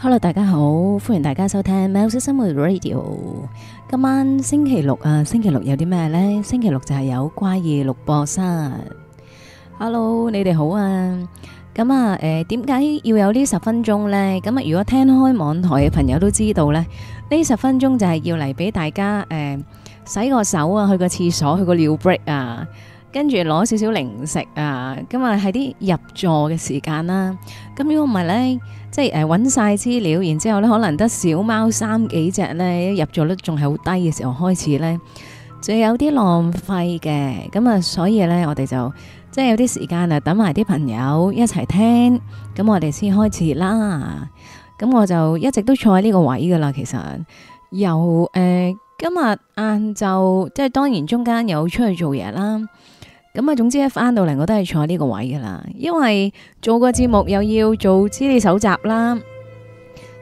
hello，大家好，歡迎大家收聽《喵式生活 Radio》。今晚星期六啊，星期六有啲咩呢？星期六就係有怪異錄播室。Hello，你哋好啊！咁啊，誒，點解要有呢十分鐘呢？咁啊，如果聽開網台嘅朋友都知道呢，呢十分鐘就係要嚟俾大家誒，洗個手啊，去個廁所，去個尿 break 啊。跟住攞少少零食啊，咁啊係啲入座嘅時間啦。咁如果唔係呢，即係揾晒資料，然之後呢，可能得小貓三幾隻呢，入座率仲係好低嘅時候開始呢，仲有啲浪費嘅。咁、嗯、啊，所以呢，我哋就即係有啲時間啊，等埋啲朋友一齊聽，咁、嗯、我哋先開始啦。咁、嗯、我就一直都坐喺呢個位噶啦，其實由誒、呃、今日晏晝，即係當然中間有出去做嘢啦。咁啊，總之一翻到嚟，我都係坐呢個位噶啦，因為做個節目又要做資料搜集啦，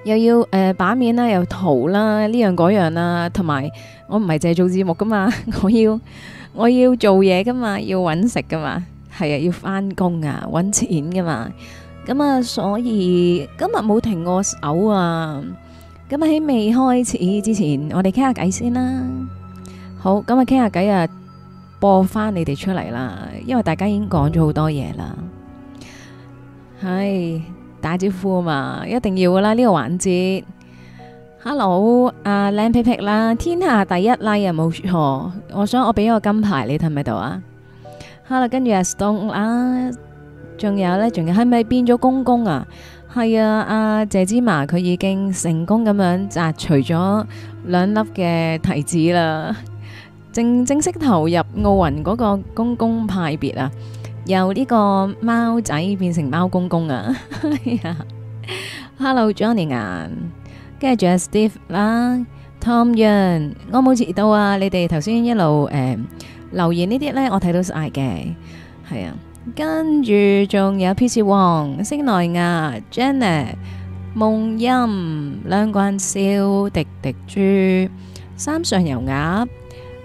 又要誒版面啦，又圖啦，呢樣嗰樣啦，同埋我唔係淨係做節目噶嘛，我要我要做嘢噶嘛，要搵食噶嘛，係啊，要翻工啊，搵錢噶嘛，咁啊，所以今日冇停過手啊，咁喺未開始之前，我哋傾下偈先啦，好，今日傾下偈啊。播翻你哋出嚟啦，因為大家已經講咗好多嘢啦。係打招呼啊嘛，一定要噶啦呢、這個環節。Hello，阿靚皮皮啦，天下第一拉、like、又冇錯，我想我俾個金牌你睇唔睇到啊？Hello，跟住阿 Stone 啊，仲、啊、有咧，仲有係咪變咗公公啊？係啊，阿、啊、謝芝麻佢已經成功咁樣摘除咗兩粒嘅提子啦。正正式投入奧運嗰個公公派別啊，由呢個貓仔變成貓公公啊！Hello，Johnny Yan，跟住仲有 Steve 啦，Tom Yan，我冇接到啊。你哋頭先一路誒留言呢啲咧，我睇到曬嘅係啊。跟住仲有 P.C. 王、星奈亞、Janet、夢音、梁冠霄、滴滴豬、三上油鴨。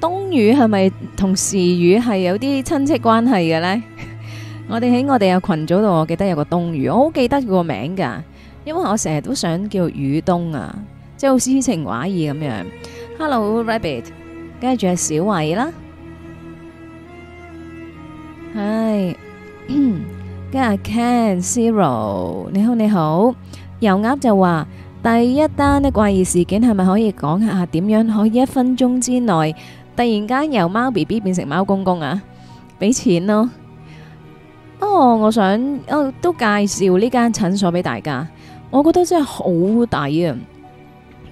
冬雨係咪同時雨係有啲親戚關係嘅呢？我哋喺我哋個群組度，我記得有個冬雨，我好記得佢個名噶，因為我成日都想叫雨冬啊，即係好詩情畫意咁樣。Hello Rabbit，跟住係小偉啦，係跟阿 Ken Zero，你好你好。有鴨就話第一單呢怪異事件係咪可以講下點樣可以一分鐘之內？突然間由貓 B B 變成貓公公啊！俾錢咯。不、哦、過我想哦，都介紹呢間診所俾大家。我覺得真係好抵啊！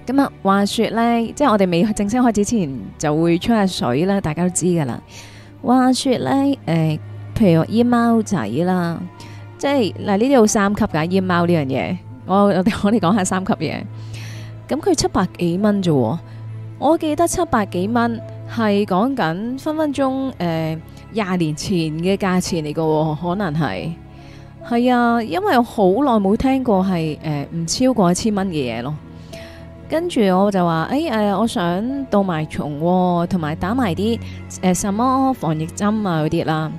咁啊，話說呢，即係我哋未正式開始前就會吹下水啦。大家都知噶啦。話說呢，誒、呃，譬如話閹貓仔啦，即係嗱呢度三級噶閹貓呢樣嘢。我我哋我哋講下三級嘢。咁佢七百幾蚊啫，我記得七百幾蚊。係講緊分分鐘，誒廿年前嘅價錢嚟嘅，可能係係啊，因為好耐冇聽過係誒唔超過一千蚊嘅嘢咯。跟住我就話，誒、欸、誒、呃，我想杜埋蟲，同埋打埋啲誒什麼防疫針啊嗰啲啦。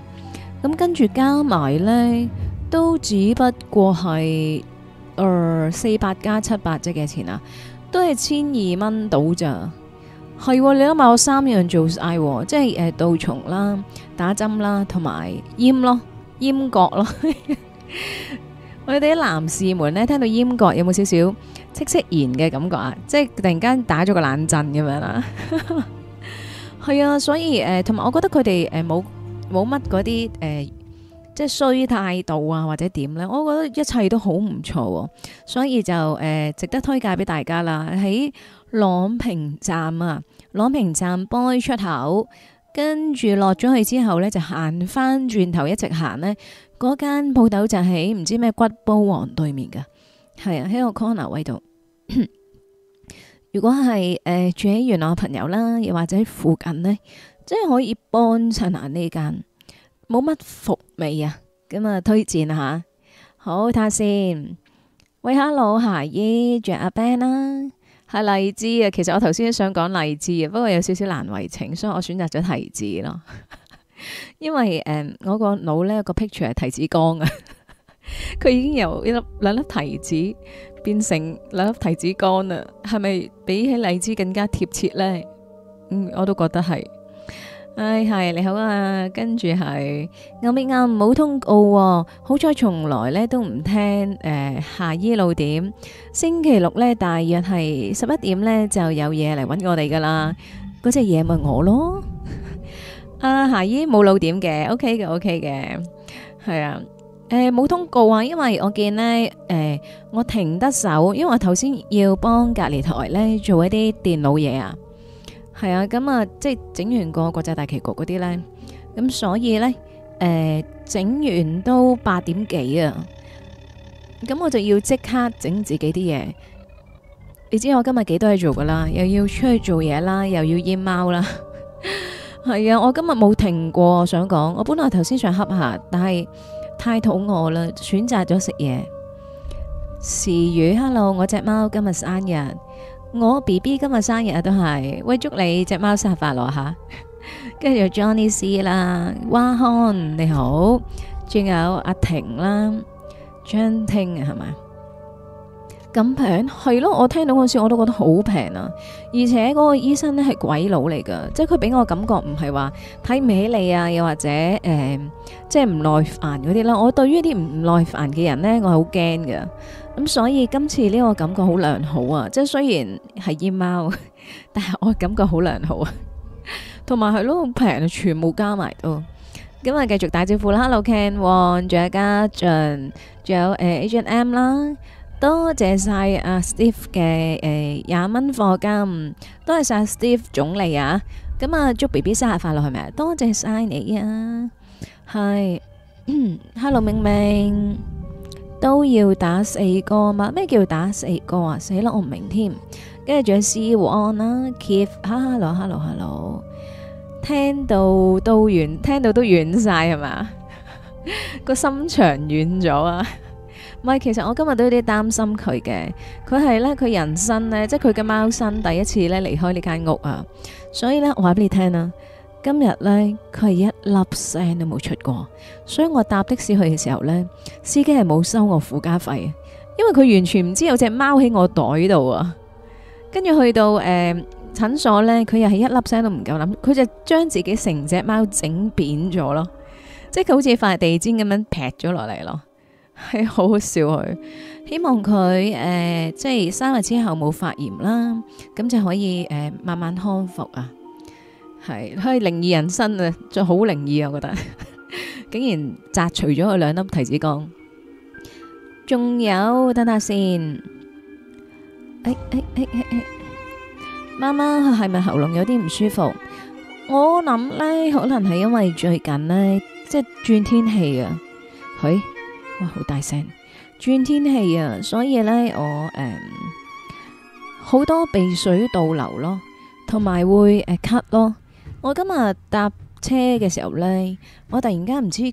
咁跟住加埋呢，都只不過係誒四百加七百即係幾錢啊？都係千二蚊到咋？係，你諗下我三樣做晒，即係誒，杜蟲啦，打針啦，同埋閹咯，閹割咯。 我哋啲男士們咧，聽到閹割有冇少少戚戚然嘅感覺啊？即係突然間打咗個冷震咁樣啦。係 啊，所以誒，同埋我覺得佢哋誒冇冇乜嗰啲誒，即係衰態度啊，或者點咧？我覺得一切都好唔錯，所以就誒，呃，值得推介俾大家啦。喺朗平站啊，朗平站 boy 出口，跟住落咗去之後呢，就行翻轉頭，一直行呢。嗰間鋪頭就喺唔知咩骨煲王對面㗎，係啊，喺個 corner 位度。 如果係誒、呃、住喺元朗嘅朋友啦，又或者喺附近呢，即係可以幫襯下呢間冇乜服味啊，咁啊，推薦下，好，睇下先喂，hello 霞姨着阿 Ben 啦。係荔枝，其實我頭先想講荔枝，不過有少少難為情，所以我選擇咗， 呃，提子咯。因為我個腦呢個 picture 係提子乾啊，佢已經由一粒兩粒提子變成兩粒提子乾啦。係咪比起荔枝更加貼切呢？嗯，我都覺得係。哎係你好啊，跟住係暗啲暗冇通告，好彩從來咧都唔聽誒夏姨露點，星期六咧大約係十一點咧就有嘢嚟搵我哋噶啦，嗰隻嘢咪我咯，阿夏姨冇露點嘅，OK 嘅 OK 嘅，係啊，誒冇通告啊，因為我見咧誒我停得手，因為我頭先要幫隔籬台咧做一啲電腦嘢啊。係啊，咁啊，即係整完個國際大旗局嗰啲咧，咁所以咧，誒，整完都八點幾啊，咁我就要即刻整自己啲嘢。你知我今日幾多嘢做噶啦，又要出去做嘢啦，又要閹貓啦，係啊，我今日冇停過，想講，我本來頭先想恰下，但係太肚餓啦，選擇咗食嘢。時雨，hello，我隻貓今日生日。我 B B 今日生日啊，都係，喂，祝你隻貓生日快樂吓，跟、啊、住有 Johnny C 啦，Wan Hon 你好，仲有阿婷啦，張婷係咪？ 咁平係咯，我聽到嗰時我都覺得好平啊！而且嗰個醫生咧係鬼佬嚟噶，即係佢俾我感覺唔係話睇唔起你啊，又或者誒、呃，即係唔耐煩嗰啲啦。我對於啲唔耐煩嘅人咧，我係好驚噶。咁所以今次呢個感覺好良好啊！即係雖然係醫貓，mail, 但係我感覺好良好啊。同埋係咯，好平啊，全部加埋都。今日繼續打招呼啦，Hello Ken 仲有嘉俊，仲有誒 Agent M 啦。多謝晒阿 Steve 嘅誒廿蚊貨金，多謝晒 Steve 總理啊！咁啊祝 B B 生日快樂係咪啊？多謝晒你啊！係，Hello 明明都要打四個嘛？咩叫打四個啊？死啦我唔明添，跟住仲有 C One 啦，Keith，Hello Hello Hello，聽到都完聽到都軟晒係咪啊？個心腸軟咗啊！唔係，其實我今日都有啲擔心佢嘅。佢係咧，佢人生咧，即係佢嘅貓身，第一次咧離開呢間屋啊。所以咧，我話俾你聽啦，今日咧佢係一粒聲都冇出過。所以我搭的士去嘅時候咧，司機係冇收我附加費，因為佢完全唔知有隻貓喺我袋度啊。跟住去到誒診所咧，佢又係一粒聲都唔夠諗，佢就將自己成隻貓整扁咗咯，即係佢好似塊地氈咁樣劈咗落嚟咯。係好好笑佢，希望佢誒，即係三日之後冇發炎啦，咁就可以誒慢慢康復啊。係可以靈異人生啊，就好靈異啊！我覺得竟然摘除咗佢兩粒提子乾，仲有等等先。誒誒誒誒誒，媽媽係咪喉嚨有啲唔舒服？我諗咧，可能係因為最近咧，即係轉天氣啊，佢。哇，好大聲！轉天氣啊，所以咧我誒好多鼻水倒流咯，同埋會誒咳咯。我今日搭車嘅時候咧，我突然間唔知吸吸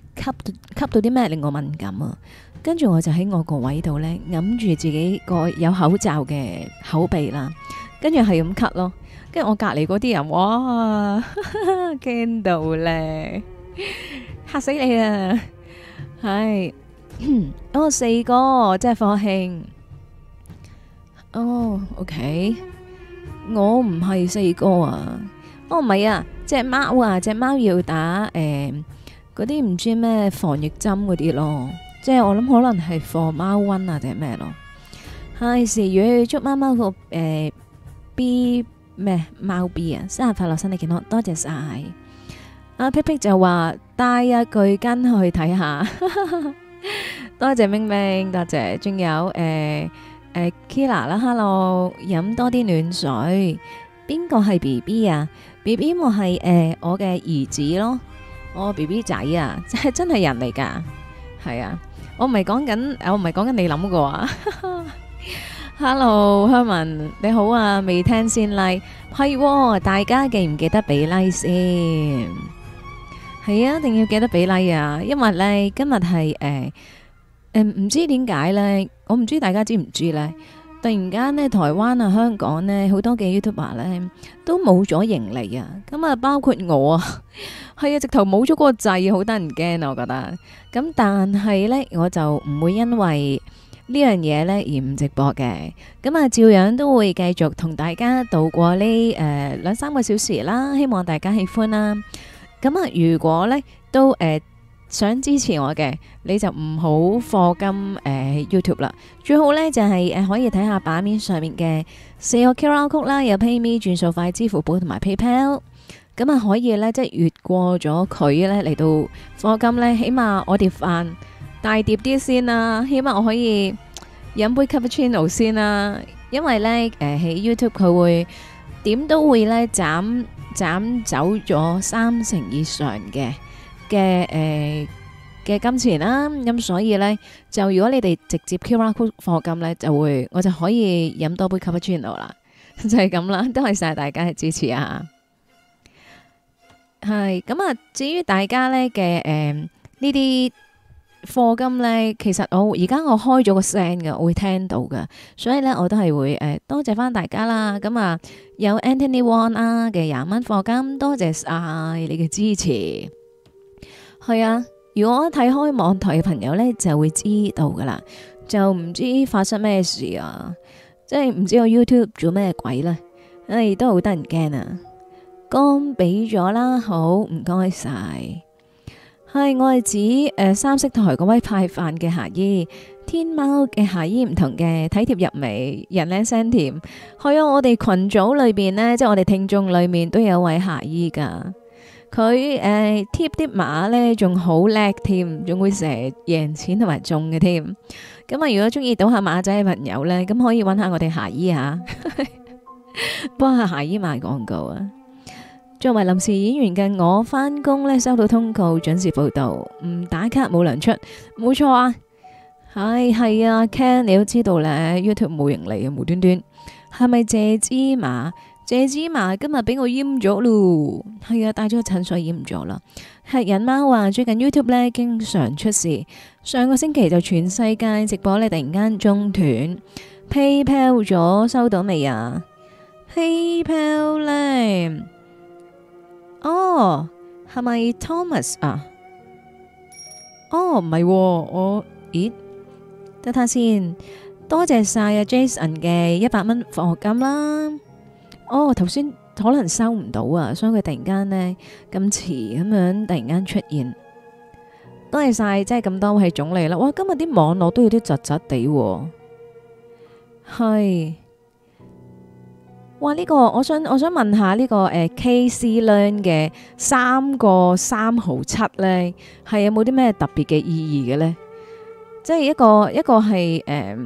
到啲咩令我敏感啊，跟住我就喺我個位度咧揞住自己個有口罩嘅口鼻啦，跟住係咁咳咯。跟住我隔籬嗰啲人，哇，驚到咧吓死你啦，係。 哦，四哥即係賀慶哦。Oh, OK，我唔係四哥啊。哦，唔係啊，隻貓啊，隻貓要打誒嗰啲唔知咩防疫針嗰啲咯。即係我諗可能係防貓瘟啊，定係咩咯？係四月祝貓貓個誒 B 咩貓 B 啊，生日快樂，身體健康，多謝晒。阿皮 p 就話帶一句跟去睇下。 多謝明明，多謝仲有誒誒 Kira 啦，Hello，飲多啲暖水。邊個係 B B 啊？B B 我係誒我嘅兒子咯，我 B B 仔啊，係真係人嚟噶，係啊，我唔係講緊，我唔係講緊你諗過啊。HelloHerman，你好啊，未聽先 like，係喎，大家記唔記得俾 like 先？係啊，一定要記得俾 like 啊！因為咧，今日係誒誒，唔、呃呃、知點解咧，我唔知道大家知唔知咧。突然間咧，台灣啊、香港咧，好多嘅 YouTuber 咧都冇咗盈利啊！咁、嗯、啊，包括我呵呵啊，係啊，直頭冇咗個掣，好得人驚啊！我覺得。咁、嗯、但係咧，我就唔會因為樣呢樣嘢咧而唔直播嘅。咁、嗯、啊，照樣都會繼續同大家度過呢誒兩三個小時啦。希望大家喜歡啦。咁啊，如果咧都誒想支持我嘅，你就唔好課金誒 YouTube 啦，最好咧就係誒可以睇下版面上面嘅四個 QR code 啦，有 PayMe 轉數快、支付寶同埋 PayPal，咁啊可以咧即係越過咗佢咧嚟到課金咧，起碼我碟飯大碟啲先啦，起碼我可以飲杯 Cappuccino 先啦，因為咧誒喺 YouTube 佢會點都會咧斬。斬走咗三成以上嘅嘅誒嘅金錢啦，咁所以咧就如果你哋直接 QR Code 課金咧就會，我就可以飲多杯咖啡磚度啦，就係咁啦，多謝晒大家嘅支持啊！係咁啊，至於大家咧嘅誒呢啲。課金呢，其實我而家我開咗個聲嘅，我會聽到嘅，所以呢，我都係會誒多謝翻大家啦。咁啊有 Anthony Wong 啊嘅廿蚊課金，多謝晒你嘅支持。係啊，如果睇開網台嘅朋友呢，就會知道噶啦，就唔知發生咩事啊，即係唔知我 YouTube 做咩鬼啦。哎，都好得人驚啊！剛俾咗啦，好唔該晒。係，我係指誒、呃、三色台嗰位派飯嘅霞姨，天貓嘅霞姨唔同嘅，體貼入微，人靚聲甜。喺我我哋群組裏邊呢，即係我哋聽眾裏面都有位霞姨噶，佢誒貼啲馬咧仲好叻添，仲會成日贏錢同埋中嘅添。咁啊，如果中意賭下馬仔嘅朋友咧，咁可以揾下我哋霞姨吓，幫下霞姨賣廣告啊！作為臨時演員嘅我，返工咧，收到通告準時報到，唔打卡冇糧出，冇錯啊。係、哎、係啊，Ken 你都知道咧，YouTube 冇盈利啊，無端端係咪？是是謝芝麻，謝芝麻，今日俾我閹咗咯。係啊，帶咗個診所閹咗啦。客人貓話：最近 YouTube 呢經常出事，上個星期就全世界直播咧，突然間中斷。PayPal 咗收到未啊？PayPal 呢？哦，係咪 Thomas 啊？哦，唔係，我咦？睇下先，多謝晒啊，Jason 嘅一百蚊放學金啦。哦，頭先可能收唔到啊，所以佢突然間呢，咁遲咁樣突然間出現，多謝晒，真係咁多位總理啦。哇，今日啲網絡都有啲窒窒地。係。哇！呢、這個我想我想問下呢個誒 K C Learn 嘅三個三毫七咧，係有冇啲咩特別嘅意義嘅咧？即、就、係、是、一個一個係誒、呃，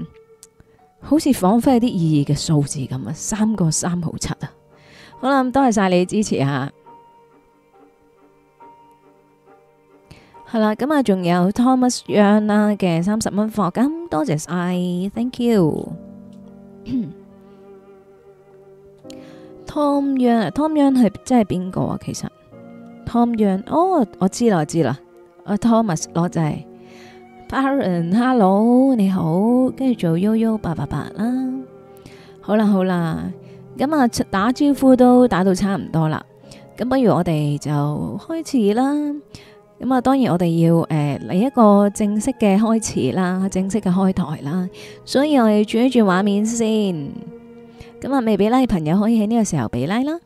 好似彷彿有啲意義嘅數字咁啊！三個三毫七啊！好啦，咁多謝晒你支持吓。係 啦，咁啊，仲有 Thomas Young 啦嘅三十蚊課金，咁多謝晒 thank you。 Tom Young，Tom Young 係即係邊個啊？其實 Tom Young，哦，我知啦，我知啦，阿 Thomas，我就係 Paren，Hello，你好，跟住做幺幺八八八啦，好啦好啦，咁啊打招呼都打到差唔多啦，咁不如我哋就開始啦，咁啊當然我哋要誒嚟一個正式嘅開始啦，正式嘅開台啦，所以我哋轉一轉畫面先。咁啊，未俾拉嘅朋友可以喺呢個時候俾拉啦。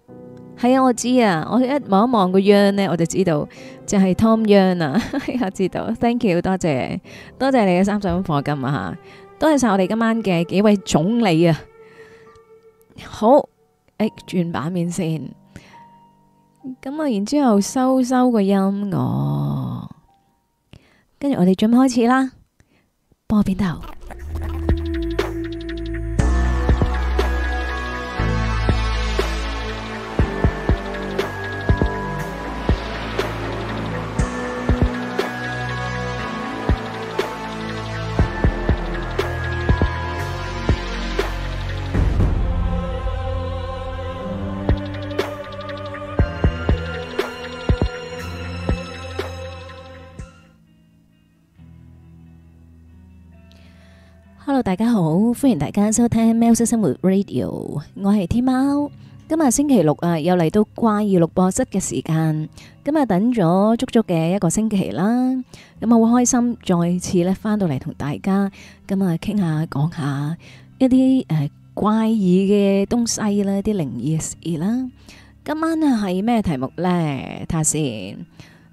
係啊，我知啊，我一望一望個樣呢，我就知道就係 Tom Young 啊， 我知道。Thank you，多謝，多謝你嘅三十蚊課金啊吓，多謝晒我哋今晚嘅幾位總理啊。好，誒、哎，轉版面先。咁啊，然之後收收個音樂，跟住我哋準備開始啦，播片頭。Hello，大家好，歡迎大家收聽《喵式生活 Radio》，我係天貓。今日星期六啊，又嚟到怪異錄播室嘅時間。咁啊，等咗足足嘅一個星期啦，咁好開心再次咧翻到嚟同大家咁啊傾下講下一啲誒怪異嘅東西啦，啲靈異嘅事啦。今晚啊係咩題目呢？睇下先。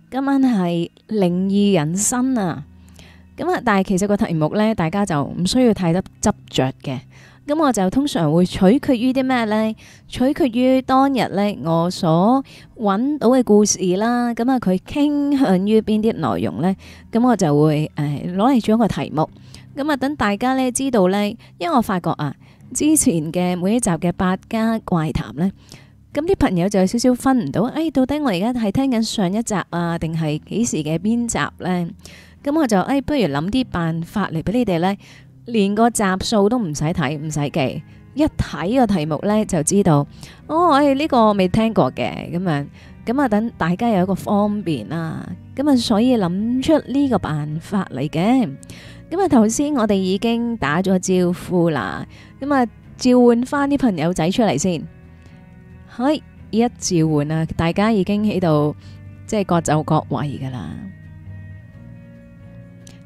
今晚係靈異人生啊！咁啊！但係其實個題目呢，大家就唔需要太得執着嘅。咁我就通常會取決於啲咩呢？取決於當日呢，我所揾到嘅故事啦。咁啊，佢傾向於邊啲內容呢？咁我就會誒攞嚟做一個題目。咁啊，等大家呢知道呢，因為我發覺啊，之前嘅每一集嘅八家怪談呢，咁啲朋友就有少少分唔到。誒、哎，到底我而家係聽緊上一集啊，定係幾時嘅邊集呢？咁我就誒、哎，不如諗啲辦法嚟，俾你哋呢。連個集數都唔使睇，唔使記，一睇個題目呢就知道。哦，誒、哎、呢、這個未聽過嘅，咁樣，咁啊，等大家有一個方便啦，啊。咁啊，所以諗出呢個辦法嚟嘅。咁啊，頭先我哋已經打咗招呼啦。咁啊，召喚翻啲朋友仔出嚟先。係，一召喚啊，大家已經喺度即係各就各位噶啦。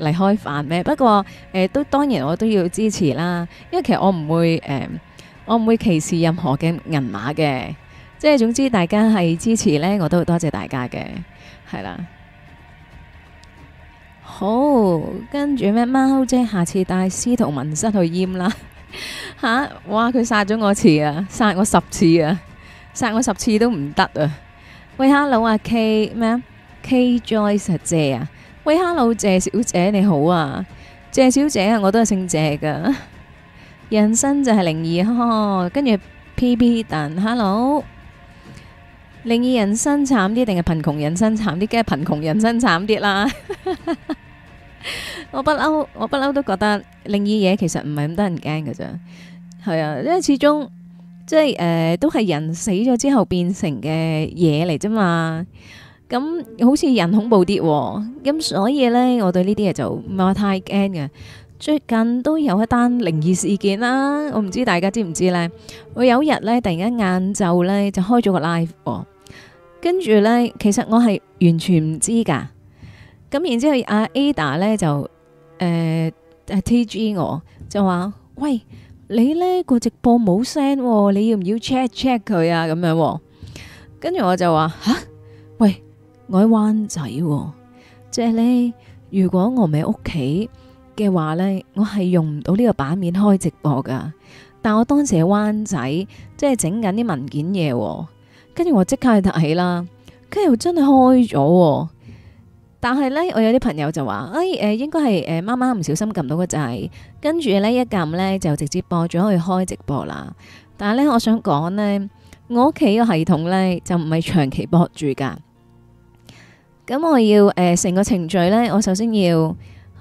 嚟開飯咩？不過誒、呃、都當然我都要支持啦，因為其實我唔會誒、呃、我唔會歧視任何嘅銀碼嘅，即係總之大家係支持呢，我都多謝大家嘅，係啦。好，跟住咩貓姐，下次帶司徒文進去閹啦吓？ 哇，佢殺咗我一次啊，殺我十次啊，殺我十次都唔得啊！喂，hello 阿 K 咩？K Joyce 姐啊！喂，hello，謝小姐你好啊，謝小姐啊，我都係姓謝噶。人生就係靈異，呵呵，跟住 P B 但 hello，靈異人生慘啲定係貧窮人生慘啲？梗係貧窮人生慘啲啦。 我不嬲，我不嬲都覺得靈異嘢，其實唔係咁得人驚噶咋。係啊，因為始終即係誒、呃、都係人死咗之後變成嘅嘢嚟啫嘛。咁好似人恐怖啲，哦，咁所以呢，我對呢啲嘢，就唔係話太驚嘅。最近都有一單靈異事件啦，我唔知大家知唔知呢。我有一日呢，突然間晏晝呢，就開咗個 live，跟住呢，其實我係完全唔知噶。咁然之後阿 Ada 呢，就誒誒、呃、TG 我，就話喂，你呢個直播冇聲、哦，你要唔要 check check 佢啊？咁樣、哦，跟住我就話吓。我喺灣仔、哦，即係咧。如果我唔喺屋企嘅話咧，我係用唔到呢個版面開直播噶。但係我當時喺灣仔，即係整緊啲文件嘢、哦，跟住我即刻去睇啦。跟住又真係開咗，但係咧，我有啲朋友就話，誒、哎、誒、呃，應該係誒，媽媽唔小心撳到個掣，跟住呢，一撳咧就直接播咗去開直播啦。但係咧，我想講咧，我屋企個系統咧就唔係長期播住噶。咁我要誒，成、呃、個程序呢，我首先要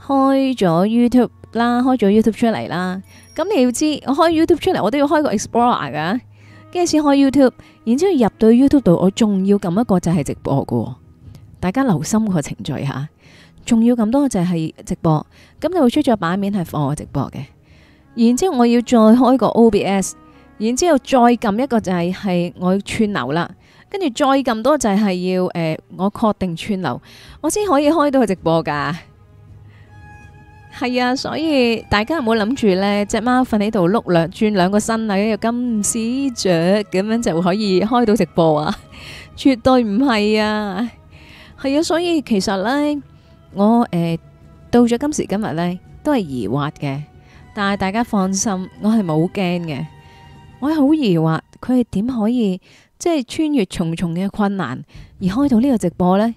開咗 YouTube 啦，開咗 YouTube 出嚟啦。咁你要知，我開 YouTube 出嚟，我都要開個 Explorer 噶、啊，跟住先開 YouTube，然之後入到 YouTube 度，我仲要撳一個就係直播噶、哦。大家留心個程序吓，仲要咁多個就係直播。咁你會出咗版面係放我直播嘅。然之後我要再開個 OBS，然之後再撳一個就係、是、係我要串流啦。跟住再撳多就係要誒，我確定串流，我先可以開到個直播噶。係啊，所以大家唔好諗住咧，隻貓瞓喺度碌兩轉兩個身啊，一個金絲雀咁樣就可以開到直播啊，絕對唔係啊。係啊，所以其實咧，我誒到咗今時今日咧，都係疑惑嘅。但係大家放心，我係冇驚嘅。我係好疑惑，佢係點可以？即係穿越重重嘅困難而開到呢個直播呢，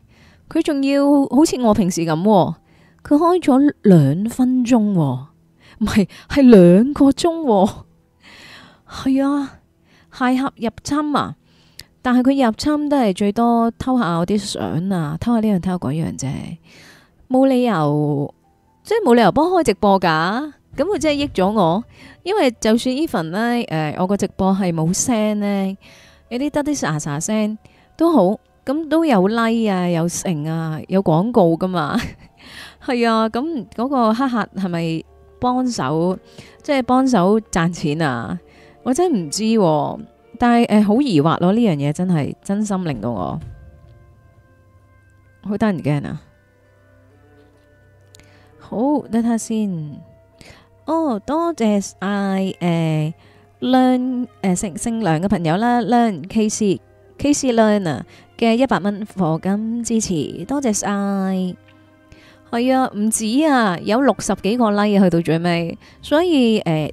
佢仲要好似我平時咁、哦，佢開咗兩分鐘、哦，唔係係兩個鐘、哦，係 啊，駭客入侵啊！但係佢入侵都係最多偷下我啲相啊，偷下呢、這個、樣偷下嗰樣啫，冇理由即係冇理由幫開直播噶。咁佢真係益咗我，因為就算呢份咧，誒、呃，我個直播係冇聲呢。也有啲得啲沙沙聲都好，咁都有 like 啊，有成啊，有廣告噶嘛，係 啊，咁嗰個黑客係咪幫手，即係幫手賺錢啊？我真唔知喎，但係誒好疑惑咯，啊，呢樣嘢，真係真心令到我好得人驚啊！好等下先，哦，多謝 I 誒。哎呃 Learn，誒姓姓梁嘅朋友啦，Learn，K C，K C l e a n 啊嘅一百蚊課金支持，多謝晒！係啊，唔止啊，有六十幾個 like 去到最尾，所以誒、呃，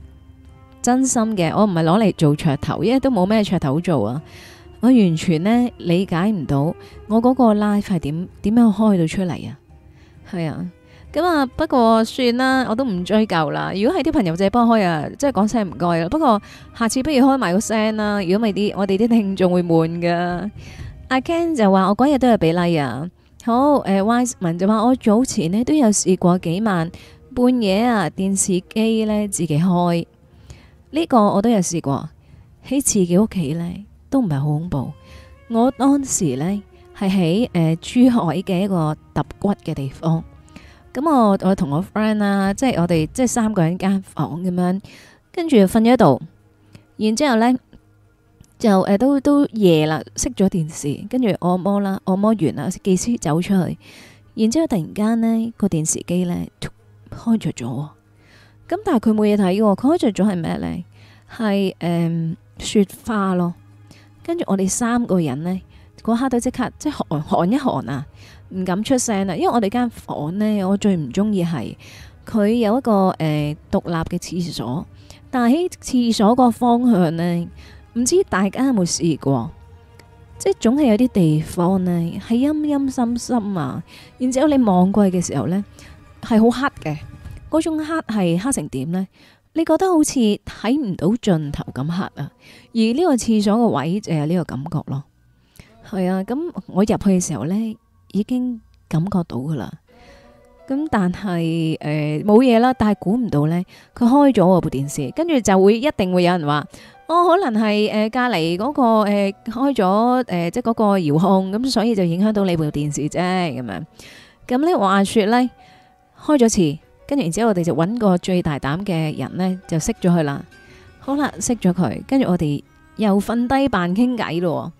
真心嘅，我唔係攞嚟做噱頭，因為都冇咩噱頭做啊，我完全呢，理解唔到，我嗰個 like 係點點樣開到出嚟啊？係啊。咁啊，不過算啦，我都唔追究啦。如果係啲朋友借幫我開啊，即係講聲唔該啦。不過下次不如開埋個聲啦。如果咪啲我哋啲聽眾會悶噶。阿 Ken 就話我嗰日都有俾 like 啊。好，誒，呃，Wiseman 就話我早前咧都有試過幾晚半夜啊，電視機呢自己開呢，呢個我都有試過喺自己屋企呢，都唔係好恐怖。我當時呢係喺誒珠海嘅一個揼骨嘅地方。咁我我同我 friend 啦，即係我哋即係三個人間房咁樣，跟住瞓咗喺度，然之後咧就誒、呃、都都夜啦，熄咗電視，跟住按摩啦，按摩完啦，技師走出去，然之後突然間咧個電視機咧開着咗，咁但係佢冇嘢睇嘅，佢開着咗係咩咧？係誒、呃、雪花咯，跟住我哋三個人咧嗰刻都即刻即係寒寒一寒啊！唔敢出聲啦，因為我哋間房呢，我最唔中意係佢有一個誒獨立嘅廁所，但係喺廁所個方向呢，唔知大家有冇試過，即係總係有啲地方呢係陰陰森森啊。然之後你望過去嘅時候呢，係好黑嘅，嗰種黑係黑成點呢？你覺得好似睇唔到盡頭咁黑啊！而呢個廁所個位就有呢個感覺咯。係啊，咁我入去嘅時候呢。已經感覺到噶啦，咁但係誒冇嘢啦，但係估唔到呢。佢開咗我部電視，跟住就會一定會有人話，哦，可能係誒隔籬嗰個誒、呃、開咗誒、呃、即係嗰個遙控，咁所以就影響到你部電視啫咁樣。咁呢話說呢，開咗次，跟住然之後我哋就搵個最大膽嘅人呢，就熄咗佢啦。好啦，熄咗佢，跟住我哋又瞓低扮傾偈咯，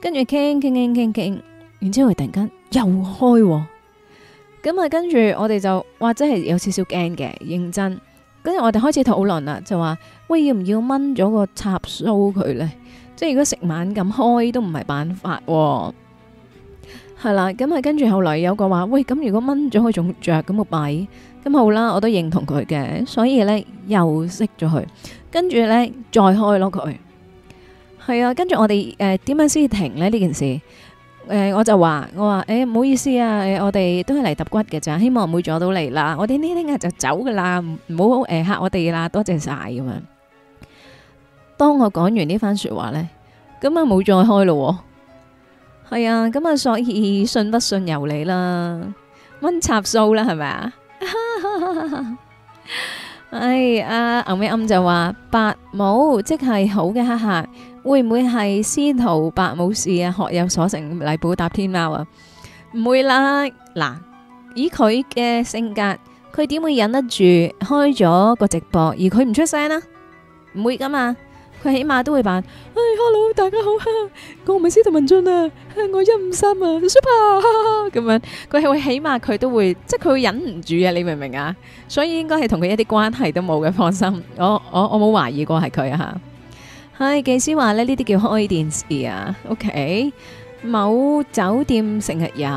跟住傾傾傾傾。傾傾傾然之後突然間又開，咁啊，跟住我哋就哇真係有少少驚嘅，認真。跟住我哋開始討論啦，就話喂，要唔要掹咗個插蘇佢呢？即係如果成晚咁開都唔係辦法，係啦。咁啊，跟住後,後來有個話喂，咁如果掹咗佢仲着咁個米，咁好啦，我都認同佢嘅。所以呢，又熄咗佢，跟住呢，再開咯佢。係啊，跟住我哋誒，點樣先停呢呢件事？誒，我就話我話，誒，唔好意思啊，我哋都係嚟揼骨嘅咋，希望唔會阻到你啦。我哋呢聽日就走噶啦，唔唔好誒吓我哋啦，多謝晒咁樣。當我講完呢番說話咧，咁啊冇再開咯。係啊，咁啊所以信不信由你啦，溫插數啦係咪啊？哎，阿暗咩暗就話八冇，即係好嘅，哈哈。會唔會係司徒白武士啊？學有所成，嚟報答天貓啊？唔會啦，嗱，以佢嘅性格，佢點會忍得住開咗個直播而佢唔出聲啊？唔會噶嘛，佢起碼都會扮，哎、hey，hello，大家好，我係司徒文俊啊，我一五三啊，super 咁 樣，佢係會起碼佢都會，即係佢會忍唔住啊？你明唔明啊？所以應該係同佢一啲關係都冇嘅。放心，我我我冇懷疑過係佢啊係、哎、技師話咧，呢啲叫開電視啊，OK？某酒店成日有，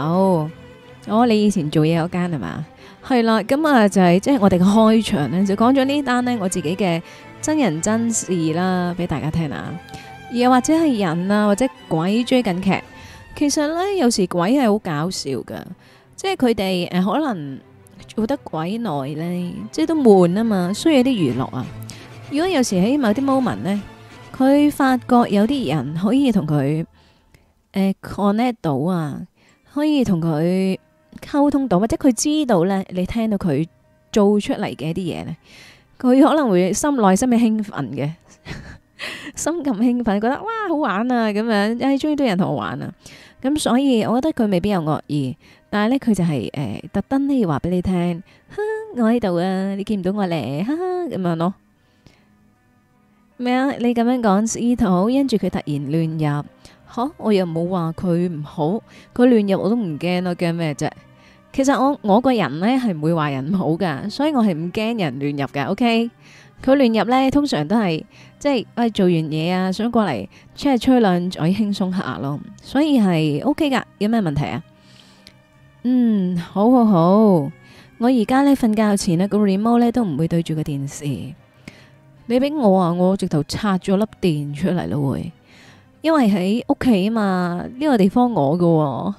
哦，你以前做嘢嗰間係嘛？係啦，咁啊就係即係我哋嘅開場呢，就講咗呢單呢我自己嘅真人真事啦，俾大家聽啊。又或者係人啊，或者鬼追緊劇，其實呢，有時鬼係好搞笑噶，即係佢哋誒可能做得鬼耐呢，即、就、係、是、都悶啊嘛，需要啲娛樂啊。如果有時喺某啲 moment 呢。佢發覺有啲人可以同佢誒 connect 到啊，可以同佢溝通到，或者佢知道咧，你聽到佢做出嚟嘅一啲嘢咧，佢可能會心內心嘅興奮嘅，心咁興奮，覺得哇好玩啊咁樣，哎終於都有人同我玩啊，咁所以我覺得佢未必有惡意，但係咧佢就係、是、誒、呃、特登咧話俾你聽，我喺度啊，你見唔到我咧，咁樣咯。咩啊？你咁樣講司徒，因住佢突然亂入，吓、啊、我又冇話佢唔好，佢亂入我都唔驚咯，驚咩啫？其實我我個人咧係唔會話人唔好噶，所以我係唔驚人亂入噶。OK，佢亂入咧通常都係即係喂、哎、做完嘢啊，想過嚟吹,吹吹兩嘴再輕鬆下咯，所以係 OK 噶。有咩問題啊？嗯，好好好，我而家咧瞓覺前呢，個 remote 咧都唔會對住個電視。你俾我啊，我直頭拆咗粒電出嚟咯，會因為喺屋企啊嘛呢、呢個地方是我噶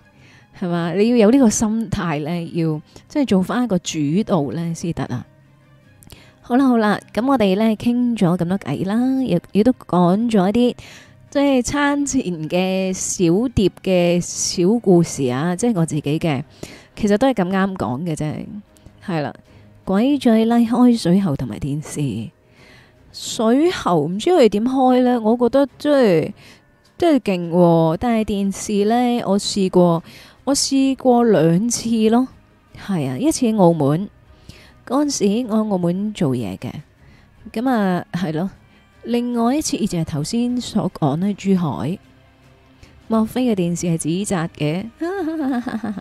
係嘛？你要有呢個心態咧，要即係做翻一個主導咧先得啊。好啦，好啦，咁我哋咧傾咗咁多偈啦，亦亦都講咗一啲即係餐前嘅小碟嘅小故事啊，即係我自己嘅，其實都係咁啱講嘅啫。係啦，鬼最拉開水喉同埋電視。水喉唔知佢哋點開呢？我覺得真係真係勁、哦，但係電視呢，我試過，我試過兩次咯，係啊，一次喺澳門，嗰陣時我喺澳門做嘢嘅，咁啊係咯，另外一次就係頭先所講呢，珠海，莫非嘅電視係指責嘅？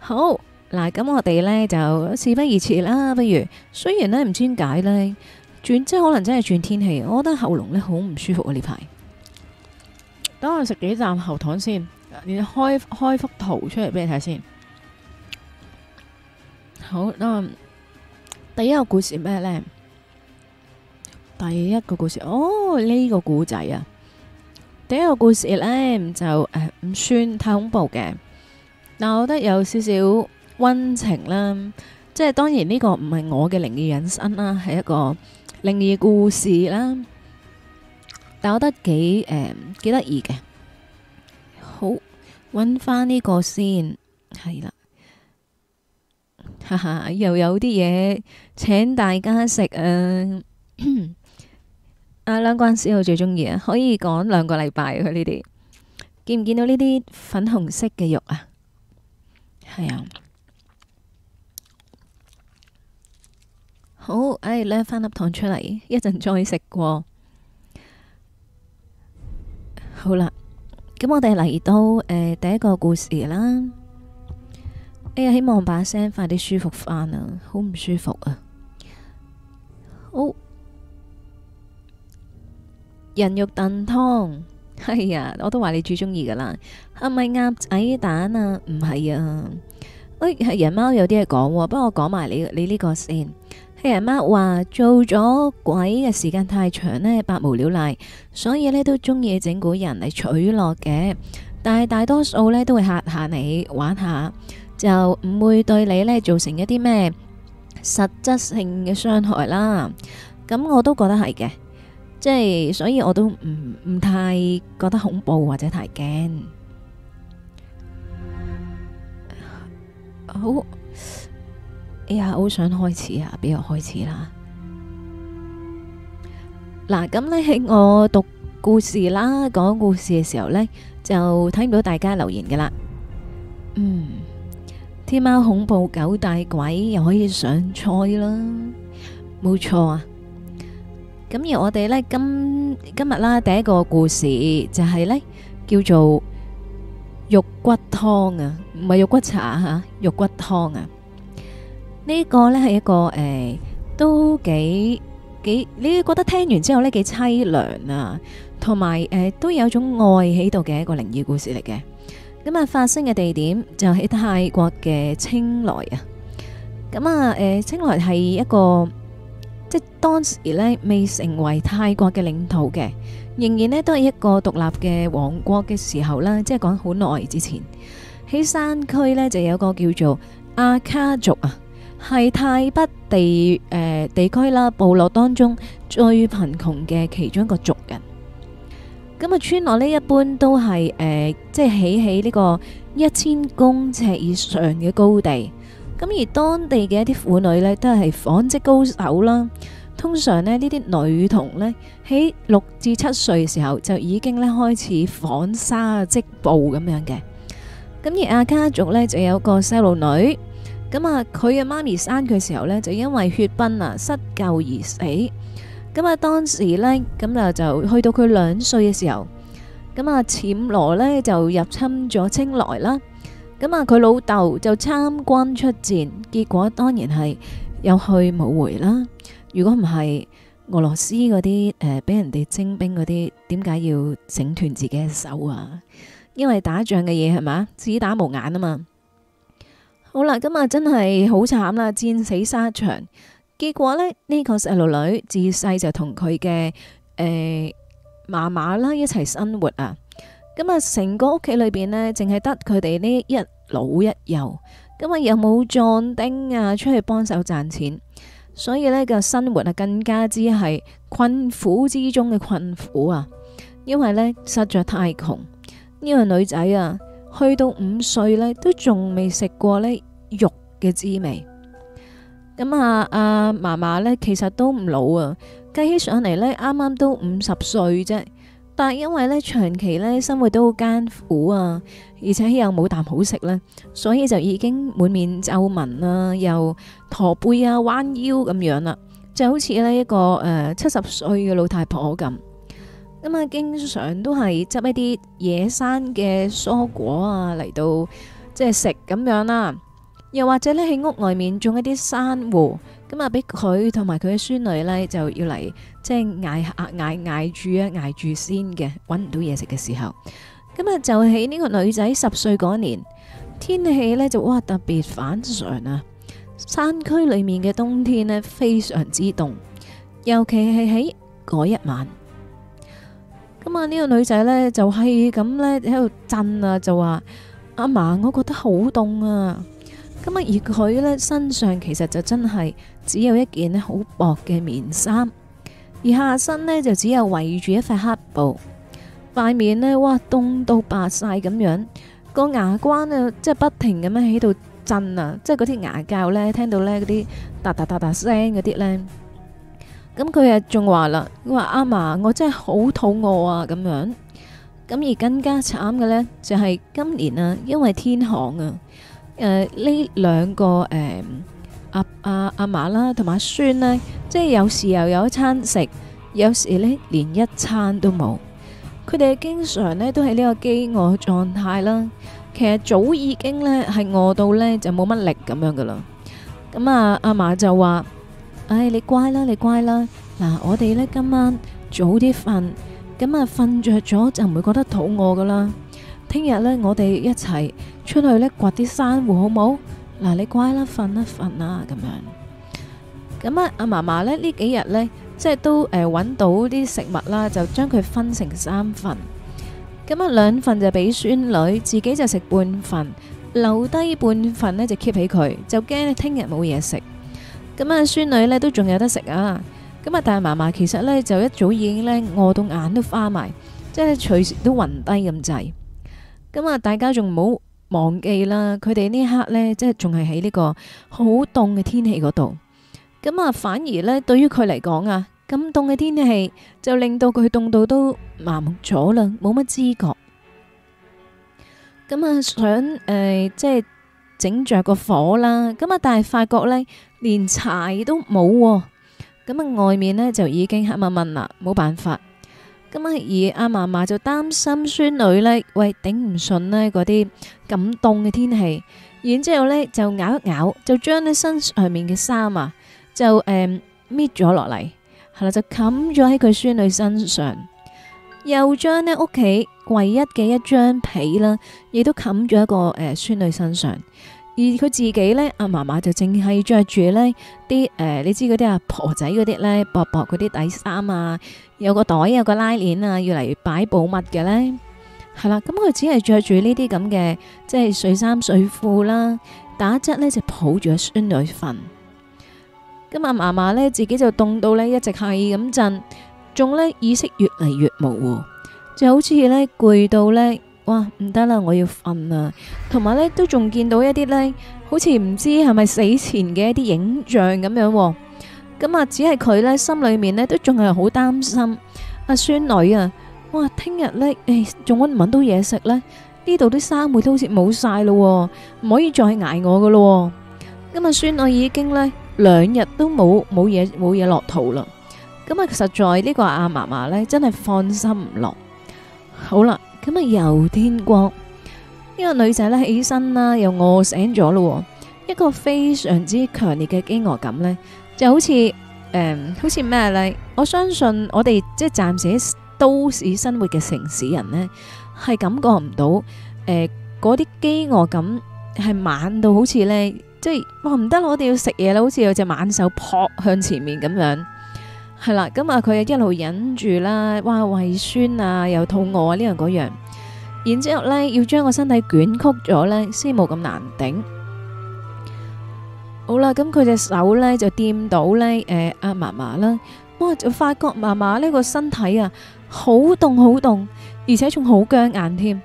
好，嗱，咁我哋呢，就事不宜遲啦，不如雖然知呢，唔知點解呢。轉即係可能真係轉天氣，我覺得喉嚨咧好唔舒服啊！呢排等我食幾啖喉糖先。你開開幅圖出嚟俾你睇先。好，咁第一個故事咩呢？第一個故事哦，呢個故仔啊，第一個故事呢就誒唔算太恐怖嘅，但我覺得有少少溫情啦，即係當然呢個唔係我嘅靈異人生啦，係一個。靈異故事啦，但我覺得幾誒幾得意嘅，好揾翻呢個先，係啦，哈哈，又有啲嘢請大家食啊、呃！啊，兩關小我最中意啊，可以講兩個禮拜嘅呢啲，見唔見到呢啲粉紅色嘅肉啊？係啊！好，唉、哎，攞翻粒糖出嚟，一陣再食過。好啦，咁我哋嚟到誒、呃、第一個故事啦。哎呀，希望把聲快啲舒服翻啊，好唔舒服啊！好，人肉燉湯，係、哎、啊，我都話你最中意噶啦。係咪鴨仔蛋啊？唔係啊？誒、哎，係人貓有啲嘢講，不過我講埋你你呢個先。阿媽話做咗鬼嘅時間太長咧，百無聊賴，所以咧都中意整蠱人嚟取樂嘅。但係大多數咧都會嚇下你玩下，就唔會對你咧造成一啲咩實質性嘅傷害啦。咁我都覺得係嘅，即係所以我都唔唔太覺得恐怖或者太驚。我。哎呀，好想開始啊！俾我開始啦？嗱，咁咧喺我讀故事啦，講故事嘅時候咧，就睇唔到大家留言噶啦。嗯，天貓恐怖狗大鬼又可以上菜啦，冇錯啊！咁而我哋咧今今日啦，第一個故事就係咧叫做肉骨湯啊，唔係肉骨茶吓，肉骨湯啊。呢個呢係一個誒都幾幾，你覺得聽完之後呢幾凄涼啊，同埋誒都有種愛喺度嘅一個靈異故事嚟嘅。咁啊，發生嘅地點就喺泰國嘅清萊啊。咁啊，誒清萊係一個即係當時呢未成為泰國嘅領土嘅，仍然呢都係一個獨立嘅王國嘅時候啦，即係講好耐之前。喺山區呢就有個叫做阿卡族啊。係泰北地誒、呃、地區啦，部落當中最貧窮嘅其中一個族人。咁啊，村落呢一般都係誒、呃，即係起起呢個一千公尺以上嘅高地。咁而當地嘅一啲婦女呢，都係紡織高手啦。通常呢，呢啲女童呢，喺六至七歲嘅時候，就已經呢開始紡紗織布咁樣嘅。咁而阿卡族呢，就有個細路女。咁啊，佢嘅媽咪生佢嘅時候呢，就因為血崩啊，失救而死。咁啊，當時呢，咁啊就去到佢兩歲嘅時候，咁啊，暹羅呢就入侵咗清萊啦。咁啊，佢老豆就參軍出戰，結果當然係有去冇回啦。如果唔係俄羅斯嗰啲誒，俾、呃、人哋徵兵嗰啲，點解要整斷自己嘅手啊？因為打仗嘅嘢係嘛，只打無眼啊嘛。好啦，咁啊真係好慘啦，戰死沙場。結果呢，呢、呢個細路女自細就同佢嘅誒嫲嫲啦一齊生活啊。咁啊，成個屋企裏邊呢，淨係得佢哋呢一老一幼。咁啊，又冇壯丁啊，出去幫手賺錢。所以呢、呢個生活啊更加之係困苦之中嘅困苦啊。因為呢實在太窮。呢個女仔啊～去到五歲咧，都仲未食過咧肉嘅滋味。咁啊，阿嫲嫲咧，媽媽其實都唔老啊，計起上嚟咧，啱啱都五十歲啫。但係因為咧，長期咧生活都好艱苦啊，而且又冇啖好食咧，所以就已經滿面皺紋啦，又駝背啊，彎腰咁樣啦，就好似咧一個誒、呃、七十歲嘅老太婆咁。咁啊，經常都係執一啲野生嘅蔬果啊，嚟到即係食咁樣啦。又或者咧，喺屋外面種一啲山芋，咁啊，俾佢同埋佢嘅孫女咧，就要嚟即係挨挨挨住啊，挨住先嘅，揾唔到嘢食嘅時候。咁啊，就喺呢個女仔十歲嗰年，天氣咧就哇特別反常啊！山區裏面嘅冬天咧非常之凍，尤其係喺嗰一晚。咁啊！呢個女仔呢，就係咁呢，喺度震啊，就話阿嫲，我覺得好凍啊！咁啊，而佢呢，身上其實就真係只有一件好薄嘅棉衫，而下身呢，就只有圍住一塊黑布，塊面呢，哇凍到白晒咁樣，個牙關咧即係不停咁樣喺度震啊，即係嗰啲牙教呢，聽到呢嗰啲嗒嗒嗒嗒聲嗰啲呢。咁佢啊仲話啦，佢話，阿嫲，我真係好肚餓啊，咁樣。咁而更加慘嘅呢，就係今年啊，因為天寒啊，誒呢兩個誒、呃啊啊、阿阿阿嫲啦，同埋孫呢，即係有時又有一餐食，有時呢連一餐都冇。佢哋經常呢都喺呢個飢餓狀態啦。其實早已經呢係餓到呢就冇乜力咁樣噶啦。咁啊阿嫲就話。哎，你乖啦，你乖啦。嗱，我哋呢今晚早啲瞓，咁啊瞓着咗就唔會覺得肚餓噶啦。聽日呢我哋一齊出去呢掘啲珊瑚，好唔好？嗱，你乖啦，瞓啦，瞓啦，咁樣。咁啊，阿嫲嫲呢呢幾日呢，即係都誒搵到啲食物啦，就將佢分成三份。咁啊，兩份就俾孫女，自己就食半份，留低半份呢就 keep 起佢，就驚聽日冇嘢食。咁啊，孫女呢都仲有得食啊！咁啊，但係嫲嫲其實呢就一早已經呢餓到眼都花埋，即係隨時都暈低咁滯。咁啊，大家仲唔好忘記啦，佢哋呢一刻呢即係仲係喺呢個好凍嘅天氣嗰度。咁啊，反而呢對於佢嚟講啊，咁凍嘅天氣就令到佢凍到都麻木咗啦，冇乜知覺。咁啊，想誒即係整著個火啦，咁啊，但係發覺呢。連柴都冇喎，咁啊外面呢，就已經黑密密啦，冇辦法。咁啊而阿嫲嫲就擔心孫女呢，喂頂唔順呢嗰啲咁凍嘅天氣，然之後咧就咬一咬，就將呢身上面嘅衫啊就搣咗落嚟，係、嗯、啦就冚咗喺佢孫女身上，又將呢屋企唯一嘅一張被啦，亦都冚咗一個誒、呃、孫女身上。而佢自己咧，阿嫲嫲就淨係着住咧啲誒，你知嗰啲阿婆仔嗰啲咧薄薄嗰啲底衫啊，有個袋有個拉鏈啊，要嚟擺寶物嘅咧，係啦，咁佢只係着住呢啲咁嘅即係睡衫睡褲啦，打側咧就抱住孫女瞓。咁阿嫲嫲咧自己就凍到咧一直係咁震，仲咧意識越嚟越模糊，就好似咧攰到咧。哇，唔得啦，我要瞓啦，同埋咧都仲見到一啲咧，好似唔知係咪死前嘅一啲影像咁樣，咁啊只係佢咧心裏面咧都仲係好擔心阿孫女啊，哇，聽日咧誒仲搵唔搵到嘢食咧？呢度啲生梅都好似冇晒啦，唔可以再挨我噶啦，咁啊孫女已經咧兩日都冇冇嘢冇嘢落肚啦，咁啊實在呢個阿嫲嫲咧真係放心唔落，好啦。咁啊，又天光！呢個女仔咧起身啦，又餓醒咗咯。一個非常之強烈嘅飢餓感咧，就好似誒、呃，好似咩咧？我相信我哋即係暫時喺都市生活嘅城市人咧，係感覺唔到誒，嗰、呃、啲飢餓感係猛到好似咧，即係哇唔得咯，我哋要食嘢啦，好似有隻猛獸撲向前面咁樣。係啦，咁啊，佢一路忍住啦，哇，胃酸啊，又肚餓啊，呢樣嗰樣，然之後咧，要將個身體捲曲咗咧，先冇咁難頂。好啦，咁佢隻手咧就掂到咧，誒，阿嫲嫲啦，我就發覺嫲嫲呢個身體啊好凍好凍，而且仲好僵硬添。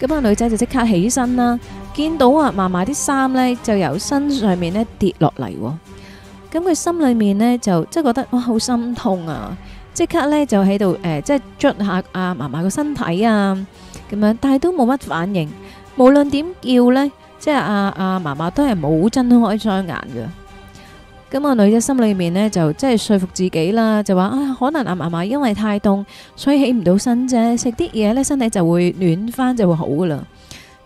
咁啊，女仔就即刻起身啦，見到啊，嫲嫲啲衫咧就由身上面咧跌落嚟。咁佢心裏面呢，就即係覺得哇好心痛啊！即刻呢，就喺度誒，即係捽下阿嫲嫲個身體啊，咁樣，但係都冇乜反應。無論點叫呢，即係阿阿嫲嫲都係冇睜開雙眼嘅。咁個女仔心裏面呢，就即係、就是、說服自己啦，就話啊，可能阿嫲嫲因為太凍，所以起唔到身啫，食啲嘢呢，身體就會暖翻，就會好噶啦。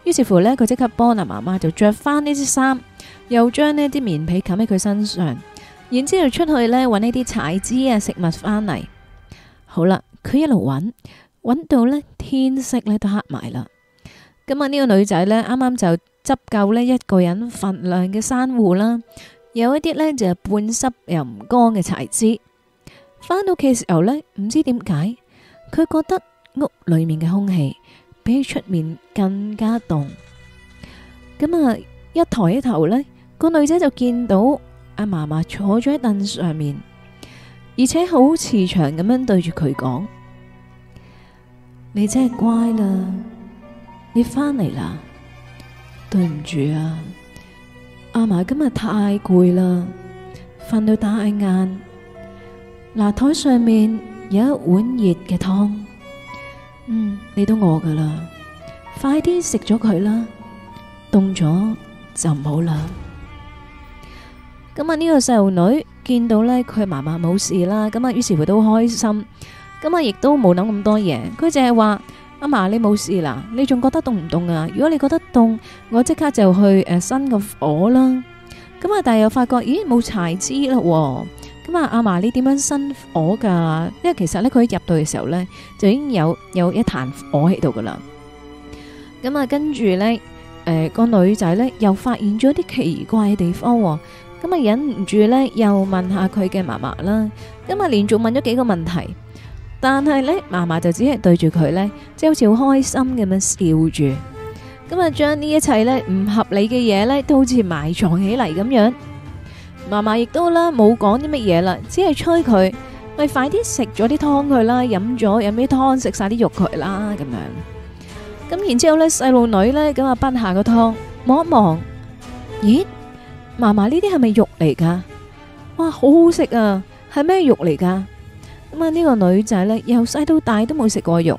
於是乎呢，佢即刻幫阿嫲嫲就着翻呢啲衫，又將呢啲棉被冚喺佢身上。然之後出去咧，搵呢啲柴枝啊，食物翻嚟。好啦，佢一路搵，搵到咧天色咧都黑埋啦。咁啊，呢個女仔咧，啱啱就執夠咧一個人份量嘅珊瑚啦，有一啲咧就係半濕又唔乾嘅柴枝。翻到屋企嘅時候咧，唔知點解，佢覺得屋裏面嘅空氣比出面更加凍。咁啊，一抬起頭咧，個女仔就見到。阿嫲嫲坐咗喺凳上面，而且好慈祥咁樣對住佢講：你真係乖啦，你翻嚟啦，對唔住啊，阿嫲今日太攰啦，瞓到大晏。嗱，台上面有一碗熱嘅湯，嗯，你都餓噶啦，快啲食咗佢啦，凍咗就唔好啦。咁啊！呢個細路女見到咧，佢媽媽冇事啦。咁啊，於是佢都開心。咁啊，亦都冇諗咁多嘢。佢淨係話：阿嫲，你冇事啦，你仲覺得凍唔凍啊？如果你覺得凍，我即刻就去誒生、呃、個火啦。咁啊，但係又發覺咦冇柴枝啦。咁、呃、啊，阿嫲你點樣生火噶？因為其實咧，佢入到嘅時候咧，就已經有有一壇火喺度噶啦。咁、呃、啊，跟住咧，誒、呃、個女仔咧又發現咗啲奇怪嘅地方。咁啊，忍唔住咧，又問下佢嘅嫲嫲啦。咁啊，連續問咗幾個問題，但係咧，嫲嫲就只係對住佢咧，好似好開心咁樣笑住。咁啊，將呢一切咧唔合理嘅嘢咧，都好似埋藏起嚟咁樣。嫲嫲亦都啦，冇講啲乜嘢啦，只係催佢，咪快啲食咗啲湯佢啦，飲咗飲啲湯，食晒啲肉佢啦，咁樣。咁然之後咧，細路女咧咁啊，滗下個湯望一望，咦？嫲嫲呢啲係咪肉嚟噶？哇，好好食啊！係咩肉嚟噶？咁啊呢個女仔呢，由細到大都冇食過肉，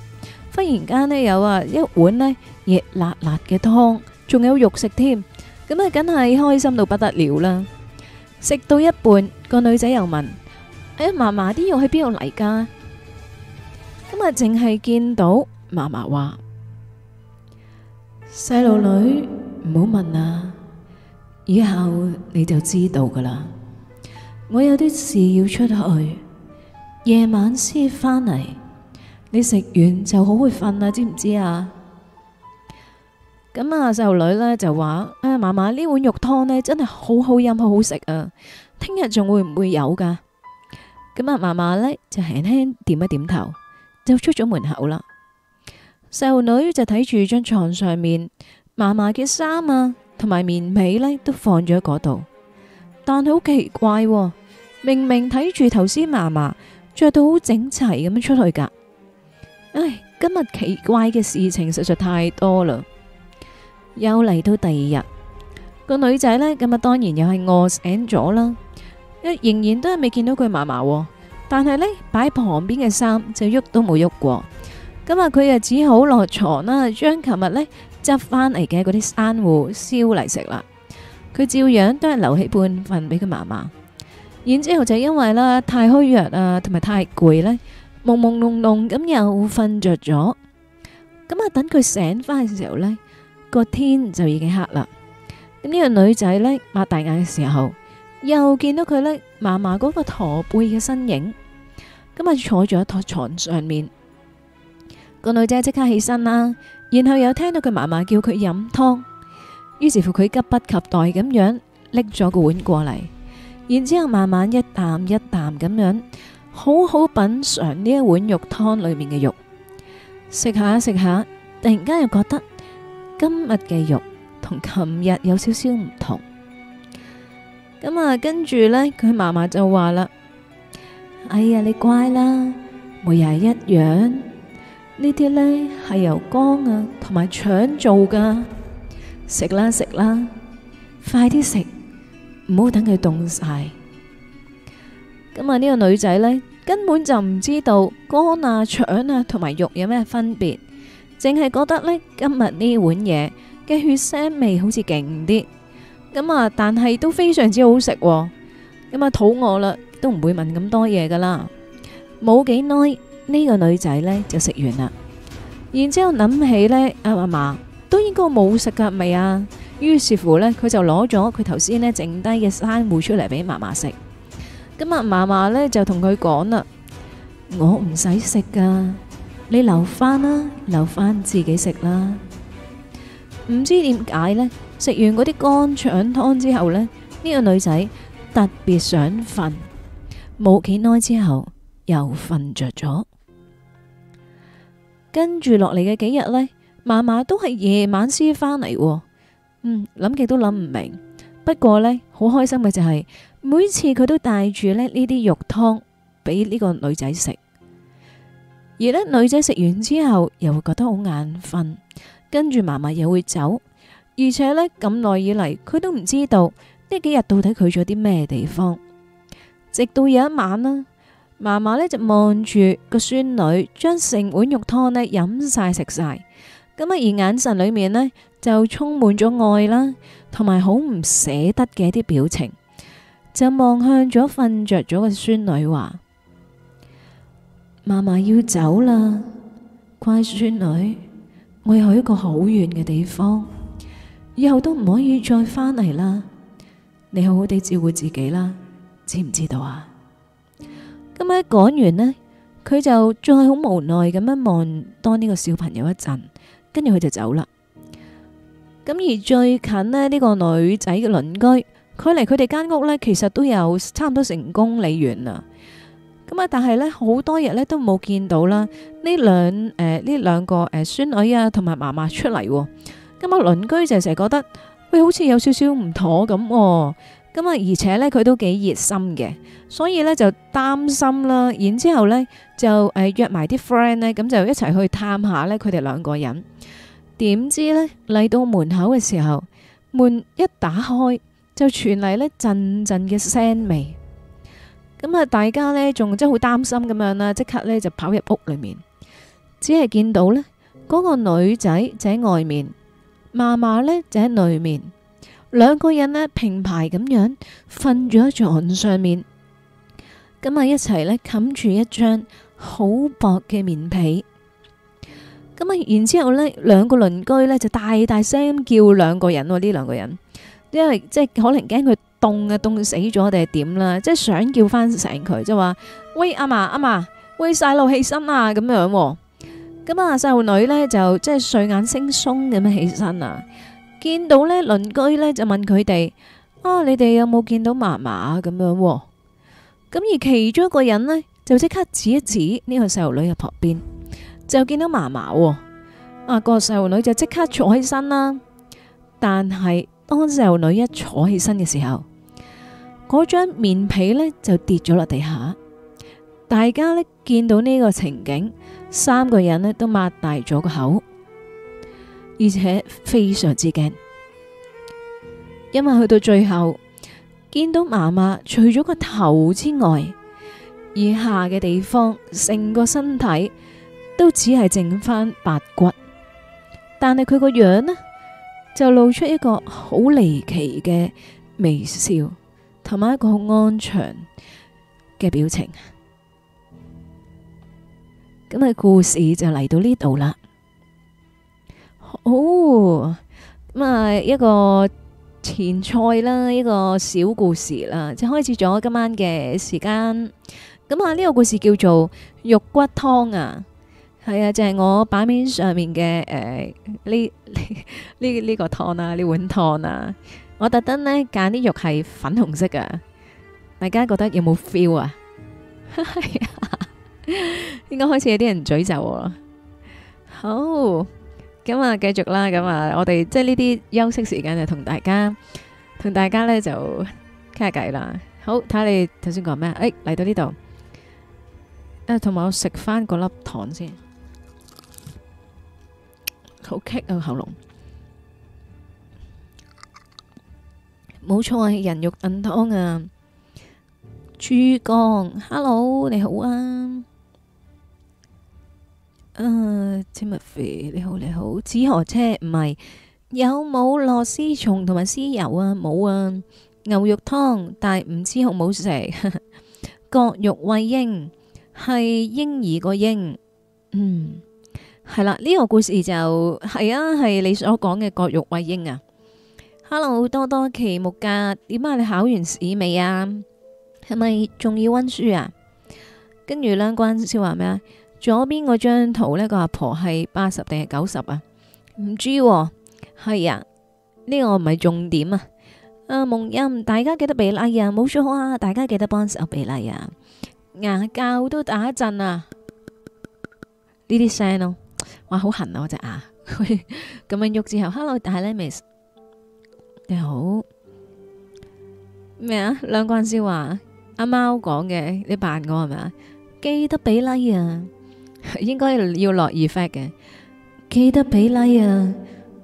忽然間呢有啊一碗呢熱辣辣嘅湯，仲有肉食添，咁啊梗係開心到不得了啦！食到一半，個女仔又問：哎呀，嫲嫲啲肉喺邊度嚟噶？咁啊淨係見到嫲嫲話：細路女唔好問啊！以後你就知道㗎喇，我有啲事要出去，夜晚先翻嚟。你食完就好去瞓啦，知唔知啊？咁啊，細路女咧就話：誒，嫲嫲呢碗肉湯呢真係好好飲，好好食啊！聽日仲會唔會有㗎？咁啊，嫲嫲呢就輕輕點一點頭，就出咗門口啦。細路女就睇住張床上面嫲嫲嘅衫啊。同埋棉被呢都放咗喺嗰度，但係好奇怪喎，明明睇住頭先嫲嫲着到好整齊咁樣出去噶。唉，今日奇怪嘅事情實在太多啦。又嚟到第二日，個女仔呢咁啊，當然又係餓醒咗啦。仍然都係未見到佢嫲嫲，但係咧擺旁邊嘅衫就喐都冇喐過。今日佢又只好落床啦，將琴日呢。執翻嚟嘅嗰啲珊瑚燒嚟食啦，佢照樣都係留起半份俾佢嫲嫲。然之後就因為咧太虛弱啊，同埋太攰咧，朦朦朧朧咁又瞓着咗。咁啊，等佢醒翻嘅時候咧，個天就已經黑啦。咁呢個女仔咧擘大眼嘅時候，又見到佢咧嫲嫲嗰個駝背嘅身影，咁啊坐住喺台床上面。個女仔即刻起身啦。然後又聽到佢嫲嫲叫佢飲湯，於是乎佢急不及待咁樣拎咗個碗過嚟，然之後慢慢一啖一啖咁樣，好好品嘗呢一碗肉湯裏面嘅肉，食下食下，突然間又覺得今日嘅肉同琴日有少少唔同，咁啊跟住咧，佢嫲嫲就話啦：哎呀，你乖啦，每日一樣。呢啲呢係由肝啊同埋腸做噶，食啦食啦，快啲食，唔好等佢凍晒。咁啊，呢個女仔呢根本就唔知道肝啊腸啊同埋肉有咩分別，淨係覺得呢今日呢碗嘢嘅血腥味好似勁啲。咁啊，但係都非常之好食喎。咁啊，肚餓啦，都唔會問咁多嘢噶啦。冇幾耐。呢個女仔呢就食完啦，然之後諗起呢，阿嫲嫲都應該冇食噶未啊？於是乎呢，佢就攞咗佢頭先呢剩低嘅生芋出嚟俾嫲嫲食。咁啊，嫲嫲呢就同佢講啦：我唔使食噶，你留翻啦，留翻自己食啦。唔知點解呢，食完嗰啲乾腸湯之後呢，呢個女仔特別想瞓，冇幾耐之後又瞓着咗。跟住落嚟嘅幾日呢，嫲嫲都係夜晚先翻嚟，嗯，諗極都諗唔明。不過呢，好開心嘅就係、是、每次佢都帶住呢呢啲肉湯俾呢個女仔食，而呢，女仔食完之後又會覺得好眼瞓，跟住嫲嫲又會走，而且呢，咁耐以嚟佢都唔知道呢幾日到底去咗啲咩地方，直到有一晚啦。嫲嫲咧就望住個孫女，將成碗肉湯咧飲晒食晒，咁啊而眼神裏面咧就充滿咗愛啦，同埋好唔捨得嘅一啲表情，就望向咗瞓着咗嘅孫女話：嫲嫲要走啦，乖孫女，我要去一個好遠嘅地方，以後都唔可以再翻嚟啦，你好好地照顧自己啦，知唔知道啊？咁一講完呢，佢就仲係好無奈咁樣望多呢個小朋友一陣，跟住佢就走啦。咁而最近呢，呢、呢個女仔嘅鄰居，距離佢哋間屋呢，其實都有差唔多成公里遠啦。咁啊，但係呢，好多日呢都冇見到啦，呢兩誒呢兩個誒孫女啊同埋嫲嫲出嚟。咁啊，鄰居就成日覺得，喂，好似有少少唔妥咁。咁啊，而且咧佢都幾熱心嘅，所以咧就擔心啦。然之後咧就誒約埋啲 friend 咧，咁就一齊去探下咧佢哋兩個人。點知咧嚟到門口嘅時候，門一打開就傳嚟咧陣陣嘅腥味。咁啊，大家咧仲真係好擔心咁樣啦，即刻咧就跑入屋裏面，只係見到咧嗰個女仔就喺外面，嫲嫲咧就喺裏面。兩個人平的兩個人呢，平排咁樣瞓咗喺床上面，咁啊一齊呢，冚住一張好薄嘅棉被。咁啊，然之後咧，兩個鄰居呢，就大大聲叫兩個人，呢兩個人，因為即係可能驚佢凍啊凍死咗定係點啦，即係想叫翻醒佢，即係話喂阿嫲，阿嫲，喂細路起身啊咁樣。咁啊，細路女呢，就即係睡眼惺忪咁樣起身啊。見到咧鄰居咧就問佢哋啊，你哋有冇見到嫲嫲咁樣？咁而其中一個人呢，就即刻指一指呢個細路女嘅旁邊，就見到嫲嫲。啊、那，個細路女就即刻坐起身啦。但係當細路女一坐起身嘅時候，嗰張棉被呢就跌咗落地下。大家呢見到呢個情景，三個人呢都擘大咗個口。而且非常之驚，因為去到最後見到媽媽，除咗個頭之外，以下嘅地方，成個身體都只係剩翻白骨。但係佢個樣呢，就露出一個好離奇嘅微笑，同埋一個好安詳嘅表情。咁啊，故事就嚟到呢度啦。哦，咁、嗯、啊一個前菜啦，一個小故事啦，就開始咗今晚嘅時間。咁、嗯、啊呢、這個故事叫做肉骨湯啊，係啊，就係、是、我版面上面嘅誒呢呢呢呢個湯啦、啊，呢碗湯啊。我特登呢揀啲肉係粉紅色啊，大家覺得有冇 feel 啊？ 應該開始有啲人咀咒我咯。好。咁啊，繼續啦，咁啊，我哋即係呢啲休息時間就同大家，同大家呢就傾下偈啦。好，睇下你頭先講咩？誒，嚟到呢度，啊，同埋我食翻嗰粒糖先，好棘啊喉嚨，冇錯啊，人肉燉湯啊，珠江，hello 你好啊。啊、uh,，Timothy，你好你好，紫河車唔係，有冇螺絲蟲同埋屍油啊？冇啊，牛肉湯，但係唔知好唔好食。割 肉餵嬰，係嬰兒個嬰，嗯，係啦，呢、這個故事就係啊，係你所講嘅割肉餵嬰啊。Hello，多多期末噶，點解？你考完試未啊？係咪仲要溫書啊？跟住兩關先話咩啊？左邊嗰張圖呢、呢個阿婆係八十定係九十啊？唔知，係啊，呢、啊呢個唔係重點啊！啊，夢音，大家記得俾 like 啊！冇錯啊，大家記得幫手俾 like 啊！牙教都打一陣啊，呢啲聲咯，哇，好痕啊！我隻牙咁樣喐之後，hello，大家 miss，你好，咩啊？兩個人先話，阿貓講嘅，你扮我係咪啊？記得俾 like 啊！應該要落 effect 嘅，記得俾 like 啊！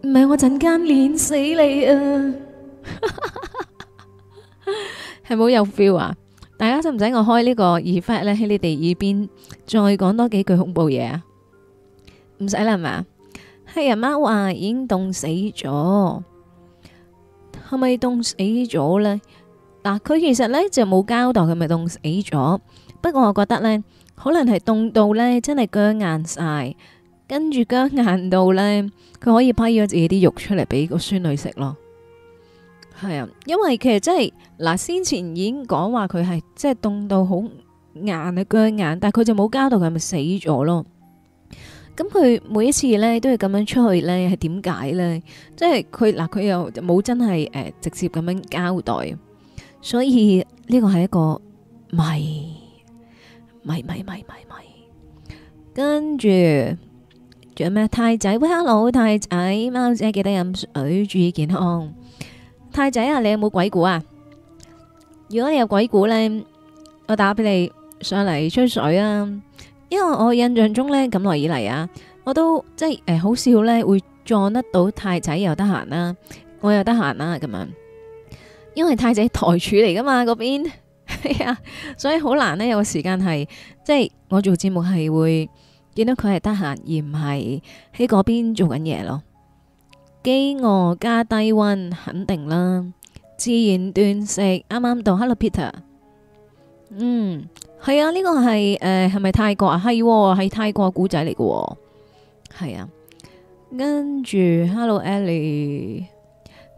唔係我陣間捻死你啊！係咪有 feel 啊？大家使唔使我開呢個 effect 咧？喺你哋耳邊再講多幾句恐怖嘢啊！唔使啦嘛，係阿貓話已經凍死咗，係咪凍死咗咧？嗱，佢其實咧就冇交代佢咪凍死咗，不過我覺得咧。可能係凍到呢，真係僵硬晒，跟住僵硬到呢，佢可以批咗自己啲肉出嚟俾個孫女食咯。係啊，因為其實真係嗱，先前已經講話佢係即係凍到好硬嘅僵硬，但係佢就冇交代他是是死了，佢係咪死咗咯。咁佢每一次呢，都係咁樣出去呢，係點解呢？即係佢嗱佢又冇真係誒、呃、直接咁樣交代，所以呢個係一個謎。咪咪咪咪咪，跟住仲有咩太仔？喂，hello，太仔，貓姐記得飲水，注意健康。太仔啊，你有冇鬼故啊？如果你有鬼故咧，我打俾你上嚟吹水啊！因為我印象中咧咁耐以嚟啊，我都即係誒、呃、好少咧會撞得到太仔又得閒啦，我又得閒啦咁樣，因為太仔台柱嚟噶嘛嗰邊。係啊， 所以好難呢，有個時間係即係我做節目係會見到佢係得閒，而唔係喺嗰邊做緊嘢。咯。飢餓加低温肯定啦，自然斷食。啱啱到，Hello Peter，嗯，係啊，呢、這個係誒係咪泰國啊？係喎，係泰國古仔嚟嘅，係啊。跟住 Hello e l i，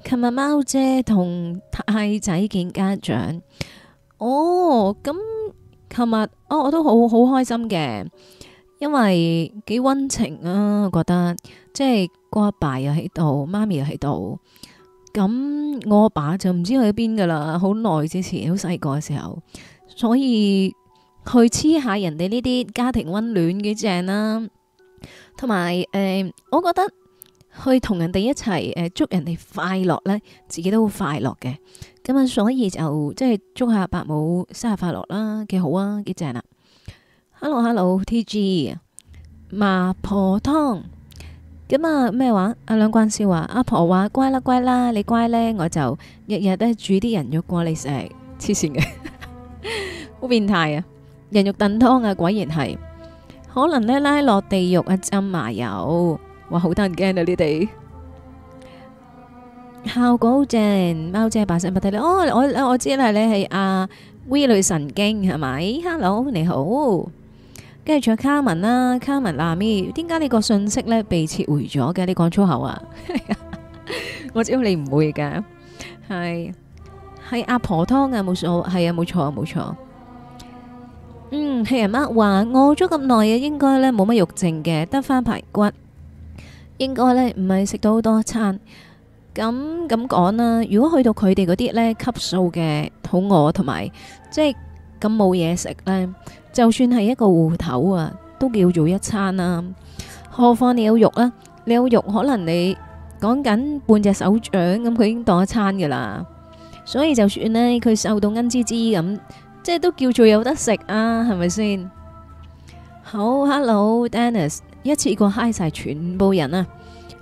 琴日貓姐同太仔見家長。哦，咁琴日，哦，我都好好開心嘅，因為幾溫情啊，爸爸媽媽我覺得，即係個阿爸又喺度，媽咪又喺度，咁我阿爸就唔知去邊噶啦，好耐之前，好細個嘅時候，所以去黐下人哋呢啲家庭溫暖幾正啦，啊，同埋誒，我覺得去同人哋一齊誒、呃，祝人哋快樂呢，自己都快樂嘅。咁啊、嗯，所以就即係祝下伯母生日快樂啦，幾好啊，幾正啊。Hello，Hello，T G，麻婆湯，咁、嗯、啊咩話？阿、啊、兩關少話，阿婆話乖啦乖啦，你乖呢，我就日日咧煮啲人肉過嚟食，黐線嘅，好 變態啊！人肉燉湯啊，果然係，可能呢，拉落地獄一針麻油，哇，好得人驚啊！呢啲。」效果好正，貓姐八身不體啦。哦，我我知啦，你係阿 V 女神經係咪、right？Hello，你好。跟住仲有卡文啦卡文。娜咪，點解你個信息呢被撤回咗嘅？你講粗口啊？我知你唔會嘅，係係阿婆湯啊，冇錯係啊，冇錯冇錯。嗯，黑人媽話餓咗咁耐啊，應該呢冇乜肉剩嘅，得返排骨。應該呢唔係食到好多餐。咁咁講啦，如果去到佢哋嗰啲咧，級數嘅肚餓同埋即係咁冇嘢食咧，就算係一個芋頭啊，都叫做一餐啦。何況你有肉啦，你有肉可能你講緊半隻手掌咁，佢已經當一餐噶啦。所以就算咧，佢瘦到恩滋滋咁，即係都叫做有得食啊，係咪先？好，Hello Dennis，一次過 high 晒全部人啊！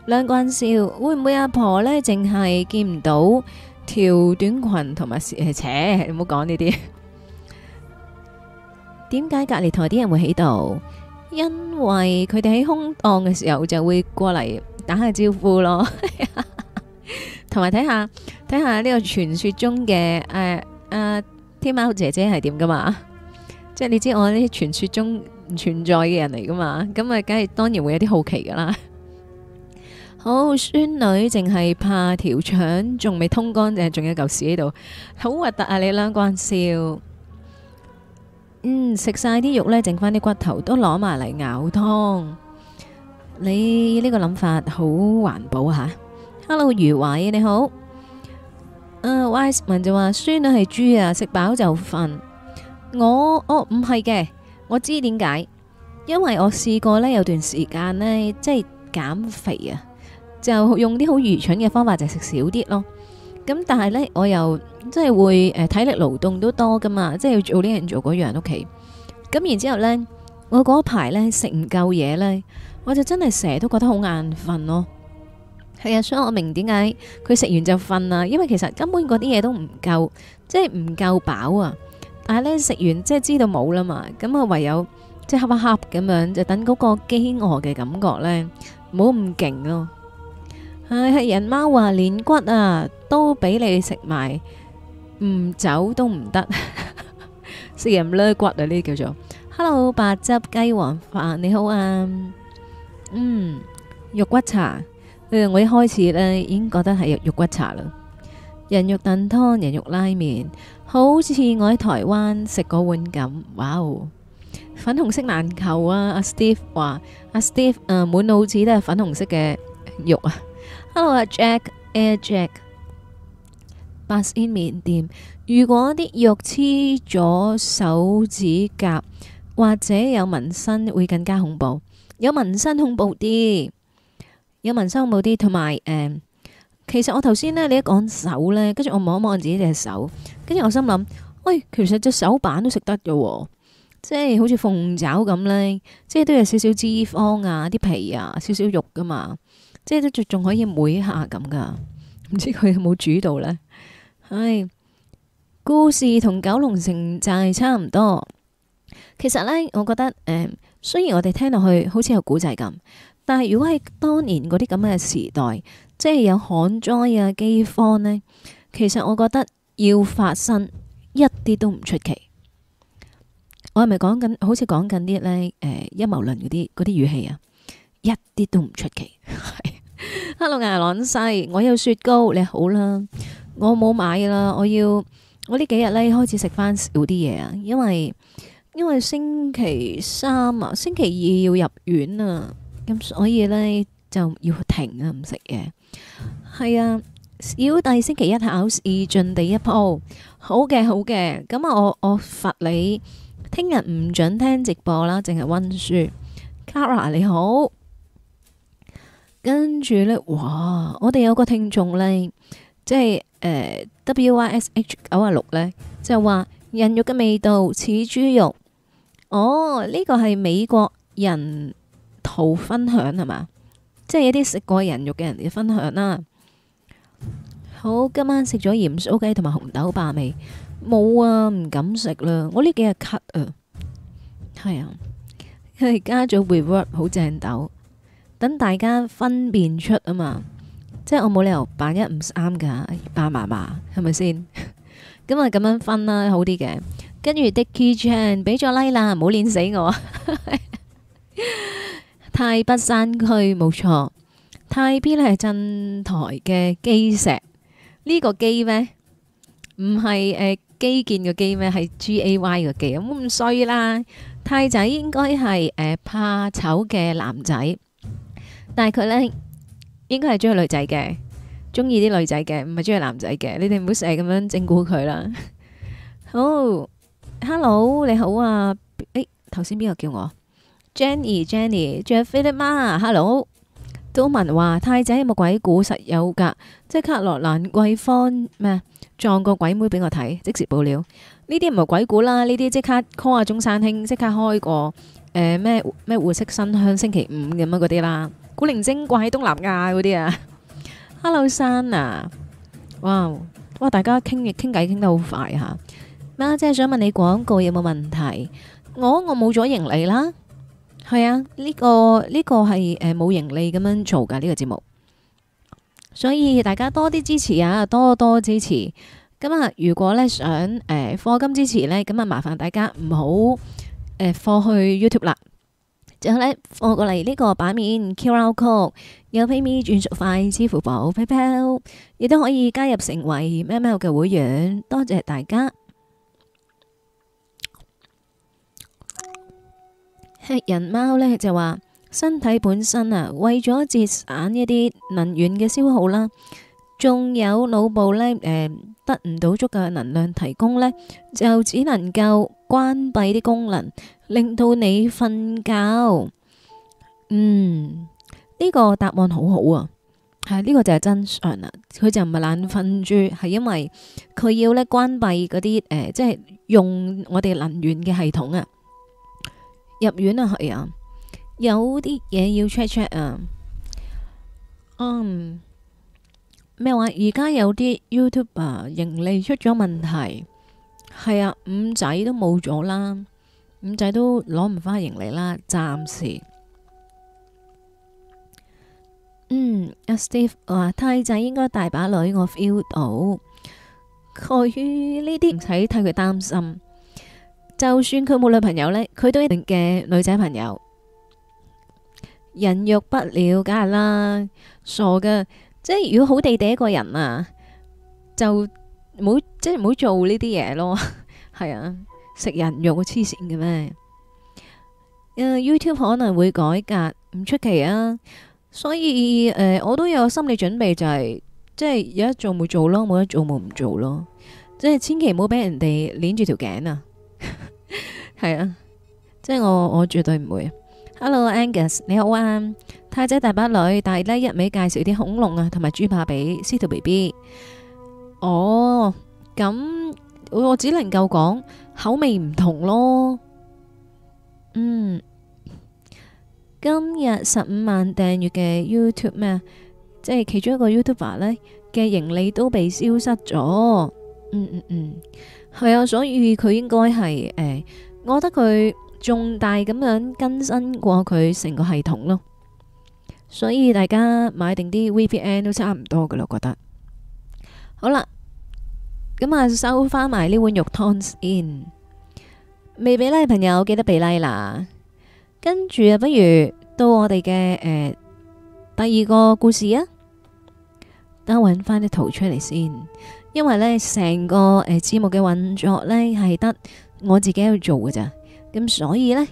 兩個人笑，會唔會阿婆呢？淨係見唔到條短裙同埋斜，唔好講呢啲。點解隔籬台啲人會喺度？因為佢哋喺空檔嘅時候就會過嚟打下招呼咯。同埋睇下睇下呢個傳說中嘅誒誒天貓姐姐係點噶嘛？即係你知我呢啲傳說中存在嘅人嚟噶嘛？咁啊，梗係當然會有啲好奇噶啦。好孫女淨係怕條腸，仲未通乾淨，仲有嚿屎喺度，好核突啊你！你兩個人笑，嗯，食晒啲肉呢，剩翻啲骨頭都攞埋嚟熬湯。你呢個諗法好環保吓。Hello，余懷嘅你好，誒、uh，Wiseman 就話孫女係豬啊，食飽就瞓。我哦，唔係嘅，我知點解，因為我試過呢有段時間呢，即係減肥啊。就用啲好愚蠢嘅方法，就食少啲咯。咁但係咧，我又即係會誒體力勞動都多噶嘛，即係要做呢樣做嗰樣，屋企。咁然之後咧，我嗰排咧食唔夠嘢咧，我就真係成日都覺得好眼瞓咯。係啊，所以我明點解佢食完就瞓啊，因為其實根本嗰啲嘢都唔夠，即係唔夠飽啊。但係咧食完即係知道冇啦嘛，咁我唯有即係瞌一瞌咁樣就等嗰個飢餓嘅感覺咧，冇咁勁咯。唉，人貓話連骨啊，都俾你食埋，唔走都唔得，食人甩骨啊！呢叫做 Hello 白汁雞皇飯，你好啊，嗯，肉骨茶誒，我一開始咧已經覺得係肉肉骨茶啦。人肉燉湯、人肉拉麵，好似我喺台灣食過碗咁。哇哦，粉紅色難求啊！阿 Steve 話阿 Steve 誒，滿腦子都係粉紅色嘅肉啊！Hello，阿 Jack、uh, Jack，Air Jack，Bus in 緬甸，如果啲肉黐咗手指甲，或者有紋身會更加恐怖。有紋身恐怖啲，有紋身恐怖啲。同埋誒，其實我頭先咧，你一講手咧，跟住我望一望自己隻手，跟住我心諗，喂、哎，其實隻手板都食得嘅，即係好似鳳爪咁咧，即係都有少少脂肪啊，啲皮啊，少少肉噶嘛。即係都仲可以每下咁噶，唔知佢有冇主導呢？唉，故事同九龍城寨差唔多。其實呢，我覺得誒、嗯，雖然我哋聽落去好似有古仔咁，但係如果係當年嗰啲咁嘅時代，即係有旱災啊饑荒呢，其實我覺得要發生一啲都唔出奇。我係咪講緊好似講緊啲呢，誒、嗯，陰謀論嗰啲嗰啲語氣啊，一啲都唔出奇。hello 啊，朗西，我有雪糕。你好啦，我冇買啦。我要我呢幾日咧，開始食翻少啲嘢啊，因為因為星期三啊，星期二要入院啊，咁、嗯、所以咧就要停啊，唔食嘢。係啊，小弟星期一考試進第一鋪。好嘅，好嘅。咁啊，我我罰你聽日唔准聽直播啦，淨係溫書。Clara 你好。跟住呢，哇！我哋有個聽眾呢，即係、呃、w i s h 九啊六呢，就話人肉嘅味道似豬肉。哦，呢、這個係美國人圖分享係嘛？即係一啲食過人肉嘅人嘅分享啦。好，今晚食咗鹽酥雞同埋紅豆霸味，冇啊，唔敢食啦。我呢幾日咳啊，係啊，佢哋加咗 r e w o r k 好正斗。等大家分辨出啊嘛，即係我冇理由扮一唔啱噶，扮麻麻係咪先？咁啊咁樣分啦，好啲嘅。跟住 Dickie Chan 俾咗 like 啦，唔好練死我。太北山區冇錯，太 B 咧係鎮台嘅基石呢個基咩？唔係誒基建嘅基咩？係 G A Y 嘅基咁咁衰啦。太仔應該係誒怕醜嘅男仔。但係佢咧，應該係中意女仔嘅，中意啲女仔嘅，唔係中意男仔嘅。你哋唔 好成日咁樣整蠱佢啦。好，hello，你好啊，哎、欸，頭先邊個叫我 Jenny？Jenny，仲有菲媽，hello。都問話太子有冇鬼故？實有㗎，即刻落蘭桂坊咩撞個鬼妹俾我睇，即時報料。呢啲唔係鬼故啦，呢啲即刻 call 下中山兄，即刻開個誒咩咩活色新香星期五咁樣嗰啲啦。古靈精怪，東南亞嗰啲啊，Hello Sun 啊，哇哇，大家傾嘢傾偈傾得好快嚇。媽姐想問你廣告有冇問題？我我冇咗盈利啦，係啊，呢個呢個係誒冇盈利咁樣做㗎呢個節目。所以大家多啲支持啊，多多支持。咁啊，如果咧想誒課金支持咧，咁啊，麻煩大家唔好誒課去 YouTube 啦。之後呢，放過嚟呢個版面，QR code 有 PayMe 轉數快，支付寶 PayPal，亦都可以加入成為喵喵嘅會員。多謝大家。 吃人貓呢，就話，身體本身啊，為咗節省一啲能源嘅消耗啦。仲有腦部咧，誒，得唔到足夠嘅能量提供呢，就只能夠關閉啲功能，令到你瞓覺。嗯，呢、這個答案好好啊，係、哎、呢、這個就係真相啦，啊。佢就唔係懶瞓住，係因為佢要呢關閉嗰啲，誒、呃，即係用我哋能源嘅系統啊。入院啊，係啊，有啲嘢要 check check 啊，嗯。咩話？而家有啲 YouTuber 盈利出咗問題，係啊，五仔都冇咗啦，五仔都攞唔翻盈利啦，暫時。嗯，阿 Steve 話，太仔應該大把女，我 feel 到，關於呢啲唔使替佢擔心，就算佢冇女朋友呢，佢都一定嘅女仔朋友，人若不了，梗係啦，傻嘅。即係如果好地地一個人啊，就唔好即係唔好做呢啲嘢咯，係啊，食人肉黐線嘅咩？誒、uh，YouTube 可能會改革，唔出奇啊。所以誒、呃，我都有心理準備，就是，就係即係有得做咪做咯，冇得做咪唔做咯。即係千祈唔好俾人哋捻住條頸啊！係啊，即係我我絕對唔會。Hello，Angus，你好啊！太仔大把女，但係咧一味介紹啲恐龍啊，同埋豬扒俾司徒 BB。哦，咁我我只能夠講口味唔同咯。嗯，今日十五萬訂閱嘅 YouTube 咩啊？即係其中一個 YouTuber 咧嘅盈利都被消失咗。嗯嗯嗯，係啊，所以佢應該係誒，我覺得佢。重大咁樣更新過佢成個系統咯，所以大家買定啲 VPN 都差唔多噶啦。我覺得好啦，咁啊收翻埋呢碗肉湯先，未俾 like 嘅朋友記得俾 like 啦。跟住啊，不如到我哋嘅誒第二個故事啊，等我搵翻啲圖出嚟先，因為呢成個誒節目嘅運作呢，係得我自己去做噶咋。咁所以咧，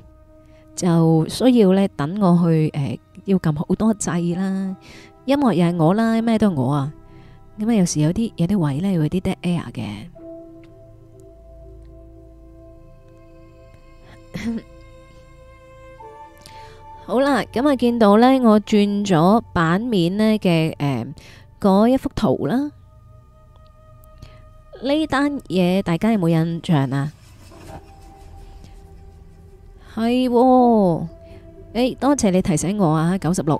就需要咧等我去誒，要撳好多掣啦，音樂又係我啦，咩都係我啊。咁啊，有時有啲有啲位咧會有啲 dead air 嘅。好啦，咁啊，見到咧我轉咗版面咧嘅誒，嗰一幅圖啦，呢單嘢大家有冇印象啊？係，誒、哦哎，多謝你提醒我啊！九十六，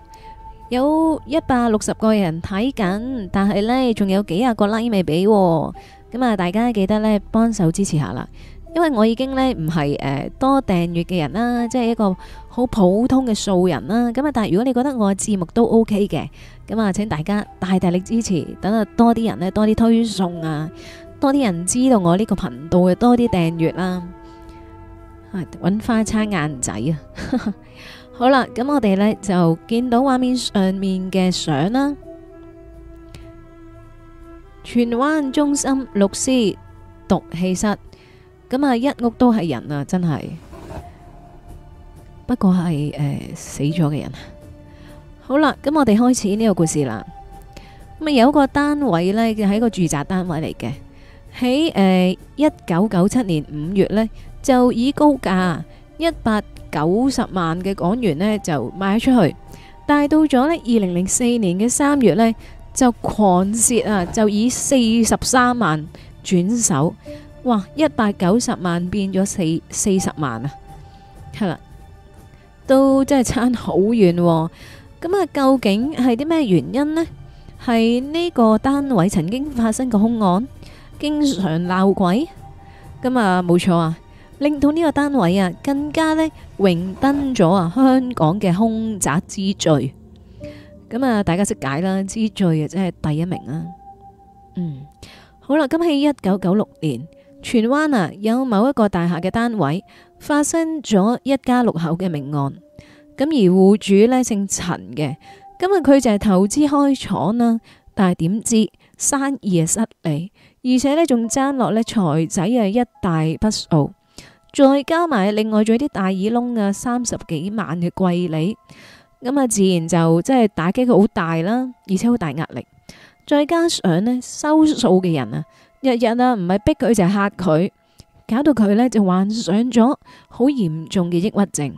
有一百六十個人睇緊，但係呢仲有幾廿個 like 未俾，咁啊大家記得呢幫手支持下啦，因為我已經呢唔係誒多訂閱嘅人啦，即係一個好普通嘅素人啦，咁啊但係如果你覺得我嘅節目都 OK 嘅，咁啊請大家大大力支持，等啊多啲人呢，多啲推送啊，多啲人知道我呢個頻道嘅多啲訂閱啦。揾花叉眼仔啊！好啦，咁我哋咧就見到畫面上面嘅相啦。荃灣中心律師毒氣室，咁啊一屋都係人啊，真係。不過係誒死咗嘅人。好啦，咁我哋開始呢個故事啦。咁啊有個單位咧就係個住宅單位嚟嘅，喺誒一九九七年五月咧。就以高價一百九十萬嘅港元呢就賣出去，但係到咗呢二零零四年嘅三月呢就狂蝕啊，就以四十三萬轉手，哇！一百九十萬變咗四四十萬啊，係啦，都真係差好遠。咁啊，究竟係啲咩原因呢？係呢個單位曾經發生過凶案，經常鬧鬼。咁啊，冇錯啊。令到呢個單位啊，更加咧榮登咗啊香港嘅凶宅之最。咁啊，大家識解啦，之最亦即係第一名啦。嗯，好啦，咁喺一九九六年，荃灣啊有某一個大廈嘅單位發生咗一家六口嘅命案。咁而戶主呢姓陳嘅，咁啊佢就係投資開廠啦，但係點知生意失利，而且呢仲爭落呢財仔啊一大筆數。再加埋另外仲有啲大耳窿啊，三十幾萬嘅貴利，咁啊自然就即係打擊佢好大啦，而且好大壓力。再加上呢收數嘅人啊，日日啊唔係逼佢就係嚇佢，搞到佢呢就患上咗好嚴重嘅抑鬱症，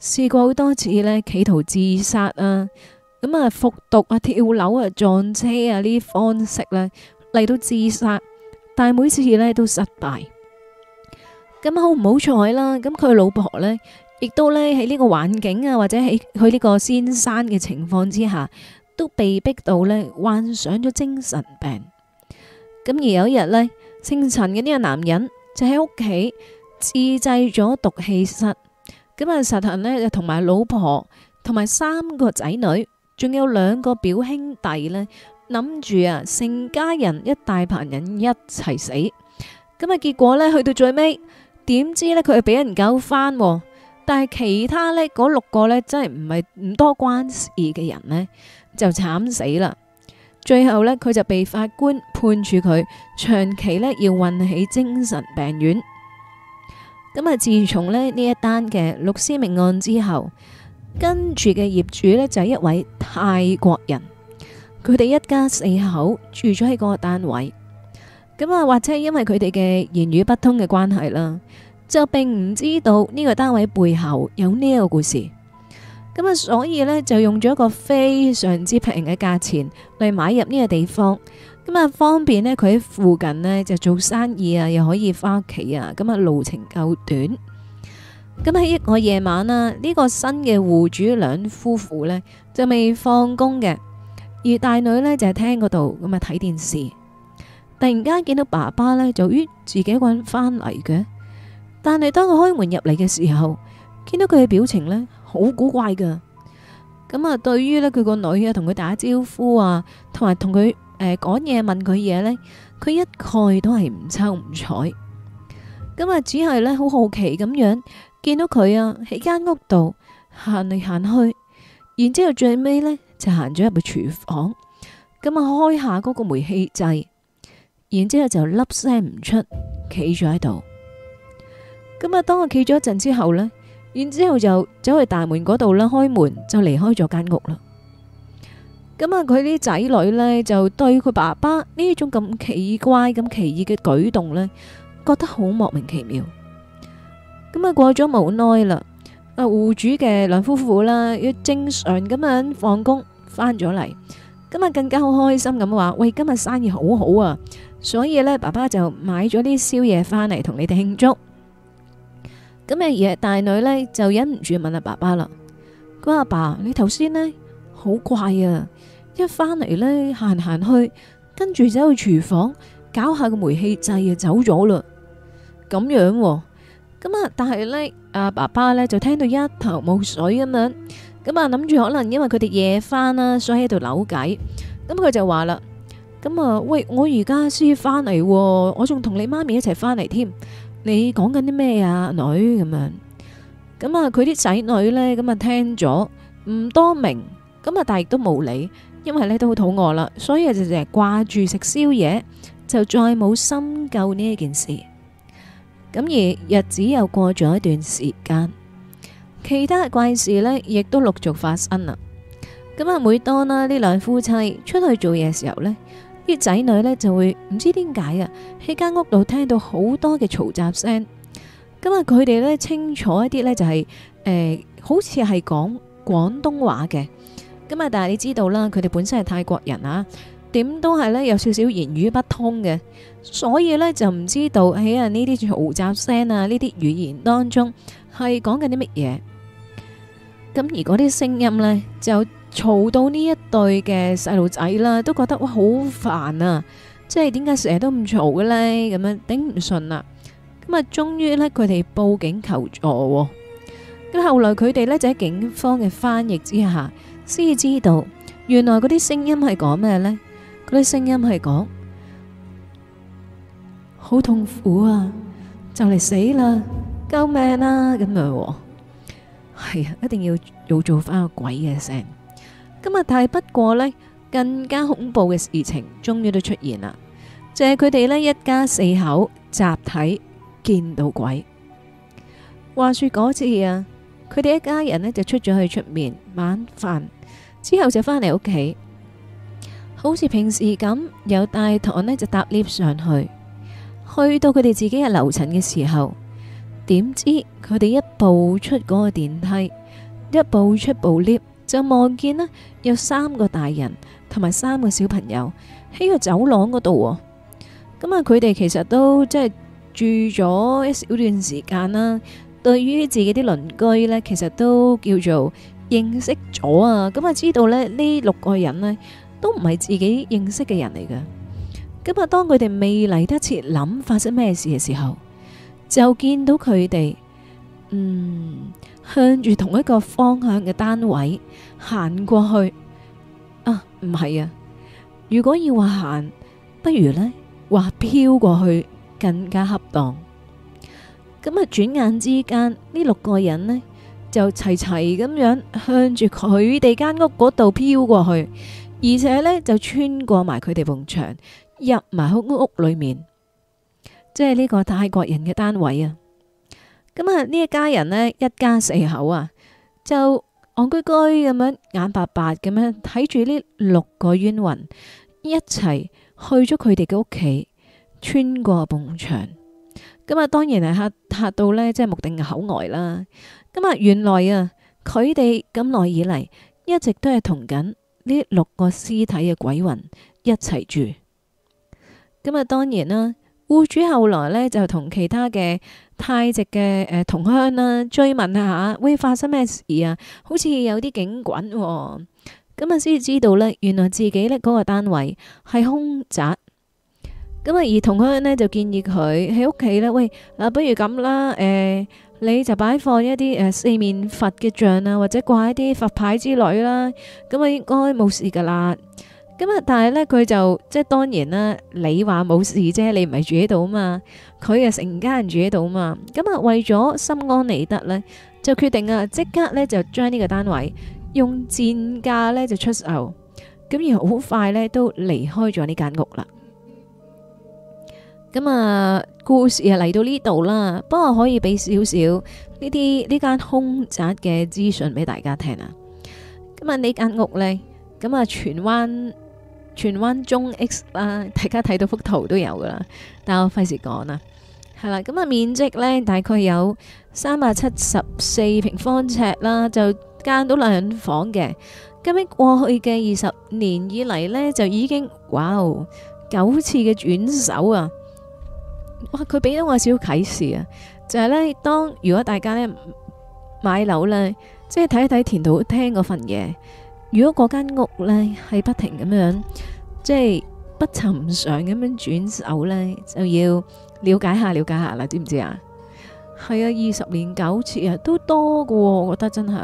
試過好多次呢，企圖自殺啊，咁啊服毒啊、跳樓啊、撞車啊呢啲方式呢，嚟到自殺，但每次呢都失敗。咁好唔好彩啦？咁佢老婆呢，亦都呢喺呢個環境啊，或者喺佢呢個先生嘅情況之下，都被逼到呢患上咗精神病。咁而有一日呢，姓陳嘅呢個男人就喺屋企自製咗毒氣室。咁啊，實行呢，就同埋老婆同埋三個仔女，仲有兩個表兄弟呢，諗住啊，成家人一大棚人一齊死。咁啊，結果呢，去到最尾。點知呢，佢係俾人救翻，但係其他呢，嗰六個呢，真係唔係唔多關事嘅人呢，就慘死啦。最後呢，佢就被法官判處佢長期呢要運喺精神病院。咁啊，自從呢呢一單嘅六屍命案之後，跟住嘅業主呢，就係一位泰國人，佢哋一家四口住咗喺嗰個單位。咁啊，或者因為佢哋嘅言語不通嘅關係啦，就並唔知道呢個單位背後有呢個故事。咁啊，所以呢，就用咗一個非常之平嘅價錢嚟買入呢個地方。咁啊，方便呢，佢喺附近呢就做生意啊，又可以翻屋企啊。咁啊，路程夠短。咁喺一個夜晚啦，呢個新嘅戶主兩夫婦呢就未放工嘅，而大女呢就喺廳嗰度咁啊睇電視。突然間見到爸爸呢，就於自己一個人翻嚟嘅。但係當佢開門入嚟嘅時候，見到佢嘅表情呢，好古怪㗎。咁啊，對於呢佢個女啊，同佢打招呼啊，同埋同佢誒講嘢問佢嘢呢，佢一概都係唔瞅唔睬。咁啊，只係呢好好奇咁樣見到佢啊喺間屋度行嚟行去，然之後最尾呢就行咗入去廚房，咁啊開下嗰個煤氣掣。然之後就粒聲唔出，企咗喺度。咁啊，當我企咗一陣之後呢，然之後就走去大門嗰度啦，開門就離開咗間屋啦。咁啊，佢啲仔女呢，就對佢爸爸呢種咁奇怪，咁奇異嘅舉動呢，覺得好莫名其妙。咁啊，過咗冇耐啦。啊，戶主嘅兩夫婦啦，一正常咁樣放工翻咗嚟，咁啊，更加好開心咁話：喂，今日生意好好啊！所以呢，爸爸就買咗啲宵夜翻嚟同你哋慶祝。咁嘅夜大女呢就忍唔住問阿爸爸啦。佢話：阿爸，爸，你頭先呢？好怪啊，一翻嚟呢，行行去，跟住走去廚房搞下個煤氣掣，就走咗啦。咁樣、哦，咁啊，但係呢，阿爸爸呢就聽到一頭霧水咁樣，咁啊諗住可能因為佢哋夜翻啦，所以喺度扭計。咁佢就話啦。咁啊，喂！我而家先返嚟喎，我仲同你媽咪一齊返嚟添。你講緊啲咩啊，女咁樣？咁啊，佢啲仔女呢，咁啊聽咗唔多明，咁啊，但亦都冇理，因為呢都好肚餓啦，所以就成日掛住食宵夜，就再冇深究呢一件事。咁而日子又過咗一段時間，其他嘅怪事呢，亦都陸續發生啦。咁啊，每當啦呢兩夫妻出去做嘢嘅時候呢。啲仔女呢就會唔知點解啊，喺間屋度聽到好多嘅嘈雜聲，咁啊，佢哋呢清楚一啲呢、就係，就係誒好似係講廣東話嘅，咁啊但係你知道啦，佢哋本身係泰國人啊，都點都係呢有少少言語不通嘅，所以呢，就唔知道喺啊呢啲嘈雜聲啊呢啲語言當中係講緊啲乜嘢。咁而嗰啲聲音呢，就～嘈到呢一對嘅細路仔啦，都覺得哇好煩啊！即係點解成日都唔嘈嘅呢？咁樣頂唔順啦！咁啊，終於呢佢哋報警求助。咁後來佢哋呢就喺警方嘅翻譯之下，先知道原來嗰啲聲音係講咩呢？嗰啲聲音係講好痛苦啊！就嚟死啦！救命啦！咁樣係啊！一定要要做翻個鬼嘅聲。今日大不過呢，更加恐怖嘅事情終於都出現啦，就係佢哋呢一家四口集體見到鬼。話說嗰次啊，佢哋一家人呢就出咗去出面晚飯之後就返嚟屋企，好似平時咁有大堂呢就搭 lift 上去，去到佢哋自己嘅樓層嘅時候，點知佢哋一步出嗰個電梯，一步出部 lift。就望見呢，有三個大人同埋三個小朋友喺個走廊嗰度。咁啊，佢哋其實都即係住咗一小段時間啦。對於自己啲鄰居呢，其實都叫做認識咗啊。咁啊，知道呢呢六個人呢都唔係自己認識嘅人嚟㗎。咁啊，當佢哋未嚟得切諗發生咩事嘅時候，就見到佢哋，嗯。向住同一個方向嘅單位行過去啊，唔係啊，如果要話行，不如呢話飄過去更加恰當。咁啊，轉眼之間呢六個人呢就齊齊咁樣向住佢哋間屋嗰度飄過去，而且呢就穿過埋佢哋埲牆，入埋屋屋裏面，即係呢個泰國人嘅單位啊。咁啊！呢一家人呢，一家四口啊，就戇居居咁樣，眼白白咁樣睇住呢六個冤魂一齊去咗佢哋嘅屋企，穿過埲牆。咁啊，當然係吓吓到呢，即係目定口呆啦。咁啊，原來啊，佢哋咁耐以嚟，一直都係同緊呢六個屍體嘅鬼魂一齊住。咁啊，當然啦。戶主後來呢，就同其他嘅泰籍嘅誒同鄉啦追問下吓，喂，發生咩事啊？好似有啲警棍，哦，咁啊先知道呢，原來自己呢嗰個單位係空宅，咁啊而同鄉呢，就建議佢喺屋企呢，「喂，嗱不如咁啦，誒、呃、你就擺放一啲誒四面佛嘅像啊，或者掛一啲佛牌之類啦，咁啊應該冇事噶啦。咁啊，但係咧，佢就即係當然啦。你話冇事啫，你唔係住喺度嘛？佢嘅成家人住喺度嘛？咁啊，為咗心安理得咧，就決定啊，即刻咧就將呢個單位用賤價咧就出售。咁然後好快咧都離開咗呢間屋啦。咁啊，故事啊嚟到呢度啦，不過可以俾少少呢啲呢間空宅嘅資訊俾大家聽啊。咁啊，呢間屋咧，咁啊，荃灣。荃灣中 X 啦，大家睇到幅圖都有噶啦，但我費事講啦，係啦，咁啊，面積呢大概有三百七十四平方尺啦，就間到兩房嘅。咁喺過去嘅二十年以嚟呢，就已經哇九次嘅轉手啊！哇，佢俾咗我少少啓示啊，就係呢，當如果大家呢買樓呢，即係睇一睇田土廳嗰份嘢。如果嗰間屋呢係不停咁樣，即係不尋常咁樣轉手呢，就要了解下了解下啦，知唔知啊？係啊，二十年九次啊，都多噶，我覺得真係。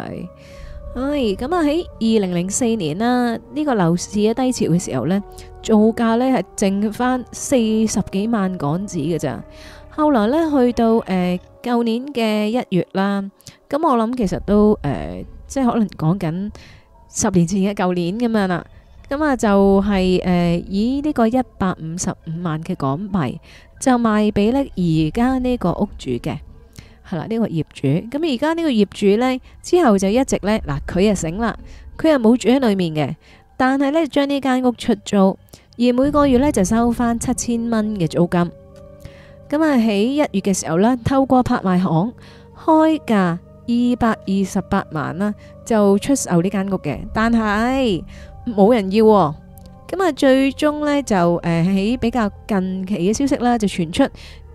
唉，咁啊，喺二零零四年啦，呢個樓市嘅低潮嘅時候呢，造價呢係剩翻四十幾萬港紙嘅咋。後來呢去到誒舊年嘅一月啦，咁我諗其實都誒，即係可能講緊。十年前嘅舊年咁樣啦，咁啊，就係誒以呢個一百五十五萬嘅港幣就賣俾呢而家呢個屋主嘅。係啦，呢個業主，咁而家呢個業主呢，之後就一直呢，嗱佢啊醒啦，佢又冇住喺裏面嘅，但係呢，將呢間屋出租，而每個月呢，就收翻七千蚊嘅租金。咁啊喺一月嘅時候呢，透過拍賣行開價。二百二十八萬啦，就出售呢間屋嘅，但係冇人要。啊，咁、嗯、啊最終呢，就誒喺、呃、比較近期嘅消息啦，就傳出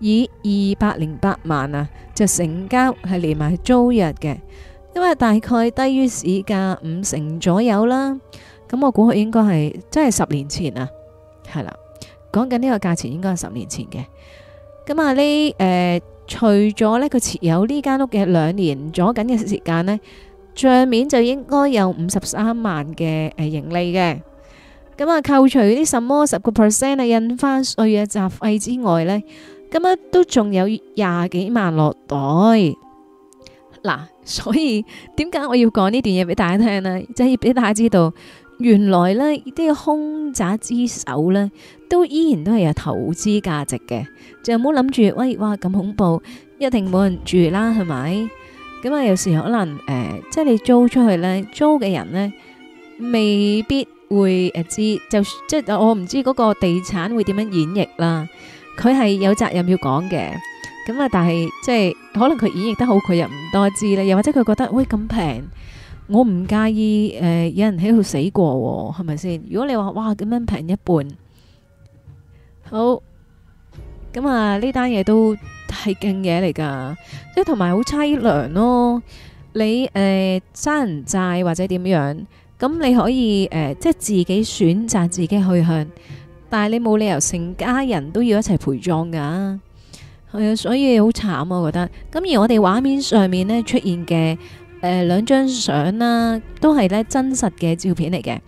以二百零八萬啊就成交，係連埋租約嘅，因為大概低於市價五成左右啦，咁、嗯、我估佢應該係真係十年前啊，係啦，講緊呢個價錢應該係十年前嘅，咁、嗯、啊呢誒。除咗咧，佢持有呢間屋嘅兩年左右嘅時間咧，賬面就應該有五十三萬嘅誒盈利嘅。咁啊，扣除啲什麼十個 percent 啊、印花稅啊、雜費之外咧，咁啊都仲有廿幾萬落袋。嗱，所以點解我要講呢段嘢俾大家聽咧？即係要俾大家知道。原來咧，呢啲空宅之手咧，都依然都係有投資價值嘅。就唔好諗住，喂，哇咁恐怖，一定冇人住啦，係咪？咁、嗯、啊，有時可能誒、呃，即係你租出去咧，租嘅人咧，未必會誒、啊、知。就即係我唔知嗰個地產會點樣演譯啦。佢係有責任要講嘅。咁、嗯、啊，但係即係可能佢演繹得好，佢又唔多知咧。又或者佢覺得，喂，咁平。這麼便宜我唔介意，誒、呃，有人喺度死過、哦，係咪先？如果你話，哇，咁樣平一半，好，咁啊，呢單嘢都係勁嘢嚟噶，即係同埋好淒涼咯、哦。你誒，生、呃、人債或者點樣，咁你可以誒、呃，即係自己選擇自己去向，但係你冇理由成家人都要一齊陪葬噶，係啊，所以好慘我覺得。咁而我哋畫面上面呢出現嘅。誒，兩張相啦、啊，都係咧真實嘅照片嚟嘅。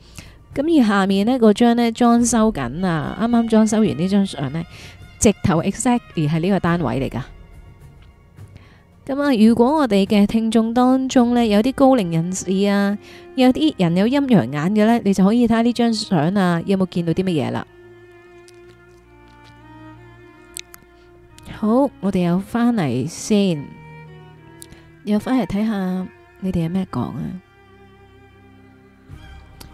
咁而下面呢嗰張咧裝修緊啊，啱啱裝修完張呢張相咧，直頭 exactly 係呢個單位嚟噶。咁啊，如果我哋嘅聽眾當中咧有啲高齡人士啊，有啲人有陰陽眼嘅呢，你就可以睇下呢張相啊，有冇見到啲乜嘢啦？好，我哋又翻嚟先，又翻嚟睇下。你哋有咩講啊？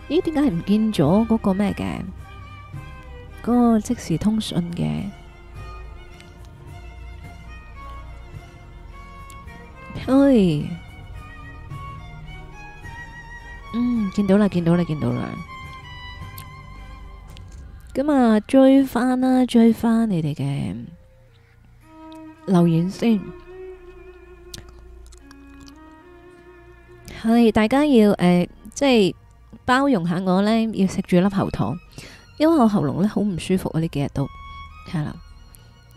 咦，點解係唔見咗嗰個咩嘅？嗰個即時通訊嘅，哎，嗯，見到啦，見到啦，見到啦。咁啊，追翻啦，追翻你哋嘅留言先。係，大家要誒、呃，即係包容下我呢要食住粒喉糖，因為我喉嚨呢好唔舒服啊！呢幾日都係啦，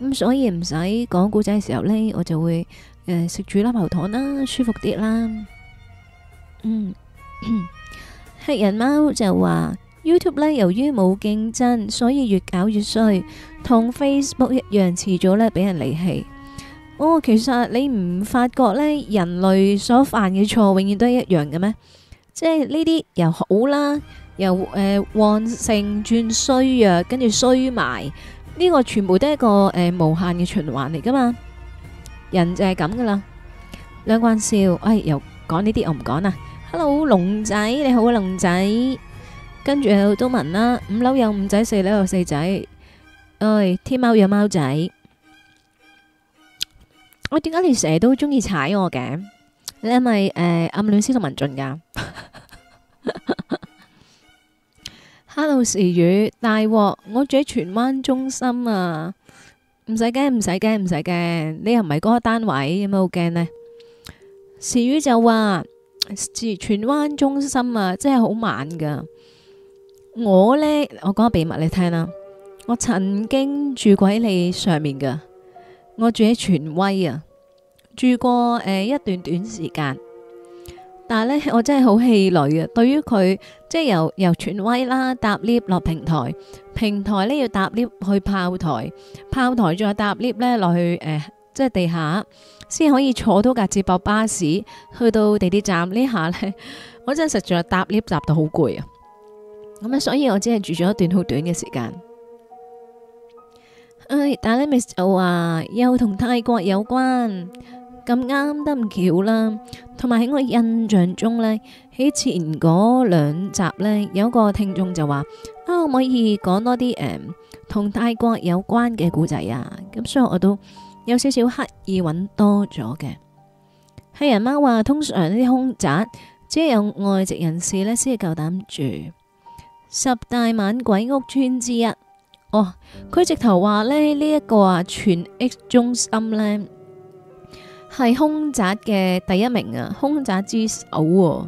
咁、嗯、所以唔使講故仔嘅時候呢，我就會誒食、呃、住粒喉糖啦，舒服啲啦。嗯，黑 人貓就話 YouTube 呢，由於冇競爭，所以越搞越衰，同 Facebook 一樣，遲早呢俾人離棄。哦，其實你唔發覺呢，人類所犯嘅錯永遠都係一樣嘅咩？即係呢啲又好啦，又誒旺盛轉衰弱，跟住衰埋，呢個全部都係一個誒無限嘅循環嚟噶嘛。人就係咁噶啦。兩關笑，哎，又講呢啲我唔講啦。Hello 龍仔，你好啊龍仔。跟住有好多文啦，五樓有五仔，四樓有四仔。哎，天貓有貓仔。我點解你成日都中意踩我嘅？你係咪誒暗戀司徒文俊噶？Hello，時雨，大鑊！我住喺荃灣中心啊，唔使驚，唔使驚，唔使驚！你又唔係嗰個單位有咩好驚呢？時雨就話住荃灣中心啊，真係好猛噶。我呢，我講個秘密你聽啦，我曾經住過喺你上面噶。我住喺荃威啊，住過誒一段短時間，但係呢我真係好氣餒啊！對於佢即係由由荃威啦搭 lift 落平台，平台呢要搭 lift 去炮台，炮台再搭 lift 呢落去誒，即、呃、係、就是、地下先可以坐到架接駁巴士去到地鐵站呢下呢，我真係實在搭 lift 搭到好攰啊！咁啊，所以我只係住咗一段好短嘅時間。唉、哎，但係 Miss 就話又同泰國有關，咁啱得唔巧啦。同埋喺我印象中呢，喺前嗰兩集呢，有個聽眾就話啊，可唔可以講多啲誒，同、嗯、泰國有關嘅故仔啊？咁所以我都有少少刻意揾多咗嘅。係人貓話：通常呢啲凶宅，只有外籍人士呢先係夠膽住。十大猛鬼屋村之一。哦，佢直頭話咧呢一個啊全 X 中心呢，係凶宅嘅第一名啊，凶宅之首。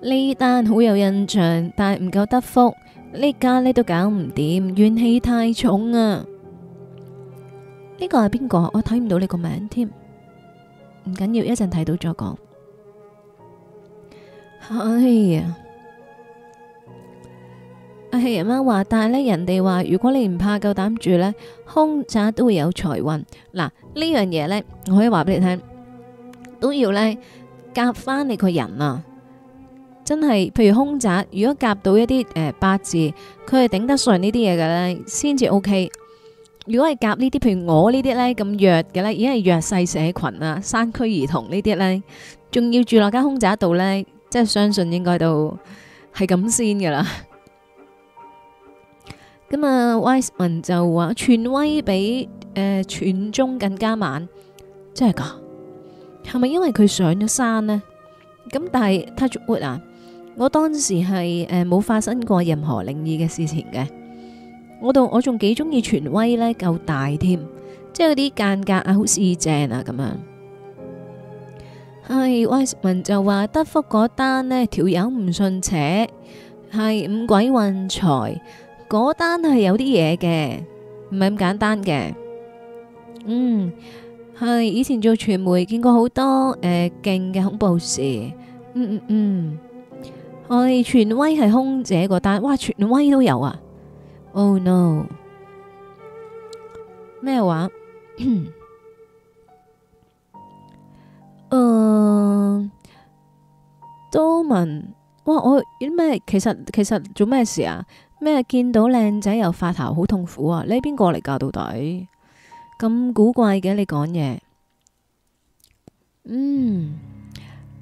呢單好有印象，但係唔夠得福，呢家呢都搞唔掂，怨氣太重啊！呢、這個係邊個？我睇唔到你個名添，唔緊要，一陣睇到再講。唉、哎。阿爺媽話，但係咧，人哋話，如果你唔怕夠膽住咧，凶宅都會有財運嗱呢樣嘢咧。我可以話俾你聽，都要咧夾翻你個人啊！真係，譬如凶宅，如果夾到一啲誒、呃、八字，佢係頂得順呢啲嘢嘅咧，先至 O K。如果係夾呢啲，譬如我呢啲咧咁弱嘅咧，已經係弱勢社群啊，山區兒童呢啲咧，仲要住落間凶宅度咧，即係相信應該都係咁先噶啦。咁啊，Wiseman 就話傳威比誒傳中更加慢，真係噶係咪？因為佢上咗山咧？咁但係 Touchwood 啊，我當時係誒冇發生過任何靈異嘅事情嘅。我仲我仲幾中意傳威咧，夠大添，即係嗰啲間隔啊，好似正啊咁樣。係 Wiseman 就話德福嗰單咧，條友唔信邪係五鬼運財。嗰單係有啲嘢嘅，唔係咁簡單嘅。嗯，係以前做傳媒見過好多誒，勁嘅恐怖事。嗯嗯嗯，係荃威係空姐個單，哇，荃威都有啊。Oh no，咩話？誒，多文，哇，我啲咩？其實其實做咩事啊？咩見到靚仔又發頭，好痛苦啊！你邊個嚟噶，到底咁古怪嘅、嗯？你講嘢，嗯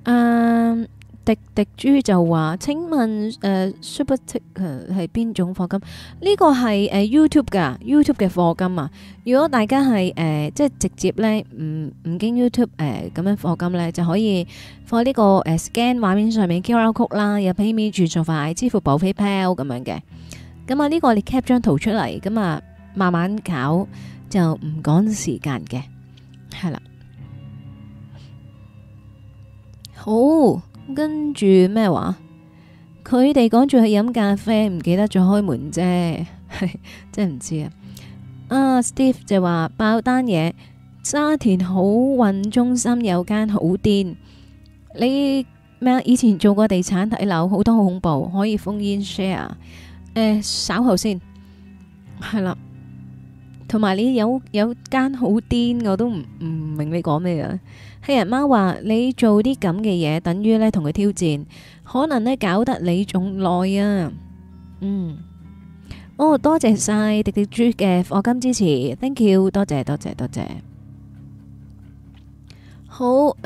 誒，迪迪豬就話，請問誒、呃、，super 特係邊種課金？呢、這個係誒、呃、YouTube 噶 YouTube 嘅課金啊。如果大家係誒、呃、即係直接咧，唔唔經 YouTube 誒、呃、咁樣課金咧，就可以放呢、這個、呃、scan 畫面上面 QR code 啦，又畀 PayMe、轉數快，支付寶、PayPal 咁樣嘅。咁啊！呢個你 cap 張圖出嚟，咁啊，慢慢搞就唔趕時間嘅，係啦。好，跟住咩話？佢哋趕住去飲咖啡，唔記得咗開門啫， 真係唔知啊。啊，Steve 就話爆單嘢，沙田好運中心有間好癲，你咩？以前做過地產睇樓，好多好恐怖，可以封煙 share。誒，稍後先，係啦，同埋你有有間好癲，我都唔唔明你講咩啊？黑人貓話你做啲咁嘅嘢，等於咧同佢挑戰，可能咧搞得你仲耐啊，嗯，哦，多謝晒滴滴豬嘅課金支持，thank you，多謝多謝多謝，好誒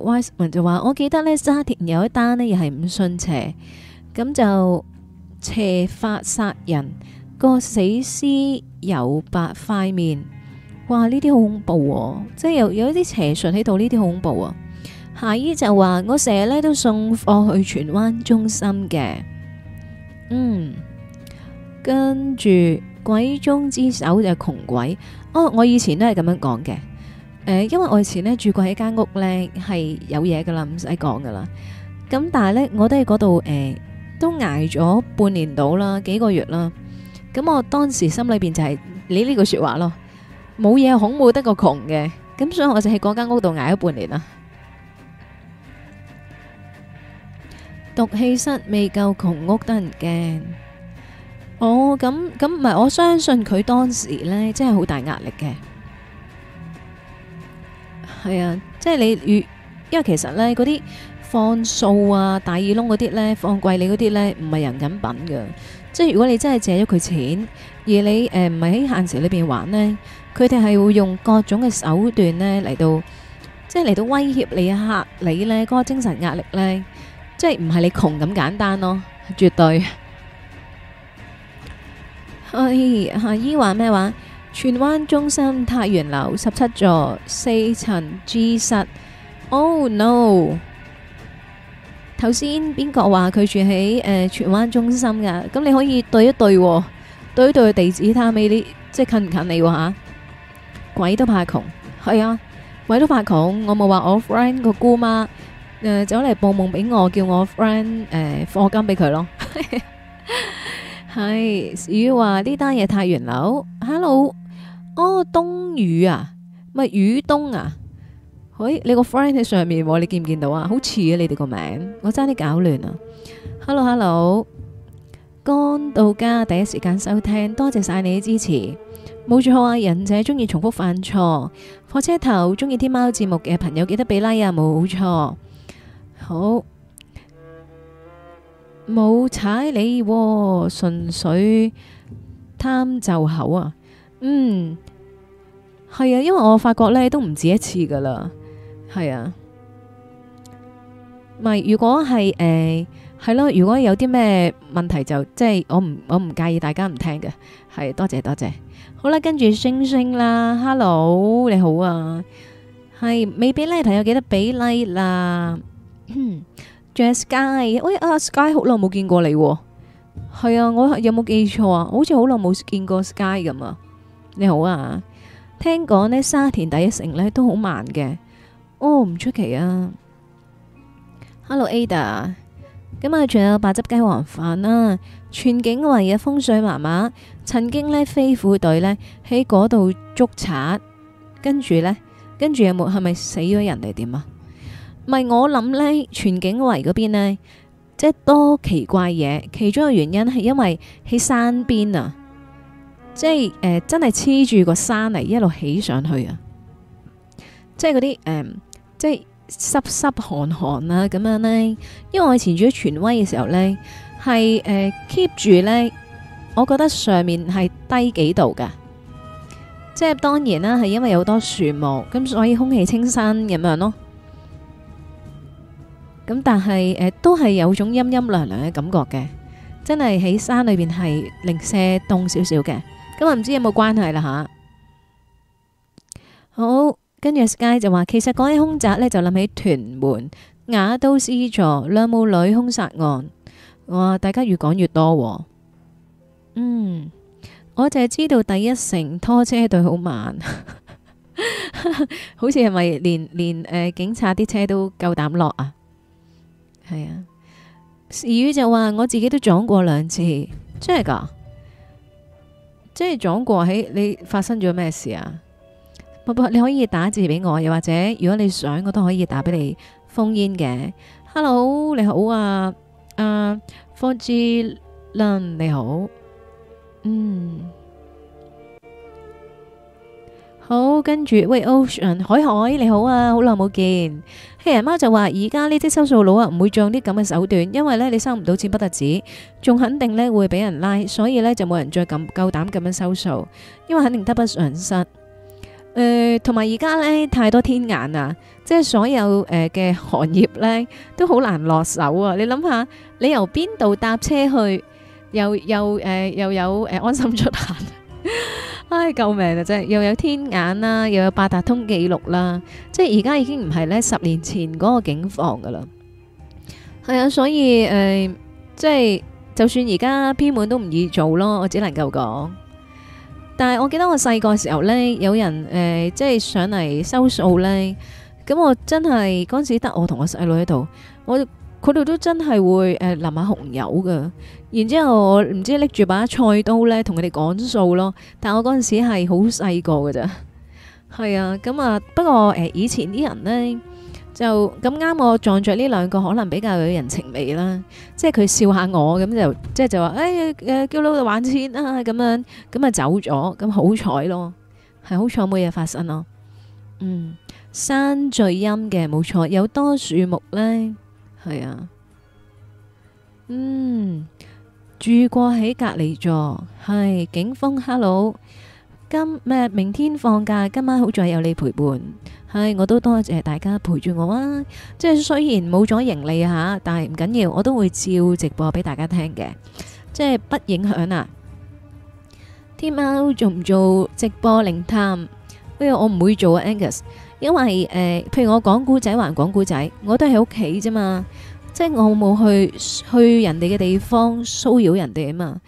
，wiseman 就話，我記得咧沙田有一單咧，又係唔信邪，咁就。邪法殺人，個死屍有八塊面，哇！呢啲好恐怖、哦，即係有有一啲邪術喺度，呢啲好恐怖啊、哦！夏姨就話：我成日咧都送貨去荃灣中心嘅，嗯，跟住鬼中之手就窮鬼，哦，我以前都係咁樣講嘅，誒、呃，因為我以前咧住過喺間屋咧係有嘢噶啦，唔使講噶啦，咁但係咧我都喺嗰度誒。呃都挨咗半年到啦，幾個月啦，咁我當時心裏邊就係你呢句說話咯，冇嘢恐怖得過窮嘅，咁所以我就喺嗰間屋度挨咗半年啦。毒氣室未夠窮屋得人驚，哦，咁咁唔係，我相信佢當時呢真係好大壓力嘅，係啊，即係你越因為其實呢嗰啲。放數啊！大耳窿嗰啲呢，放貴利嗰啲呢，唔係人咁品嘅。即係如果你真係借咗佢錢，而你誒唔係喺限時裏邊玩呢，佢哋係會用各種嘅手段呢嚟到，即係嚟到威脅你嚇你呢嗰、那個精神壓力呢，即係唔係你窮咁簡單咯，絕對。阿姨、 哎，阿姨話咩話？荃灣中心太原樓十七座四層 G 室。Oh no！頭先邊個話佢住喺誒荃灣中心噶？咁你可以對一對，哦，對一對地址睇下，咪啲即係近唔近你喎吓？鬼都怕窮，係啊，鬼都怕窮啊。我冇話我 friend 個姑媽誒、呃、走嚟報夢俾我，叫我 friend 誒、呃、課金俾佢咯。係， 雨話呢單嘢太遠啦。Hello，哦、oh，冬雨啊，咪雨冬啊。喂、欸，你個 friend 喺上面，你見唔見到啊？好似啊，你哋個名，我爭啲搞亂啊。Hello，Hello，剛 hello, 到家第一時間收聽，多謝晒你嘅支持。冇錯啊，忍者鍾意重複犯錯，火車頭鍾意啲貓節目嘅朋友記得俾 like 啊。冇錯，好，冇踩你，純粹貪就口啊。嗯，係啊，因為我發覺呢都唔止一次噶啦。係啊，咪如果係誒係咯，如果有啲咩問題就即係我唔我唔介意，大家唔聽嘅係多謝多謝好啦。跟住星星啦，hello 你好啊，係未俾呢？朋友記得俾 like 啦。Jazz Sky，喂啊 Sky，好耐冇見過你，係啊，我有冇記錯啊？好似好耐冇見過 Sky 咁啊。你好啊，聽講咧沙田第一城咧都好慢嘅。哦，唔出奇啊！Hello Ada，咁啊，仲有白汁雞皇飯啦。全景圍嘅風水麻麻，曾經呢飛虎隊呢喺嗰度捉賊，跟住呢，跟住有冇係咪死咗人哋點啊？咪我諗呢，全景圍嗰邊呢，即係多奇怪嘢。其中嘅原因係因為喺山邊啊，即係誒、呃，真係黐住個山嚟，一路起上去啊，即係嗰啲誒。呃即係濕濕寒寒啦咁樣咧，因為我以前住喺荃威嘅時候咧，係誒 keep 住咧，我覺得上面係低幾度嘅。即係當然啦，係因為有好多樹木，咁所以空氣清新咁樣咯。咁但係誒都係有種陰陰涼涼嘅感覺嘅，真係喺山裏邊係零舍凍少少嘅。咁我唔知有冇關係啦吓。好。跟住 Sky 就話，其實講起凶宅呢，就諗起屯門雅都 C 座兩母女凶殺案。哇，大家越講越多，哦。嗯，我就係知道第一城拖車隊好慢， 好似係咪連連誒、呃、警察啲車都夠膽落啊？係啊，時雨就話我自己都撞過兩次，真係噶，即係撞過。喺你發生咗咩事啊？你可以打字俾我，又或者如果你想，我都可以打俾你封煙嘅。Hello，你好啊，啊，Forzine 你好，嗯，好，跟住喂 Ocean，海海你好啊，好耐冇見。黑人貓就話：而家呢啲收數佬啊，唔會用啲咁嘅手段，因為呢你收唔到錢不得止，仲肯定呢會俾人拉，所以呢就冇人再咁夠膽咁樣收數，因為肯定得不償失。誒，同埋而家咧太多天眼啊，即係所有誒嘅、呃、行業咧都好難落手啊！你諗下，你由邊度搭車去，又又誒、呃又，呃、又有誒、呃、安心出行，唉、 哎、救命啊真係！又有天眼啦、啊，又有八達通記錄啦，即係而家已經唔係咧十年前嗰個景況噶啦。係啊，所以誒、呃，即係就算而家偏門都唔易做咯，我只能夠講。但係我記得我細個嘅時候呢，有人誒、呃、即係上嚟收數呢。咁我真係嗰陣時得我同我細佬喺度，我佢哋都真係會誒、呃、淋下紅油噶，然之後我唔知拎住把菜刀呢同佢哋講數咯，但我嗰陣時係好細個嘅咋，係 啊，咁啊不過誒、呃、以前啲人呢。就咁啱我撞著呢兩個可能比較有人情味啦，即係佢笑下我咁，就即係就話誒誒，叫老豆還錢啊，咁樣咁啊走咗，咁好彩咯，係好彩冇嘢發生咯。嗯，山最陰嘅冇錯，有多樹木咧，係啊，嗯，住過喺隔離座係景峰。Hello。今咩？明天放假，今晚好在有你陪伴，係我都多謝大家陪住我啊！即係雖然冇咗盈利啊吓，但係唔緊要，我都會照直播俾大家聽嘅，即係不影響啊！天貓做唔做直播靈探？因為我唔會做啊，Angus，因為誒，譬如我講古仔還講古仔，我都係喺屋企啫嘛，即係我冇去去人哋嘅地方騷擾人哋啊嘛。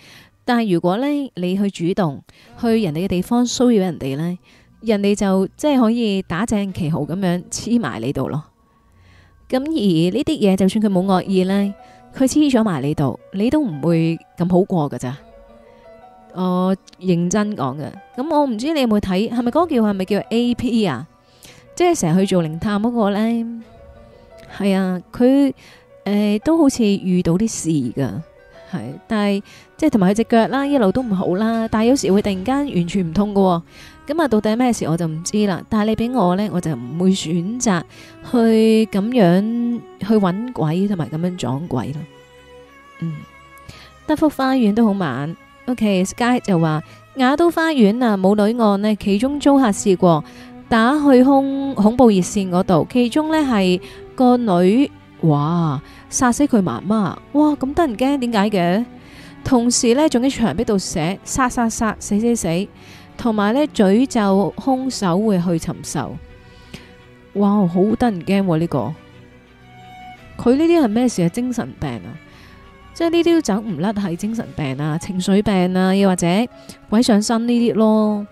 但係如果咧，你去主動去人哋嘅地方騷擾人哋咧，人哋就即係可以打正旗號咁樣黐埋你度咯。咁而呢啲嘢，就算佢冇惡意咧，佢黐咗埋你度，你都唔會咁好過噶咋。我認真講嘅。咁我唔知你有冇睇，係咪嗰個叫係咪叫 AP 啊？即係成日去做靈探嗰個咧，係啊，佢誒、呃、都好似遇到啲事噶。係，但係即係同埋佢隻腳啦，一路都唔好啦，但係有時會突然間完全唔痛噶，哦，咁啊，到底咩事我就唔知啦。但係你俾我呢，我就唔會選擇去咁樣去搵鬼同埋咁樣撞鬼咯。嗯，德福花園都好猛。OK，Sky，okay，就話雅都花園啊，冇女案呢，其中租客試過打去恐恐怖熱線嗰度，其中呢係個女，哇！殺死佢媽媽，哇咁得人驚，點解嘅？同時呢，仲喺牆壁度寫殺殺殺，死死死，同埋呢，詛咒兇手會去尋仇，哇，好得人驚呢個！佢呢啲係咩事啊？精神病啊，即係呢啲都走唔甩係精神病啊，情緒病啊，又或者鬼上身呢啲咯？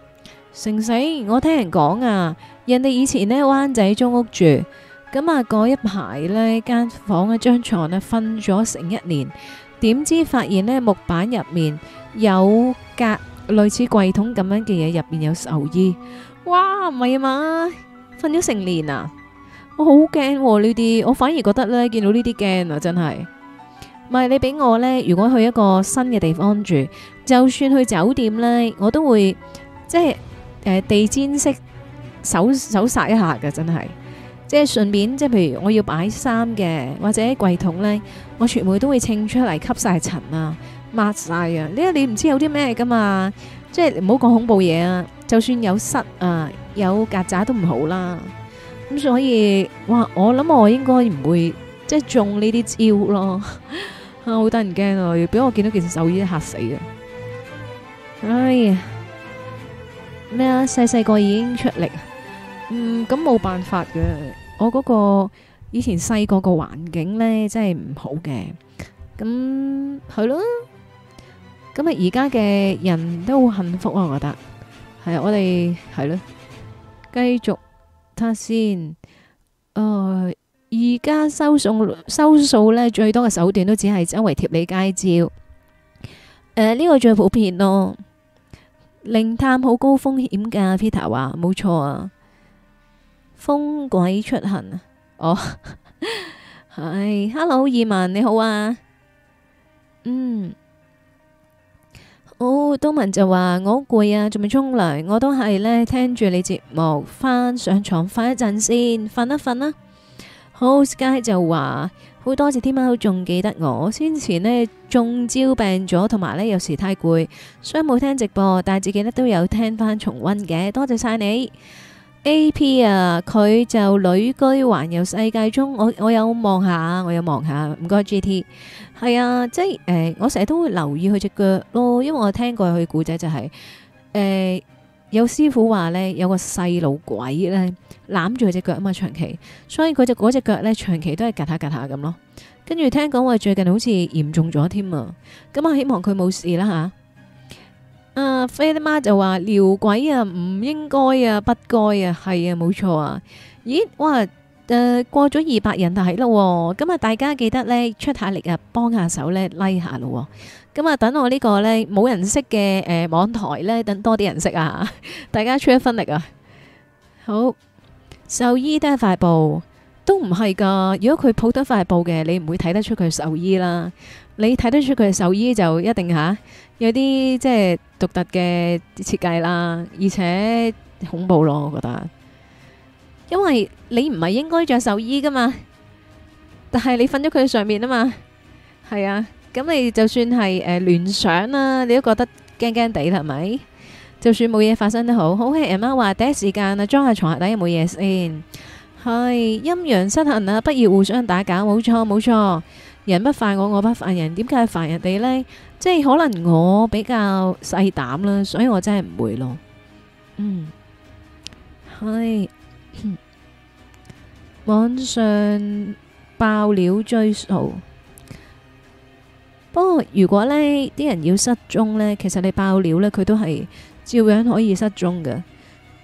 成死我聽人講啊，人哋以前呢，灣仔租屋住。咁啊，嗰一排咧間房一張床咧瞓咗成一年，點知發現咧木板入面有格類似櫃桶咁樣嘅嘢，入面有壽衣，哇，唔係嘛，瞓咗成年啊！我好驚呢啲，我反而覺得咧見到呢啲驚啊，真係。唔係你俾我咧，如果去一個新嘅地方住，就算去酒店咧，我都會即係誒地氈式搜搜殺一下嘅，真係。即係順便，即係譬如我要擺衫嘅，或者櫃桶咧，我全部都會清出嚟吸晒塵啊，抹晒啊！呢一啲唔知有啲咩噶嘛，即係唔好講恐怖嘢啊！就算有虱啊，有曱甴都唔好啦。咁所以，哇！我諗我應該唔會即係中呢啲招咯，好得人驚啊！俾我見到件壽衣都嚇死啊！哎呀，咩啊？細細個已經出力，嗯，咁冇辦法嘅。我嗰個以前細個個環境呢，真係唔好嘅。咁係咯，咁啊而家嘅人都好幸福啊！我覺得係啊我哋係咯，繼續睇下先。誒，而家收送收數呢，最多嘅手段都只係周圍貼你街招。誒，呢個最普遍咯。靈探好高風險噶，Peter 話冇錯啊。風鬼出行哦，係、oh, ，Hello，二文你好啊，嗯，好、oh,，東文就話我好攰啊，仲未沖涼，我都係呢，聽住你節目，翻上床瞓一陣先，瞓一瞓啦。好、oh,，Sky 就話好多謝天貓，仲記得我，先前呢中招病咗，同埋呢有時太攰，所以冇聽直播，但係自己呢都有聽翻重溫嘅，多謝晒你。A P 啊，佢就旅居環遊世界中，我我有望下，我有望下，唔該 G T，係啊，即係誒、呃，我成日都會留意佢隻腳咯，因為我聽過佢故仔就係、是、誒、呃、有師傅話咧，有個細路鬼咧攬住佢隻腳啊嘛，長期，所以佢隻嗰隻腳咧長期都係夾下夾下咁咯，跟住聽講話最近好似嚴重咗添啊，咁我希望佢冇事啦吓。啊，飛 m a 就話撩鬼啊，唔應該啊，不該啊，係啊，冇錯啊，咦，哇，誒、呃，過咗二百人就係啦，咁啊，大家記得咧出下力幫一下手、like、一下啊，幫下手咧拉下咯，咁啊，等我這個呢個咧冇人識嘅誒、呃、網台咧，等多啲人識啊， 大家出一分力啊，好，壽衣都係塊布，都唔係噶，如果佢抱得塊布嘅，你唔會睇得出佢壽衣啦。你睇得出佢嘅壽衣就一定吓有啲即係獨特嘅設計啦，而且恐怖咯，我覺得，因為你唔係應該着壽衣噶嘛，但係你瞓咗佢上面啊嘛，係啊，咁你就算係誒聯想啦，你都覺得驚驚地啦，係咪？就算冇嘢發生都好，好啊，阿媽話第一時間啊，裝下床下底有冇嘢先，係陰陽失衡啊，不要互相打攪，冇錯冇錯。人不犯我，我不犯人，點解係犯人哋呢？即係可能我比較細膽啦，所以我真係唔會咯。嗯，係網 上爆料追數。不過如果呢啲人要失蹤呢，其實你爆料呢，佢都係照樣可以失蹤嘅。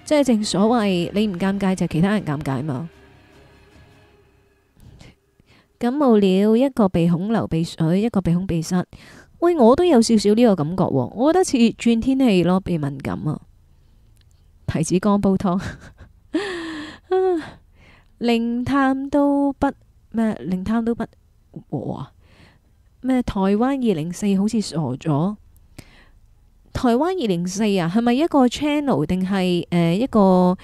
即係正所謂，你唔尷尬就其他人尷尬嘛。感冒了一個鼻孔流鼻水，一個鼻孔鼻塞。喂，我都有少少呢個感覺，我覺得似轉天氣咯，鼻敏感啊。提子乾煲湯，靈 探都不咩，靈探都不和啊。咩？台灣二零四好似傻咗，台灣二零四啊，係咪一個 channel 定係誒一個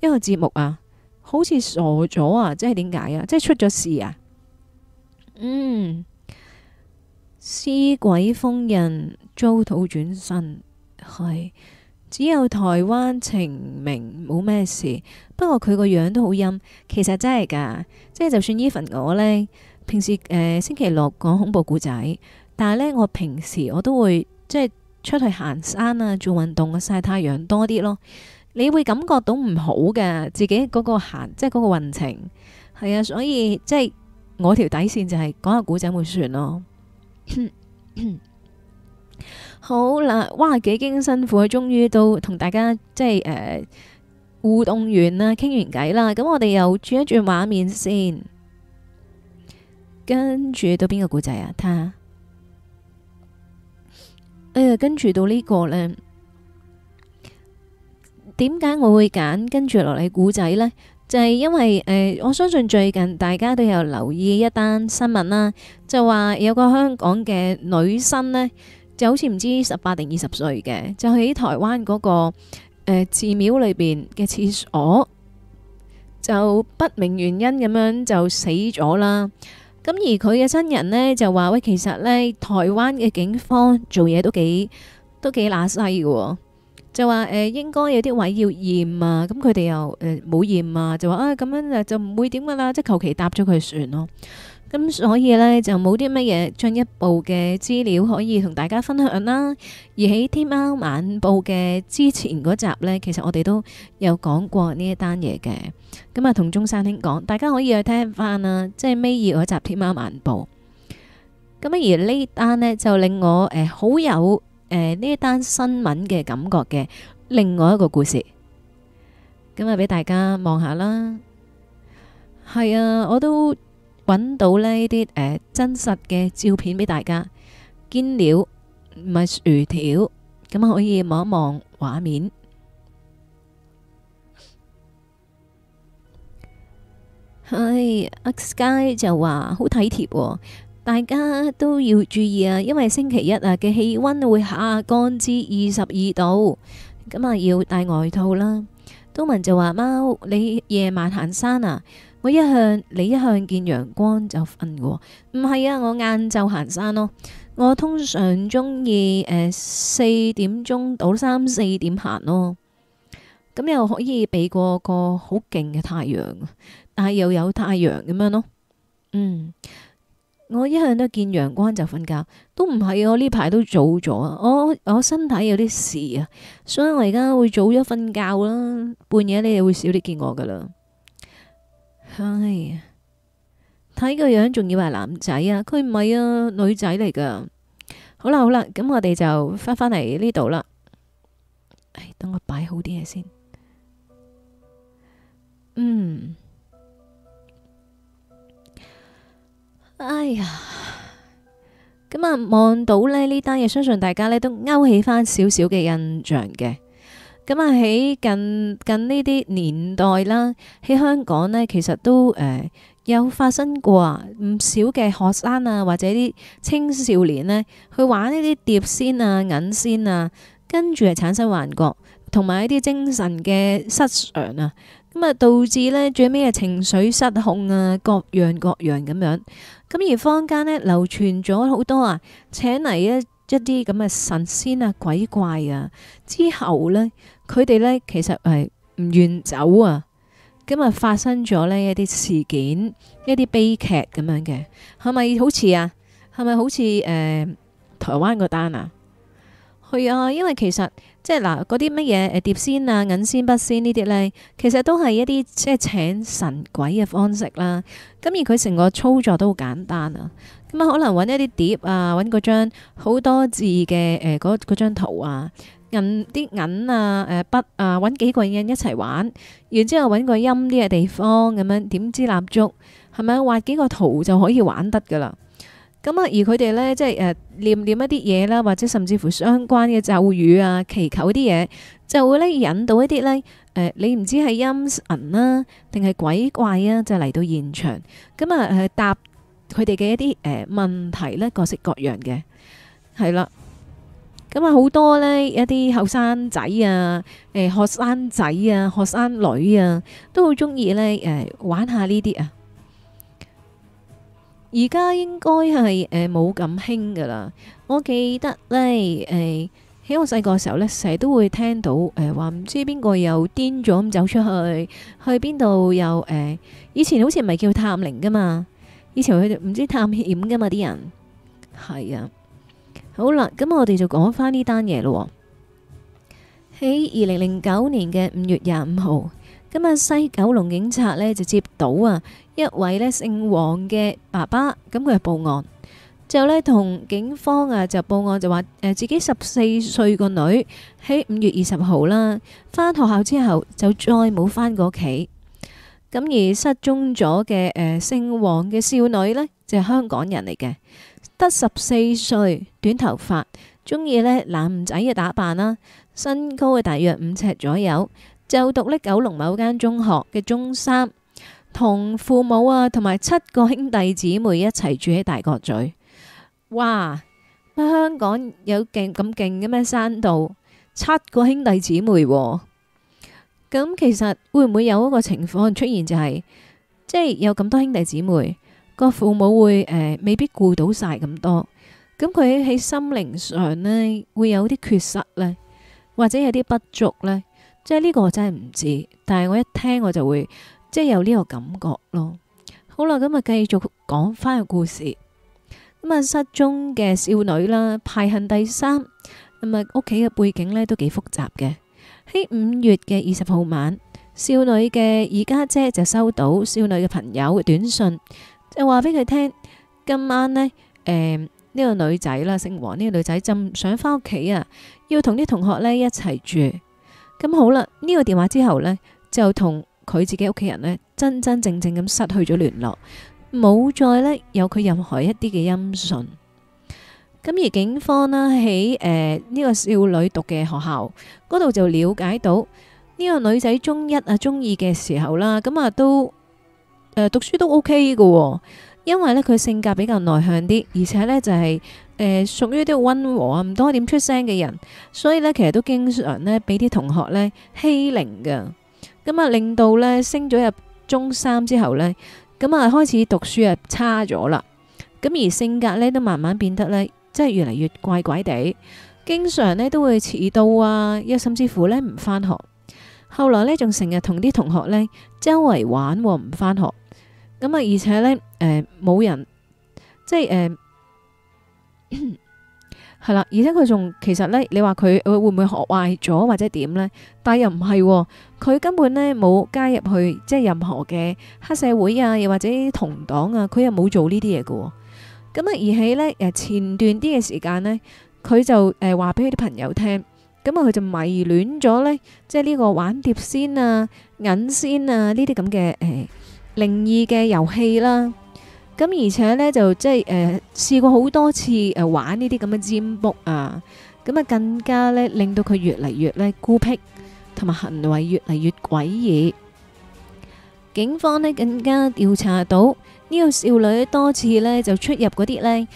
一個節目啊？好似傻咗啊！即係點解啊？即係出咗事啊？嗯，屍鬼封印，遭土轉身，係只有台灣情明冇咩事。不過佢個樣都好陰，其實真係噶，即係就算 even 我呢，平時誒、呃、星期六講恐怖故仔，但係呢，我平時我都會即係出去行山啊，做運動啊，曬太陽多啲咯。你會感覺到唔好嘅，自己嗰個行即係嗰個運程係啊，所以即係。我條底線就係講下古仔會算咯 。好啦，哇，幾經辛苦，終於都同大家即係誒、呃、互動完啦，傾完偈啦。咁我哋又轉一轉畫面先，跟住到邊個古仔啊？睇下誒、呃，跟住到呢個呢？點解我會揀跟住落嚟古仔呢？就係因為誒，我相信最近大家都有留意一單新聞啦，就話有個香港嘅女生呢，就好似唔知十八定二十歲嘅，就喺台灣嗰個誒寺廟裏邊嘅廁所，就不明原因咁樣就死咗啦。咁而佢嘅親人呢就話喂，其實呢台灣嘅警方做嘢都幾都幾乸閪嘅喎。就話誒、呃、應該有啲位要驗啊，咁佢哋又誒冇、呃、驗啊，就話啊咁樣誒就唔會點㗎啦，即係求其搭咗佢算咯。咁所以咧就冇啲乜嘢進一步嘅資料可以同大家分享啦。而喺《天貓晚報》嘅之前嗰集咧，其實我哋都有講過呢一單嘢嘅。咁啊同中山兄講，大家可以去聽翻啊，即係尾二嗰集《天貓晚報》。咁而呢單呢，就令我誒、呃、好有。誒，呢一單新聞嘅感覺嘅另外一個故事，咁啊俾大家望下啦。係啊，我都揾到呢啲誒真實嘅照片俾大家，堅料唔係薯條，咁可以望一望畫面。唉，阿 Sky 就話好體貼喎。大家都要注意啊，因為星期一啊嘅氣温會下降至二十二度，咁、嗯、啊要帶外套啦。東文就話：貓，你夜晚行山啊？我一向你一向見陽光就瞓嘅，唔係啊，我晏晝行山咯。我通常中意誒四點鐘到三四點行咯，咁又可以避過個好勁嘅太陽，但係又有太陽咁樣咯，嗯。我一向都見陽光就瞓覺，都唔係啊，我呢排都早咗啊！我我身體有啲事啊，所以我而家會早咗瞓覺啦。半夜你又會少啲見我噶啦。唉，睇個樣仲以為男仔啊，佢唔係啊，女仔嚟噶。好啦好啦，咁我哋就翻返嚟呢度啦。唉、哎，等我擺好啲嘢先。嗯。哎呀，咁啊，望到咧呢單嘢，相信大家呢都勾起翻少少嘅印象嘅。咁啊，喺近近呢啲年代啦，喺香港呢，其實都誒、呃、有發生過啊，唔少嘅學生啊，或者啲青少年呢、啊，去玩呢啲碟仙啊、銀仙啊，跟住係產生幻覺，同埋一啲精神嘅失常啊。咁啊，導致呢，最尾嘅情緒失控啊，各樣各樣咁樣。咁而坊間呢，流傳咗好多啊，請嚟一一啲咁嘅神仙啊、鬼怪啊。之後呢，佢哋呢其實係唔願走啊。咁啊，發生咗呢一啲事件、一啲悲劇咁樣嘅，係咪好似啊？係咪好似誒台灣嗰單啊？係啊，因為其實。即係嗱，嗰啲乜嘢誒碟仙啊、銀仙、筆仙呢啲咧，其實都係一啲即係請神鬼嘅方式啦。咁而佢成個操作都好簡單啊。咁、嗯、啊，可能揾一啲碟啊，揾嗰張好多字嘅誒嗰嗰張圖啊，銀啲銀啊誒、呃、筆啊，揾幾個人一齊玩，然之後揾個陰啲嘅地方咁樣，點支蠟燭，係咪啊，畫幾個圖就可以玩得㗎啦？咁啊、嗯，而佢哋咧，即係誒、呃、念念一啲嘢啦，或者甚至乎相關嘅咒語啊、祈求啲嘢，就會咧引到一啲咧誒，你唔知係陰魂啦，定係鬼怪啊，就嚟到現場。咁啊誒答佢哋嘅一啲誒、呃、問題咧，各式各樣嘅係啦。咁啊好多咧一啲後生仔啊、誒、呃、學生仔啊、學生女啊，都好中意咧誒玩下呢啲啊。而家應該係誒冇咁興噶啦。我記得呢，誒、呃，喺我細個嘅時候呢，成日都會聽到誒話唔知邊個又癲咗咁走出去，去邊度又誒、呃，以前好似唔係叫探靈噶嘛，以前佢哋唔知探險噶嘛啲人。係啊，好啦，咁我哋就講翻呢單嘢咯。喺二零零九年嘅五月廿五號，咁啊西九龍警察呢就接到啊。一位咧姓王嘅爸爸，咁佢係報案，之後咧同警方啊就報案就話，誒自己十四歲個女喺五月二十號啦，返學校之後就再冇返過屋企，咁而失蹤咗嘅誒姓王嘅少女咧就係香港人嚟嘅，得十四歲，短頭髮，中意咧男仔嘅打扮啦，身高啊大約五尺左右，就讀咧九龍某間中學嘅中三。同父母啊，同埋七個兄弟姊妹一齊住喺大角咀。哇！香港有勁咁勁嘅咩？山度七個兄弟姊妹咁，其實會唔會有一個情況出現，就係即係有咁多兄弟姊妹個父母會誒，未必顧到晒咁多。咁佢喺心靈上咧會有啲缺失咧，或者有啲不足咧。即係呢個我真係唔知，但係我一聽我就會。即係有呢個感覺咯。好啦，咁啊繼續講翻個故事。咁啊失蹤嘅少女啦，排行第三。咁啊屋企嘅背景呢都幾複雜嘅。喺五月嘅二十號晚，少女嘅二家姐就收到少女嘅朋友短信，就話俾佢聽今晚呢，誒呢個女仔啦，姓黃呢個女仔，就唔想翻屋企啊，要同啲同學呢一齊住。咁好啦，呢個電話之後呢，就同。佢自己屋企人呢，真真正正咁失去咗聯絡，冇再呢有佢任何一啲嘅音訊。咁而警方啦喺誒呢、呃呢個少女讀嘅學校嗰度就了解到，呢、呢個女仔中一啊中二嘅時候啦，咁啊都誒、呃、讀書都 OK 嘅，哦，因為呢，佢性格比較內向啲，而且呢就係誒屬於啲溫和啊唔多點出聲嘅人，所以呢，其實都經常呢俾啲同學呢欺凌嘅。咁啊，令到呢升咗入中三之後呢，咁啊開始讀書啊差咗啦。咁而性格呢，都慢慢變得呢，即係越嚟越怪怪地，經常呢都會遲到啊，又甚至乎呢唔翻學。後來呢，仲成日同啲同學呢周圍玩唔翻學。咁啊，而且呢，誒、呃、冇人即係誒。呃 係啦，而且佢仲其實咧，你話佢會唔會學壞咗或者點咧？但係又唔係喎，佢根本咧冇加入去即係任何嘅黑社會啊，又或者同黨啊，佢又冇做呢啲嘢嘅。咁啊，而喺咧誒前段啲嘅時間咧，佢就誒話俾佢啲朋友聽，咁啊佢就迷戀咗咧，即係呢個玩碟仙啊、銀仙啊呢啲咁嘅誒靈異嘅遊戲啦。咁而且呢，就即係誒試過好多次誒、呃、玩呢啲咁嘅占卜啊，咁啊更加呢令到佢越嚟越呢孤僻，同埋行為越嚟越詭異。警方呢更加調查到呢、這個少女多次呢就出入嗰啲呢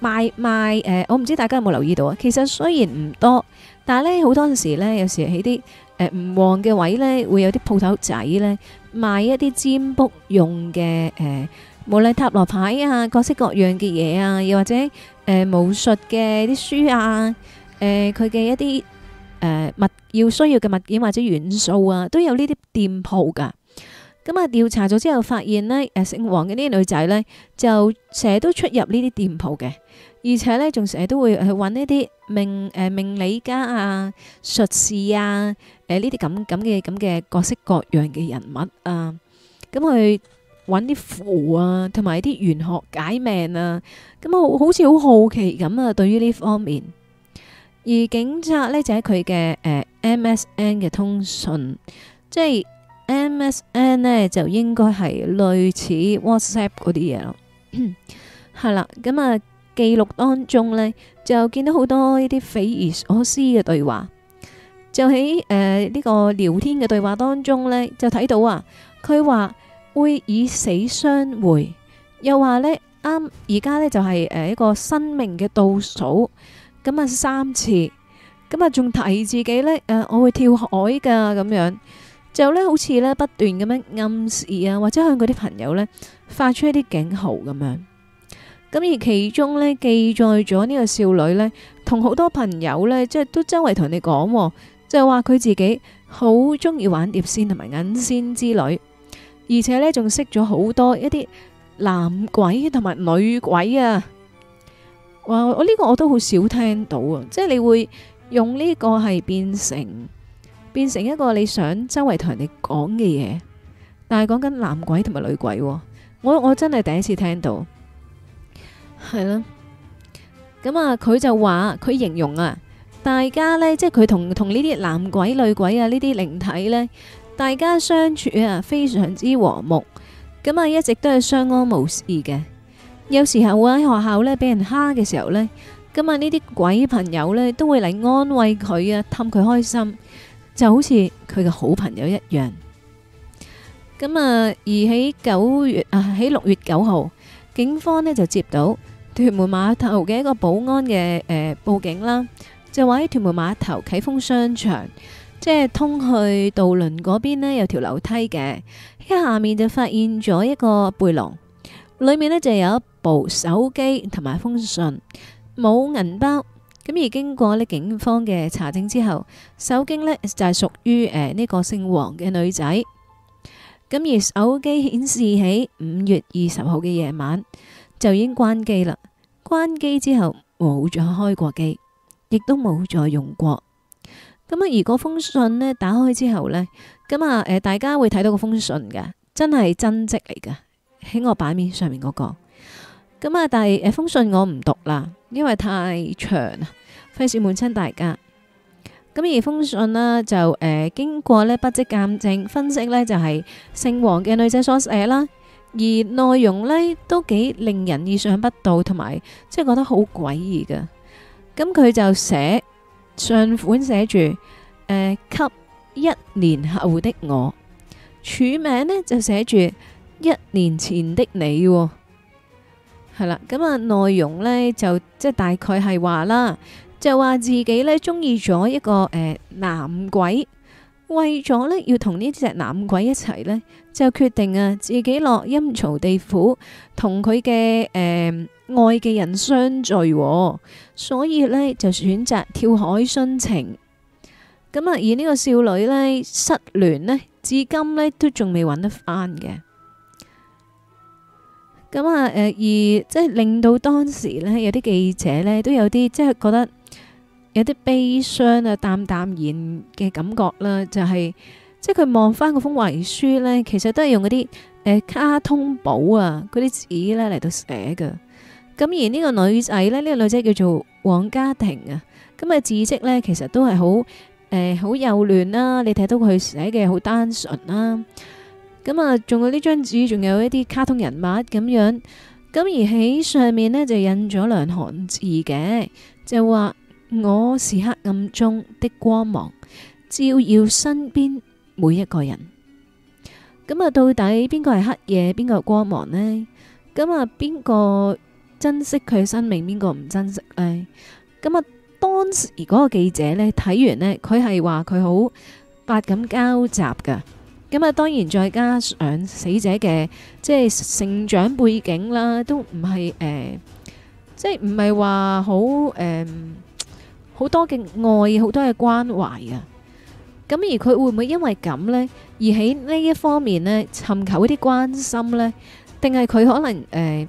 賣賣誒、呃，我唔知大家有冇留意到啊。其實雖然唔多，但係呢好多時呢，有時喺啲誒唔旺嘅位呢，會有啲鋪頭仔呢賣一啲占卜用嘅誒。呃無論塔羅牌啊，各式各樣嘅嘢啊，又或者誒武術嘅啲書啊，誒佢嘅一啲誒物要需要嘅物件或者元素啊，都有呢啲店鋪噶。咁啊調查咗之後，發現咧誒姓王嘅呢啲女仔咧，就成日都出入呢啲店鋪嘅，而且咧仲成日都會去揾呢啲命誒命理家啊、術士啊誒呢啲咁咁嘅咁嘅各式各樣嘅人物啊，咁去。揾啲符啊，同埋啲玄學解命啊，咁啊，好似好好奇咁啊。對於呢方面，而警察呢，就喺佢嘅 MSN 嘅通訊，即係 MSN 呢，就應該係類似 WhatsApp 嗰啲嘢咯。係啦，咁 啊、呃，記錄當中呢，就見到好多呢啲匪夷所思嘅對話，就喺誒呢個聊天嘅對話當中呢，就睇到啊，佢話。會以死相回，又話呢，啱而家呢就係誒一個生命嘅倒數，咁啊三次，咁啊仲提自己呢，誒，我會跳海噶咁樣，就呢好似呢不斷咁樣暗示啊，或者向嗰啲朋友呢發出一啲警號咁樣。咁而其中呢，記載咗呢個少女呢，同好多朋友呢，即係都周圍同你哋講，就係話佢自己好中意玩碟仙同埋銀仙之類。而且呢，仲識咗好多一啲男鬼同埋女鬼啊！哇，我呢個我都好少聽到啊，即係你會用呢個係變成變成一個你想周圍同人哋講嘅嘢，但係講緊男鬼同埋女鬼，我我真係第一次聽到，係啦。咁啊，佢就話佢形容啊，大家呢，即係佢同同呢啲男鬼、女鬼啊呢啲靈體呢。大家相處啊，非常之和睦，咁啊，一直都係相安無事嘅。有時候會喺學校呢俾人蝦嘅時候呢，咁啊呢啲鬼朋友呢都會嚟安慰佢啊，氹佢開心，就好似佢嘅好朋友一樣。咁啊，而喺九月啊，喺六月九號，警方呢就接到屯門碼頭嘅一個保安嘅誒報警啦，就話喺屯門碼頭啟豐商場。即係通去渡輪嗰邊呢，有條樓梯嘅，喺下面就發現咗一個背囊，裏面呢就有一部手機同埋封信，冇銀包。咁而經過呢警方嘅查證之後，手機呢就係屬於誒呢個姓黃嘅女仔。咁而手機顯示喺五月二十號嘅夜晚就已經關機啦，關機之後冇再開過機，亦都冇再用過。咁啊，而封信呢？打開之後呢？咁啊，誒，大家會睇到個封信嘅，真係真迹嚟嘅，喺我版面上面、那、嗰個。咁啊，但係誒封信我唔讀啦，因為太長啊，費事悶親大家。咁而封信咧就誒、呃、經過咧筆跡鑑證分析呢，就係姓黃嘅女仔所寫啦，而內容呢，都幾令人意想不到，同埋即係覺得好詭異嘅。咁佢就寫。上款寫住，誒、呃，給一年後的我，署名呢就寫住一年前的你，哦，係啦，咁啊內容呢就即係、就是、大概係話啦，就話自己呢中意咗一個、呃、男鬼，為咗呢要同呢隻男鬼一齊呢，就決定啊自己落陰曹地府同佢嘅誒。愛嘅人相聚，所以呢就選擇跳海殉情。咁啊，而呢個少女呢，失聯呢，至今呢都仲未揾得翻嘅。咁啊，誒而即係令到當時呢，有啲記者呢都有啲即係覺得有啲悲傷啊，淡淡然嘅感覺啦，就係即係佢望翻嗰封遺書呢，其實都係用嗰啲誒卡通簿啊嗰啲紙呢嚟到寫㗎。咁而呢個女仔呢，呢、呢個女仔叫做黃嘉婷啊。咁啊，字跡呢，其實都係好誒，好、呃、幼嫩啦。你睇到佢寫嘅好單純啦。咁啊，仲有呢張紙仲有一啲卡通人物咁樣。咁而喺上面呢，就印咗兩行字嘅，就話我是黑暗中的光芒，照耀身邊每一個人。咁啊，到底邊個係黑夜，邊個係光芒呢？咁啊，邊個？珍惜佢生命，邊個唔珍惜呢？咁啊，當時嗰個記者呢，睇完呢，佢係話佢好百感交集噶咁啊，當然再加上死者嘅即係成長背景啦，都唔係誒，即係唔係話好誒，好多嘅愛，好多嘅關懷啊。咁而佢會唔會因為咁呢，而喺呢一方面呢，尋求一啲關心呢？定係佢可能誒？呃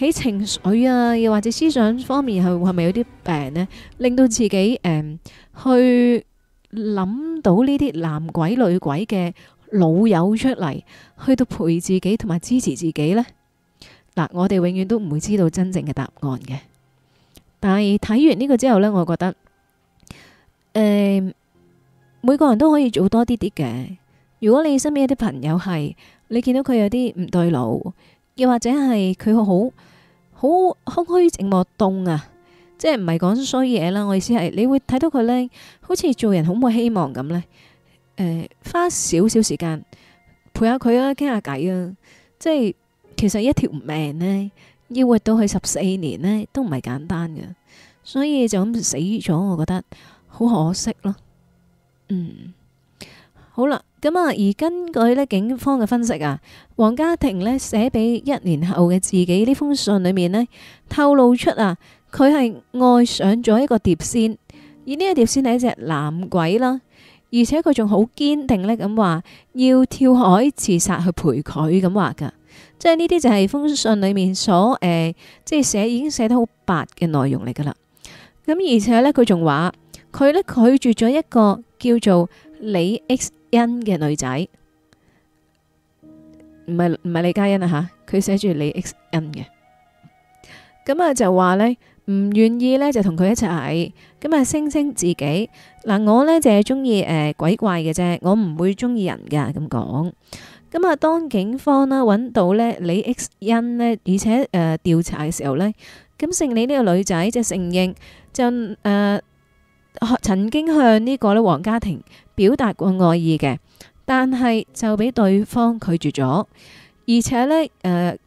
喺情緒啊，又或者思想方面，係係咪有啲病咧？令到自己誒、嗯，去諗到呢啲男鬼女鬼嘅老友出嚟，去到陪自己同埋支持自己呢？嗱，我哋永遠都唔會知道真正嘅答案嘅。但係睇完呢個之後呢，我覺得誒、嗯，每個人都可以做多啲啲嘅。如果你身邊有啲朋友係你見到佢有啲唔對路，又或者係佢好，好空虛寂寞凍啊！即係唔係講衰嘢啦，我意思係你會睇到佢呢，好似做人好冇希望咁呢，呃，花少少時間陪下佢啊，傾下偈啊。即係其實一條命呢，要活到去十四年呢，都唔係簡單嘅，所以就咁死咗，我覺得好可惜咯。嗯，好啦。咁啊！而根據呢，警方嘅分析啊，黃家庭呢寫俾一年後嘅自己呢封信裏面呢，透露出啊，佢係愛上咗一個碟仙，而呢一個碟仙係一隻男鬼啦，而且佢仲好堅定呢，咁話要跳海自殺去陪佢咁話噶，即係呢啲就係封信裏面所誒即係寫，已經寫得好白嘅內容嚟噶啦。咁而且呢，佢仲話佢呢拒絕咗一個叫做李 X 欣嘅女仔，唔係唔係李嘉欣啊吓，佢寫住李 X 欣嘅，咁啊就話呢唔願意呢就同佢一齊，咁啊聲稱自己嗱，我呢就係中意誒鬼怪嘅啫，我唔會中意人㗎咁講，咁啊當警方啦揾到呢李 X 欣呢，而且誒調查嘅時候呢，咁姓李呢個女仔就承認就誒。曾經向呢個呢黃家庭表達過愛意嘅，但係就俾對方拒絕咗，而且咧誒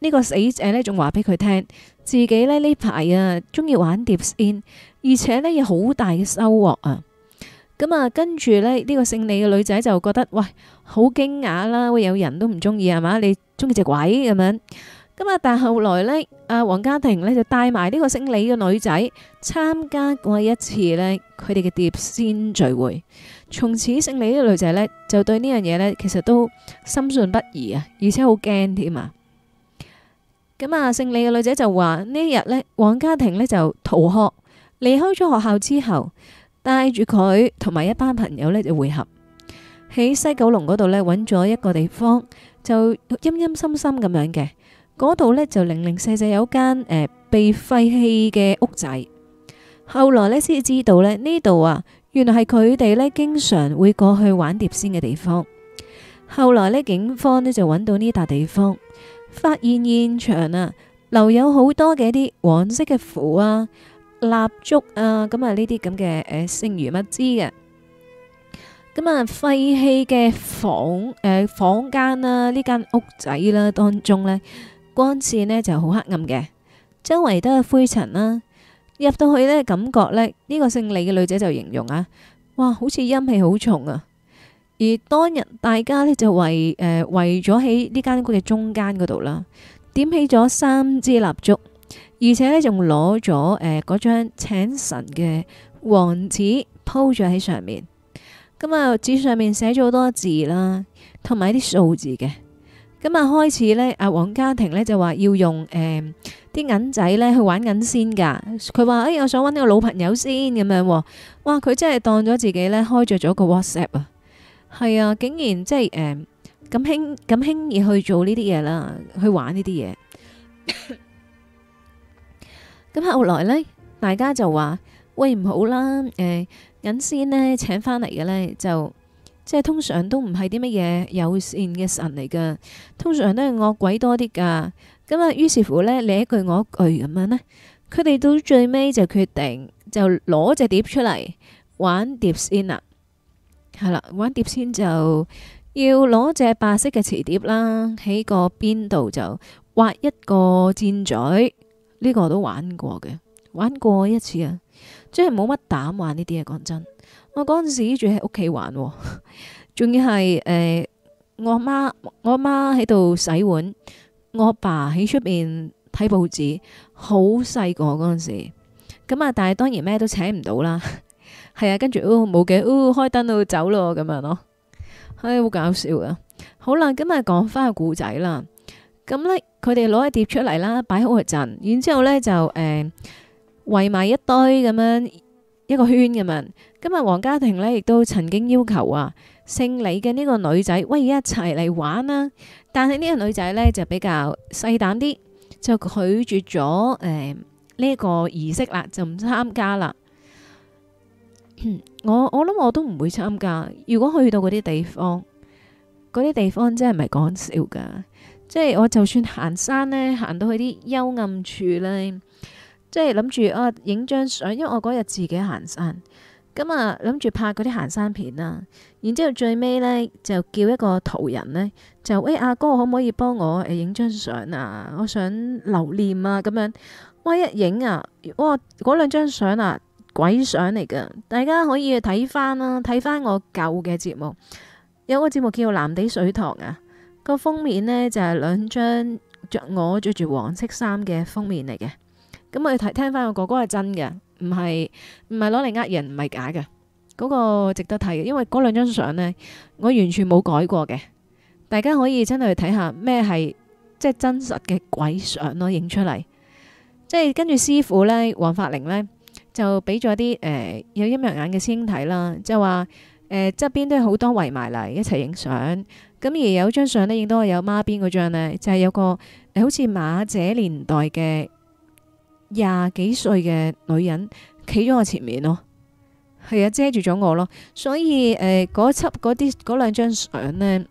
呢個死者咧仲話俾佢聽，自己咧呢排啊中意玩碟仙，而且呢有好大嘅收穫啊！咁啊，跟住咧呢呢個姓李嘅女仔就覺得，喂，好驚訝啦，會有人都唔中意係嘛？你中意隻鬼咁樣？咁啊！但後來咧，阿黃家庭咧就帶埋呢個姓李嘅女仔參加過一次咧，佢哋嘅碟仙聚會。從此，姓李嘅女仔咧就對呢樣嘢咧其實都深信不疑啊，而且好驚添啊。咁啊，姓李嘅女仔就話：呢一日咧，黃家庭咧就逃學離開咗學校之後，帶住佢同埋一班朋友咧就會合喺西九龍嗰度咧，搵咗一個地方就陰陰森森咁樣嘅。嗰度呢，就零零碎碎有一間被廢棄嘅屋仔。後來呢，先知道呢呢度啊，原來係佢哋呢經常會過去玩碟仙嘅地方。後來呢，警方呢就揾到呢笪地方，發現現場啊留有好多嘅一啲黃色嘅符啊、蠟燭啊，咁啊呢啲咁嘅誒剩餘物資嘅。咁啊，廢棄嘅房誒房間啦，呢間屋仔啦，當中呢。光線呢就好黑暗嘅，周圍都有灰塵啦。入到去呢，感覺呢，呢、呢個姓李嘅女仔就形容啊，哇，好似陰氣好重啊。而當日大家呢，就圍誒圍咗喺呢間屋嘅中間嗰度啦，點起咗三支蠟燭，而且呢，仲攞咗誒嗰張請神嘅黃紙鋪咗喺上面。咁啊紙上面寫咗好多字啦，同埋啲數字嘅。咁啊，開始咧，阿黃家庭咧就話要用誒啲銀仔咧去玩銀仙㗎。佢話：哎，我想揾個老朋友先咁樣喎。哇！佢真係當咗自己咧開著咗個 WhatsApp 啊，係啊，竟然即係誒咁輕咁輕易去做呢啲嘢啦，去玩呢啲嘢。咁後來咧，大家就話：喂，唔好啦，誒銀仙咧請返嚟嘅咧就。即係通常都唔係啲乜嘢友善嘅神嚟噶，通常都係惡鬼多啲噶。咁啊，於是乎呢，你一句我一句咁樣呢，佢哋到最尾就決定就攞隻碟出嚟玩碟仙啦。係啦，玩碟仙就要攞隻白色嘅瓷碟啦，喺個邊度就畫一個箭嘴。呢、這個我都玩過嘅，玩過一次啊，即真係冇乜膽玩呢啲嘢，講真。我嗰陣時住喺屋企玩，哦，仲要係、呃、我阿媽，我阿媽喺度洗碗，我阿爸喺出面睇報紙。好細個嗰陣時，咁啊，但係當然咩都請唔到啦。係 啊，跟住冇嘅開燈到走咯，咁樣咯，唉好搞笑啊！好啦，咁啊講翻個故仔啦。咁呢，佢哋攞一碟出嚟啦，擺好個陣，然之後呢，就誒、呃、圍埋一堆咁樣。一個圈咁啊！今日黃家庭呢，亦都曾經要求啊，姓李嘅呢個女仔，喂，一齊嚟玩啦！但係呢個女仔呢，就比較細膽啲，就拒絕咗誒呢個儀式啦，就唔參加啦。嗯，我我諗我都唔會參加。如果去到嗰啲地方，嗰啲地方真係唔係講笑噶，即係我就算行山呢，行到去啲幽暗處呢。即係諗住我影張，相，因為我嗰日自己行山咁啊，諗住拍嗰啲行山片啦。然之後最尾呢，就叫一個途人呢，就喂，阿哥可唔可以幫我影張相啊？我想留念啊，咁樣哇一影啊，哇，嗰兩張相啊鬼相嚟噶，大家可以睇翻啦，睇翻我舊嘅節目，有一個節目叫做《藍地水塘》啊、這，個封面呢，就係、是、兩張穿我穿着我着住黃色衫嘅封面嚟嘅。咁我去聽翻個哥哥係真嘅，唔係唔係攞嚟呃人，唔係假嘅。嗰、那個值得睇嘅，因為嗰兩張相呢，我完全冇改過嘅。大家可以真係去睇下咩係即係真實嘅鬼相咯，影出嚟。即係跟住師傅呢，黃發玲呢，就俾咗啲誒有陰陽眼嘅師兄睇啦，就話誒，側邊都係好多圍埋嚟一齊影相。咁而有一張相咧，影到我有孖邊嗰張呢，就係、是、有個好似馬姐年代嘅。廿幾歲嘅女人企咗我前面咯，係啊遮住咗我咯，所以誒嗰輯嗰啲嗰兩張相呢，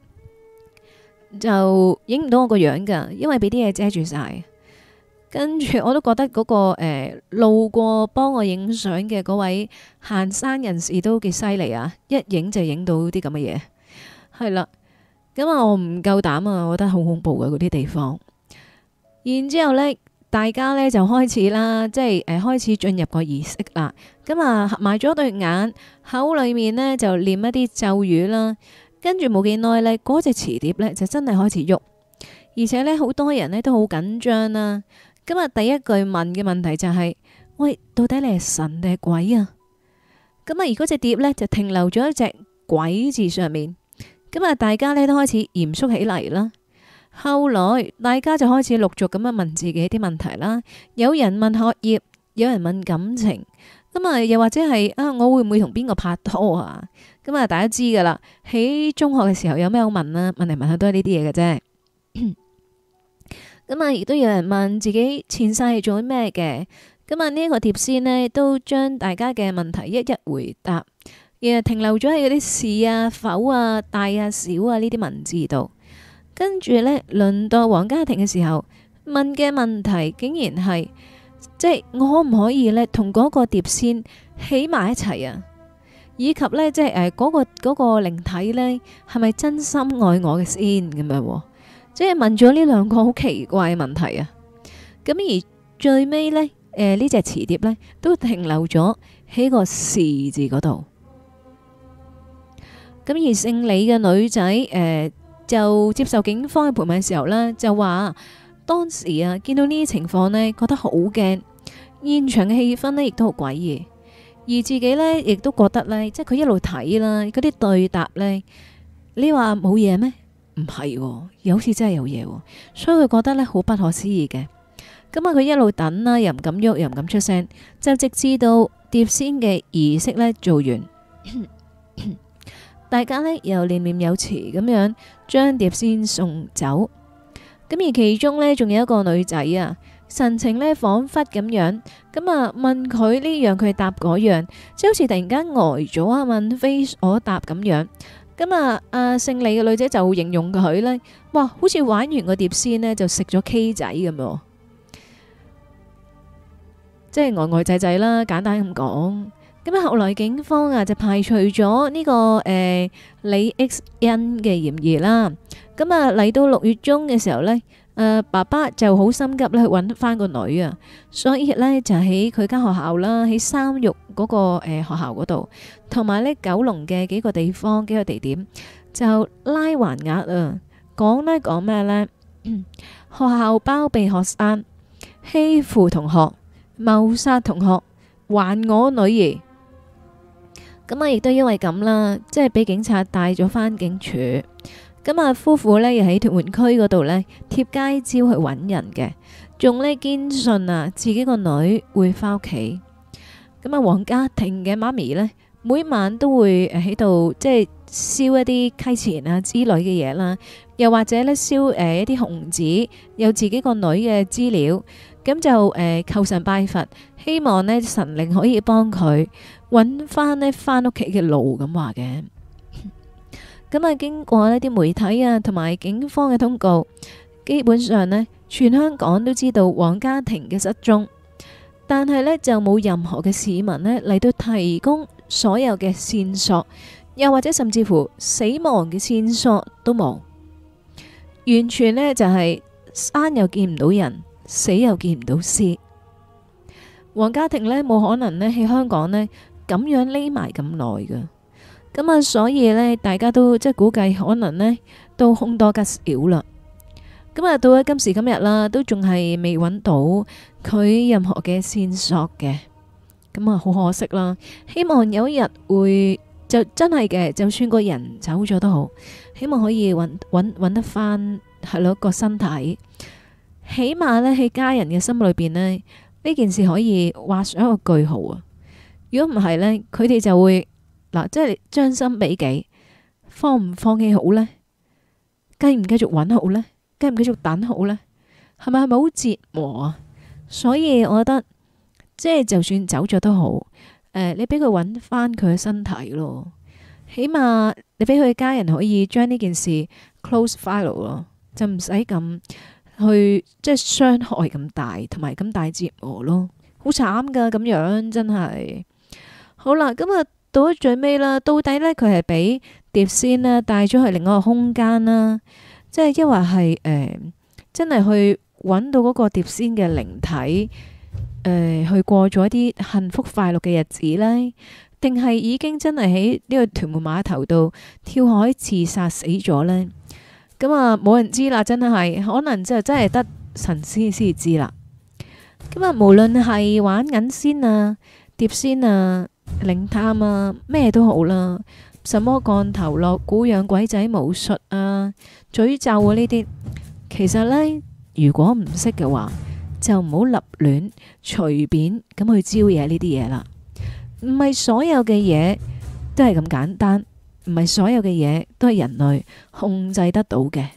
就影唔到我個樣噶，因為俾啲嘢遮住晒。跟住我都覺得嗰、那個誒、呃、路過幫我影相嘅嗰位行山人士都幾犀利啊！一影就影到啲咁嘅嘢，係啦。咁啊，我唔夠膽啊，我覺得好恐怖嘅嗰啲地方。然之後咧。大家呢，就開始啦，即係誒開始進入個儀式啦。咁啊，合埋咗對眼，口裏面呢，就念一啲咒語啦。跟住冇幾耐呢，嗰隻瓷碟呢，就真係開始喐，而且呢，好多人呢，都好緊張啦。咁啊，第一句問嘅問題就係：喂，到底你係神定係鬼啊？咁啊，而嗰隻碟呢，就停留咗喺隻鬼字上面。咁啊，大家呢，都開始嚴肅起嚟啦。後來大家就開始陸續咁樣問自己一啲問題啦，有人問學業，有人問感情，咁啊又或者係啊我會唔會同邊個拍拖啊？咁啊大家知噶啦，喺中學嘅時候有咩好問啦，啊？問嚟問去都係呢啲嘢嘅啫。咁啊亦都有人問自己前世去做咩嘅？咁啊呢一個碟仙呢，都將大家嘅問題一一回答，亦係停留咗喺嗰啲是啊、否啊、大啊、小啊呢啲文字度。跟住呢，輪到王嘉婷嘅時候，問嘅問題竟然係，即係我可唔可以呢？同嗰個碟仙起埋一齊啊？以及呢，即係誒嗰個嗰、嗰個靈體呢，係咪真心愛我嘅先咁樣？即係問咗呢兩個好奇怪嘅問題啊！咁而最尾呢，誒、呃、呢隻瓷碟呢，都停留咗喺個時字嗰度。咁而姓李嘅女仔誒。呃就接受警方嘅盤問時候呢，就話當時啊見到呢啲情況呢，覺得好驚，現場嘅氣氛呢亦都好詭異，而自己呢亦都覺得呢，即係佢一路睇啦，嗰啲對答呢，你話冇嘢咩？唔係喎，又好似真係有嘢喎，所以佢覺得呢好不可思議嘅。咁啊，佢一路等啦，又唔敢喐，又唔敢出聲，就直至到碟仙嘅儀式呢做完。 大家咧又念念有詞咁樣將碟仙送走，咁而其中呢，仲有一個女仔啊，神情呢，恍惚咁樣，咁啊問佢呢樣佢答嗰樣、那個，即好似突然間呆咗啊問非所答咁樣，咁啊阿姓李嘅女仔就形容佢呢：「哇好似玩完個碟仙呢，就食咗 K 仔咁咯，即係呆呆滯滯啦，簡單咁講。咁啊！後來警方啊就排除咗呢個誒李 X 恩嘅嫌疑啦。咁啊嚟到六月中嘅時候咧，誒爸爸就好心急咧去揾翻個女啊。所以呢日咧就喺佢間學校啦，喺三育嗰個誒學校嗰度，同埋咧九龍嘅幾個地方、幾個地點就拉橫額啊，講咧講咩咧？學校包庇學生，欺負同學，謀殺同學，還我女兒！咁啊，亦都因為咁啦，即係俾警察帶咗翻警署。咁啊，夫婦咧又喺屯門區嗰度咧貼街招去揾人嘅，仲咧堅信啊自己個女會翻屋企。咁啊，王家庭嘅媽咪咧每晚都會喺度即係燒一啲溪錢啊之類嘅嘢啦，又或者咧燒誒一啲紅紙有自己個女嘅資料。咁就誒、呃，求神拜佛，希望呢神靈可以幫佢揾翻呢翻屋企嘅路咁話嘅。咁啊， 經過呢啲媒體啊，同埋警方嘅通告，基本上呢，全香港都知道黃家庭嘅失蹤，但係呢，就冇任何嘅市民呢嚟到提供所有嘅線索，又或者甚至乎死亡嘅線索都冇，完全呢，就係、是、山又見唔到人。死又見唔到屍，黃家庭呢冇可能呢喺香港呢咁樣匿埋咁耐噶。咁啊所以呢大家都即係估計可能呢都凶多吉少啦，咁啊到咗今時今日啦，都仲係未揾到佢任何嘅線索嘅，咁啊好可惜啦，希望有一日會就真係嘅，就算個人走咗都好，希望可以揾揾揾得翻係咯個身體。起碼呢，喺家人嘅心裏邊呢，呢件事可以畫上一個句號啊。如果唔係呢，佢哋就會嗱，即係將心比己，放唔放棄好呢？繼唔繼續揾好呢？繼唔繼續等好呢？係咪係咪好折磨啊？所以我覺得即係就算走咗都好，呃、你俾佢揾翻佢嘅身體咯，起碼你俾佢嘅家人可以將呢件事 close file 咯，就唔使咁。去即係傷害咁大，同埋咁大折磨咯，好慘噶，咁樣，真係好啦。咁啊到咗最尾啦，到底呢？佢係俾碟仙咧帶咗去另一個空間啦，啊，即係抑或係誒真係去揾到嗰個碟仙嘅靈體，呃、去過咗一啲幸福快樂嘅日子呢？定係已經真係喺呢個屯門碼頭度跳海自殺死咗呢？咁啊，冇人知啦，真係，可能就真係得神仙先知啦。咁啊，無論係玩銀仙啊、碟仙啊、靈探啊，咩都好啦，什麼降頭落蠱、養鬼仔、巫術啊、詛咒啊呢啲，其實呢，如果唔識嘅話，就唔好立亂隨便咁去招惹呢啲嘢啦。唔係所有嘅嘢都係咁簡單。唔係所有嘅嘢都係人類控制得到嘅。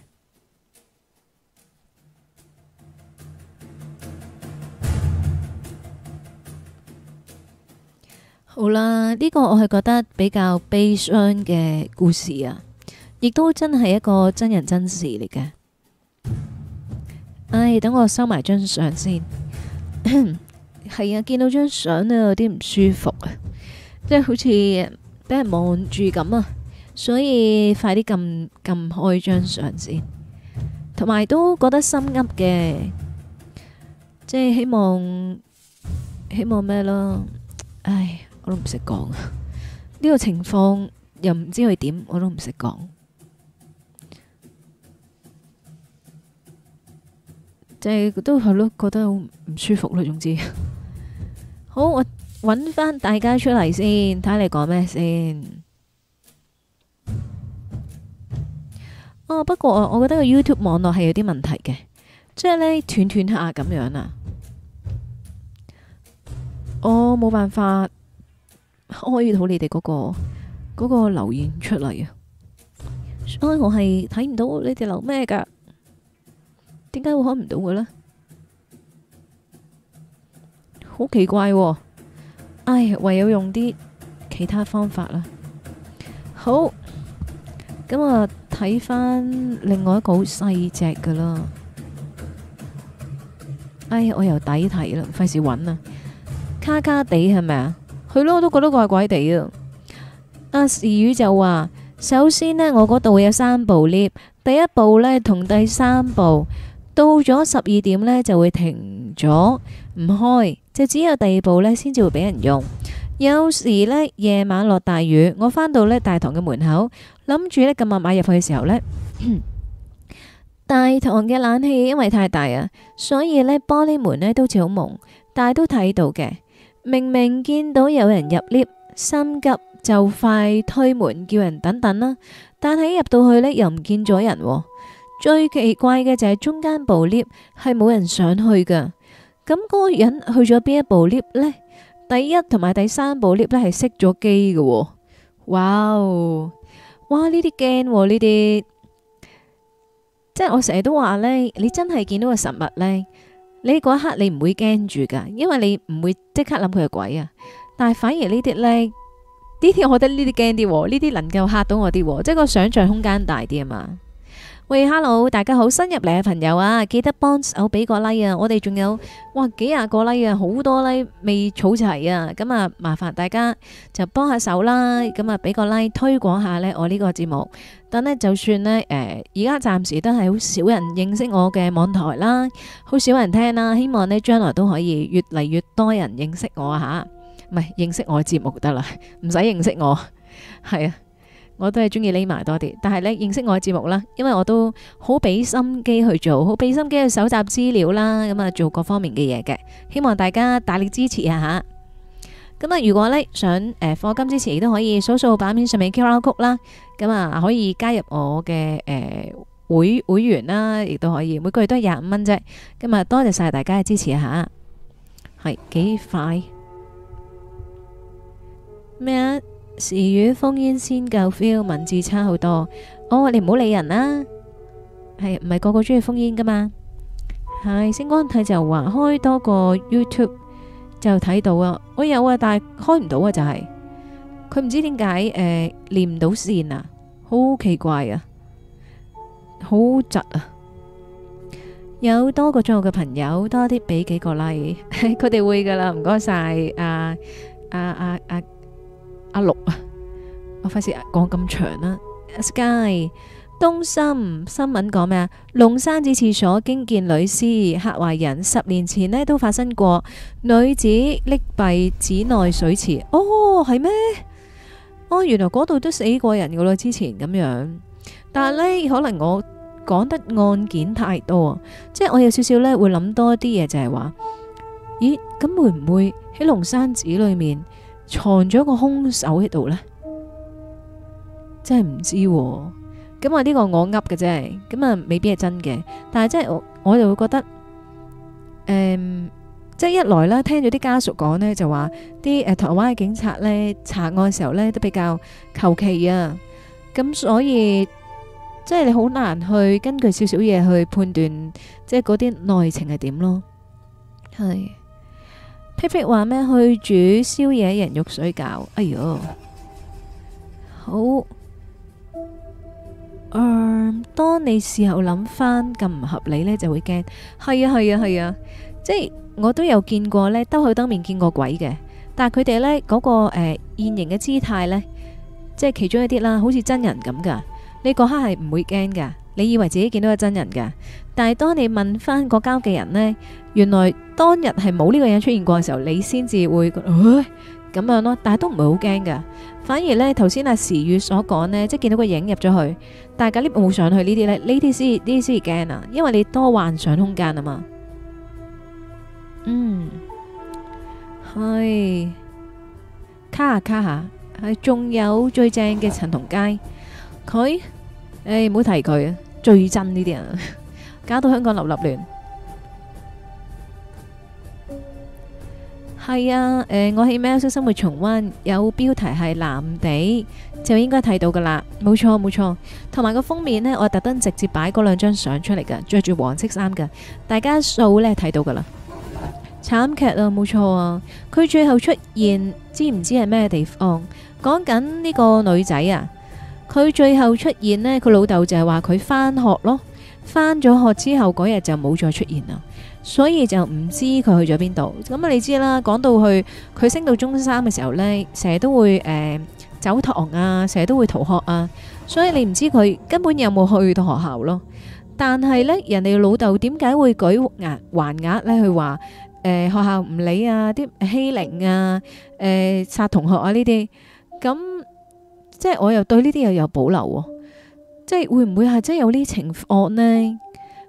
好啦，呢、這個我係覺得比較悲傷嘅故事啊，亦都真係一個真人真事嚟嘅。唉，等我收埋張相先。係 啊，見到張相咧，有啲唔舒服啊，即係好似。俾人望住咁啊，所以快啲撳撳開張相先，同埋都覺得心急嘅，即係希望希望咩咯？唉，我都唔識講。呢個情況又唔知佢點，我都唔識講。即係都係咯，覺得好唔舒服咯。總之，好我。揾翻大家出嚟先，睇你講咩先。哦，不過我覺得個 YouTube 網絡係有啲問題嘅，即係咧斷斷下咁樣啊。我冇辦法，可以討你哋嗰個嗰個留言出嚟啊。所以我係睇唔到你哋留咩噶，點解會開唔到嘅呢？好奇怪喎！哎，唯有用啲其他方法啦。好，咁啊，睇翻另外一個好細隻噶啦。哎，我又抵睇啦，費事搵啦，卡卡地係咪啊？係咯，我都覺得怪怪地啊。阿士宇就話，首先咧，我嗰度會有三部 lift，第一部咧同第三部到咗十二點咧就會停咗，唔開。就只有第二步咧，先至會俾人用。有時咧，夜晚落大雨，我返到咧大堂嘅門口，諗住咧撳密碼入去嘅時候咧，大堂嘅冷氣因為太大啊，所以咧玻璃門咧都似好蒙，但係都睇到嘅。明明見到有人入 lift，心急就快推門叫人等等啦。但係入到去咧又唔見咗人喎，最奇怪嘅就係中間部 lift 係冇人上去㗎。咁嗰個人去咗邊一部 lift 咧？第一同埋第三部 lift 咧係熄咗機嘅。哇哦，哇呢啲驚，呢啲即係我成日都話咧，你真係見到個實物咧，你嗰一刻你唔會驚住噶，因為你唔會即刻諗佢係鬼啊。但係反而呢啲咧，呢啲我覺得呢啲驚啲，呢啲能夠嚇到我啲，即係個想象空間大啲啊嘛。喂，hello，大家好，新入嚟嘅朋友啊，記得幫手俾個 like 啊，我哋仲有哇幾廿個 like 啊，好多 like 未儲齊啊，咁啊麻煩大家就幫下手啦，咁啊俾個 like 推廣下呢我呢個節目。但呢，就算呢，誒而家暫時都係好少人認識我嘅網台啦，好少人聽啦，希望呢，將來都可以越嚟越多人認識我吓，啊，唔係認識我節目得啦，唔使認識我，係啊。我都係中意匿埋多啲，但係呢認識我嘅節目啦，因為我都好俾心機去做，好俾心機去搜集資料啦，咁、嗯、啊做各方面嘅嘢嘅，希望大家大力支持啊吓！咁、嗯、啊，如果呢想誒課金支持都可以掃掃版面上面 QR Code 啦，咁、嗯、啊可以加入我嘅誒、呃、會會員啦，亦都可以，每個月都係廿五蚊啫，咁、嗯、啊多謝晒大家嘅支持吓，係幾快咩？時雨封煙先夠 feel，文字差好多。哦，你唔好理人啦，係唔係個個中意封煙噶嘛？係星光睇就話開多個 YouTube 就睇到啊，我有啊，但係開唔到啊，就係佢唔知點解誒連唔到線啊，好奇怪啊，好窒啊！有多個在嘅朋友，多啲俾幾個 like，佢哋會噶啦，唔該曬，阿阿阿阿。阿六啊，我費事講咁長啦。Sky 東森新聞講咩啊？龍山寺廁所驚見女屍嚇壞人，十年前呢都發生過女子溺斃寺內水池。哦，係咩？哦，原來嗰度都死過人噶咯，之前咁樣。但係呢，可能我講得案件太多，即係我有少少呢會諗多啲嘢，就係話，咦，咁會唔會喺龍山寺裏面？藏咗個凶手喺度呢，真係唔知喎。咁啊呢個我噏嘅啫，咁啊未必係真嘅。但係真係我我就會覺得，誒，即係一來啦，聽咗啲家屬講呢，就話啲誒台灣嘅警察呢，查案嘅時候呢都比較求其啊。咁所以即係你好難去根據少少嘢去判斷，即係嗰啲內情係點咯。係。皮皮話咩？去煮宵夜，人肉水餃。哎喲，好。嗯，當你事後諗翻咁唔合理呢，就會驚。係啊，係啊，係啊，即係我都有見過呢，兜口兜面見過鬼嘅。但係佢哋呢，嗰個誒、呃、現形嘅姿態呢，即係其中一啲啦，好似真人咁噶。你嗰刻係唔會驚噶。你以為自己見到個真人嘅，但係當你問翻嗰間屋嘅人咧，原來當日係冇呢個人出現過嘅時候，你先至會誒，咁樣咯。但係都唔係好驚嘅，反而咧，頭先阿時月所講咧，即係見到個影入咗去，大家 lift 冇上去呢啲咧，呢啲先呢啲先驚啊，因為你多幻想空間啊嘛。嗯，係卡下卡下，係仲有最正嘅陳同佳，佢，誒，唔好提佢啊。最真呢啲啊，搞到香港立立亂。係 啊，誒、呃，我喺喵式生活重溫，有標題係藍地，就應該睇到噶啦。冇錯，冇錯。同埋個封面呢，我特登直接擺嗰兩張相出嚟嘅，着住黃色衫嘅，大家數呢，睇到噶啦。慘 劇樂啊，冇錯啊，佢最後出現，知唔知係咩地方？講緊呢個女仔啊。佢最後出現呢，佢老豆就係話佢返學咯，返咗學之後嗰日就冇再出現啦，所以就唔知佢去咗邊度。咁啊，你知啦，講到去佢升到中三嘅時候呢，成日都會誒走堂啊，成日都會逃學啊，所以你唔知佢根本有冇去到學校咯。但係呢，人哋老豆點解會舉額還額呢？佢話誒學校唔理啊，啲欺凌啊，誒殺同學啊呢啲咁。即係我又對呢啲嘢有保留，哦，即係會唔會係真係有呢情況呢？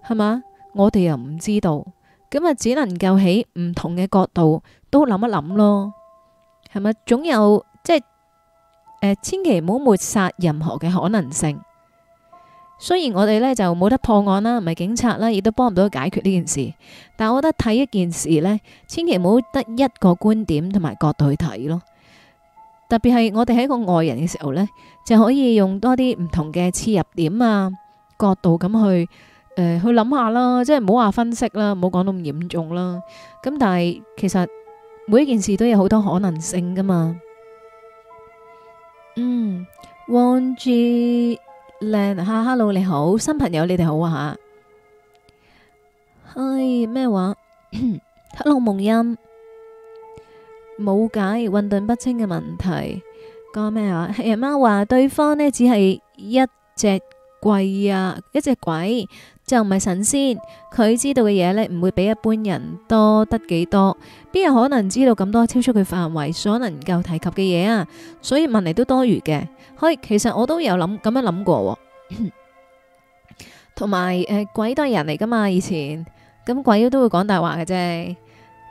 係嘛，我哋又唔知道，咁啊只能夠喺唔同嘅角度都諗一諗咯，係咪？總有即係、呃、千祈唔好抹殺任何嘅可能性。雖然我哋呢就冇得破案啦，唔係警察啦，亦都幫唔到解決呢件事。但我覺得睇一件事呢，千祈唔好得一個觀點同埋角度去睇咯。特別係我哋喺一個外人嘅時候呢，就可以用多啲唔同嘅切入點啊、角度咁去誒去諗下啦，即係唔好話分析啦，唔好講到咁嚴重啦。咁但係其實每一件事都有好多可能性噶嘛。嗯，望住靚吓，hello 你好，新朋友你哋好啊吓。嗨咩話？Hello 蒙音。冇解、混沌不清嘅問題，個咩話？阿媽話對方呢，只係一隻鬼啊，一隻鬼就唔係神仙。佢知道嘅嘢呢，唔會比一般人多得幾多。邊有可能知道咁多超出佢範圍所能夠提及嘅嘢啊？所以問嚟都多餘嘅。可以，其實我都有諗咁樣諗過，啊，同埋誒鬼都係人嚟㗎嘛，以前咁鬼都會講大話嘅啫。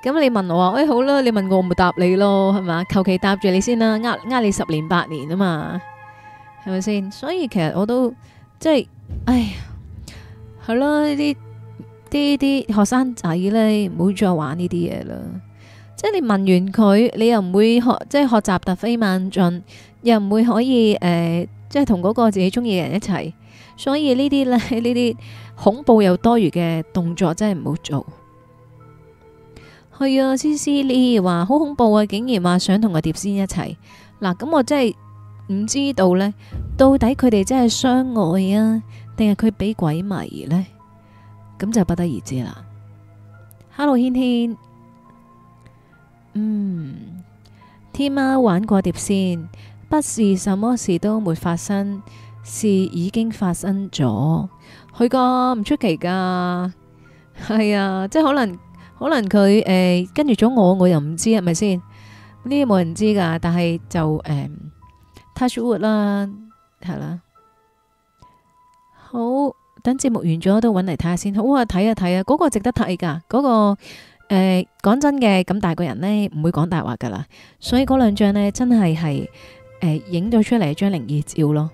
咁你問我話，誒、哎、好啦，你問我我唔答你咯，係嘛？求其答住你先啦，呃呃你十年八年啊嘛，係咪先？所以其實我都即係，唉，呀，係咯，呢啲啲啲學生仔咧，唔好再玩呢啲嘢啦。即係你問完佢，你又唔會學，即係學習突飛猛進，又唔會可以誒、呃，即係同嗰個自己中意嘅人一齊。所以呢啲咧，呢啲恐怖又多餘嘅動作，真係唔好做。係啊，C.C. Lee 話好恐怖啊，竟然話想同個碟仙一齊嗱，咁、啊、我真係唔知道呢，到底佢哋真係相愛啊，定係佢俾鬼迷呢？咁就不得而知啦。Hello，軒軒，嗯，天貓玩過碟仙，不是什麼事都沒發生，是已經發生咗，去過唔出奇噶，係、哎、啊，即係可能。可能佢誒跟住咗我，我又唔知係咪先，呢啲冇人知㗎。但係就誒 Touchwood 啦，係啦。好，等節目完咗都揾嚟睇下先。好啊，睇啊睇啊，嗰個值得睇㗎，嗰個誒講真嘅咁大個人咧唔會講大話㗎喇，所以嗰兩張咧真係係誒影咗出嚟一張靈異照咯。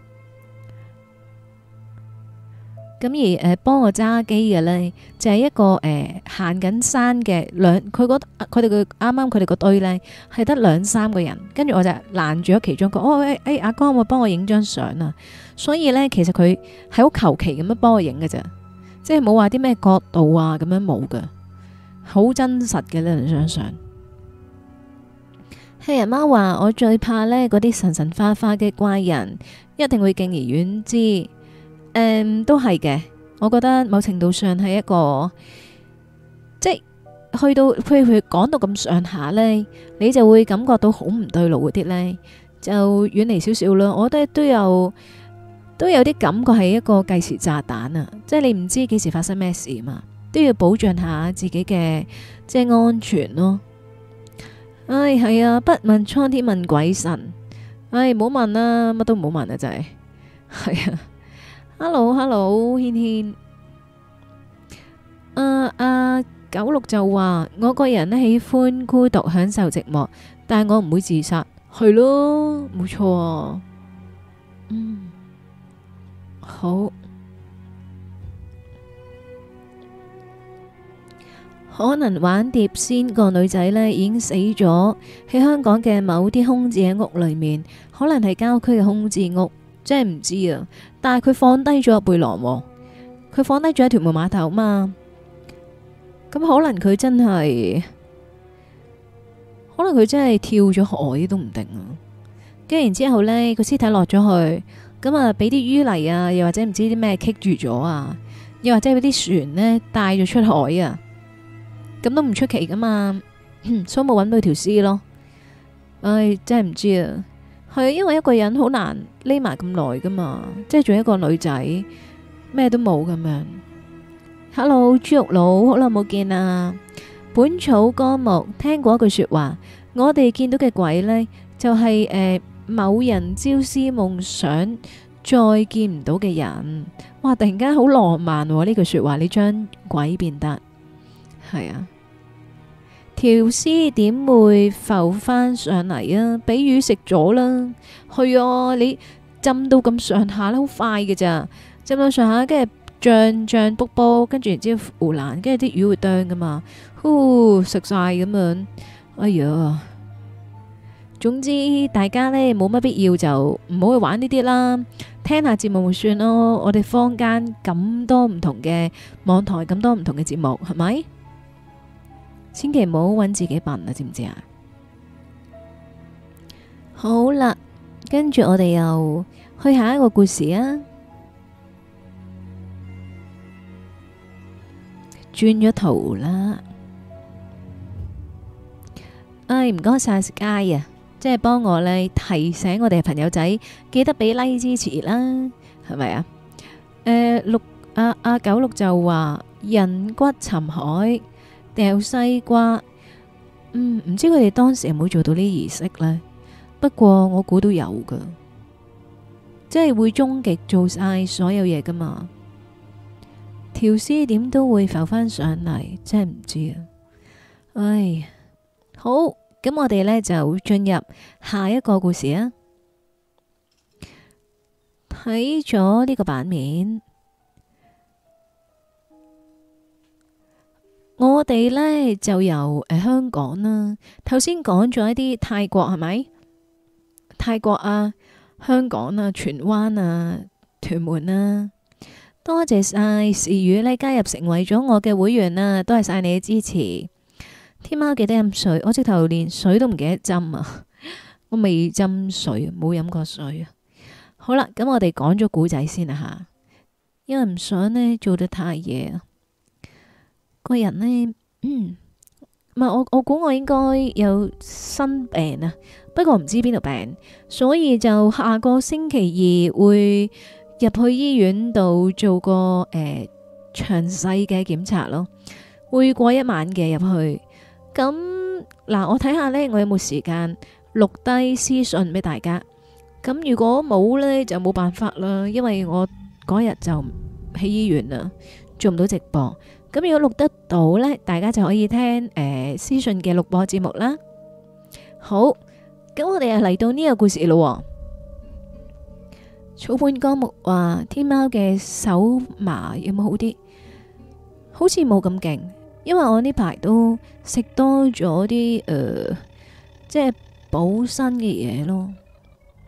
咁而誒、呃、幫我揸機嘅咧，就係、是、一個誒行緊山嘅兩，佢嗰佢哋嘅啱啱佢哋個堆咧係得兩三個人，跟住我就攔住咗其中一個，哦誒誒、哎哎、阿哥，有冇幫我影張相啊！所以咧，其實佢係好求其咁樣幫我影嘅啫，即係冇話啲咩角度啊咁樣冇㗎，好真實嘅呢兩張相。黑人貓話：我最怕咧嗰啲神神化化嘅怪人，一定會敬而遠之。誒、嗯，都係嘅，我覺得某程度上係一個，即係去到譬如講到咁上下呢，你就會感覺到好唔對路嗰啲呢，就遠離少少啦。我覺得都有都有啲感覺係一個計時炸彈啊，即係你唔知幾時發生咩事嘛，都要保障下自己嘅即係安全咯。唉、哎，係啊，不問蒼天問鬼神，唉、哎，唔好問啦，乜都唔好問啦，真、就、係、是，係啊。Hello，Hello，軒軒，誒誒，九六就話我個人咧喜歡孤獨，享受寂寞，但係我唔會自殺，係咯，冇錯，嗯，好，可能玩碟仙個女仔咧已經死咗，喺香港嘅某啲空置屋裏面，可能係郊區嘅空置屋。真係唔知啊，但係佢放低咗個背囊，佢放低咗一條門碼頭嘛。咁可能佢真係，可能佢真係跳咗海都唔定啊。跟住然之後呢，個屍體落咗去，咁啊俾啲淤泥啊，又或者唔知啲咩棘住咗啊，又或者俾啲船呢帶咗出海啊，咁都唔出奇噶嘛。所以冇揾到條屍咯。唉、哎，真係唔知啊。係啊因為一個人好難。匿埋咁耐噶嘛，即係做一個女仔，咩都冇咁樣。Hello，豬肉佬好耐冇見啊！本草綱目聽過一句說話，我哋見到嘅鬼呢、就是，就係誒某人朝思暮想再見唔到嘅人。哇，突然間好浪漫呢、啊、呢句說話，你將鬼變得係啊！條屍點會浮翻上嚟啊？俾魚食咗啦。係哦，你浸到咁上下咧，好快嘅咋？浸到上下，跟住漲漲卜卜，跟住然之後腐爛，跟住啲魚會啄噶嘛，呼食晒咁樣，哎呀！總之大家咧冇乜必要就唔好去玩呢啲啦，聽下節目咪算咯。我哋坊間咁多唔同嘅網台，咁多唔同嘅節目，係咪？千祈唔好揾自己笨啦，知唔知啊？好啦，跟住我哋又去下一個故事啊，轉咗頭啦。哎，唔該晒 Sky 啊，即係幫我呢提醒我哋嘅朋友仔記得俾 like 支持啦，係咪啊？誒，六阿阿九六就話人骨沉海。掉西瓜，嗯、唔知佢哋當時有冇做到呢儀式呢？不過我估都有噶，即係會終極做晒所有嘢噶嘛。條屍點都會浮翻上嚟，真係唔知啊！唉，好，咁我哋呢就進入下一個故事啊。睇咗呢個版面。我哋呢就由香港啦，頭先講咗一啲泰國係咪？泰國啊，香港啊，荃灣啊，屯門啊。多謝晒時雨呢加入成為咗我嘅會員啊，都係晒你嘅支持。天貓記得飲水，我直頭連水都唔記得斟啊， 我未斟水，冇飲過水啊。好啦，咁我哋講咗古仔先啊吓，因為唔想呢做得太夜。個人呢，唔係我，我估我應該有生病啊。不過唔知邊度病，所以就下個星期二會入去醫院度做個誒詳細嘅檢查咯。會過一晚嘅入去咁。嗱，我睇下呢，我有冇時間錄低私信俾大家。咁如果冇呢，就冇辦法啦，因為我嗰日就喺醫院啦，做唔到直播。咁如果錄得到咧，大家就可以聽誒屍訊嘅錄播節目啦。好，咁我哋又嚟到呢個故事咯。草本綱目話：天貓嘅手麻有冇好啲？好似冇咁勁，因為我呢排都食多咗啲誒，即係補身嘅嘢咯。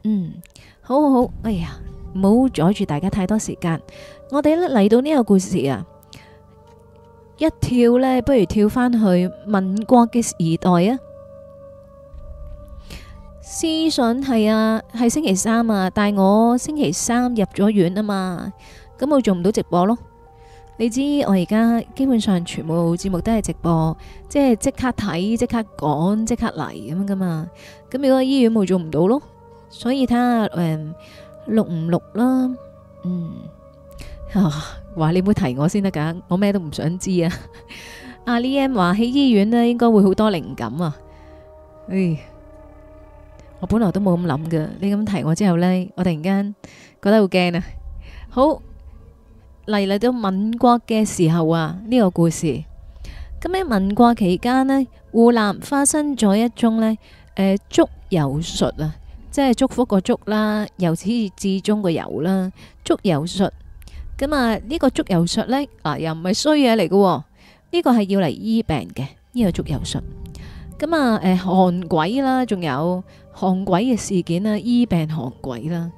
嗯，好好好，哎呀，唔好阻住大家太多時間。我哋咧嚟到呢個故事啊。一跳呢，不如跳返去民國嘅時代啊！思想係啊，係星期三啊，但係我星期三入咗院啊嘛，咁我做唔到直播咯。你知我而家基本上全部節目都係直播，即係即刻睇、即刻講、即刻嚟，咁樣噶嘛。咁如果醫院冇做唔到咯，所以睇下誒錄唔錄啦。嗯啊。話你唔好提我先得噶，我咩都唔想知啊！阿李 M 話喺醫院咧，應該會好多靈感啊！唉，我本來都冇咁諗噶，你咁提我之後咧，我突然間覺得好驚啊！好嚟，嚟到民國嘅時候啊，呢個故事咁樣民國期間咧，湖南發生咗一宗咧，誒，祝由術啊，即係祝福個祝啦，由始至終個由啦，祝由術。咁啊，呢個祝由術呢，啊又唔係衰嘢嚟嘅，呢個係要嚟醫病嘅呢個祝由術。咁啊，誒、呃，降鬼啦，仲有降鬼嘅事件啦，醫病降鬼啦，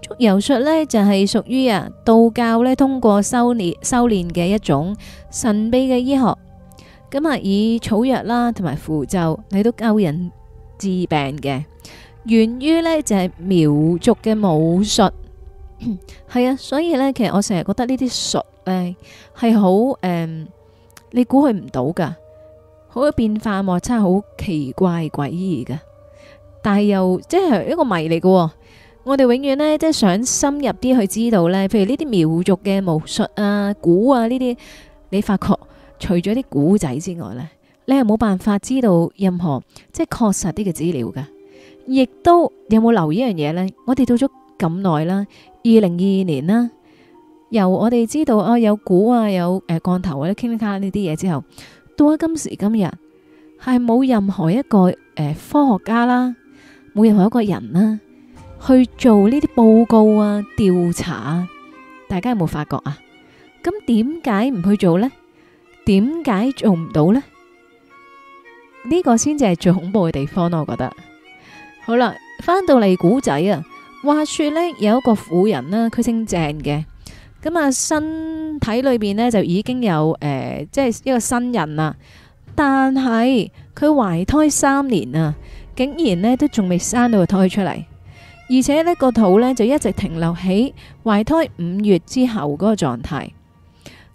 祝由術呢，就係屬於啊道教呢，通過修煉修煉嘅一種神秘嘅醫學。咁啊，以草藥啦同埋符咒嚟都救人治病嘅，源於呢，就係苗族嘅武術。係 啊，所以咧，其實我成日覺得這些術、呢啲術咧係好誒，你估佢唔到噶，好有變化莫，莫測，好奇怪詭異噶。但係又即係一個謎嚟噶，哦。我哋永遠咧即係想深入啲去知道咧，譬如呢啲苗族嘅巫術啊、蠱啊呢啲，你發覺除咗啲故仔之外咧，你係冇辦法知道任何即係確實啲嘅資料噶。亦都有冇留意一樣嘢咧？我哋到咗咁耐啦。二零二二年啦，由我哋知道啊，有股啊，有、呃、誒，降頭啊，或者傾卡呢啲嘢之後，到咗今時今日，係冇任何一個誒、呃、科學家啦，冇任何一個人啦，去做呢啲報告啊、調查啊，大家有冇發覺啊？咁點解唔去做呢？點解做唔到呢？呢、呢個先至係最恐怖嘅地方咯，我覺得。好啦，翻到嚟古仔啊！話說呢，有一個婦人呢，佢姓鄭嘅，咁啊身體裏邊呢，就已經有誒，即係一個新人啦，但係佢懷胎三年啊，竟然呢都仲未生到個胎出嚟，而且呢個肚呢，就一直停留喺懷胎五月之後嗰個狀態，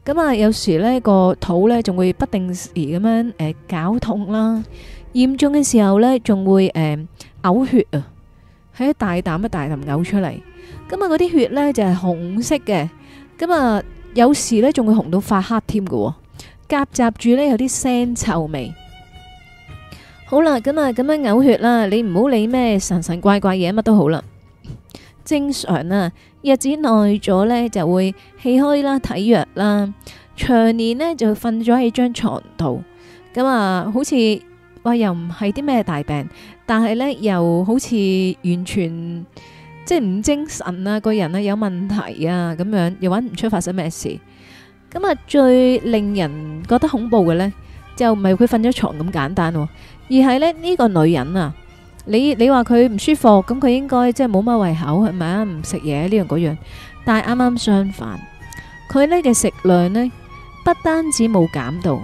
咁啊有時呢個肚呢，仲會不定時咁樣誒絞痛啦，嚴重嘅時候呢，呃，仲會誒嘔血啊。喺大啖一大啖嘔出嚟，咁啊嗰啲血呢就係紅色嘅，咁啊有時呢仲會紅到發黑添㗎，夾雜住呢，有啲腥臭味。好啦，咁啊咁樣嘔血啦，你唔好理咩神神怪怪嘢，乜都好啦，正常啊，日子耐咗呢就會氣虛啦、體弱啦，長年呢就瞓咗喺張床度，咁啊好似。又唔係啲咩大病，但係呢又好似完全即係唔精神啊，個人啊有問題啊咁樣，又揾唔出發生咩事。咁啊，最令人覺得恐怖嘅呢，就唔係佢瞓咗床咁簡單喎，而係呢呢個女人啊，你你話佢唔舒服，咁佢應該即係冇乜胃口係咪啊？唔食嘢呢樣嗰樣，但係啱啱相反，佢呢嘅食量呢，不單止冇減到。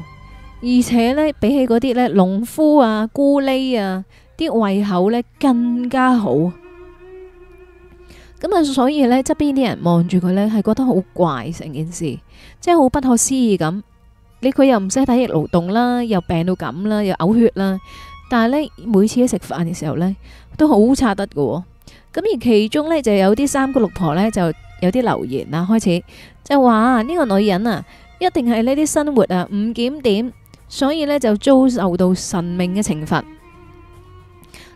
而且呢，比起嗰啲呢，農夫啊、咕喱啊，啲胃口呢，更加好。咁啊，所以呢，側邊啲人望住佢呢，係覺得好怪成件事，即係好不可思議咁。你佢又唔使體力勞動啦，又病到咁啦，又嘔血啦。但係呢，每次喺食飯嘅時候呢，都好差得㗎喎。咁而其中呢，就有啲三姑六婆呢，就有啲流言啊，開始就話呢個女人啊，一定係呢啲生活啊唔檢點。所以咧就遭受到神明嘅懲罰。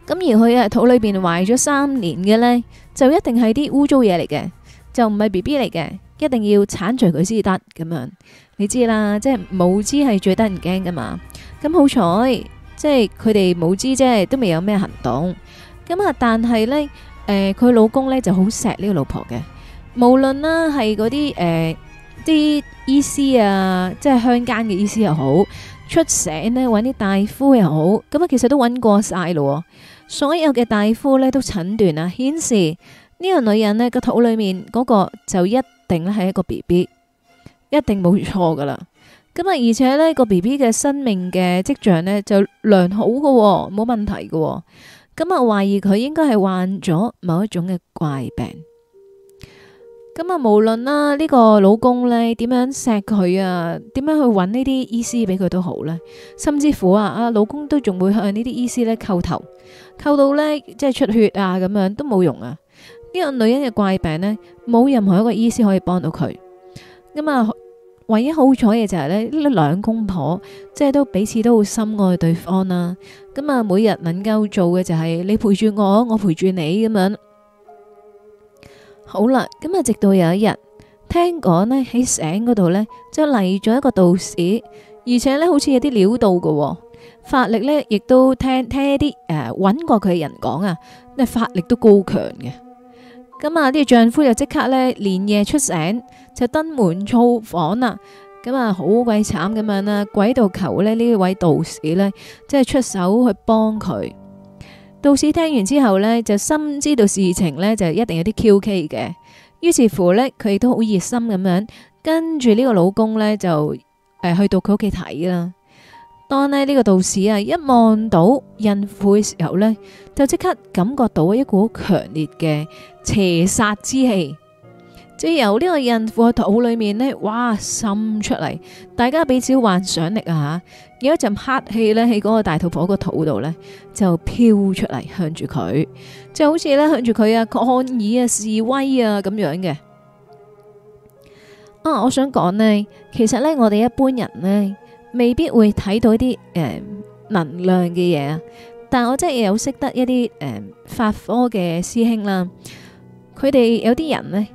咁而佢啊肚裏邊懷咗三年嘅咧，就一定係啲污糟嘢嚟嘅，就唔係 BB 嚟嘅，一定要鏟除佢先至得咁樣。你知啦，即係無知係最得人驚噶嘛。咁好彩，即係佢哋無知啫，都未有咩行動。咁啊，但係咧，誒佢老公咧就好錫呢個老婆嘅，無論啦係嗰啲誒啲醫師啊，即係鄉間嘅醫師又好。出省呢，揾啲大夫又好，咁啊，其實都揾過晒咯。所有嘅大夫呢，都診斷啊，顯示呢、這個女人呢個肚裏面嗰、那個就一定咧係一個 B B，一定冇錯噶啦。咁啊，而且呢、這個 B B 嘅生命嘅跡象呢，就良好噶，冇問題噶。咁啊，懷疑佢應該係患咗某一種嘅怪病。咁啊，無論啦，呢個老公呢點樣錫佢啊，點樣去揾呢啲醫師俾佢都好呢？甚至乎啊，阿老公都仲會向呢啲醫師呢叩頭，叩到呢，即係出血啊，咁樣都冇用啊。呢個女人嘅怪病呢，冇任何一個醫師可以幫到佢。咁啊，唯一好彩嘅就係咧，呢兩公婆即係都彼此都好深愛對方啦。咁啊，每日能夠做嘅就係你陪住我，我陪住你咁樣。好啦，咁啊，直到有一日，聽講呢，喺城嗰度呢，就嚟咗一個道士，而且呢好似有啲料到嘅，哦，法力呢亦都聽聽啲誒揾過佢嘅人講啊，法力都高強嘅。咁、嗯、啊，啲丈夫就即刻呢連夜出城，就登門造訪啦。咁、嗯、啊，好鬼慘咁樣啦，鬼到求呢呢位道士呢，即、就、係、是、出手去幫佢。道士聽完之後呢，就深知道事情呢就一定有啲蹊蹺嘅，於是乎呢，佢亦都好熱心咁樣跟住呢個老公呢，就、呃、去到佢屋企睇啦。當呢呢個道士啊一望到孕婦嘅時候呢，就即刻感覺到一股強烈嘅邪煞之氣，即由呢個孕婦嘅肚裏面呢，哇滲出嚟。大家俾啲幻想力啊吓！有一陣黑氣咧喺嗰個大肚婆個肚度咧，就飄出嚟向住佢，就好似咧向住佢啊抗議啊示威啊咁樣嘅。啊，我想講呢，其實咧我哋一般人呢，未必會睇到啲誒、呃、能量嘅嘢啊，但我真係有識得一啲誒、呃、法科嘅師兄啦，佢哋有啲人呢，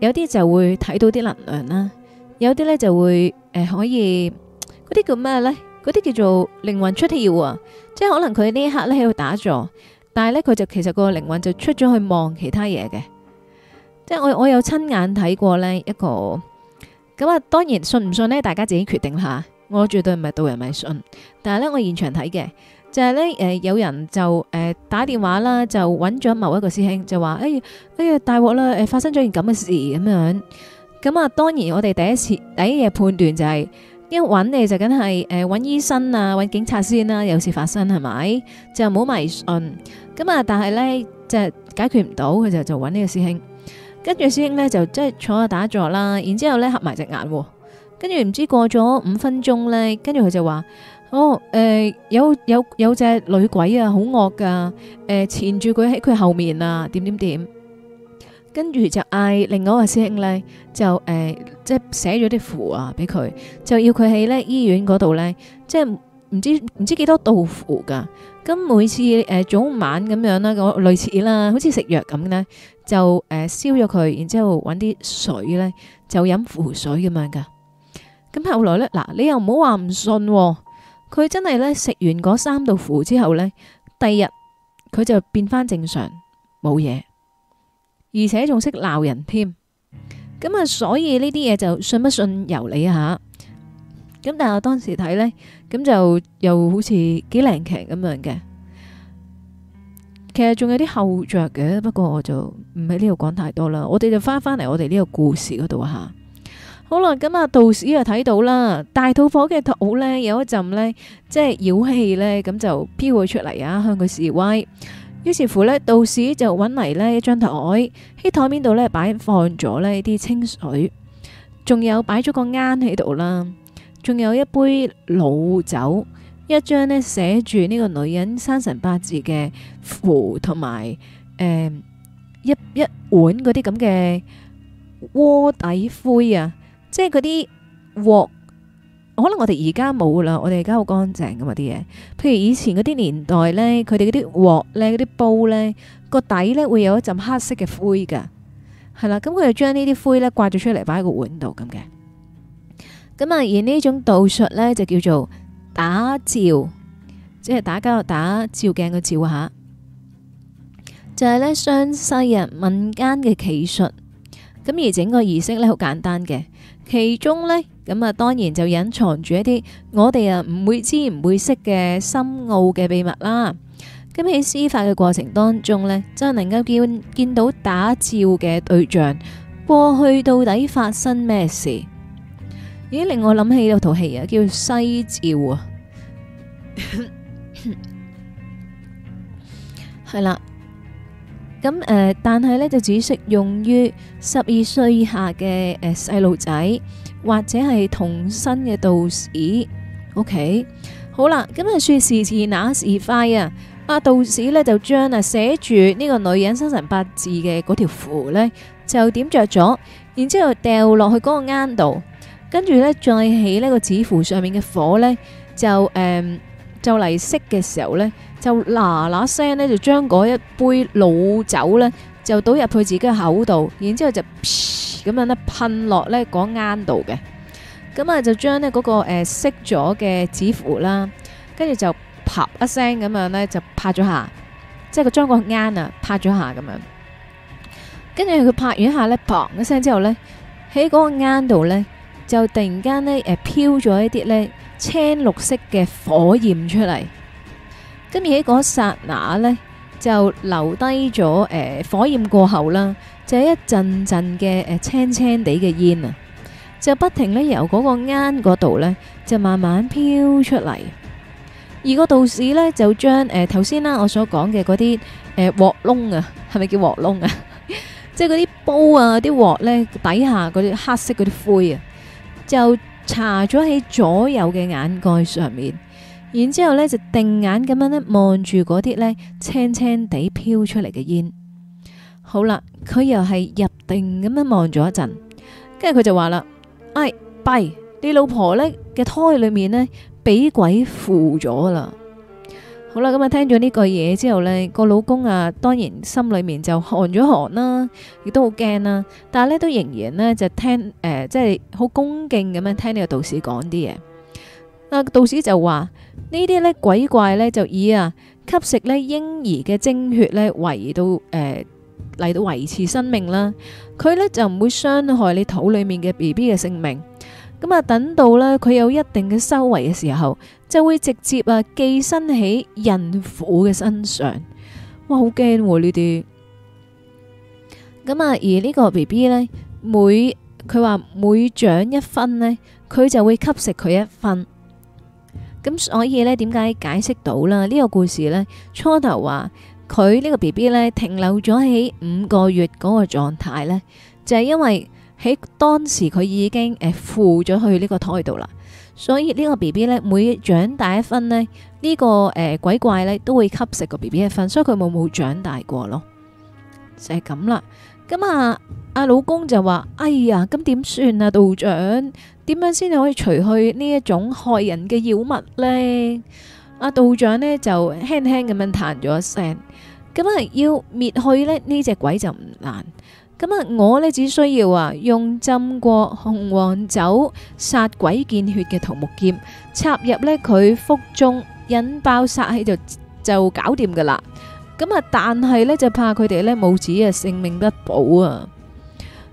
有啲就會睇到啲能量啦，有啲咧就會誒、呃、可以。啲叫咩呢？嗰啲叫做靈魂出竅啊！即係可能佢呢一刻呢喺度打坐，但係呢，佢就其實個靈魂就出咗去望其他嘢嘅。即係我我有親眼睇過呢一個咁啊！當然信唔信呢？大家自己決定下。我絕對唔係導人迷信，但係呢，我現場睇嘅就係呢。誒，有人就誒打電話啦，就揾咗某一個師兄就話：誒誒大鑊啦！誒、哎、發生咗件咁嘅事咁樣。咁啊，當然我哋第一次第一嘢判斷就係、是。一搵咧就梗係誒搵醫生啊，搵警察先啦、啊，有事發生係咪？就唔好迷信咁啊！但係咧就解決唔到佢就就搵呢個師兄，跟住師兄咧就即係坐下打坐啦，然之後咧合埋隻眼、啊，跟住唔知過咗五分鐘咧，跟住佢就話：哦誒、呃，有有有隻女鬼啊，好惡㗎誒，纏住佢喺佢後面啊，點點點。跟住就嗌另外個師兄咧，就誒即係寫咗啲符啊，俾佢就要佢喺咧醫院嗰度咧，即係唔知唔知幾多道符噶。咁每次誒、呃、早晚咁樣啦，個類似啦，好似食藥咁咧，就誒燒咗佢，然之後搵啲水咧就飲符水咁樣噶。咁後來咧，嗱你又唔好話唔信喎，佢真係咧食完嗰三道符之後咧，第二日佢就變返正常，冇嘢。而且仲識鬧人添，咁啊，所以呢啲嘢就信不信由你啊吓。咁但係我當時睇咧，咁就又好似幾靈劇咁樣嘅。其實仲有啲後着嘅，不過我就唔喺呢度講太多啦。我哋就翻翻嚟我哋呢個故事嗰度吓。好啦，咁啊道士啊睇到啦，大肚婆嘅肚咧有一陣咧，即係妖氣咧，咁就飄咗出嚟啊，向佢示威。於是乎呢，道士就搵嚟，呢一張台，喺台面度呢擺放咗呢一啲清水，仲有擺咗個罌喺度啦，仲有一杯老酒，一張呢寫住呢個女人生辰八字嘅符，同埋誒一一碗嗰啲咁嘅鍋底灰啊，即係嗰啲鑊。可能我哋而家冇啦，我哋而家好乾淨噶嘛啲嘢。譬如以前嗰啲年代呢，佢哋嗰啲鑊呢、嗰啲煲呢，個底呢會有一陣黑色嘅灰噶，係啦。咁佢就將呢啲灰呢刮咗出嚟，擺喺個碗度咁嘅。咁啊，而呢種道術呢，就叫做打照，即係打交打照鏡去照下，就係呢湘西人民間嘅奇術。咁而整個儀式呢，好簡單嘅，其中呢。咁啊，當然就隱藏住一啲我哋啊唔會知唔會識嘅深奧嘅秘密啦。咁喺司法嘅過程當中呢，真係能夠見見到打照嘅對象過去到底發生咩事？咦，令我諗起有套戲啊，叫《西照》啊，係啦。咁誒，但係呢就只適用於十二歲以下嘅誒細路仔。或者係同身嘅道士，OK，好啦，咁啊說時遲那時快啊，阿道士咧就將啊寫住呢個女人生辰八字嘅嗰條符咧就點着咗，然之後掉落去嗰個庵度，跟住咧再起呢個紙符上面嘅火咧就誒就嚟熄嘅時候咧就嗱嗱聲咧就將嗰一杯老酒咧，就倒入佢自己嘅口度，然之後就咁樣呢噴落呢嗰啱度嘅，咁啊就將呢嗰個誒熄咗嘅紙符啦，跟住就啪一聲咁樣呢，就拍咗下，即係佢將個啱啊拍咗下咁樣，跟住佢拍完一下呢，砰一聲之後呢，喺嗰個啱度呢，就突然間呢，誒飄咗一啲呢青綠色嘅火焰出嚟，跟住喺嗰剎那呢。就留低咗，誒、呃，火焰過後啦，就一陣陣嘅，誒、呃，青青地嘅煙啊，就不停咧由嗰個罌嗰度咧，就慢慢飄出嚟。而個道士咧就將，誒、呃，頭先啦，我所講嘅嗰啲，誒、呃，鑊窿啊，係咪叫鑊窿啊？即係嗰啲煲啊，啲鑊咧底下嗰啲黑色嗰啲灰啊，就搽咗喺左右嘅眼蓋上面。然之後咧就定眼咁樣咧望住嗰啲呢青青地飄出嚟嘅煙。好啦，佢又係入定咁樣望咗一陣，跟住佢就話啦：，哎，弊，你老婆呢嘅胎裏面呢俾鬼附咗啦。好啦，咁啊聽咗呢句嘢之後呢，個老公啊當然心裏面就寒咗寒啦，亦都好驚啦，但係呢都仍然呢，就聽誒，即係好恭敬咁樣聽呢個道士講啲嘢。啊！道士就話呢啲咧鬼怪咧就以啊吸食咧嬰兒嘅精血咧維到誒嚟到維持生命啦。佢咧就唔會傷害你肚裏面嘅 B B 嘅性命。咁啊，等到咧佢有一定嘅修為嘅時候，就會直接啊寄生喺孕婦嘅身上。哇，好驚呢啲咁啊！而呢個 B B 呢，每佢話每長一分咧，佢就會吸食佢一分。咁所以咧，點解解釋到啦？呢、這個故事呢，初頭話佢呢個 B B 呢停留咗喺五個月嗰個狀態咧，就係、是、因為喺當時佢已經誒附咗去呢個胎度啦，所以呢個 B B 呢，每長大一分呢，呢、這個誒、呃、鬼怪呢都會吸食個 B B 一分，所以佢冇冇長大過咯，就係咁啦。咁啊！阿老公就話：哎呀，咁點算啊？道長，點樣先可以除去呢一種害人嘅妖物咧？阿道長咧就輕輕咁樣彈咗聲：，咁啊，要滅去咧呢隻鬼就唔難。咁啊，我咧只需要啊用浸過紅黃酒殺鬼見血嘅桃木劍插入咧佢腹中，引爆殺氣就搞掂噶啦。咁啊！但係咧就怕佢哋咧母子啊性命不保啊！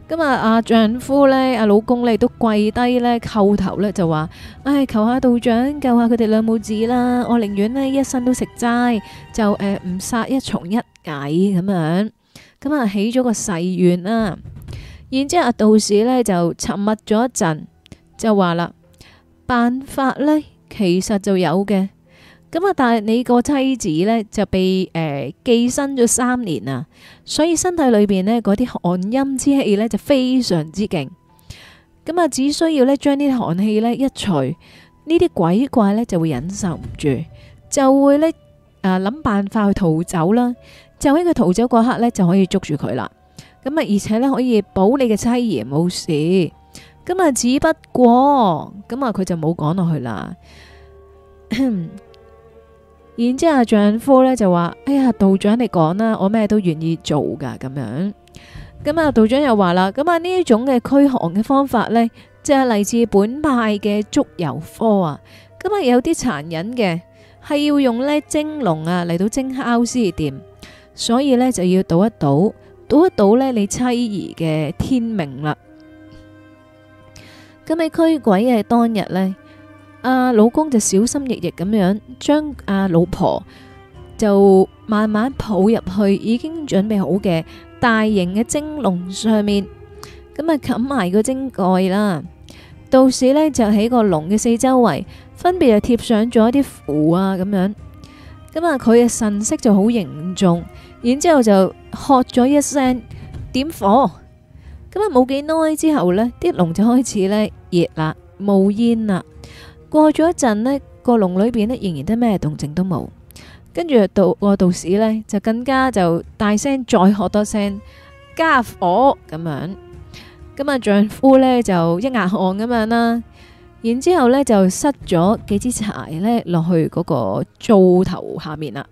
咁啊，阿丈夫咧，阿、啊、老公咧都跪低咧，叩頭咧就話：，唉，求下道長救下佢哋兩母子啦！我寧願呢一生都食齋，就誒唔、呃、殺一蟲一蟻咁樣。咁啊，起咗個誓願啦。然之後阿道士咧就沉默咗一陣，就話啦：，辦法咧其實就有嘅。咁啊！但係你個妻子咧就被誒、呃、寄生咗三年啊，所以身體裏邊咧，嗰啲寒陰之氣咧就非常之勁。咁啊，只需要咧將啲寒氣咧一除，呢啲鬼怪咧就會忍受唔住，就會咧誒諗辦法去逃走啦。就喺佢逃走嗰刻咧，就可以捉住佢啦。咁啊，而且咧可以保你嘅妻爺冇事。咁啊，只不過咁啊，佢就冇講落去啦。 然之後丈夫呢就話：「哎呀，道長你講啦，我咩都願意做噶，咁樣。咁啊，道長又話啦，咁啊呢種嘅驅寒嘅方法呢，即係嚟自本派嘅足油科啊。咁啊有啲殘忍嘅，係要用呢蒸籠啊嚟到蒸烤先掂，所以呢就要賭一賭，賭一賭呢你妻兒嘅天命啦。咁你驅鬼嘅當日呢。」阿、啊、老公就小心翼翼咁樣，將阿老婆就慢慢抱入去已經準備好嘅大型嘅蒸籠上面，咁啊，冚埋個蒸蓋啦。道士呢，就喺個籠嘅四周圍分別就貼上咗一啲符啊，咁樣咁啊，佢嘅神色就好凝重，然之後就喝咗一聲點火，咁啊，冇幾耐之後呢，啲籠就開始咧熱啦，冒煙啦。過咗一陣，呢個籠裏邊呢，仍然都咩動靜都冇。跟住道個道士呢，就更加就大聲再喝多聲加火咁樣。咁啊，丈夫呢，就一額汗咁樣啦。然之後呢，就塞咗幾支柴呢落去嗰個灶頭下面啦。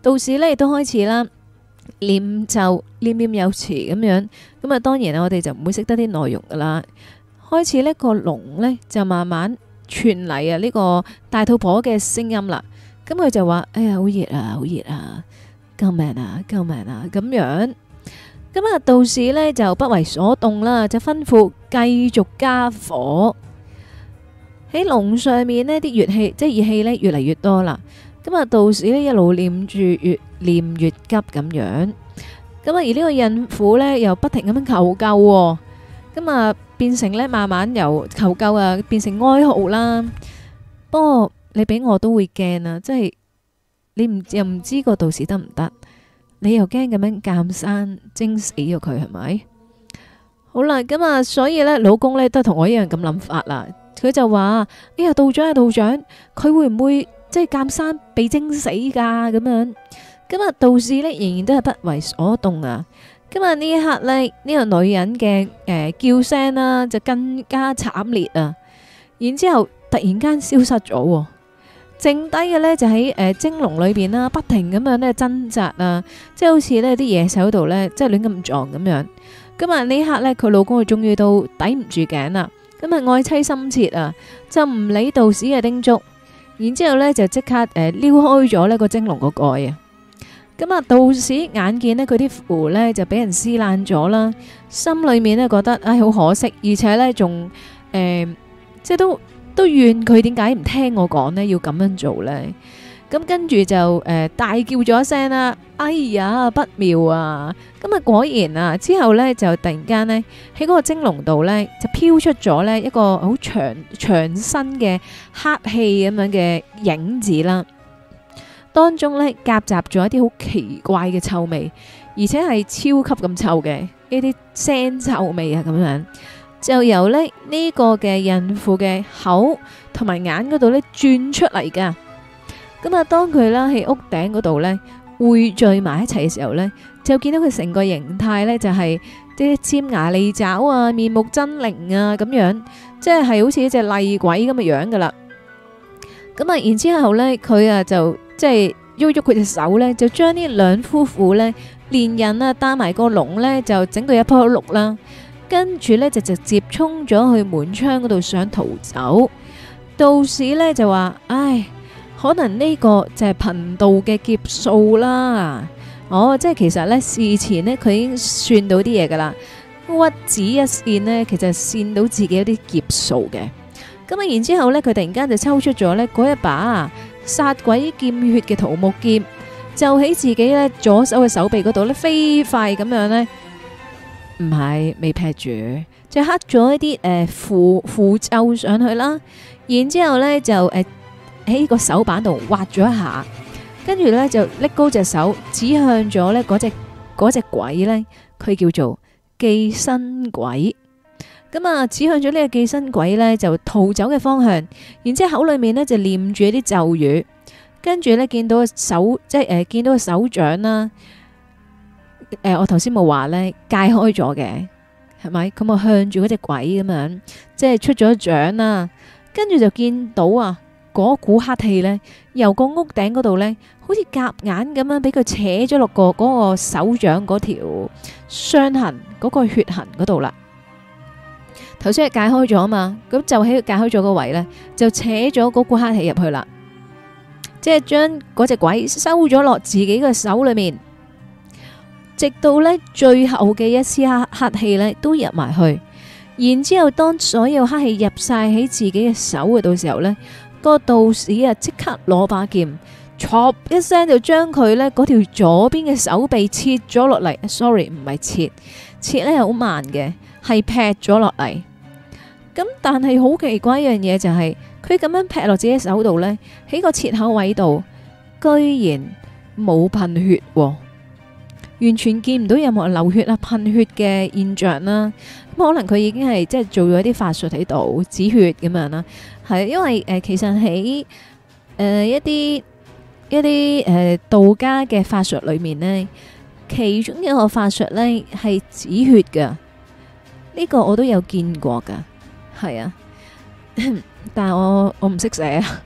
道士呢，亦都開始啦，念咒念念有詞咁樣。咁啊，當然啊，我哋就唔會識得啲內容噶啦。開始呢個籠呢，就慢慢。傳嚟啊！呢個大肚婆嘅聲音啦，咁佢就話：，哎呀，好熱啊，好熱啊，救命啊，救命啊！咁樣，咁啊，道士呢就不為所動啦，就吩咐繼續加火，喺籠上面呢啲熱氣，即係熱氣呢越嚟越多啦。咁啊，道士呢一路念住越念越急咁樣，咁啊而呢個孕婦呢又不停咁樣求救啊。咁啊，變成咧慢慢由求救啊，變成哀號啦。不過你俾我都會驚啊，即係你唔又唔知個道士得唔得，你又驚咁樣鑒山蒸死咗佢係咪？好啦，咁啊，所以咧，老公咧都同我一樣咁諗法啦。佢就話：，呢個，道長啊，道長，佢會唔會即係鑒山被蒸死噶？咁樣，咁啊，道士咧仍然都係不為所動啊。今日呢一刻呢，呢、這個女人嘅誒、呃、叫聲啦，就更加慘烈啊！然之後突然間消失咗，剩低嘅呢，就喺誒蒸籠裏邊啦，不停咁、就是就是、樣呢掙扎啊，即係好似呢啲野獸度呢，即係亂咁撞咁樣。今日呢一刻呢，佢老公佢終於都抵唔住頸啦。今日愛妻心切啊，就唔理道士嘅叮囑，然之後呢，就即刻誒撩開咗呢個蒸籠個蓋啊！咁啊，道士眼見呢佢啲符呢就俾人撕爛咗啦，心裏面呢覺得唉好可惜，而且呢仲誒即係都都怨佢點解唔聽我講呢，要咁樣做呢？咁跟住就誒大叫咗一聲啦！哎呀，不妙啊！咁啊果然啊之後呢就突然間呢喺嗰個蒸籠度呢就飄出咗呢一個好長長身嘅黑氣咁樣嘅影子啦。當中咧夾雜咗一啲好奇怪嘅臭味，而且係超級咁臭嘅一啲腥臭味啊，咁樣就由咧呢個嘅孕婦嘅口同埋眼嗰度咧轉出嚟噶。咁啊，當佢啦喺屋頂嗰度咧匯聚埋一齊嘅時候咧，就見到佢成個形態咧就係啲尖牙利爪啊、面目猙獰啊咁樣，即係係好似一隻厲鬼咁嘅樣噶啦。咁啊，然之後咧，佢啊就。即係喐喐佢隻手呢，就將呢兩夫婦呢連人啊，帶埋個籠呢，就整到一樖木啦。跟住呢，就直接衝咗去門窗嗰度想逃走。道士呢就話，唉，可能呢個就係貧道嘅劫數啦。哦，即係其實呢，事前呢，佢已經算到啲嘢噶啦，屈指一線呢，其實算到自己有啲劫數嘅。咁啊，然之後呢佢突然間就抽出咗呢嗰一把。殺鬼劍血嘅桃木劍，就喺自己咧左手嘅手臂嗰度咧，飛快咁樣咧，唔係未劈住，就刻咗一啲誒符符咒上去啦。然之後咧就誒喺個手板度挖咗一下，跟住咧就拎高隻手指向咗咧嗰隻嗰隻鬼咧，佢叫做寄生鬼。咁啊，指、嗯、向咗呢個寄生鬼咧，就逃走嘅方向，然之後口裏面咧就念住一啲咒語，跟住咧見到個手，即係誒、呃，見到個手掌啦，誒、呃，我頭先冇話咧解開咗嘅，係咪？咁啊向住嗰隻鬼咁樣，即係出咗掌啦，跟住就見到啊，嗰股黑氣咧，由個屋頂嗰度咧，好似夾硬咁樣，俾佢扯咗落個嗰個手掌嗰條傷痕，嗰、嗰個血痕嗰度啦。頭先係解開咗啊嘛，咁就喺解開咗個位呢，就扯咗嗰股黑氣入去啦，即係將嗰隻鬼收咗落自己嘅手裏面，直到呢最後嘅一絲黑黑氣呢都入埋去，然之後當所有黑氣入晒喺自己嘅手嘅時候呢，個道士啊即刻攞把劍，戳一聲就將佢呢嗰條左邊嘅手臂切咗落嚟，sorry 唔係切，切呢好慢嘅，係劈咗落嚟。咁但係好奇怪一樣嘢就係佢咁樣劈落自己手度咧，喺個切口位度，居然冇噴血，完全見唔到任何流血啊噴血嘅現象啦。咁可能佢已經係即係做咗啲法術喺度止血咁樣啦。係因為誒，其實喺誒一啲一啲誒道家嘅法術裏面咧，其中一個法術咧係止血噶，呢個我都有見過噶。係啊，但係我我唔識寫啊，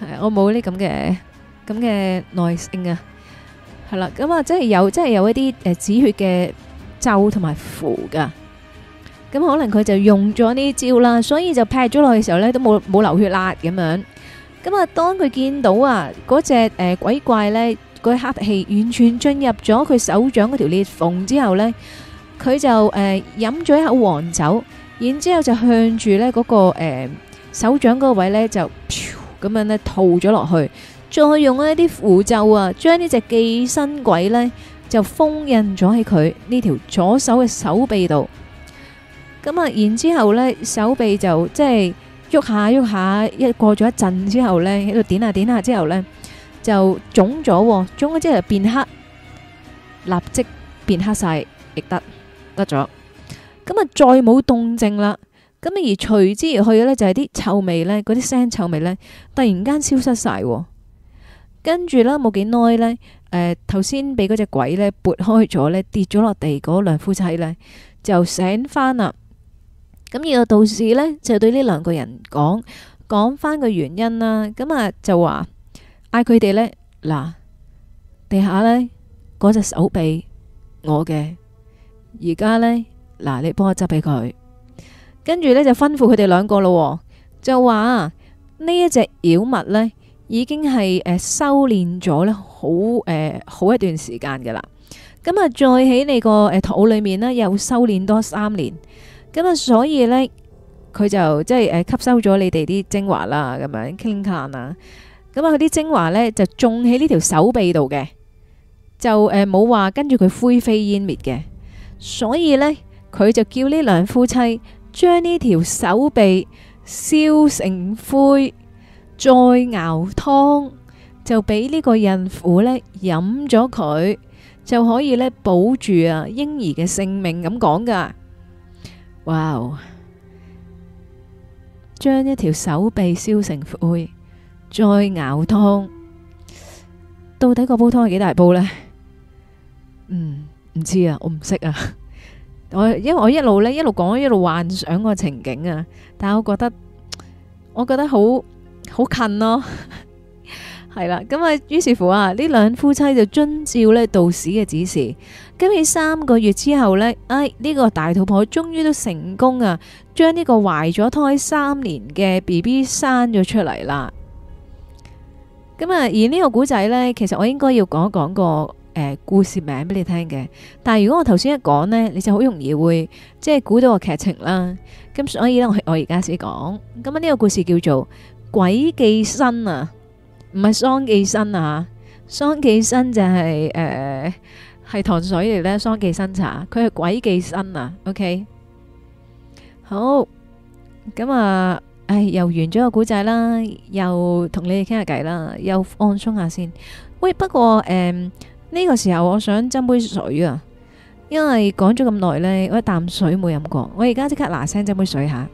係我冇呢咁嘅咁嘅耐性啊，係啦，咁啊即係有即係有一啲誒止血嘅咒同埋符噶，咁可能佢就用咗呢招啦，所以就劈咗落去嘅時候咧都冇冇流血啦咁樣，咁啊當佢見到啊嗰隻誒鬼怪咧嗰啲黑氣完全進入咗佢手掌嗰條裂縫之後咧，佢就誒飲咗一口黃酒。然之後就向住呢嗰、嗰個誒、呃、手掌嗰個位呢，就咁樣呢套咗落去，再用一啲符咒啊，將呢隻寄生鬼呢就封印咗喺佢呢條左手嘅手臂度。咁啊，然之後呢手臂就即係喐下喐下，下，一過咗一陣之後呢，喺度點下點下之後呢，就腫咗、哦，腫咗之後變黑，立即變黑晒，亦得得咗。咁啊，再冇動靜啦，咁而隨之而去嘅呢，就係啲臭味呢。嗰啲腥臭味呢，突然間消失晒喎。跟住啦，冇幾耐呢，誒，頭先俾嗰隻鬼呢撥開咗呢，跌咗落地嗰兩夫妻呢，就醒翻啦。咁呢個道士呢，就對呢兩個人講，講翻個原因啦。咁啊就話嗌佢哋呢：「嗱，地下呢，嗰隻手臂我嘅，而家呢。嗱，你幫我執俾佢，跟住呢，就吩咐佢哋兩個咯、哦，就話呢一隻妖物呢，已經係誒、呃、修煉咗咧好誒、呃、好一段時間噶啦，咁、嗯、啊再喺你個誒肚裏面呢，又修煉多三年，咁、嗯、啊所以呢，佢就即係誒、呃、吸收咗你哋啲精華啦，咁樣傾談啊，咁啊佢啲精華呢，就種喺呢條手臂度嘅，就誒冇話跟住佢灰飛煙滅嘅，所以呢。佢就叫呢兩夫妻將呢條手臂燒成灰，再熬湯，就俾呢個孕婦呢飲咗佢，就可以呢保住啊嬰兒嘅性命。咁講噶，哇！將一條手臂燒成灰，再熬湯，到底個煲湯係幾大煲呢？嗯，唔知啊，我唔識啊。我因為我一路咧，一路講，一路幻想個情景啊，但係我覺得我覺得好好近咯，係 啦，咁啊於是乎啊呢兩夫妻就遵照呢道士嘅指示，跟住三個月之後呢，哎呢個大肚婆終於都成功啊，將呢個懷咗胎三年嘅 B B 生咗出嚟啦，咁啊而呢個古仔呢，其實我應該要講一講個。誒，故事名俾你聽嘅，但係如果我頭先一講咧，你就好容易會即係估到個劇情啦。咁所以咧，我我而家先講。咁啊，呢個故事叫做鬼寄生啊，唔係桑寄生啊，桑寄生就係誒係糖水嚟咧，桑寄生茶，佢係鬼寄生啊。OK，好，咁啊，唉，又完咗個古仔啦，又同你哋傾下偈啦，又放鬆下先。喂，不過誒。呢個時候我想斟杯水啊，因為講咗咁耐咧，我一啖水冇飲過，我而家即刻嗱聲斟杯水吓。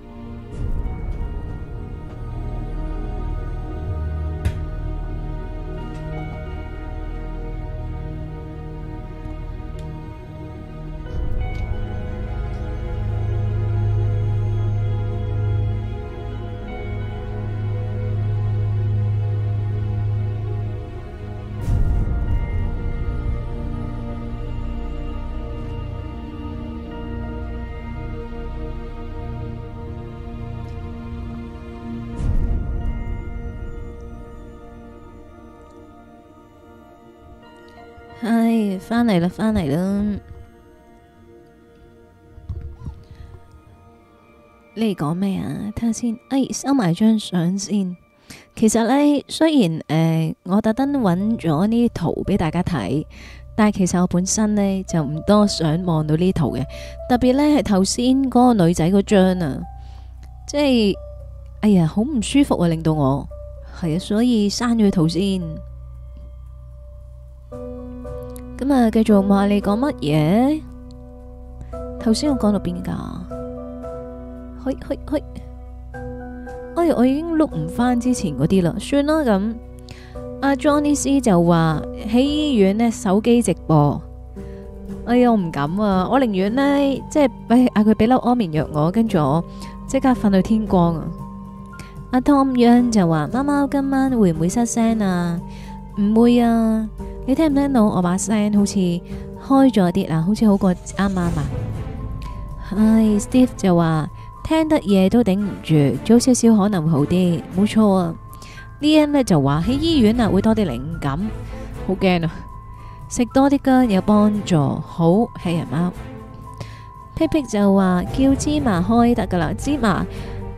翻嚟啦，翻嚟啦！你哋講咩啊？睇下先，哎，收埋張相先。其實呢，雖然誒、呃，我特登揾咗呢圖俾大家睇，但係其實我本身呢就唔多想望到呢圖嘅。特別呢係頭先嗰個女仔嗰張啊，即係哎呀，好唔舒服啊，令到我係啊、哎，所以刪咗圖先。咁啊，繼續話你講乜嘢？頭先我講到邊噶？去去去！哎，我已經碌唔翻之前嗰啲啦，算啦咁。阿 Johnny C 就話喺醫院呢手機直播。哎呀，我唔敢啊！我寧願呢，即係喂，嗌佢俾粒安眠藥我，跟住我即刻瞓到天光啊！阿 Tom Young 就話：貓貓今晚會唔會失聲啊？唔會啊！你聽唔聽到？我把聲好似開咗啲啦，好似好過啱啱嘛？唉、哎、，Steve 就話聽得夜都頂唔住，早少少可能會好啲，冇錯啊。Lian 呢就話喺醫院啊會多啲靈感，好驚啊！食多啲薑有幫助，好喜人貓。Pip 就話叫芝麻開得㗎喇，芝麻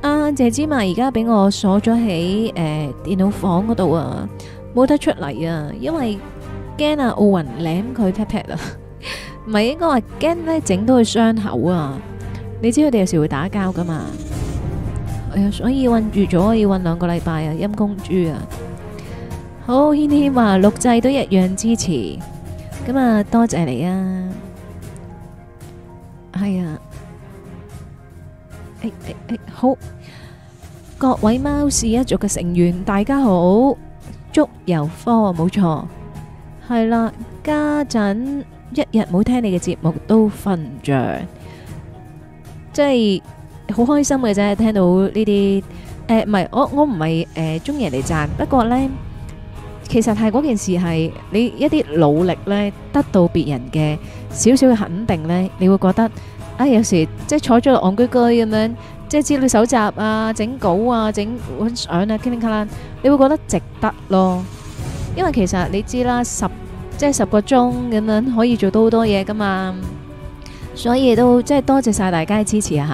啊，謝芝麻而家俾我鎖咗喺誒電腦房嗰度啊，冇得出嚟啊，因為。驚啊！奧運舐佢踢踢啊，唔係應該話驚咧，整到佢傷口啊！你知佢哋有時會打交噶嘛？哎呀，所以困住咗要困兩個禮拜啊，陰公豬啊！好軒軒話錄製都一樣支持，咁啊多謝你啊，係啊，誒誒誒，好，各位貓氏一族嘅成員，大家好，足油科冇錯。係啦，家陣一日冇聽你嘅節目都瞓唔着，即係好開心嘅啫。聽到呢啲誒，唔係我我唔係誒，中意人哋讚。不過咧，其實係嗰件事係你一啲努力咧，得到別人嘅少少嘅肯定咧，你會覺得啊，有時即係坐咗落戇居居咁樣，即係資料搜集啊、整稿啊、整搵相啊、嘰里卡啦，你會覺得值得咯。因為其實你知啦，十。即係十個鐘咁樣可以做到好多嘢㗎嘛，所以也都即係多謝晒大家嘅支持啊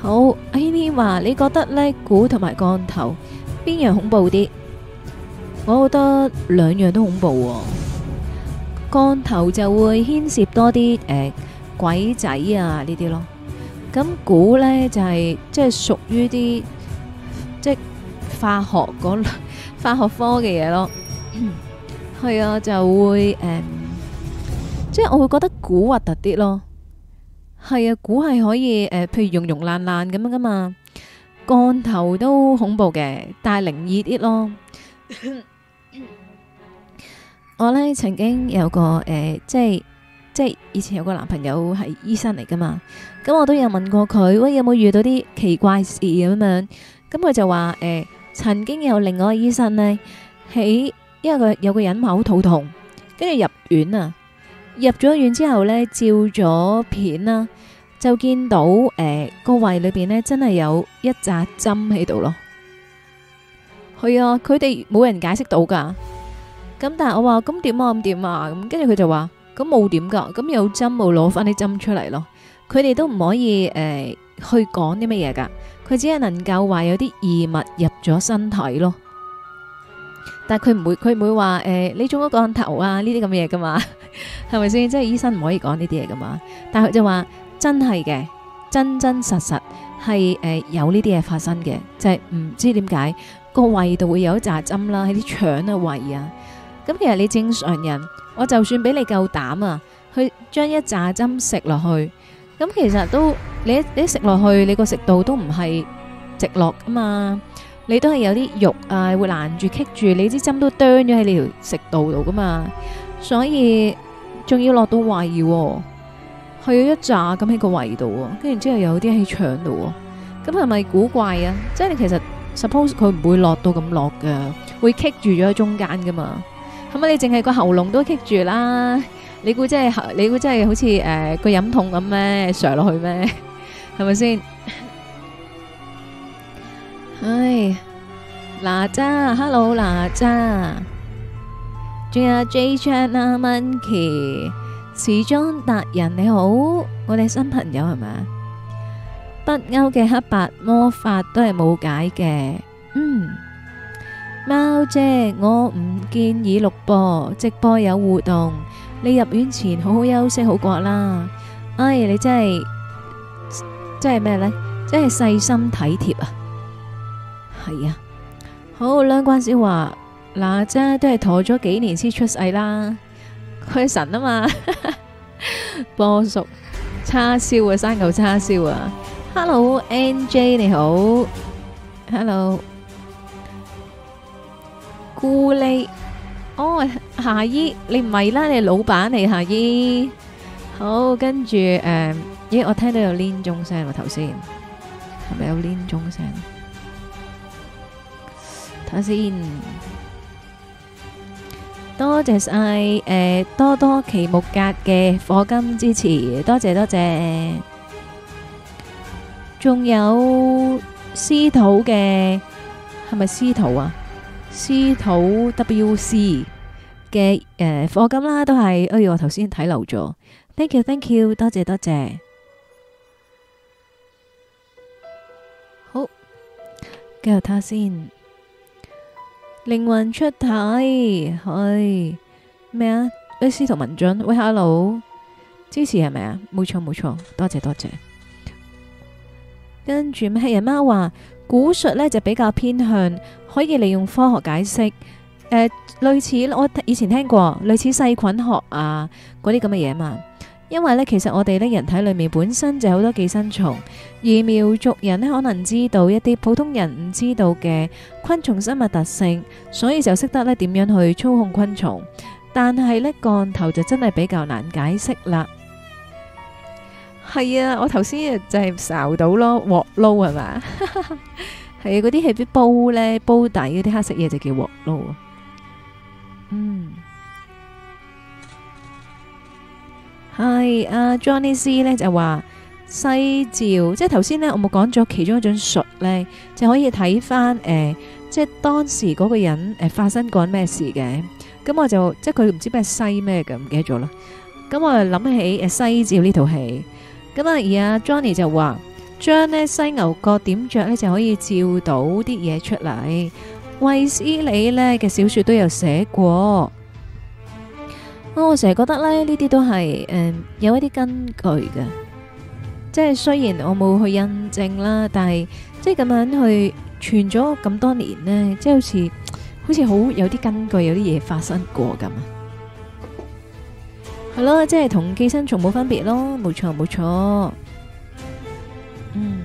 吓。好，阿軒軒話你覺得呢？蠱同埋降頭邊樣恐怖啲？我覺得兩樣都恐怖喎、哦。降頭就會牽涉多啲誒、欸、鬼仔啊呢啲咯，咁蠱呢，就係、是、即係屬於啲即係化學嗰、那、類、個、化學科嘅嘢咯。係啊，就會誒、呃，即係我會覺得古核突啲咯。係啊，古係可以誒、呃，譬如溶溶爛爛咁樣噶嘛，降頭都恐怖嘅，但係靈異啲咯。 我呢曾經有個誒、呃，即係即係以前有個男朋友係醫生嚟噶嘛，咁我都有問過佢，喂，有冇遇到啲奇怪事咁樣？咁佢就話誒、呃，曾經有另外一個醫生呢，喺。因為有個人話好肚痛，跟住入院啊，入咗院之後呢，照咗片啦，就見到誒、呃、個胃裏邊呢，真係有一紮針喺度咯。係啊，佢哋冇人解釋到噶。咁但係我話咁點啊咁點啊咁，跟住佢就話咁冇點噶，咁有針冇攞翻啲針出嚟咯。佢哋都唔可以誒、呃、去講啲乜嘢噶，佢只係能夠話有啲異物入咗身體咯。但係佢唔會，佢唔會話誒你中咗降頭啊，呢啲咁嘅嘢噶嘛，係咪先？即係醫生唔可以講呢啲嘢噶嘛。但係佢就話真係嘅，真真實實係誒有呢啲嘢發生嘅，就係唔知點解個胃度會有一扎針啦，喺啲腸啊胃啊。咁其實你正常人，我就算俾你夠膽啊，去將一扎針食落去，咁其實都你你食落去，你個食道都唔係直落噶嘛。你都係有啲肉啊，會攔住棘住，你支針都啄咗喺你條食道度噶嘛，所以仲要落到胃、啊，去咗一紮咁喺個胃度、啊，跟住之後有啲喺腸度，咁係咪古怪啊？即係你其實 suppose 佢唔會落到咁落噶，會棘住咗喺中間噶嘛？咁你淨係個喉嚨都棘住啦，你估真係你估真係好似誒、呃、個飲筒咁咩？索落去咩？係咪先？唉、哎，哪吒，hello，哪吒，仲有 J channel 啊，monkey，時裝達人你好，我哋新朋友係咪？北歐嘅黑白魔法都係冇解嘅。嗯，貓姐，我唔建議錄播，直播有互動。你入院前好好休息，好過啦。唉、哎，你真係真係咩呢？真係細心體貼啊！係啊，好兩關少話，哪吒都係陀咗幾年先出世啦。佢神啊嘛，波熟叉燒啊，山牛叉燒啊。Hello，N J 你好，Hello，顧麗，哦，夏姨，你唔係啦，你老闆嚟夏姨。好，跟住誒，咦，我聽到有 link 鐘聲喎，頭先係咪有 link 鐘聲？先多謝晒誒，多多奇木格嘅課金支持，多謝多謝。仲有司徒嘅，係咪司徒啊？司徒 W C 嘅，誒，課金啦，都係哎呀，我頭先睇漏咗。Thank you，Thank you，多謝多謝。好，繼續睇先。靈魂出體，去咩啊？誒，司徒文進，喂，hello，支持係咪啊？冇錯冇錯，多謝多謝。跟住咩人貓話古術咧就比較偏向可以利用科學解釋，誒、呃，類似我以前聽過類似細菌學啊嗰啲咁嘅嘢嘛。因為咧，其實我哋咧人體裏面本身就好多寄生蟲，而苗族人咧可能知道一啲普通人唔知道嘅昆蟲生物特性，所以就識得咧點樣去操控昆蟲。但係咧，降頭就真係比較難解釋啦。係啊，我頭先就係勺到咯，鑊撈係嘛？係啊，嗰啲係啲煲咧煲底嗰啲黑色嘢就叫鑊撈啊。嗯。係阿 Johnny C 咧就話犀照，即係頭先咧我冇講咗其中一種術咧，就可以睇翻誒，即係當時嗰個人誒發生過咩事嘅，咁我就即係佢唔知咩西咩嘅，唔記得咗啦。咁我就諗起誒犀照呢套戲，咁啊而阿 Johnny 就話將咧犀牛角點著咧就可以照到啲嘢出嚟，衛斯理咧嘅小說都有寫過。我成日覺得咧，呢啲都係誒、嗯、有一啲根據嘅，即係雖然我冇去印證啦，但係即係咁樣去傳咗咁多年呢，即係好似好似好有啲根據，有啲嘢發生過咁啊，係 咯，即係同寄生蟲冇分別咯，冇錯冇錯，嗯，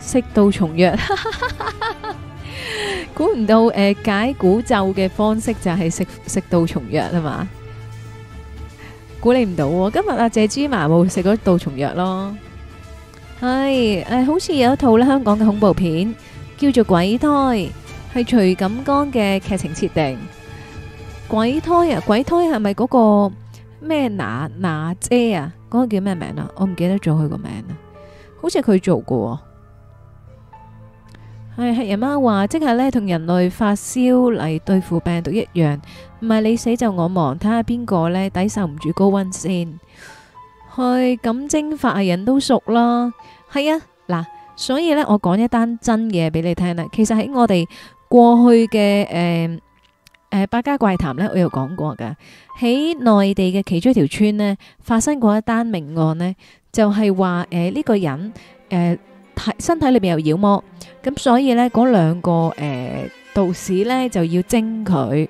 食到蟲藥。 估唔到誒，解古咒嘅方式就係食食杜蟲藥係嘛？估你唔到，今日阿謝芝麻冇食咗杜蟲藥咯。係誒，好似有一套咧香港嘅恐怖片叫做《鬼胎》，係徐錦江嘅劇情設定。《鬼胎》啊，《鬼胎》係咪嗰個咩娜娜姐啊？嗰個叫咩名啊？我唔記得咗佢個名啦，好似佢做過。係啊媽話，即係咧同人類發燒嚟對付病毒一樣，唔係你死就我亡，睇下邊個咧抵受唔住高溫先去噉蒸發人都熟啦。係啊嗱，所以咧我講一單真嘢俾你聽啦。其實喺我哋過去嘅誒誒《百家怪談》咧，我有講過噶，喺內地嘅其中一條村咧發生過一單命案咧，就係話誒呢個人誒體身體裏邊有妖魔。咁所以呢，嗰兩個誒、呃、道士呢就要蒸佢，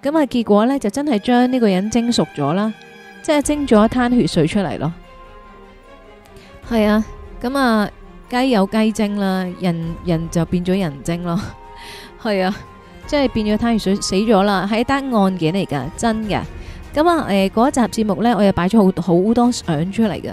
咁啊結果呢，就真係將呢個人蒸熟咗啦，即係蒸咗一攤血水出嚟咯。係啊，咁啊雞有雞精啦，人人就變咗人精咯。係 啊，即係變咗攤血水死咗啦，係單案件嚟噶，真嘅。咁啊誒嗰、呃、一集節目呢，我又擺咗好好多相出嚟噶，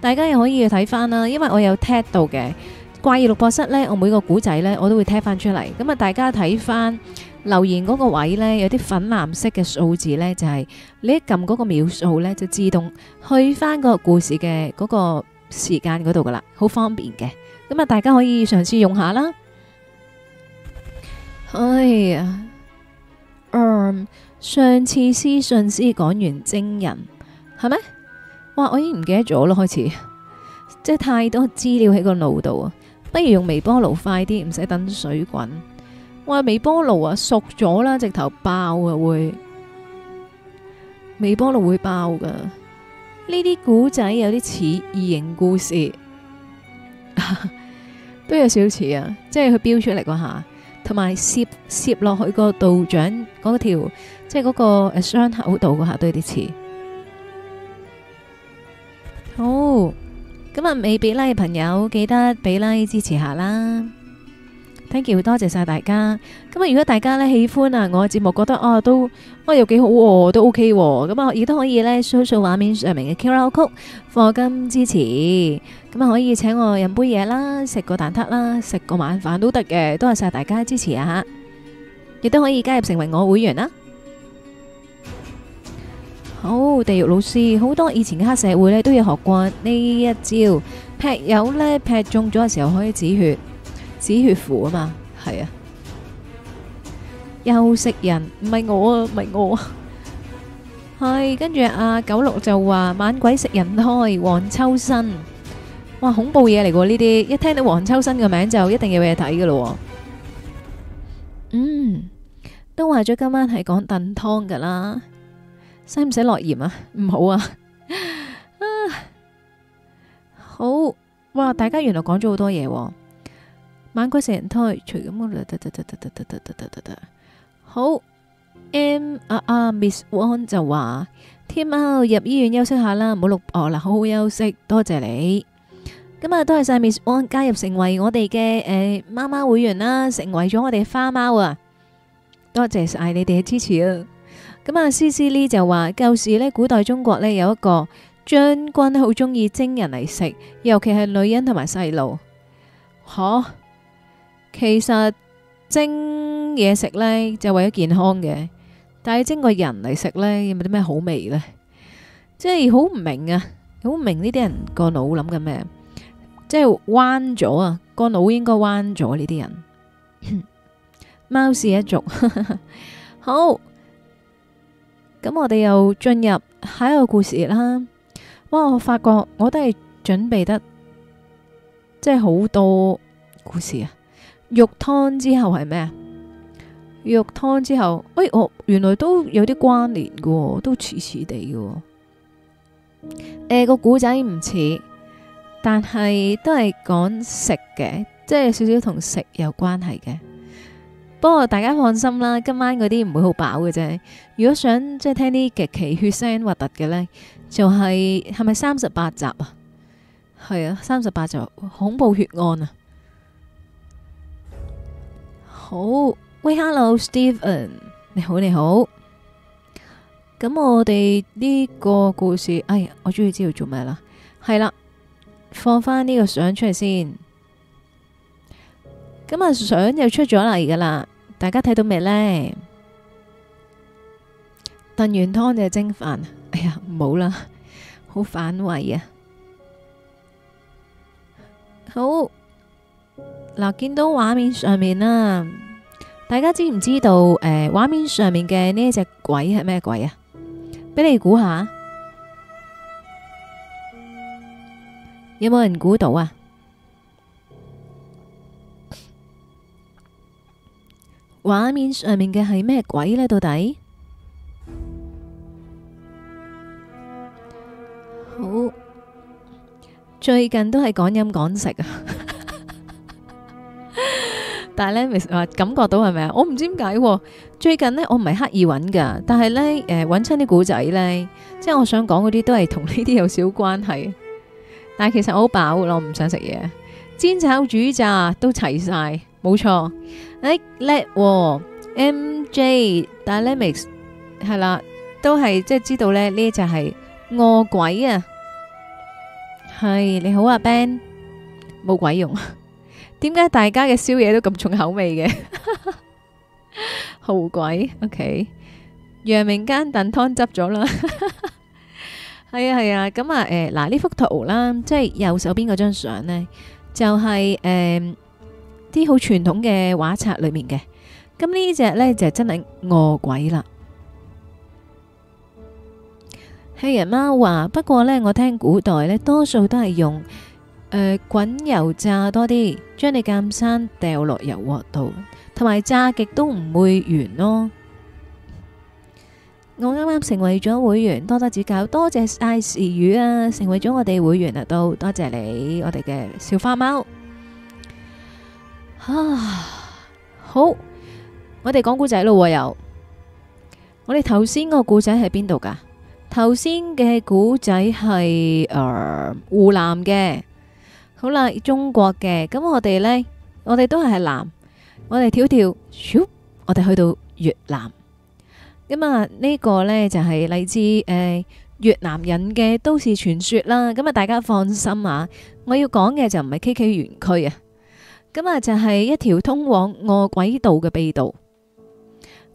大家又可以睇翻啦，因為我有 tag 到嘅。怪異錄播室呢，我每個古仔呢，我都會聽翻出嚟。咁啊，大家睇翻留言嗰個位呢，有啲粉藍色嘅數字呢，就係你一撳嗰個秒數呢，就自動去翻個故事嘅嗰個時間嗰度噶啦，好方便嘅。咁啊，大家可以嘗試用下啦。哎呀，嗯、呃，上次私信先講完精人，係咩？哇，我已經唔記得咗咯，開始，即係太多資料喺個腦度啊！不如用微波爐快啲，唔使等水滾。我話微波爐啊，熟咗啦，直頭爆啊會。微波爐會爆噶。呢啲古仔有啲似異形故事， 都有少少似啊。即係佢標出嚟嗰下，同埋攝攝落去個道長嗰條，即係嗰個誒傷口度嗰下都有啲似。好。咁啊，未俾 like 嘅朋友記得俾 like、like、支持下啦。Thank you，多謝晒大家。咁啊，如果大家呢喜歡啊，我嘅節目覺得哦、啊、都哦、啊、又幾好，都 OK 咁啊，亦都可以呢，show 咧掃掃畫面上面嘅 QR Code 課金支持。咁啊，可以請我飲杯嘢啦，食個蛋撻啦，食個晚飯都得嘅。多謝晒大家支持啊！吓，亦都可以加入成為我會員啦。好，地獄老師好多以前嘅黑社會咧，都要學過呢一招劈友咧，劈中咗嘅時候可以止血，止血符啊嘛，係啊。又食人唔係我啊，唔係我啊，係跟住阿九六就話猛鬼食人胎黃秋生，哇，恐怖嘢嚟噶呢啲，一聽到黃秋生嘅名就一定有嘢睇噶啦。嗯，都話咗今晚係講燉湯噶啦。使唔使落鹽啊？唔好啊！ 啊好哇！大家原來講咗好多嘢，哦，晚鬼成人胎，除咁，好 M 啊啊 Miss Won 就話，天貓，入醫院休息下啦，唔好錄哦，嗱、啊，好好休息，多謝，謝你。今、嗯、日多謝晒 Miss Won 加入成為我哋嘅誒貓貓會員啦，成為咗我哋花貓啊！多謝晒你哋嘅支持啊！咁啊，C C 呢就話，舊時呢古代中國呢有一個將軍好中意蒸人嚟食，尤其係女人同埋細路，吓、啊，其實蒸嘢食呢就為咗健康嘅，但係蒸個人嚟食呢有冇啲咩好味呢？即係好唔明啊，好唔明呢啲人個腦諗緊咩？即係彎咗啊，個腦應該彎咗呢啲人，貓 屎一族， 好。咁我哋又進入下一個故事啦。哇，我發覺我都係準備得即係好多故事啊。肉湯之後係咩啊？肉湯之後，喂、哎、我、哦、原來都有啲關聯嘅、哦，都似似地嘅、哦。誒、呃，個故仔唔似，但係都係講食嘅，即係少少同食有關係嘅。不過大家放心啦，今晚嗰啲唔會好飽嘅啫。如果想即係聽啲極其血腥核突嘅呢，就係係咪三十八集啊？係啊，三十八集恐怖血案啊！好，喂，Hello，Steven，你好你好。咁我哋呢個故事，哎呀，我終於知道做咩啦。係啦，啊，放翻呢個相出嚟先。咁啊，相又出咗嚟噶啦，大家睇到未咧？燉完湯就蒸飯，哎呀，唔好啦，好反胃啊！好，嗱，見到畫面上面啦，大家知唔知道？誒、呃，畫面上面嘅呢一隻鬼係咩鬼啊？畀你估下，有冇人估到啊？畫面上面嘅係咩鬼呢？到底？好，最近都係講飲講食啊！ 但係呢，啊感覺到係咪啊？我唔知點解最近呢，我唔係刻意揾噶，但係呢，誒揾親啲古仔呢，即係我想講嗰啲都係同呢啲有少關係。但係其實我好飽咯，我唔想食嘢，煎炒煮炸都齊晒，冇錯。誒叻喎，M J 但係咧 mix 係啦，都係即係知道咧呢隻係惡鬼啊！係你好啊 Ben，冇鬼用，點解大家嘅宵夜都咁重口味嘅？好鬼 OK，楊明間燉湯執咗啦，係啊係啊，咁啊誒嗱呢幅圖啦，即係右手邊嗰張相咧，就係誒。啲好傳統嘅畫冊裏面嘅，咁呢隻呢就真係餓鬼啦。黑、hey, 人貓話：，不過呢，我聽古代呢，多數都係用誒、呃、滾油炸多啲，將你監生掉落油鑊度，同埋炸極都唔會完咯。我啱啱成為咗會員，多謝指教，多謝晒時雨啊，成為咗我哋會員啊，都多謝你，我哋嘅小花貓。啊，好！我哋講古仔咯，又，我哋頭先個古仔係邊度噶？頭先嘅古仔係誒湖南嘅，好啦，中國嘅。咁我哋咧，我哋都係係南，我哋跳跳，我哋去到越南。咁啊，呢個咧就係嚟自誒越南人嘅都市傳說啦。咁啊，大家放心啊，我要講嘅就唔係 KK 園區啊。咁啊，就係一條通往餓鬼道嘅秘道。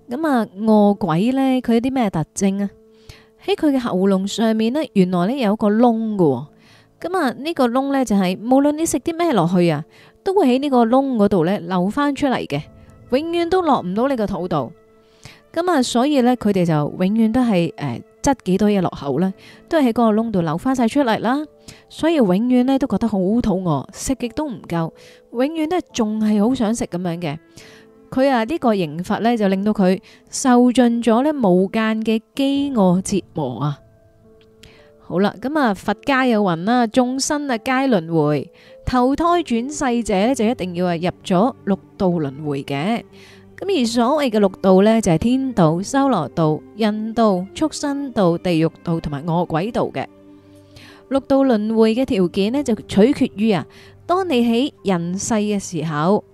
咁啊，餓鬼呢，佢有啲咩特徵啊？喺佢嘅喉嚨上面呢，原來呢有一個窿嘅。咁啊，呢、這個窿呢，就係、是、無論你食啲咩落去啊，都會喺呢個窿嗰度呢漏翻出嚟嘅，永遠都落唔到你個肚度。咁啊，所以呢，佢哋就永遠都係誒。呃執幾多嘢落口呢？都係喺嗰個窿度流翻晒出嚟啦，所以永遠呢，都覺得好肚餓，食極都唔夠，永遠呢仲係好想食咁樣嘅。佢啊呢個刑罰呢，就令到佢受盡咗呢無間嘅飢餓折磨啊。好啦，咁啊，佛家有云啦，眾生啊皆輪回，投胎轉世者呢，就一定要係入咗六道輪回嘅。咁而所謂嘅六道呢，就係天道、修羅道、人道、畜生道、地獄道同埋惡鬼道。嘅六道輪迴嘅條件呢，就取決於啊，當你喺人世嘅時候，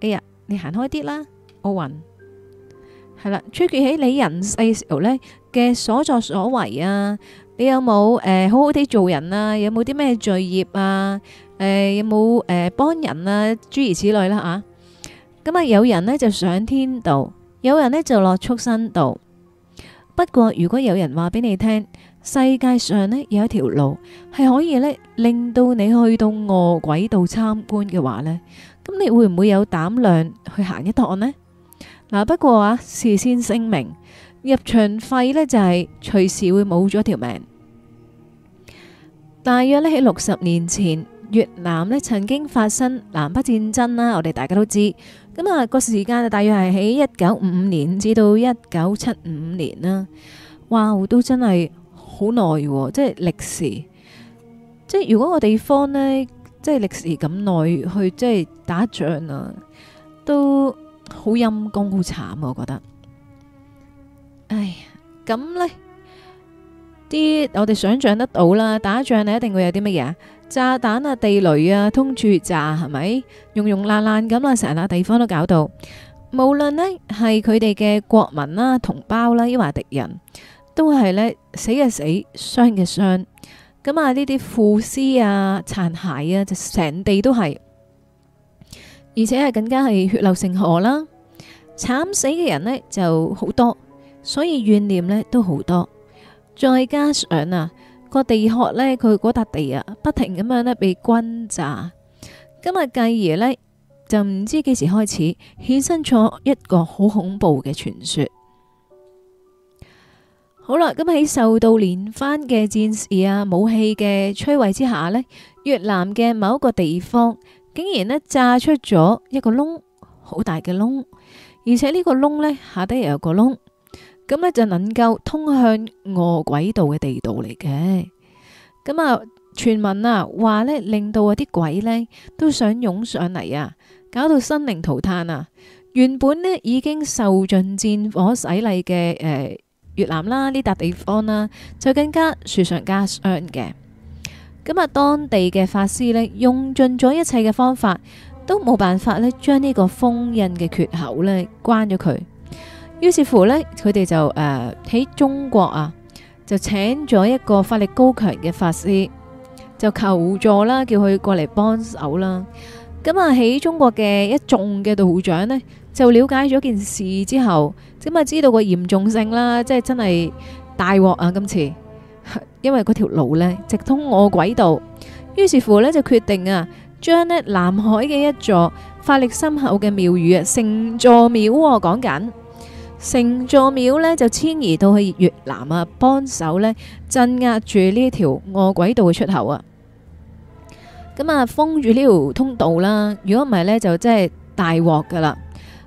哎呀，你行開啲啦，奧運，係啦，取決喺你人世嘅時候呢嘅所作所為啊，你有冇誒好好地做人啊？有冇啲咩罪業啊？誒，有冇誒幫人啊？諸如此類啦啊！咁啊，有人呢就上天道，有人呢就落畜生道。不過如果有人話俾你聽，世界上呢有一條路係可以呢令到你去到餓鬼道參觀嘅話呢，咁你會唔會有膽量去行一趟呢？嗱，不過啊，事先聲明，入場費呢就係隨時會冇咗條命。大約呢喺六十年前，越南呢曾經發生南北戰爭啦，我哋大家都知。咁啊，個時間就大約係喺一九五五年至到一九七五年啦。哇，都真係好耐喎，即係歷史。即係如果個地方呢，即係歷史咁耐去即係打仗啊，都好陰公，好慘，我覺得。唉，呀，咁呢，啲我哋想象得到啦，打仗你一定會有啲乜嘢？炸彈啊、地雷啊，通處炸係咪？庸庸爛爛咁啦，成笪地方都搞到。無論呢係佢哋嘅國民啦、啊、同胞啦、啊，亦或敵人，都係呢死嘅死、傷嘅傷。咁啊，呢啲腐屍啊、殘骸啊，就成地都係。而且係更加係血流成河啦，慘死嘅人呢就好多，所以怨念呢都好多。再加上啊。個地殼呢，佢嗰笪地啊，不停咁樣呢被轟炸。今日繼而呢，就唔知幾時開始，衍生咗一個好恐怖嘅傳說。好啦，咁喺受到連番嘅戰士啊、武器嘅摧毀之下呢，越南嘅某一個地方竟然呢炸出咗一個窿，好大嘅窿，而且個呢個窿呢下底又有個窿。咁呢，就能夠通向餓鬼道嘅地道嚟嘅，咁啊傳聞啊話呢，令到嗰啲鬼呢都想湧上嚟啊，搞到生靈塗炭啊！原本呢已經受盡戰火洗禮嘅誒、呃、越南啦呢笪地方啦，就更加雪上加霜嘅。咁啊，當地嘅法師呢，用盡咗一切嘅方法，都冇辦法呢將呢個封印嘅缺口呢關咗佢。於是乎呢，佢哋就誒喺中國啊，就請咗一個法力高強嘅法師，就求助啦，叫佢過嚟幫手啦。咁啊喺中國嘅一眾嘅道長呢，就了解咗件事之後，咁啊知道個嚴重性啦，即係真係大鑊啊！今次，因為嗰條路呢直通惡鬼道，於是乎呢就決定啊，將呢南海嘅一座法力深厚嘅廟宇啊，成座廟喎，講緊。成座廟呢，就遷移到去越南啊，幫手呢，鎮壓住呢條惡鬼道嘅出口啊。咁啊，封住呢條通道啦。如果唔係呢，就真係大鑊噶啦。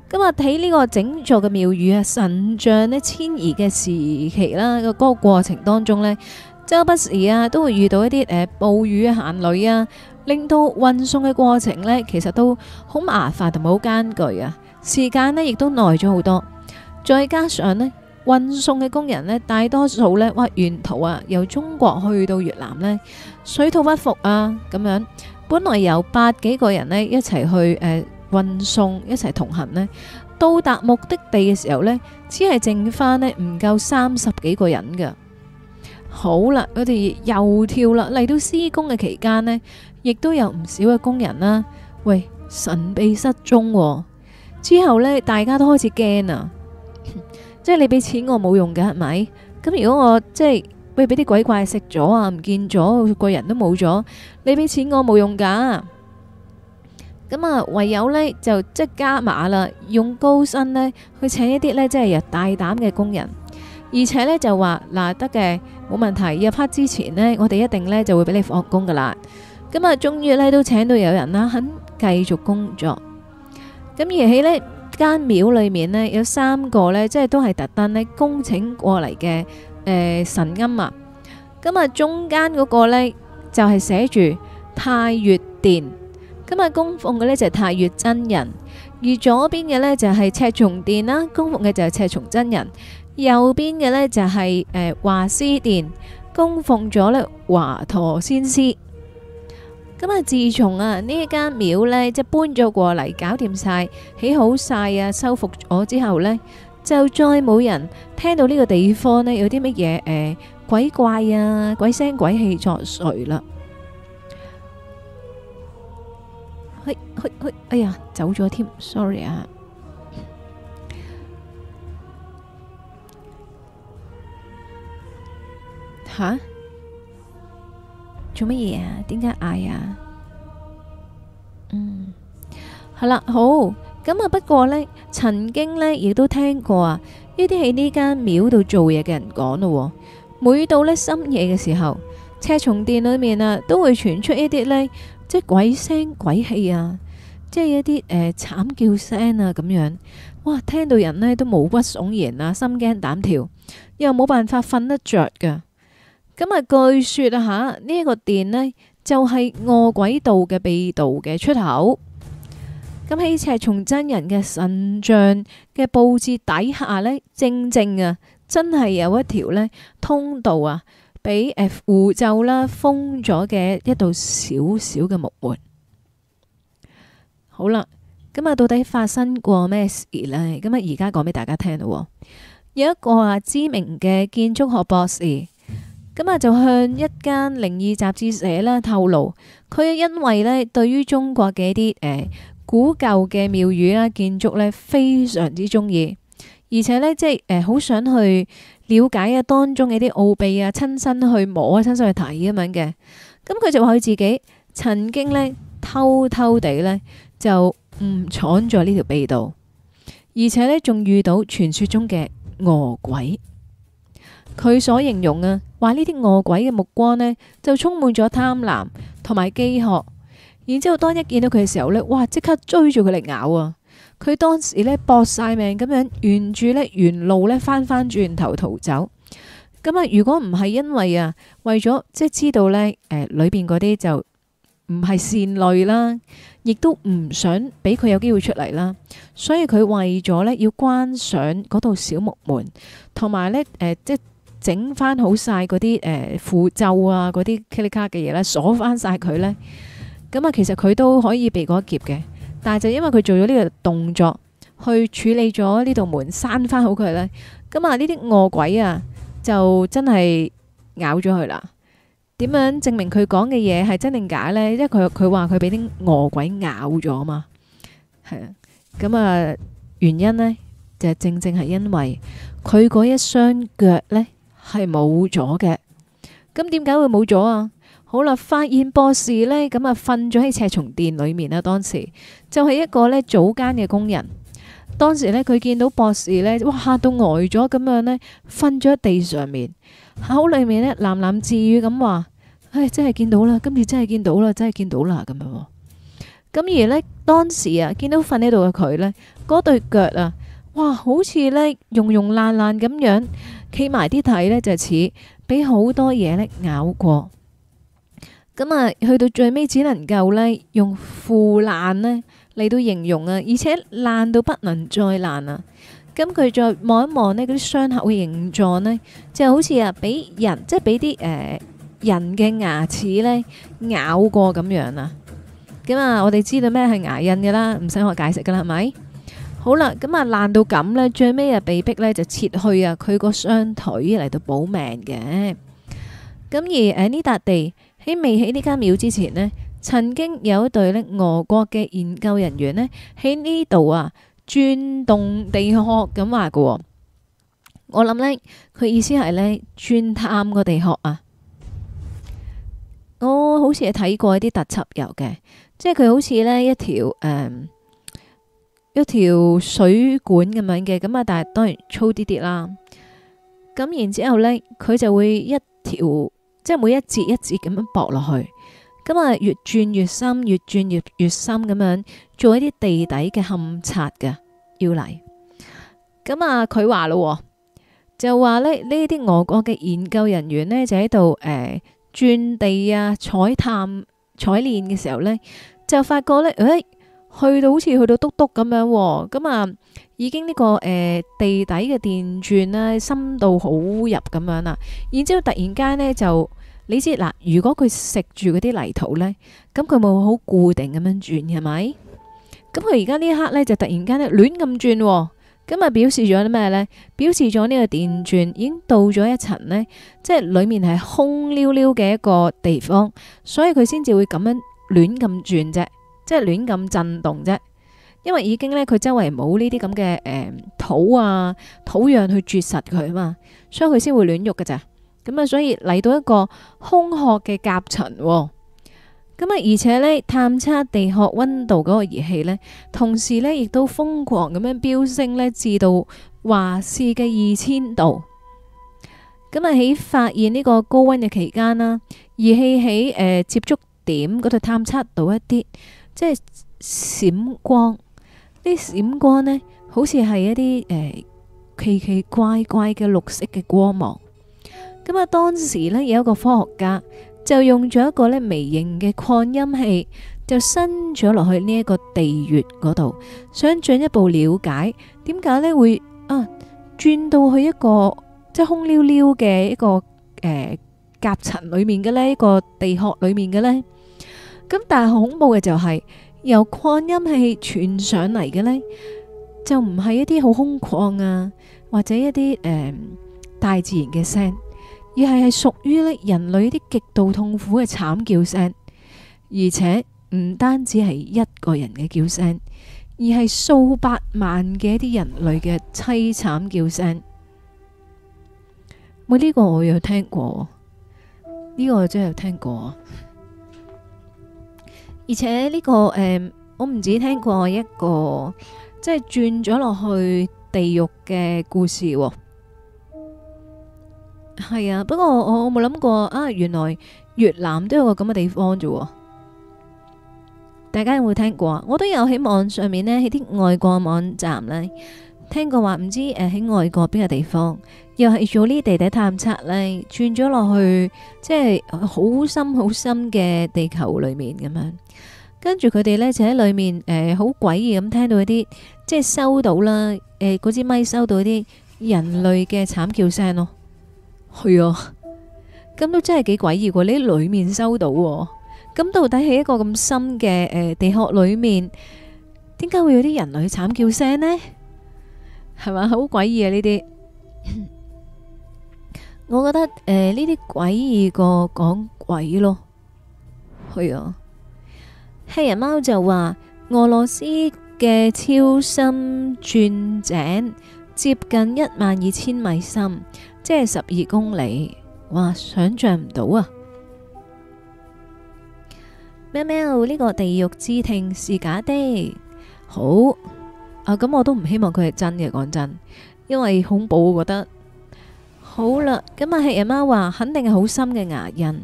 咁啊，睇呢個整座嘅廟宇啊，神像呢遷移嘅時期啦，個、那、嗰個過程當中呢，周不時啊都會遇到一啲誒暴雨啊、行雷啊，令到運送嘅過程呢，其實都好麻煩同埋好艱巨啊。時間呢，亦都耐咗好多。再加上呢，運送嘅工人呢，大多數呢，哇，沿途啊，由中國去到越南呢，水土不服啊，咁樣本來有百幾個人呢，一齊去誒運、呃、送，一齊同行呢，到達目的地嘅時候呢，只係剩翻呢唔夠三十幾個人噶。好啦，我哋又跳啦，嚟到施工嘅期間呢，亦都有唔少嘅工人啦、啊。喂，神秘失蹤、哦、之後呢，大家都開始驚啊！即係你俾錢我冇用噶係咪？咁如果我即係喂俾啲鬼怪食咗啊，唔見咗個人都冇咗，你俾錢我冇用噶。咁啊唯有呢就即加碼啦，用高薪呢去請一啲呢即係又大膽嘅工人，而且呢就話嗱得嘅冇問題，入黑之前呢，我哋一定呢就會俾你放工噶啦。咁啊終於呢都請到有人啦，肯繼續工作。咁而起呢。間廟裏面咧有三個咧，即係都係特登咧恭請過嚟嘅，誒神龕啊，咁啊，中間嗰個咧就係寫住太乙殿，咁啊供奉嘅咧就係太乙真人；而左邊嘅咧就係赤松殿啦，供奉嘅就係赤松真人；右邊嘅咧就係誒華師殿，供奉咗咧華佗先師。咁啊！自從啊呢一間廟呢，即係搬咗過嚟，搞掂晒，起好晒啊，修復咗之後呢，就再冇人聽到呢個地方呢有啲乜嘢誒鬼怪啊、鬼聲鬼氣作祟啦。去去去！哎呀，走咗添，sorry 啊。吓？做乜嘢啊？點解嗌啊？嗯，係啦，好咁啊。不過呢，曾經呢，亦都聽過啊，呢啲喺呢間廟度做嘢嘅人講咯喔。每到呢深夜嘅時候，車蟲殿裏面啊，都會傳出呢啲呢，即係鬼聲鬼氣啊，即係一啲誒慘叫聲啊，咁樣哇，聽到人呢，都毛骨悚然啊，心驚膽跳，又冇辦法瞓得着噶。咁啊，據說啊吓，呢、這、一個殿呢就係餓鬼道嘅秘道嘅出口。咁喺赤松真人嘅神像嘅佈置底下呢，正正啊，真係有一條呢通道啊，俾誒護咒啦封咗嘅一道小小嘅木門。好啦，咁啊，到底發生過咩事呢？咁啊，而家講俾大家聽啦。有一個啊知名嘅建築學博士。咁啊，就向一間靈異雜誌社啦，透露佢因為呢對於中國嘅一啲誒古舊嘅廟宇啦、建築呢非常之中意，而且呢，即係好想去了解啊當中嘅啲奧秘啊，親身去摸、親身去睇咁樣嘅。咁佢就話佢自己曾經呢偷偷地呢就誤闖在呢條秘道，而且呢仲遇到傳說中嘅餓鬼。佢所形容啊，話呢啲惡鬼嘅目光呢，就充滿咗貪婪同埋飢渴。然之後當一見到佢嘅時候呢，哇！即刻追住佢嚟咬啊！佢當時呢，搏晒命咁樣沿住呢，沿路呢，翻翻轉頭逃走。咁啊，如果唔係因為啊，為咗即係知道呢，誒、呃、裏邊嗰啲就唔係善類啦，亦都唔想俾佢有機會出嚟啦，所以佢為咗呢，要關上嗰道小木門，同埋呢。誒、呃、即整翻好曬嗰啲誒符咒啊，嗰啲 kalika 嘅嘢咧，鎖翻曬佢咧，咁啊，其實佢都可以避過一劫嘅，但係就因為佢做咗呢個動作，去處理咗呢道門，閂翻好佢咧，咁啊，呢啲餓鬼啊，就真係咬咗佢啦。點樣證明佢講嘅嘢係真定假咧？因為佢佢話佢俾啲餓鬼咬咗嘛，係啊，咁啊，原因咧就正正係因為佢嗰一雙腳咧。係冇咗嘅，咁點解會冇咗啊？好啦，發現博士咧，咁啊瞓咗喺赤松店裏面啦。當時就係一個咧早間嘅工人，當時咧佢見到博士咧，哇嚇到呆咗咁樣咧，瞓咗喺地上面，口裏面咧喃喃自語咁話，唉，真係見到啦，今次真係見到啦，真係見到啦咁樣。咁而咧當時啊，見到瞓喺度嘅佢咧，嗰對腳啊。哇，好似呢溶溶爛爛咁樣，企埋啲體呢就似俾好多嘢呢咬過。咁啊，去到最尾只能夠呢用腐爛呢嚟到形容啊，而且爛到不能再爛啊。咁佢再望一望呢，嗰啲傷口嘅形狀呢，就好似啊俾人即係俾啲誒人嘅牙齒呢咬過咁樣啊。咁啊，我哋知道咩係牙印噶啦，唔使我解釋噶啦，係咪？好啦，咁啊爛到咁呢，最尾啊被迫呢，就切去啊，佢個雙腿嚟到保命嘅。咁而誒呢笪地喺未起呢間廟之前呢，曾經有一隊呢，俄國嘅研究人員呢，喺呢度啊轉動地殼咁話嘅。我諗呢，佢意思係呢，轉探個地殼啊。我好似係睇過一啲特輯有嘅，即係佢好似呢一條誒。嗯一條水管咁樣嘅，咁啊，但係當然粗啲啲啦。咁然之後呢，佢就會一條，即係每一節一節咁樣駁落去，咁啊越轉越深，越轉越越深咁樣，做一啲地底嘅勘察嘅要嚟。咁啊，佢話咯，就話呢呢啲俄國嘅研究人員呢，就喺度誒，呃，鑽地啊、採探、採煉嘅時候呢，就發覺呢。誒、哎。去到好似去到篤篤咁樣，咁、嗯、啊、嗯，已經呢、這個誒、呃、地底嘅電鑽呢、啊，深度好污入咁樣啦。然之後突然間呢，就，你知嗱，如果佢食住嗰啲泥土呢，咁佢冇好固定咁樣轉係咪？咁佢而家呢一刻呢，就突然間咧亂咁轉、啊，咁、嗯、啊、嗯、表示咗啲咩呢？表示咗呢個電鑽已經到咗一層呢，即係裏面係空溜溜嘅一個地方，所以佢先至會咁樣亂咁轉啫。即係亂咁震動啫，因為已經呢，佢周圍冇呢啲咁嘅誒土啊，土壤去絕實佢啊嘛，所以佢先會亂喐㗎咋。咁、嗯、啊，所以嚟到一個空殼嘅夾層咁啊，而且呢，探測地殼溫度嗰個儀器呢，同時呢，亦都瘋狂咁樣飆升呢至到華氏嘅二千度。咁、嗯、啊，喺、嗯、發現呢個高溫嘅期間啦，儀器喺誒、呃、接觸點嗰度探測到一啲。即係閃光，啲閃光呢，好似係一啲，呃、奇奇怪怪嘅綠色嘅光芒。咁、嗯、啊，當時呢，有一個科學家就用咗一個咧微型嘅擴音器，就伸咗落去呢一個地穴嗰度，想進一步了解點解呢會啊轉到去一個即係空溜溜嘅一個誒夾，呃、層裏面嘅呢一個地殼裏面嘅呢。咁但係恐怖嘅就係、是，由擴音器傳上嚟，嘅呢，就唔係一啲好空曠啊，或者一啲誒、呃、大自然嘅聲，而係係屬於咧人類一啲極度痛苦嘅慘叫聲，而且唔單止係一個人嘅叫聲，而係數百萬嘅一啲人類嘅淒慘叫聲。我呢、這個我有聽過，呢、這個我真係有聽過。而且呢、呢個誒、嗯，我唔止聽過一個，即係轉咗落去地獄嘅故事，哦，係啊。不過我冇諗過啊，原來越南都有個咁嘅地方啫，哦。大家有冇聽過？我都有喺網上面呢，喺啲外國網站呢，聽過話唔知誒喺、呃、外國邊個地方，又係做呢啲地底探測咧，轉咗落去即係好深好深嘅地球裏面咁樣，跟住佢哋咧就喺裏面誒，好詭異咁聽到一啲即係收到啦，誒嗰支咪收到一啲人類嘅慘叫聲咯，係啊，咁都真係幾詭異噶，你喺裏面收到，咁到底係一個咁深嘅誒地殼裏面，點解會有啲人類嘅慘叫聲咧？係咪，好詭異啊呢啲。我覺得誒呢啲詭異過講鬼咯，係啊。黑人貓就話俄羅斯嘅超深鑽井接近一萬二千米深，即係十二公里，哇！想象唔到啊！喵喵，呢個地獄之聽是假的，好啊，咁我都唔希望佢係真嘅，講真，因為恐怖，我覺得。好啦，咁啊，係阿媽話肯定係好深嘅牙印，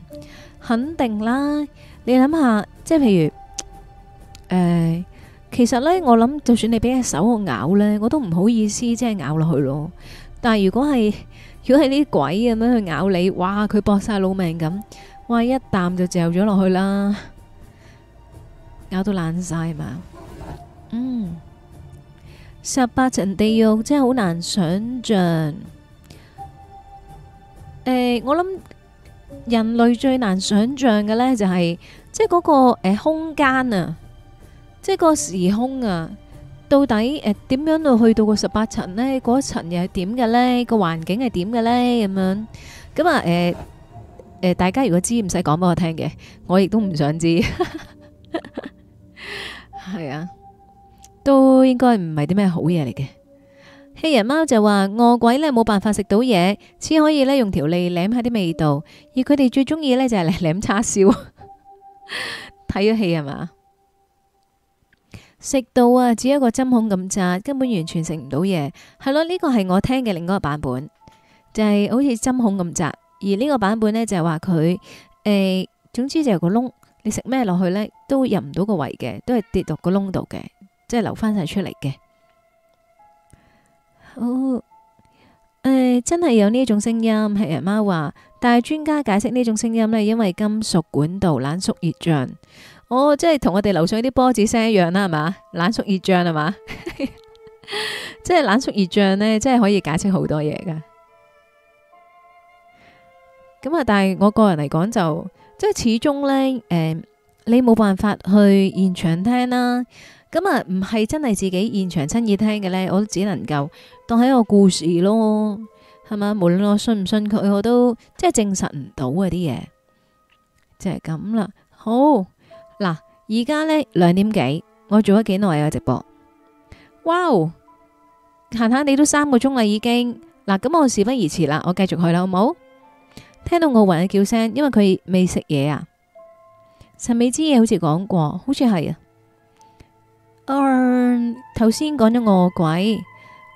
肯定啦。你諗下，即係譬如誒，其實咧，我諗就算你俾隻手我咬咧，我都唔好意思即係咬落去咯。但係如果係如果係啲鬼咁樣去咬你，哇，佢搏晒老命咁，哇，一啖就嚼咗落去啦，咬到爛晒係嘛？嗯，十八層地獄真係好難想象。誒，我諗人類最難想象嘅呢，就係即係嗰個誒空間啊，即係個時空啊，到底誒點樣去到個十八層呢？嗰層又係點嘅呢？個環境係點嘅呢？咁樣咁啊？誒誒，大家如果知唔使講俾我聽嘅，我亦都唔想知。係啊，都應該唔係啲咩好嘢嚟嘅。棄人貓就話餓鬼呢冇辦法食到嘢，只可以呢用條脷舐下啲味道。而佢哋最中意呢就係嚟舐叉燒，睇咗戲係嘛？食到啊，只有一個針孔咁窄，根本完全食唔到嘢。係咯，呢個係我聽嘅另外一個版本，就係好似針孔咁窄。而呢個版本呢，就係話佢誒，總之就係個窿，你食咩落去呢，都入唔到個胃嘅，都係跌落個窿度嘅，即係流翻晒出嚟嘅。哦，誒、oh, 哎，真係有呢種聲音，黑人貓話，但係專家解釋呢種聲音呢，因為金屬管道冷縮熱脹。哦、oh，即係同我哋樓上啲波子聲一樣啦，係嘛？冷縮熱脹係嘛？ 即係冷縮熱脹呢，即係可以解釋好多嘢噶。咁啊，但係我個人嚟講就，即係始終呢，誒、呃，你冇辦法去現場聽啦、啊。咁啊，唔係真係自己現場親耳聽嘅呢，我都只能夠當係一個故事咯，係咪？無論我信唔信佢，我都即係證實唔到嗰啲嘢，就係咁啦。好嗱，而家呢，兩點幾，我做咗幾耐嘅直播？哇、wow, 哦，閒閒哋都三個鐘啦已經。嗱，咁我事不宜遲啦，我繼續去啦，好唔好？聽到奧雲嘅叫聲，因為佢未食嘢啊。陳美之夜好似講過，好似係啊。頭先講咗惡鬼，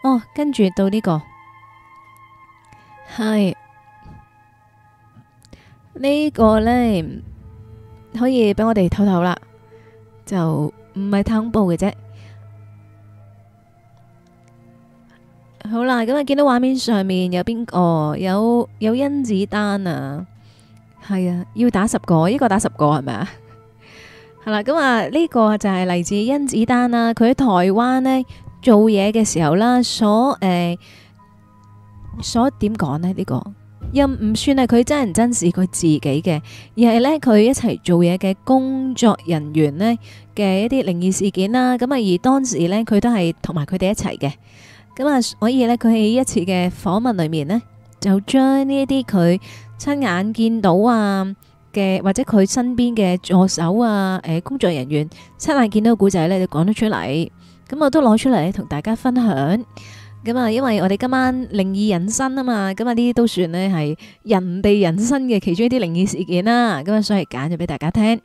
哦，跟住到呢個係呢個咧，可以俾我哋透透啦，就唔係太恐怖嘅啫。好啦，咁啊，見到畫面上面有邊個？有有甄子丹啊？係啊，要打十個，呢個打十個係咪啊？係啦，咁啊，呢個就係嚟自甄子丹啦。佢喺台灣呢做嘢嘅時候啦，所誒、呃，所點講咧？呢個又唔算係佢真人真事佢自己嘅，而係呢，佢一齊做嘢嘅工作人員呢嘅一啲靈異事件啦。咁啊，而當時呢，佢都係同埋佢哋一齊嘅。咁啊，所以呢，佢喺一次嘅訪問裏面呢，就將呢啲佢親眼見到啊。嘅或者佢身邊嘅助手啊，誒、呃、工作人員，親眼見到個古仔呢，就講得出嚟，咁我都攞出嚟同大家分享。咁啊，因為我哋今晚靈異人生啊嘛，咁啊呢啲都算咧係人哋人生嘅其中一啲靈異事件啦，咁啊所以揀咗俾大家聽。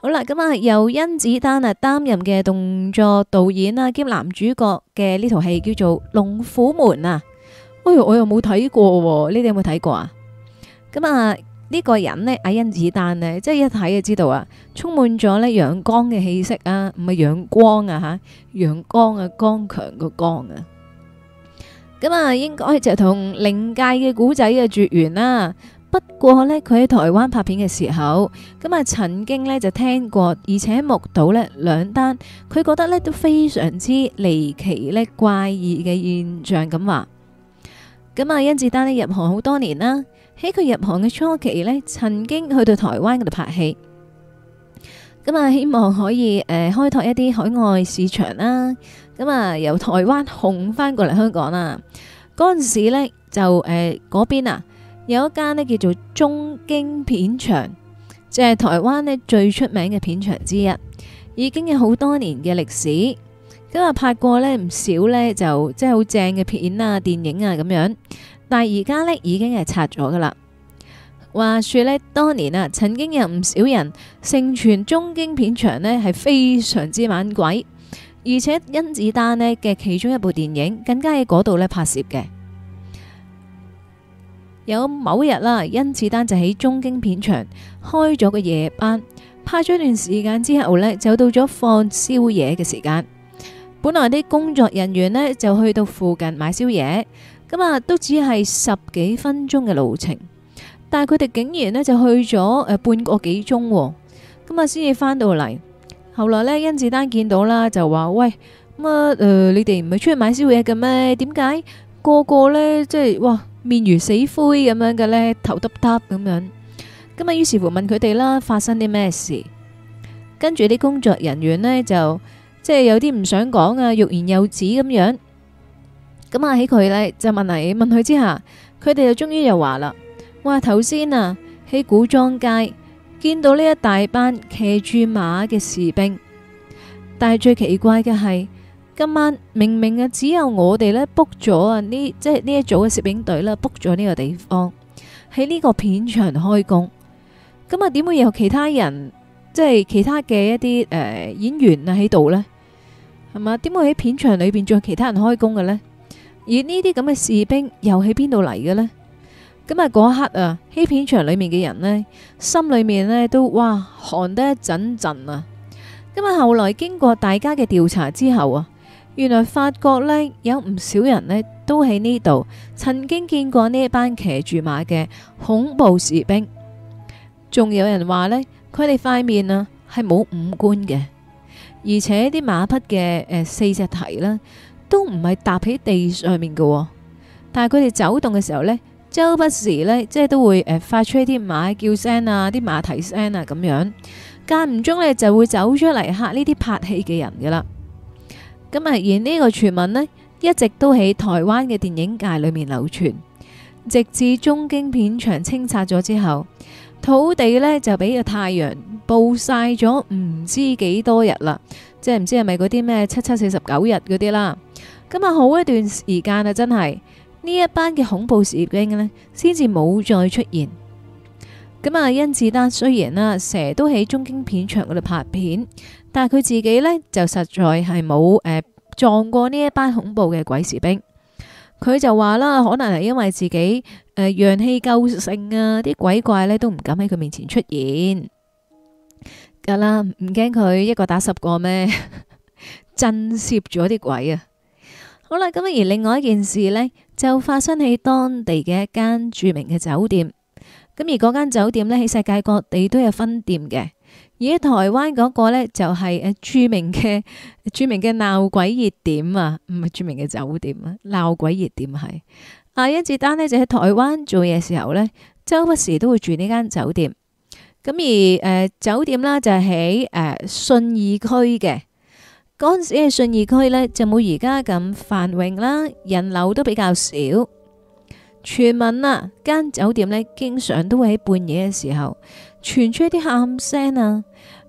好啦，咁啊由甄子丹啊擔任嘅動作導演啊，兼男主角嘅呢套戲叫做《龍虎門》啊，哎呀我又冇睇過，你哋有冇睇過啊？咁啊？呢個人呢，阿甄子丹呢，即係一睇就知道啊，充滿咗呢陽光嘅氣息啊，唔係陽光啊吓，陽光啊，剛強個剛啊，咁啊，應該就同靈界嘅古仔嘅絕緣啦。不過呢，佢喺台灣拍片嘅時候，咁啊，曾經呢就聽過，而且目睹呢兩單，佢覺得呢都非常之離奇呢怪異嘅現象咁話。咁啊，甄子丹呢入行好多年啦。喺佢入行嘅初期呢，曾經去到台灣度拍戲，咁啊，希望可以誒開拓一啲海外市場啦。咁啊，由台灣紅翻過嚟香港啦，嗰陣時咧就誒嗰、呃、邊啊，有一間呢叫做中京片場，即、就、係、是、台灣呢最出名嘅片場之一，已經有好多年嘅歷史，咁啊，拍過呢唔少呢，就即係好正嘅片啊、電影啊咁樣。但而家呢已經係拆咗噶啦。話説呢，當年啊，曾經有唔少人盛傳中京片場呢係非常之猛鬼，而且甄子丹呢嘅其中一部電影更加喺嗰度呢拍攝嘅。有某日啦、啊，甄子丹就喺中京片場開咗個夜班，拍咗段時間之後呢，就到咗放宵夜嘅時間。本來啲工作人員呢，就去到附近買宵夜。咁啊，都只係十幾分鐘嘅路程，但係佢哋竟然咧就去咗誒半個幾鐘，咁啊先至翻到嚟。後來咧，甄子丹見到啦，就話喂，乜誒你哋唔係出去買宵夜嘅咩？點解個個咧即係哇面如死灰咁樣嘅咧，頭耷耷咁樣？咁啊，於是乎問佢哋啦，發生啲咩事？跟住啲工作人員咧就即係有啲唔想講啊，欲言又止咁樣。咁啊！喺佢呢就問嚟問佢之下，佢哋就終於又話啦：，哇，頭先啊，喺古裝街見到呢一大班騎住馬嘅士兵，但係最奇怪嘅係今晚明明啊，只有我哋呢 book 咗啊，呢即係呢一組嘅攝影隊啦，book 咗呢個地方喺呢個片場開工。咁啊，點會有其他人即係、就是、其他嘅一啲誒、呃、演員啊喺度呢？係嘛？點會喺片場裏邊仲有其他人開工嘅呢？而呢啲咁嘅士兵又喺邊度嚟嘅呢？咁啊，嗰刻啊，喺片場裏面嘅人呢，心裏面呢都哇寒得一陣陣啊！咁啊，後來經過大家嘅調查之後啊，原來發覺呢，有唔少人呢都喺呢度曾經見過呢一班騎住馬嘅恐怖士兵，仲有人話呢，佢哋塊面啊係冇五官嘅，而且啲馬匹嘅、呃、四隻蹄呢。都唔係踏喺地上面嘅，但係佢哋走動嘅時候呢，周不時呢，即係都會誒發出一啲馬叫聲啊，啲馬蹄聲啊咁樣，間唔中呢，就會走出嚟嚇呢啲拍戲嘅人嘅啦。咁啊，而呢個傳聞呢，一直都喺台灣嘅電影界裏面流傳，直至中京片場清拆咗之後，土地呢，就俾個太陽暴曬咗唔知幾多日啦，即係唔知係咪嗰啲咩七七四十九日嗰啲啦。咁啊，好一段時間啊，真係呢一班嘅恐怖士兵嘅咧，先至冇再出現。咁啊，甄子丹雖然啊，成日都喺中京片場嗰度拍片，但係佢自己咧就實在係冇誒撞過呢一班恐怖嘅鬼士兵。佢就話啦，可能係因為自己誒陽氣夠盛啊，啲鬼怪咧都唔敢喺佢面前出現。噶啦，唔驚佢一個打十個咩？震懾咗啲鬼啊！好啦，咁而另外一件事呢，就發生喺當地嘅一間著名嘅酒店。咁而嗰間酒店呢，喺世界各地都有分店嘅，而喺台灣嗰個呢，就係、誒、著名嘅著名嘅鬧鬼熱點啊，唔係著名嘅酒店啊，鬧鬼熱點係。阿甄子丹呢，就喺台灣做嘢時候呢，周不時都會住呢間酒店。咁而、呃、酒店啦就喺、是、誒、呃、信義區嘅。嗰陣時嘅順義區呢，就冇而家咁繁榮啦，人流都比較少。傳聞啊，間酒店呢，經常都會喺半夜嘅時候傳出一啲喊聲啊，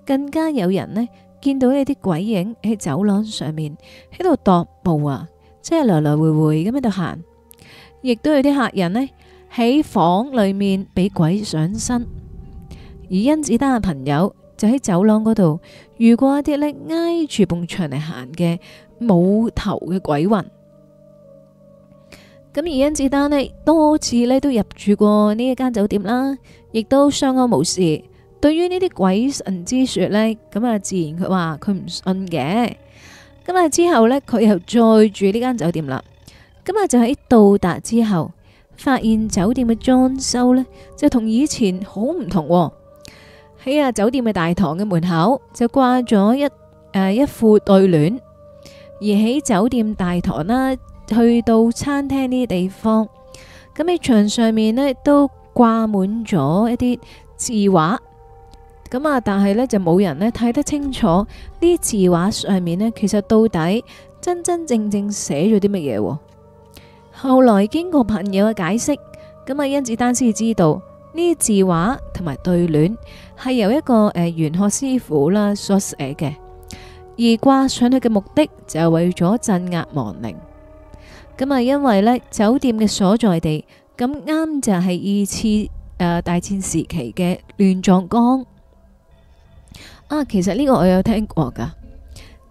更加有人呢，見到一啲鬼影喺走廊上面喺度踱步啊，即係來來回回咁喺度行，亦都有啲客人呢，喺房裡面俾鬼上身。而甄子丹嘅朋友，就喺走廊嗰度，遇過一啲呢，挨住埲牆嚟行嘅冇頭嘅鬼魂。咁而甄子丹呢多次呢都入住過呢一間酒店啦，亦都相安無事。對於呢啲鬼神之說呢，咁啊自然佢話佢唔信嘅。咁啊之後呢，佢又再住呢間酒店啦。咁啊就喺到達之後，發現酒店嘅裝修呢，就同以前好唔同。喺啊酒店嘅大堂嘅門口就掛咗一誒、呃、一副對聯，而喺酒店大堂啦，去到餐廳呢啲地方，咁喺牆上面呢都掛滿咗一啲字畫，咁啊，但係呢就冇人呢睇得清楚呢字畫上面呢，其實到底真真正正寫咗啲乜嘢？後來經過朋友嘅解釋，咁啊甄子丹先知道。呢啲字畫同埋對聯係由一個誒玄學師傅啦所寫嘅，而掛上去嘅目的就係為咗鎮壓亡靈。咁啊，因為呢酒店嘅所在地咁啱就係二次誒大戰時期嘅亂葬崗啊。其實呢個我有聽過噶，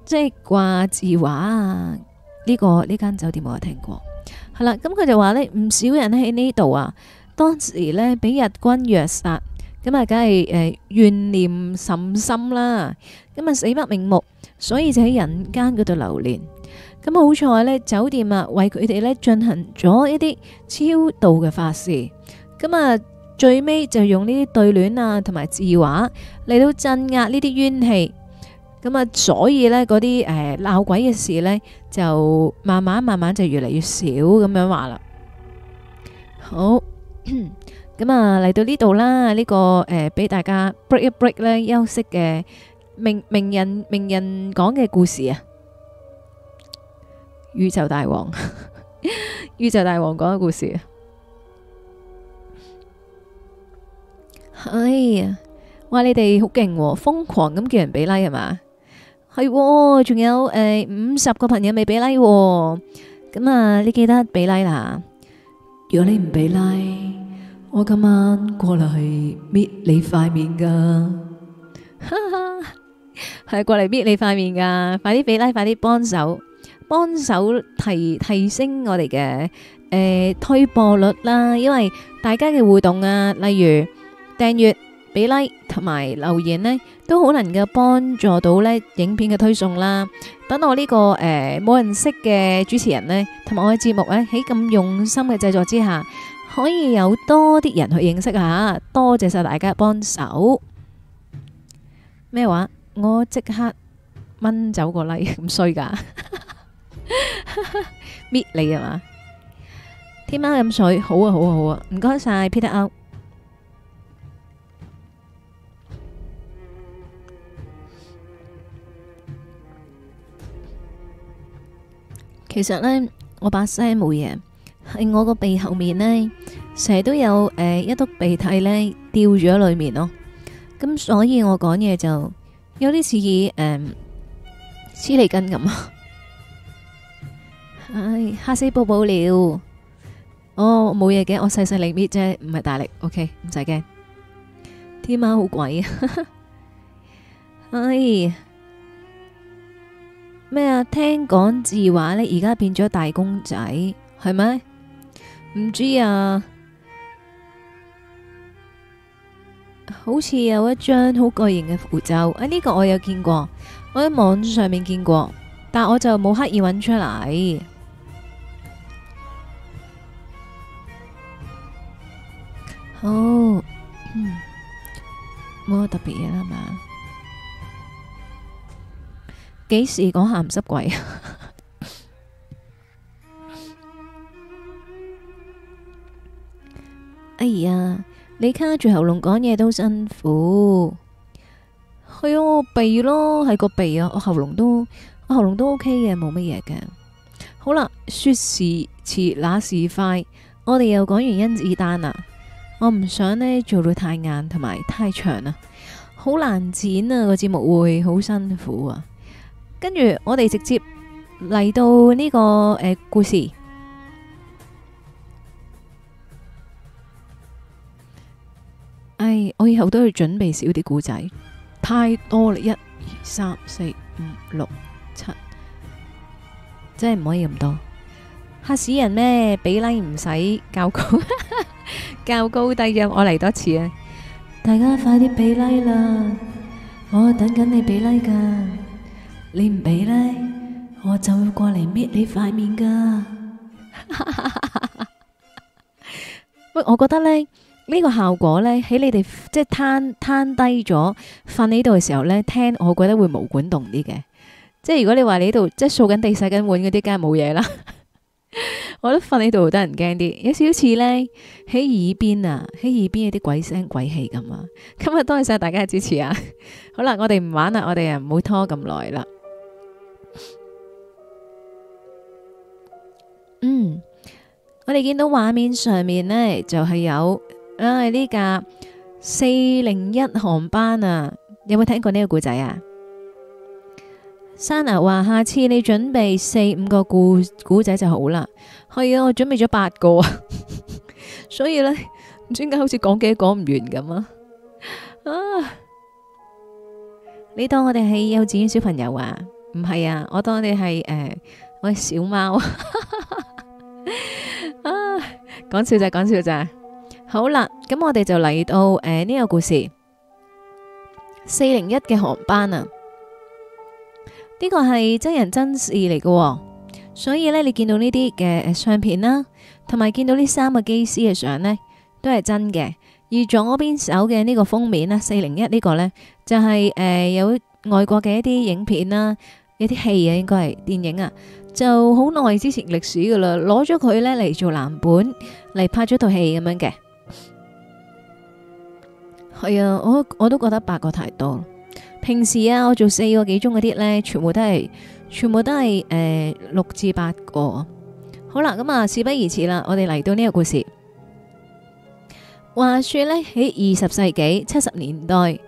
即係掛字畫啊呢、這個呢間酒店我有聽過。係、嗯、啦，咁佢就話呢，唔少人喺呢度啊。當時咧俾日軍虐殺，咁啊梗係誒怨念甚深啦，咁啊死不瞑目，所以就喺人間嗰度流連。咁好彩咧，酒店啊為佢哋咧進行咗一啲超度嘅法事，咁啊最尾就用呢啲對聯啊同埋字畫嚟到鎮壓呢啲冤氣，咁啊所以咧嗰啲誒鬧鬼嘅事咧就慢慢慢慢就越嚟越少咁樣話啦。好。咁啊，嚟、 嗯、到呢度啦，呢、這個誒，俾、呃、大家 break 一 break 咧，休息嘅名名人名人講嘅故事啊，宇宙大王， 宇宙大王講嘅故事啊，係、哎、呀，哇，你哋好勁、哦，瘋狂咁叫人俾 like 係嘛？係、哦，仲有誒五十個朋友未俾 like，咁、嗯、啊、嗯，你記得俾 like 啦。如果你唔俾 like，我今晚過嚟去搣你塊面㗎，係 過嚟搣你塊面㗎，快啲俾 like，快啲幫手，幫手提升我哋嘅、呃、推播率啦，因為大家嘅互動啊，例如訂閱、訂閱俾 like 同埋留言呢，都好能夠幫助到呢影片嘅推送啦。等我呢、這個誒冇、呃、人識嘅主持人呢，同埋我嘅節目呢，喺咁用心嘅製作之下，可以有多啲人去認識一下。多謝晒大家幫手。咩話？我即刻掹走個 like 咁衰噶？搣 你啊嘛？天貓飲水好啊好啊好啊！唔該晒 Peter u 歐。其實咧，我把聲冇嘢，係我個鼻後面咧，成日都有誒一督鼻涕咧吊住喺裏面咯，咁所以我講嘢就有啲似誒黐脷根咁啊！唉，吓死寶寶了！哦，冇嘢嘅，我細細力搣啫，唔係大力。OK，唔使驚。天貓好鬼啊！唉。咩啊？聽講字畫咧，而家變咗大公仔，係咪？唔知啊，好似有一張好巨型嘅符咒，啊呢個我有見過，我喺網上面見過，但我就冇刻意揾出嚟。好，嗯、冇乜特別嘢啦，係嘛。幾時講咸濕鬼？ 哎呀，你卡住喉嚨講嘢都辛苦。係啊，我鼻咯，係個鼻啊，我喉嚨都我喉嚨都 OK 嘅，冇乜嘢嘅。好啦，說時遲，那時快，我哋又講完甄子丹啦。我唔想呢做到太硬同埋太長啊，好難剪啊，個節目會好辛苦啊。跟住我哋直接嚟到呢個誒故事。哎，我以後都要準備少啲故仔，太多啦！一、二、三、四、五、六、七，真係唔可以咁多。嚇死人咩？畀 like 唔使較高，較高低入我嚟多次啊！大家快啲畀 like 啦，我等緊你畀 like 㗎。你唔俾咧，我就會過嚟搣你塊面噶。喂，我覺得咧呢、呢個效果咧喺你哋即係攤攤低咗瞓喺度嘅時候咧聽，我覺得會毛管動啲嘅。即係如果你話你呢度即係掃緊地、洗緊碗嗰啲，梗係冇嘢啦。 我覺得瞓喺度得人驚啲，有少少似咧喺耳邊啊，喺耳邊有啲鬼聲鬼氣咁啊。今日多謝晒大家嘅支持啊！好啦，我哋唔玩啦，我哋啊唔好拖咁耐啦。嗯，我哋見到畫面上面呢，就係有唉呢架四零一航班啊，有冇聽過呢個故仔啊？莎娜話：下次你準備四五個故故仔就好啦。係啊，我準備咗八個，呵呵，所以呢，唔知點解好似講幾都講唔完咁啊！你當我哋係幼稚園小朋友啊？唔係啊，我當你係、呃、我哋係誒我小貓。 啊，講笑咋，講笑咋，好啦，咁我哋就嚟到誒呢、呃這個故事，四零一嘅航班啊，呢、這個係真人真事嚟㗎，哦，所以呢，你見到呢啲嘅相片啦，啊，同埋見到呢三個機師嘅相呢，都係真嘅，而左邊手嘅呢個封面啦，四零一呢個呢，就係、是、誒、呃、有外國嘅一啲影片啦，一啲戲啊，應該係電影啊。就好耐之前歷史噶啦，攞咗佢呢嚟做藍本嚟拍咗套戲咁樣嘅。係啊，我我都覺得八個太多。平時啊，我做四個幾鐘嗰啲呢，全部都係，全部都係誒、呃、六至八個。好啦，咁啊，事不宜遲啦，我哋嚟到呢個故事。話說呢，喺二十世紀七十年代。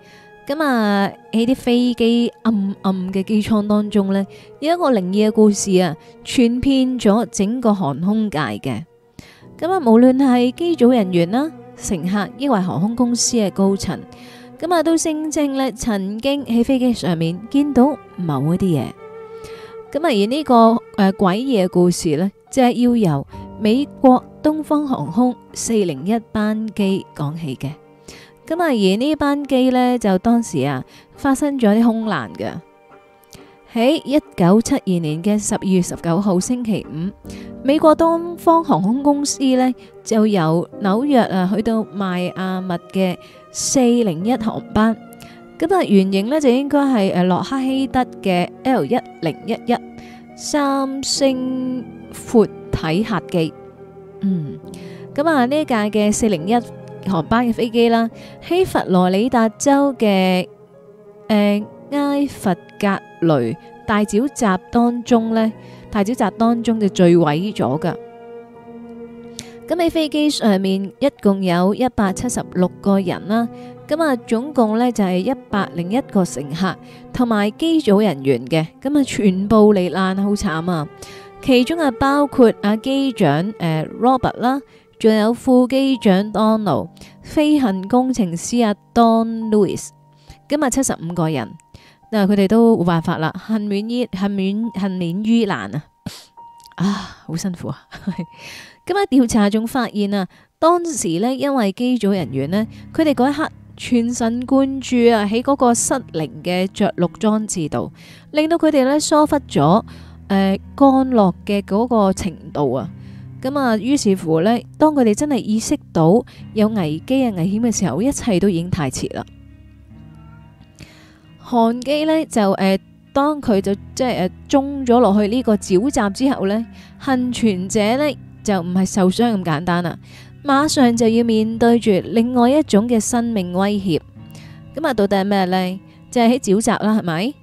咁啊喺啲飛機暗暗嘅機艙當中咧，有一個靈異嘅故事啊，傳遍咗整個航空界嘅。咁啊，無論係機組人員啦、乘客，抑或航空公司嘅高層，咁啊都聲稱咧，曾經喺飛機上面見到某一啲嘢。咁啊，而呢個誒詭異故事咧，就係要由美國東方航空四零一班機講起嘅。咁啊而呢班機咧就當時啊發生咗啲空難嘅，喺一九七二年嘅十二月十九號星期五，美國東方航空公司咧就由紐約啊去到邁阿密嘅四零一航班，咁啊原型咧就應該係誒洛克希德嘅 L 一零一一三星闊體客機，嗯，咁啊呢一架嘅四零一。航班嘅飛機啦，喺佛羅里達州嘅誒埃弗格雷大沼澤當中呢，大沼澤當中就墜毀咗㗎。咁喺飛機上面一共有一百七十六個人啦，咁啊總共呢就係一百零一個乘客同埋機組人員嘅，咁啊全部罹難，好慘啊！其中啊包括阿機長誒 Robert 啦。仲有副機長 Donald、飛行工程師阿 Don Lewis，今日七十五個人，嗱，佢哋都冇辦法啦，幸免於幸免幸免於難啊！啊，好辛苦啊！今日調查仲發現啊，當時呢，因為機組人員呢，佢哋嗰一刻全神貫注啊，喺嗰個失靈嘅着陸裝置度，令到佢哋呢疏忽咗誒降落嘅嗰個程度啊。咁啊，於是乎呢，當佢哋真係意識到有危機啊、危險嘅時候，一切都已經太遲啦。韓姬呢，就誒、呃，當佢就即係誒中咗落去呢個沼澤之後呢，幸存者呢就唔係受傷咁簡單啦，馬上就要面對住另外一種嘅生命威脅。咁啊，到底係咩呢？就係、是、喺沼澤啦，係咪？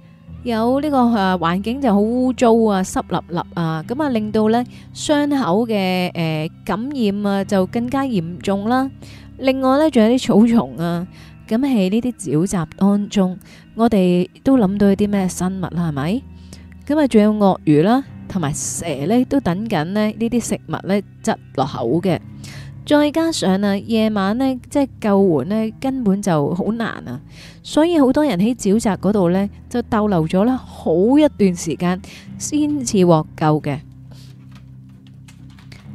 有呢個誒環境就好污糟啊、濕立立啊，咁啊令到呢傷口嘅誒感染啊就更加嚴重啦。另外呢，仲有啲草叢啊，咁喺呢啲沼澤當中，我哋都諗到一啲咩生物啦，係咪？咁啊，仲有鱷魚啦，同埋蛇呢，都等緊呢呢啲食物呢，執落口嘅。再加上啊，夜晚咧，即係救援咧，根本就好難啊，所以好多人喺沼澤嗰度咧，就逗留咗啦好一段時間，先至獲救嘅。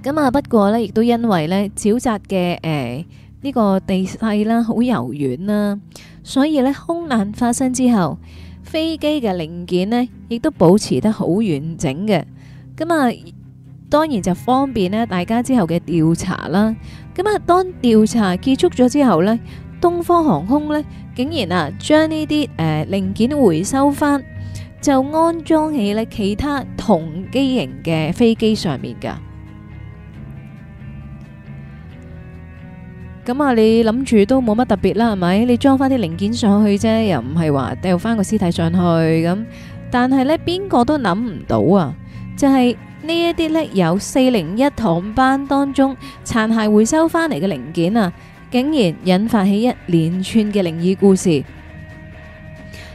咁啊，不過咧，亦都因為咧沼澤嘅誒呢個地勢啦，好柔軟啦，所以咧空難發生之後，飛機嘅零件咧，亦都保持得好完整嘅。咁啊。當然就方便咧，大家之後嘅調查啦。咁啊，當調查結束咗之後咧，東方航空咧竟然啊，將呢啲誒零件回收翻，就安裝喺咧其他同機型嘅飛機上面噶。咁啊，你諗住都冇乜特別啦，係咪？你裝翻啲零件上去啫，又唔係話掉翻個屍體上去咁。但係咧，邊個都諗唔到啊，就係。呢一啲呢，由四零一航班當中殘骸回收翻嚟嘅零件啊，竟然引發起一連串嘅靈異故事。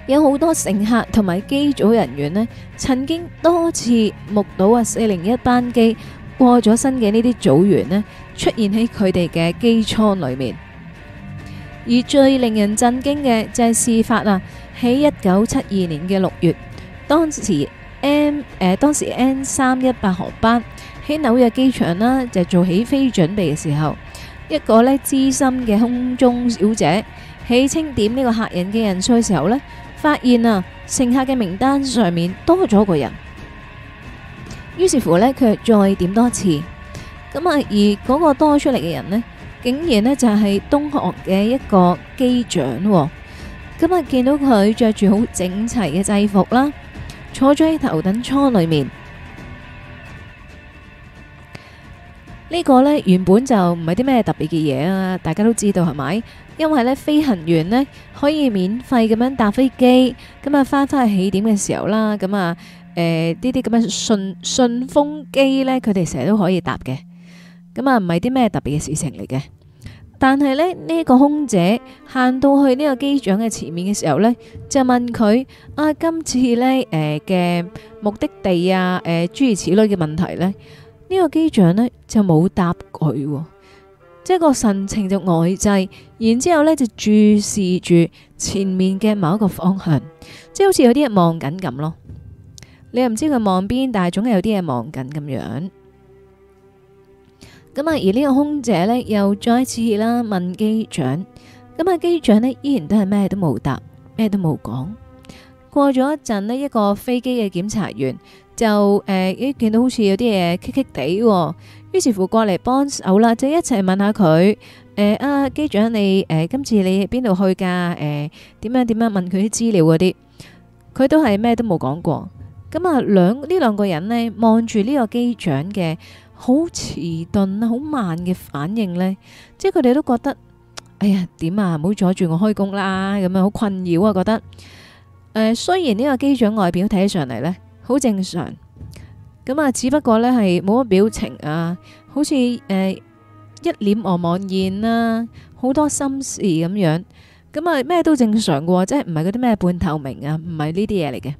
有好多乘客同埋機組人員呢，曾經多次目睹啊四零一班機過咗身嘅呢啲組員呢，出現喺佢哋嘅機艙裏面。而最令人震驚嘅就係事發啊，喺一九七二年嘅六月，當時。M 誒、呃，當時 N 三一八航班喺紐約機場啦，就是，做起飛準備嘅時候，一個咧資深嘅空中小姐喺清點呢個客人嘅人數嘅時候呢，發現啊，乘客嘅名單上面多咗個人，於是乎咧，佢再點多次，咁啊，而嗰個多出嚟嘅人呢，竟然咧就係、是、東航嘅一個機長、哦，咁啊，見到佢着住好整齊嘅制服啦。坐咗喺頭等艙裏面，這個、呢個呢原本就唔係啲咩特別嘅嘢啊！大家都知道係咪？因為呢，飛行員呢可以免費咁樣搭飛機，咁啊返返去起點嘅時候啦，咁啊誒、呃、呢啲咁嘅順順風機呢，佢哋成日都可以搭嘅，咁啊唔係啲咩特別嘅事情嚟嘅。但係咧呢、呢個空姐行到去呢個機長嘅前面嘅時候呢，就問佢啊今次呢誒嘅、呃、目的地啊誒諸、呃、如此類嘅問題呢，呢個、機呢個機長呢就冇答佢、哦，即係個神情就呆滯，然之後咧就注視住前面嘅某一個方向，即係好似有啲嘢望緊咁咯。你又唔知佢望邊，但係總係有啲嘢望緊咁樣。咁啊，而呢個空姐咧又再一次啦問機長，咁啊機長呢依然都係咩都冇答，咩都冇講。過咗一陣呢一個飛機嘅檢查員就誒，呃、見到好似有啲嘢棘棘地，於是乎過嚟幫手啦，就一齊問一下佢，誒、呃、啊機長你誒、呃、今次你邊度去噶？誒、呃、點樣點樣問佢啲資料嗰啲，佢都係咩都冇講過。咁啊兩呢兩個人呢，望住呢個機長嘅。好遲鈍啊，好慢嘅反應咧，即係佢哋都覺得哎呀，點啊，唔好阻住我開工啦，咁樣，好困擾啊，覺得誒，雖然呢個機長外表睇起上嚟咧，好正常，咁啊，只不過咧係冇乜表情啊，好似誒一臉茫茫然啦，好多心事咁樣，咁啊咩都正常嘅，即係唔係嗰啲咩半透明啊，唔係呢啲嘢嚟嘅。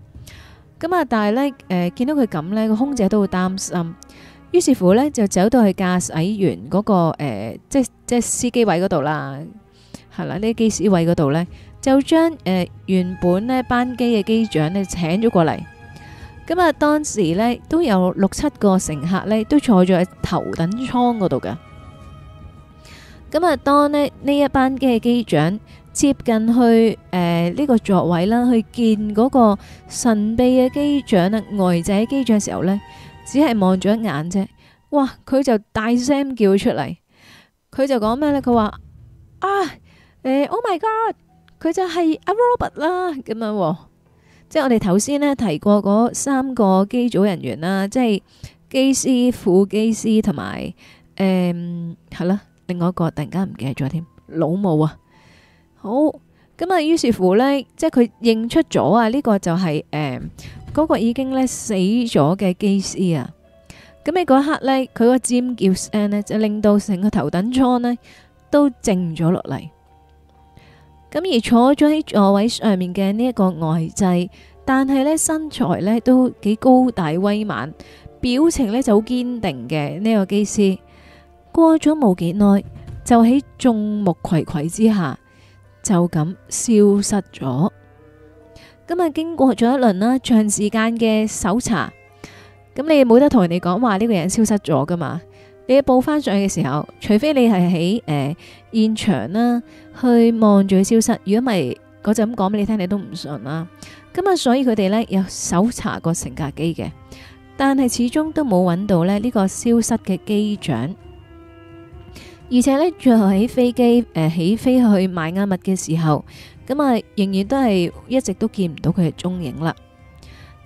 咁啊，但係咧誒見到佢咁咧，個空姐都會擔心。於是乎呢，就走到去駕駛員嗰個誒，即係即係司機位嗰度啦，係啦，呢機師位嗰度呢，就將誒原本呢班機嘅機長呢請咗過嚟。咁啊，當時呢都有六七個乘客呢都坐咗喺頭等艙嗰度嘅。咁啊，當呢呢一班機嘅機長接近去誒呢個座位啦，去見嗰個神秘嘅機長啊，外仔機長嘅時候呢。只係望咗一眼啫，哇！佢就大聲叫出嚟，佢就講咩呢？佢話啊、欸、，Oh my God！佢就係阿 Robert 啦，咁樣、哦，即係我哋頭先呢提過嗰三個機組人員啦，即係機師、副機師同埋誒，係啦、嗯，另外一個突然間唔記得咗添，老母啊！好，咁啊，於是乎呢，即係佢認出咗啊，呢個就係、是、誒。嗯嗰個已經呢死咗嘅機師啊，咁喺嗰一刻呢，佢個尖叫聲呢就令到成個頭等艙呢都靜咗落嚟。咁而坐咗喺座位上面嘅呢一個外制，但係呢身材呢都幾高大威猛，表情呢就好堅定嘅呢個機師。過咗冇幾耐，就喺眾目睽睽之下，就咁消失咗。咁啊，經過咗一輪啦，長時間嘅搜查，咁你冇得同人哋講話呢個人消失咗噶嘛？你報翻上去嘅時候，除非你係喺誒現場啦，去望住佢消失。如果唔係，嗰陣咁講俾你聽，你都唔信啦。咁啊，所以佢哋咧有搜查過成架機嘅，但係始終都冇揾到咧呢個消失嘅機長。而且咧，最後喺飛機誒起飛去邁阿密嘅時候。咁啊，仍然都係一直都見唔到佢嘅蹤影啦。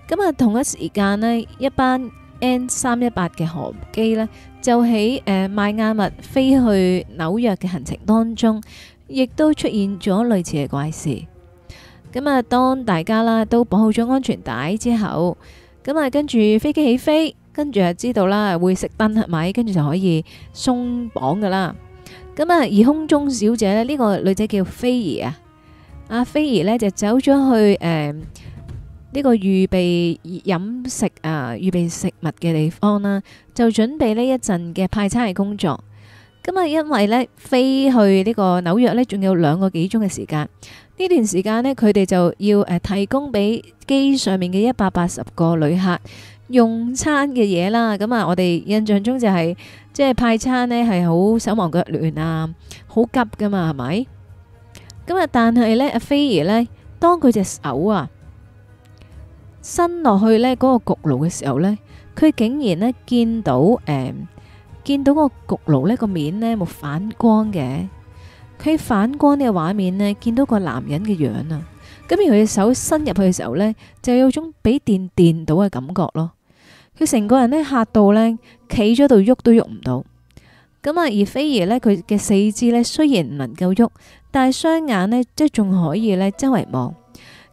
咁啊，同一時間咧，一班 N 三一八嘅航機咧，就喺誒邁亞密飛去紐約嘅行程當中，亦都出現咗類似嘅怪事。咁啊，當大家啦都綁好咗安全帶之後，咁啊，跟住飛機起飛，跟住就知道啦會熄燈係咪？跟住就可以鬆綁噶啦。咁啊，而空中小姐咧，呢個女仔叫菲兒啊。阿菲兒咧就走咗去誒呢個預備飲食啊、預備食物嘅地方啦，就準備呢一陣嘅派餐嘅工作。咁啊，因為咧飛去呢個紐約咧，仲有兩個幾鐘嘅時間。呢段時間咧，佢哋就要誒提供俾機上面嘅一百八十個旅客用餐嘅嘢啦。咁啊，我哋印象中就係即係派餐咧係好手忙腳亂啊，好急㗎嘛，係咪？咁啊！但係呢，阿菲兒呢，當佢隻手啊伸落去呢嗰個焗爐嘅時候呢，佢竟然呢見到誒、欸、見到個焗爐呢個面呢冇反光嘅。佢反光呢個畫面呢，見到個男人嘅樣啊。咁而佢隻手伸入去嘅時候呢，就有種俾電電到嘅感覺咯。佢成個人呢，嚇到呢，企咗度，喐都喐唔到。咁啊，而菲兒呢，佢嘅四肢呢，雖然唔能夠喐。但係雙眼呢，即係仲可以呢周圍望。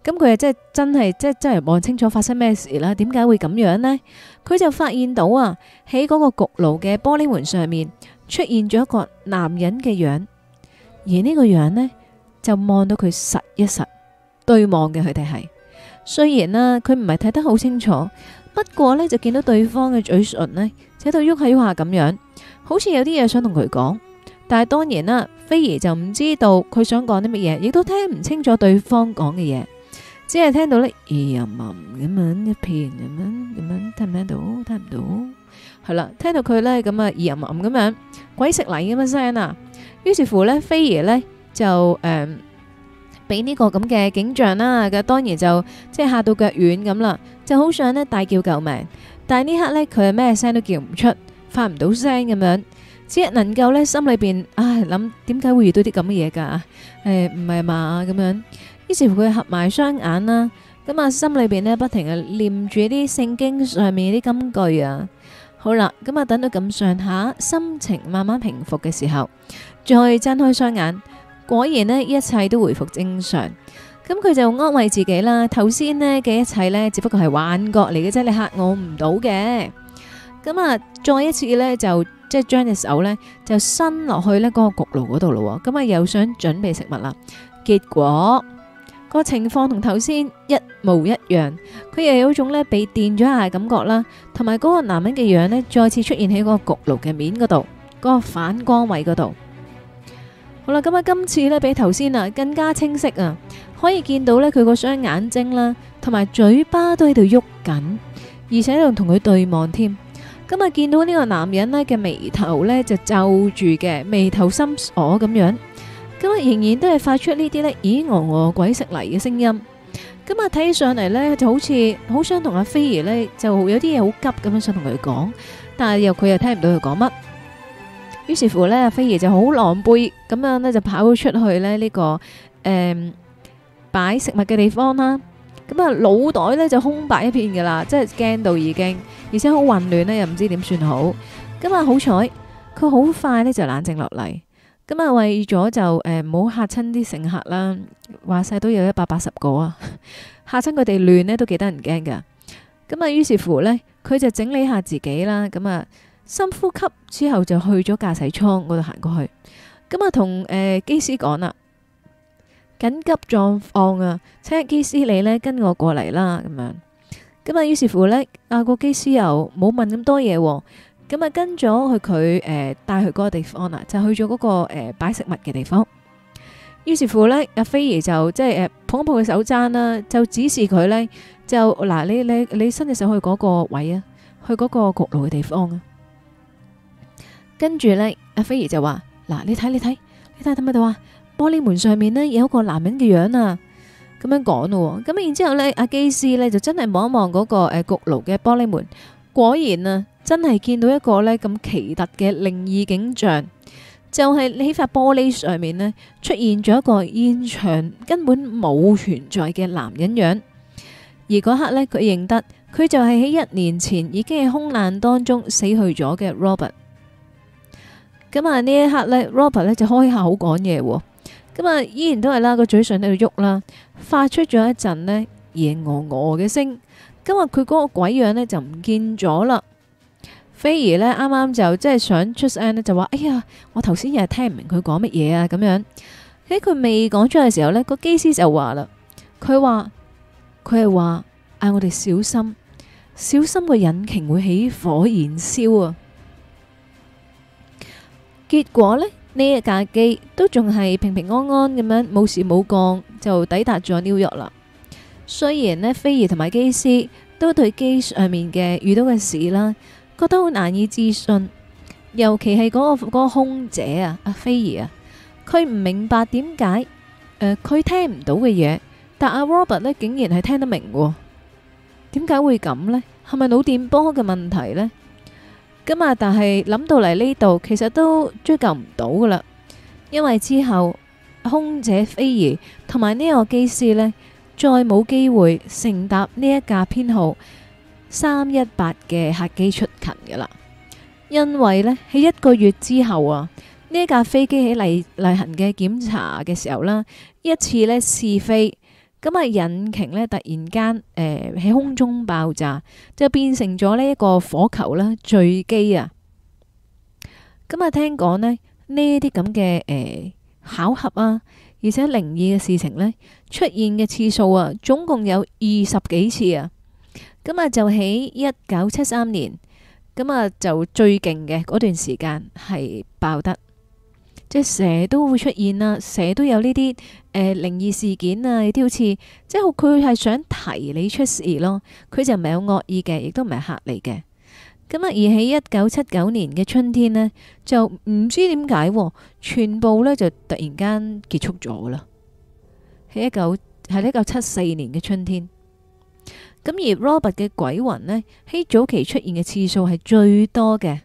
咁佢又即係真係，即係周圍望清楚發生咩事啦？點解會咁樣呢？佢就發現到啊，喺嗰個焗爐嘅玻璃門上面出現咗一個男人嘅樣，而呢個樣呢，就望到佢實一實對望嘅佢哋係。雖然啦，佢唔係睇得好清楚，不過呢，就見到對方嘅嘴唇呢，喺度喐下喐下咁樣，好似有啲嘢想同佢講。但係當然啦，菲兒就唔知道佢想講啲乜嘢，亦都聽唔清楚對方講嘅嘢，只係聽到咧耳吟吟咁樣 一片，咁樣，咁樣聽唔聽到，聽唔到，係啦，聽到佢咧咁啊耳吟吟咁樣，鬼食泥咁嘅聲啊！於是乎咧，菲兒咧就誒俾呢個咁嘅景象啦，咁當然就即係嚇到腳軟咁啦，就好想咧大叫救命，但係呢刻咧佢係咩聲都叫唔出，發唔到聲咁樣。只能夠咧，心裏邊唉，諗，點解會遇到啲咁嘅嘢噶？誒，唔係嘛咁樣。於是乎佢合埋雙眼啦，咁啊心裏邊咧不停嘅念住啲聖經上面啲金句啊。好啦，咁啊等到咁上下，心情慢慢平復嘅時候，再睜開雙眼，果然咧一切都回復正常。咁佢就安慰自己啦，頭先咧嘅一切咧只不過係幻覺嚟嘅啫，你嚇我唔到嘅。咁啊，再一次咧就。即係將隻手呢，就伸落去呢嗰個焗爐嗰度咯，咁啊又想準備食物啦，結果、個情況同頭先一模一樣，佢又有種呢，被電咗下嘅感覺啦，同埋嗰個男人嘅樣呢，再次出現喺嗰個焗爐嘅面嗰度，嗰、個反光位嗰度。好啦，咁啊今次呢，比頭先啊更加清晰啊，可以見到呢，佢個雙眼睛啦，同埋嘴巴都喺度喐緊，而且仲同佢對望添。咁啊，見到呢個男人呢嘅眉頭呢，就皺住嘅，眉頭深鎖咁樣，咁啊仍然都係發出呢啲呢「咦我我鬼食泥」嘅聲音，咁啊睇起上嚟呢，就好似好想同阿飛兒呢，就有啲嘢好急咁樣想同佢講，但係又佢又聽唔到佢講乜，於是乎呢，阿飛兒就好狼狽，咁樣呢，就跑咗出去呢、這、呢個誒擺、嗯、食物嘅地方啦。咁啊，腦袋咧就空白一片噶啦，即係驚到已經，而且好混亂呢，又唔知點算好。咁啊，好彩佢好快呢就冷靜落嚟。咁啊，為咗就誒唔好嚇親啲乘客啦，話晒都有一百八十個啊，嚇親佢哋亂呢都幾得人驚噶。咁啊，於是乎呢，佢就整理下自己啦，咁啊深呼吸之後就去咗駕駛艙嗰度行過去。咁啊，同誒機師講啦。緊急狀況啊！請阿基師你呢跟我過嚟啦，咁樣咁啊。於是乎呢，阿、啊、個基師又冇問咁多嘢、啊，咁啊跟咗、呃、去佢誒帶去嗰個地方啦、啊，就是、去咗嗰、那個誒擺、呃、食物嘅地方。於是乎呢，阿菲兒就即係誒捧抱佢手踭啦、啊，就指示佢呢，就嗱你你你，你伸隻手去嗰個位啊，去嗰個焗爐嘅地方啊。跟住呢，阿菲兒就話嗱你睇你睇你睇睇唔睇到啊！玻璃門上面呢，有一個男人嘅樣啊，咁樣講咯、哦，咁然之後呢，阿基師呢就真係望一望嗰那個誒、呃、焗爐嘅玻璃門，果然啊，真係見到一個呢咁奇特嘅靈異景象，就係喺塊玻璃上面呢，出現咗一個現場根本冇存在嘅男人樣，而嗰刻呢，佢認得佢就係喺一年前已經喺空難當中死去咗嘅 Robert。咁啊呢一刻呢 Robert 呢就開口講嘢、哦。咁啊，依然都係啦，個嘴唇喺度喐啦，發出咗一陣呢嘢，鵝鵝嘅聲。今日佢嗰個鬼樣呢就唔見咗啦。菲兒呢啱啱就即係想出聲呢，剛剛就話：哎呀，我頭先又係聽唔明佢講乜嘢啊咁樣。喺佢未講出嚟嘅時候呢，個機師就話啦，佢話佢係話嗌我哋小心，小心個引擎會起火燃燒啊。結果呢。呢一架機都仲係平平安安咁樣冇事冇降就抵達咗紐約啦。雖然呢，菲兒同埋機師都對機上面嘅遇到嘅事啦，覺得好難以置信。尤其係嗰個嗰個空姐啊，阿菲兒啊，佢唔明白點解誒，佢聽唔到嘅嘢，但阿 Robert 呢，竟然係聽得明。點解會咁呢？係咪腦電波嘅問題呢？咁啊、嗯！但係諗到嚟呢度，其實都追究唔到噶啦，因為之後空姐飛兒同埋呢個機師呢，再冇機會乘搭呢一架編號三一八嘅客機出勤噶啦，因為呢，喺一個月之後啊，呢一架飛機喺例例行嘅檢查嘅時候啦，一次呢試飛。咁啊，引擎呢突然間誒喺空中爆炸，就變成咗呢一個火球啦，墜機啊！咁、嗯、啊聽講呢呢啲咁嘅誒巧合啊，而且靈異嘅事情呢，出現嘅次數啊，總共有二十幾次啊！咁、嗯、啊就喺一九七三年，咁、嗯、啊就最勁嘅嗰段時間係爆得。即係成日都會出現啦，成日都有呢啲誒靈異事件啊，啲好似即係佢係想提你出事咯，佢就唔係有惡意嘅，亦都唔係吓你嘅。咁啊而喺一九七九年嘅春天呢，就唔知點解全部呢就突然間結束咗啦。喺一九係一九七四年嘅春天，咁而 Robert 嘅鬼魂呢，喺早期出現嘅次數係最多嘅。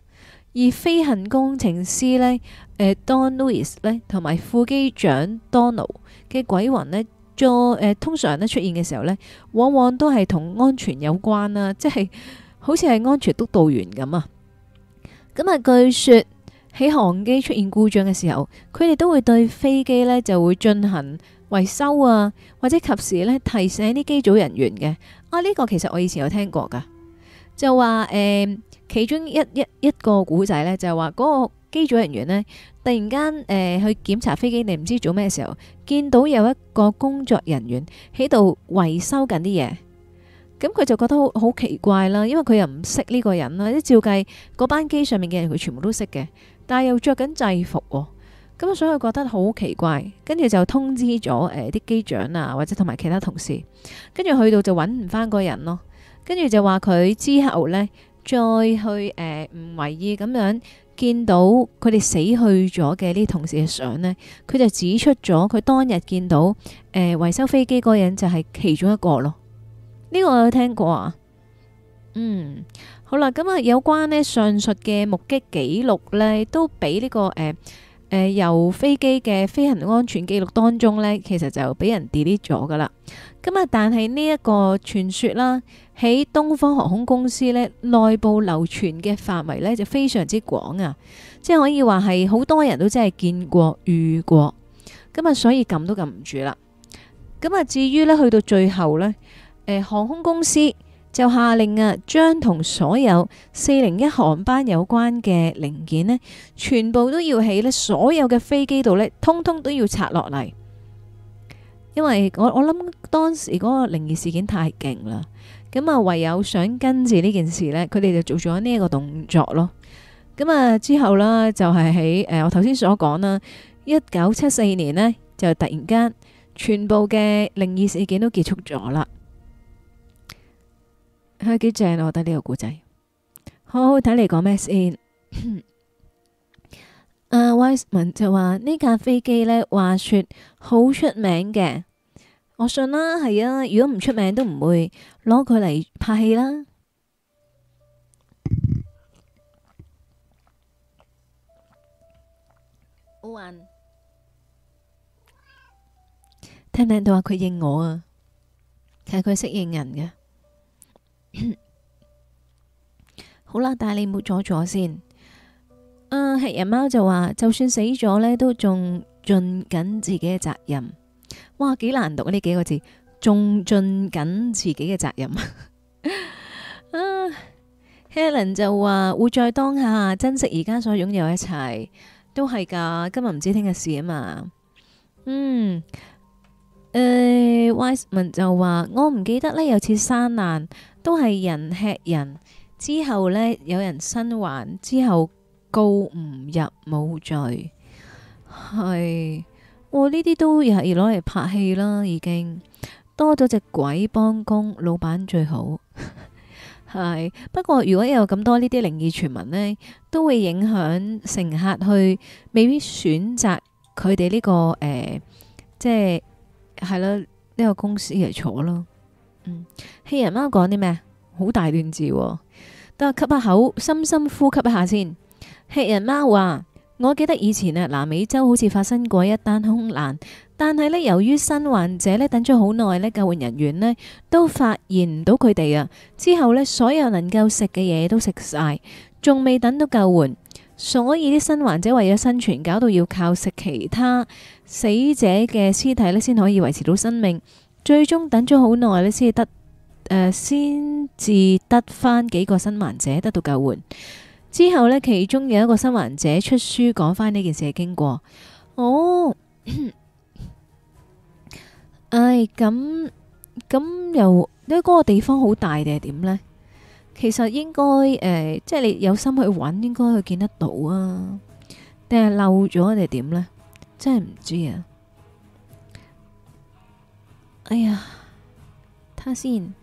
而飛行工程師呢誒、呃、Don Lewis 呢，同埋副機長 Donal 嘅鬼魂呢，做誒、呃，通常呢出現嘅時候呢，往往都係同安全有關啦、啊，即係好似係安全督導員咁啊。咁、嗯、啊，據說喺航機出現故障嘅時候，佢哋都會對飛機呢就會進行維修啊，或者及時呢提醒啲機組人員嘅。啊，呢、這個其實我以前有聽過噶，就話誒。呃其中一一一個古仔呢，就係話嗰個機組人員呢，突然間誒、呃、去檢查飛機，你唔知做咩嘅時候，見到有一個工作人員喺度維修緊啲嘢，咁佢就覺得好好奇怪啦，因為佢又唔識呢個人啦。一照計嗰班機上面嘅人，佢全部都識嘅，但係又着緊制服喎、喔，咁所以佢覺得好奇怪，跟住就通知咗誒啲機長啊，或者同埋其他同事，跟住去到就揾唔翻個人咯，跟住就話佢之後呢。再去誒唔為意咁樣見到佢哋死去咗嘅呢同事嘅相呢，佢就指出咗佢當日見到誒、呃、維修飛機嗰人就係其中一個咯。呢、這個我有聽過啊。嗯，好啦，咁啊有關呢上述嘅目擊記錄呢，都俾呢、這個誒誒、呃呃、由飛機嘅飛行安全記錄當中呢，其實就俾人 delete 咗噶啦。咁啊，但係呢一個傳說啦。喺東方航空公司呢，內部流傳嘅範圍呢就非常之廣啊，即係可以話係好多人都真係見過遇過，咁啊，所以撳都撳唔住啦。咁啊，至於呢去到最後呢，航空公司就下令啊，將同所有四零一航班有關嘅零件呢，全部都要喺呢所有嘅飛機度呢，通通都要拆落嚟，因為我我諗當時嗰個靈異事件太勁啦。咁啊，唯有想跟住呢件事呢，佢哋就做咗呢一個動作咯。咁啊，之後咧就係喺誒，我頭先所講啦，一九七四年呢，就突然間全部嘅靈異事件都結束咗啦。係幾正，我覺得呢個故仔好好睇。你講咩先？阿 Wiseman 就話呢架飛機呢，話說好出名嘅。我信啦、啊，係啊。如果唔出名，都唔會攞佢嚟拍戲啦。One，玩聽唔聽到話佢應我啊，其實佢適應人嘅。 好啦、啊，但係你唔好阻咗先。誒、呃，食人貓就話，就算死咗呢，都仲盡緊自己嘅責任。哇，幾難讀呢幾個字，仲盡緊自己嘅責任、 啊、Helen 就話活在當下，珍惜而家所擁有一切，都係噶。今日唔知聽日事啊嘛。嗯，誒、呃、，Wiseman 就話我唔記得呢，有次山難都係人吃人之後呢，有人生還之後告唔入冇罪係。我呢啲都又係攞嚟拍戲啦，已經多咗隻鬼幫工，老闆最好係。 不過如果有咁多呢啲靈異傳聞呢，都會影響乘客去，未必選擇佢哋呢個誒、呃，即係係啦呢、這個公司嚟坐咯。嗯，吃人貓講啲咩？好大段字，哦，得吸一下口，深深呼吸一下先。吃人貓話。我記得以前啊，南美洲好似發生過一單空難，但係呢，由於生還者呢，等咗好耐呢，救援人員呢都發現唔到佢哋啊。之後呢，所有能夠食嘅嘢都食晒，仲未等到救援，所以啲生還者為咗生存，搞到要靠食其他死者嘅屍體呢，先可以維持到生命。最終等咗好耐呢，先得、呃、先至得翻幾個生還者得到救援。之後呢，其中有一個生還者出書講翻呢件事嘅經過。哦，哎，咁咁又呢、呢個地方好大定係點呢？其實應該誒、即、呃、係、就是、你有心去揾，應該去見得到啊。定係漏咗定係點呢？真係唔知啊！哎呀，睇下先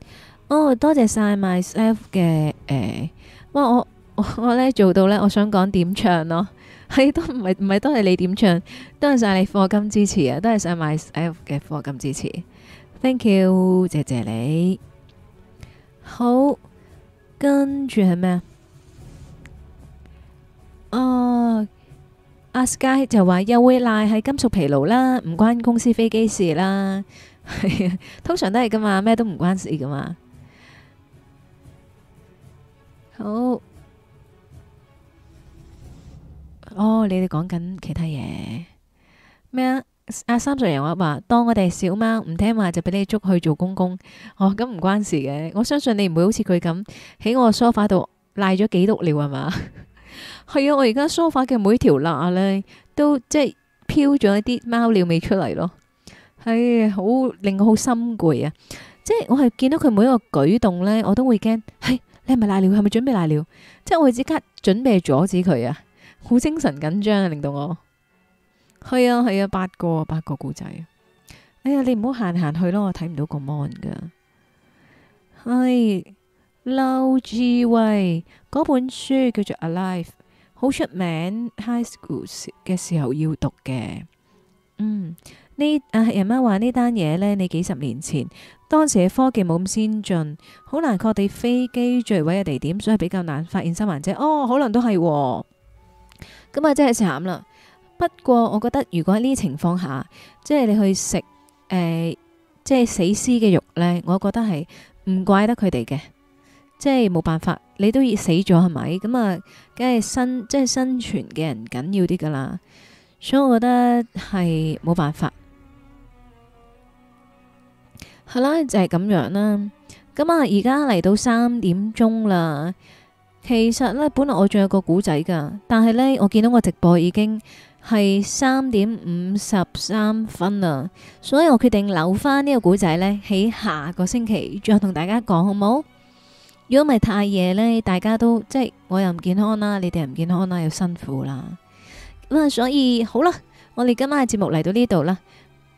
哦，多謝晒 myself 嘅誒、呃，哇我。我我呢做到呢，我想講點唱咯，係都唔係唔係都係你點唱，都係晒你課金支持啊，都係晒埋你嘅課金支持，thank you，謝謝你。好，跟住係咩啊？哦，阿 Sky 就話又會賴係金屬疲勞啦，唔關公司飛機事啦，通常都係噶嘛，咩都唔關事噶嘛。好。哦，你哋講緊其他嘢咩啊？阿三上人話話，當我哋係小貓，唔聽話就俾你捉去做公公。哦，咁唔關事嘅，我相信你唔會好似佢咁喺我梳化度賴咗幾篤尿係嘛？係 啊，我而家梳化嘅每條罅咧都即係飄咗一啲貓尿味出嚟咯，係、哎、好令我好心攰啊！即係我係見到佢每一個舉動咧，我都會驚，嘿、哎、你係咪賴尿？係咪準備賴尿？即係我會即刻準備阻止佢啊！好精神緊張啊！令到我係啊，係啊，八個八個故仔。哎呀，你唔好行嚟行去咯，我睇唔到個 mon 噶。係劉志偉嗰本書叫做《Alive》，好出名。High school 嘅時候要讀嘅。嗯，呢阿人媽話呢單嘢呢，你幾十年前當時嘅科技冇咁先進，好難確定飛機墜毀嘅地點，所以比較難發現生還者。哦，可能都係。咁啊，真係慘啦！不過我覺得，如果喺呢啲情況下，即係你去食誒，即係死屍嘅肉呢，我覺得係唔怪得佢哋嘅，即係冇辦法，你都要死咗係咪？咁啊，梗係生，即係生存嘅人緊要啲噶啦，所以我覺得係冇辦法。係啦、 嗯，就係咁樣啦。咁、嗯、咁啊，而家嚟到三點鐘啦。其實咧，本來我仲有個古仔噶，但係呢，我見到個直播已經係三點五十三分啦，所以我決定留翻呢個古仔呢，喺下個星期再同大家講好唔好？如果唔係太夜呢，大家都即係我又唔健康啦，你哋又唔健康啦，又辛苦啦，咁啊，所以好啦，我哋今晚嘅節目嚟到呢度啦，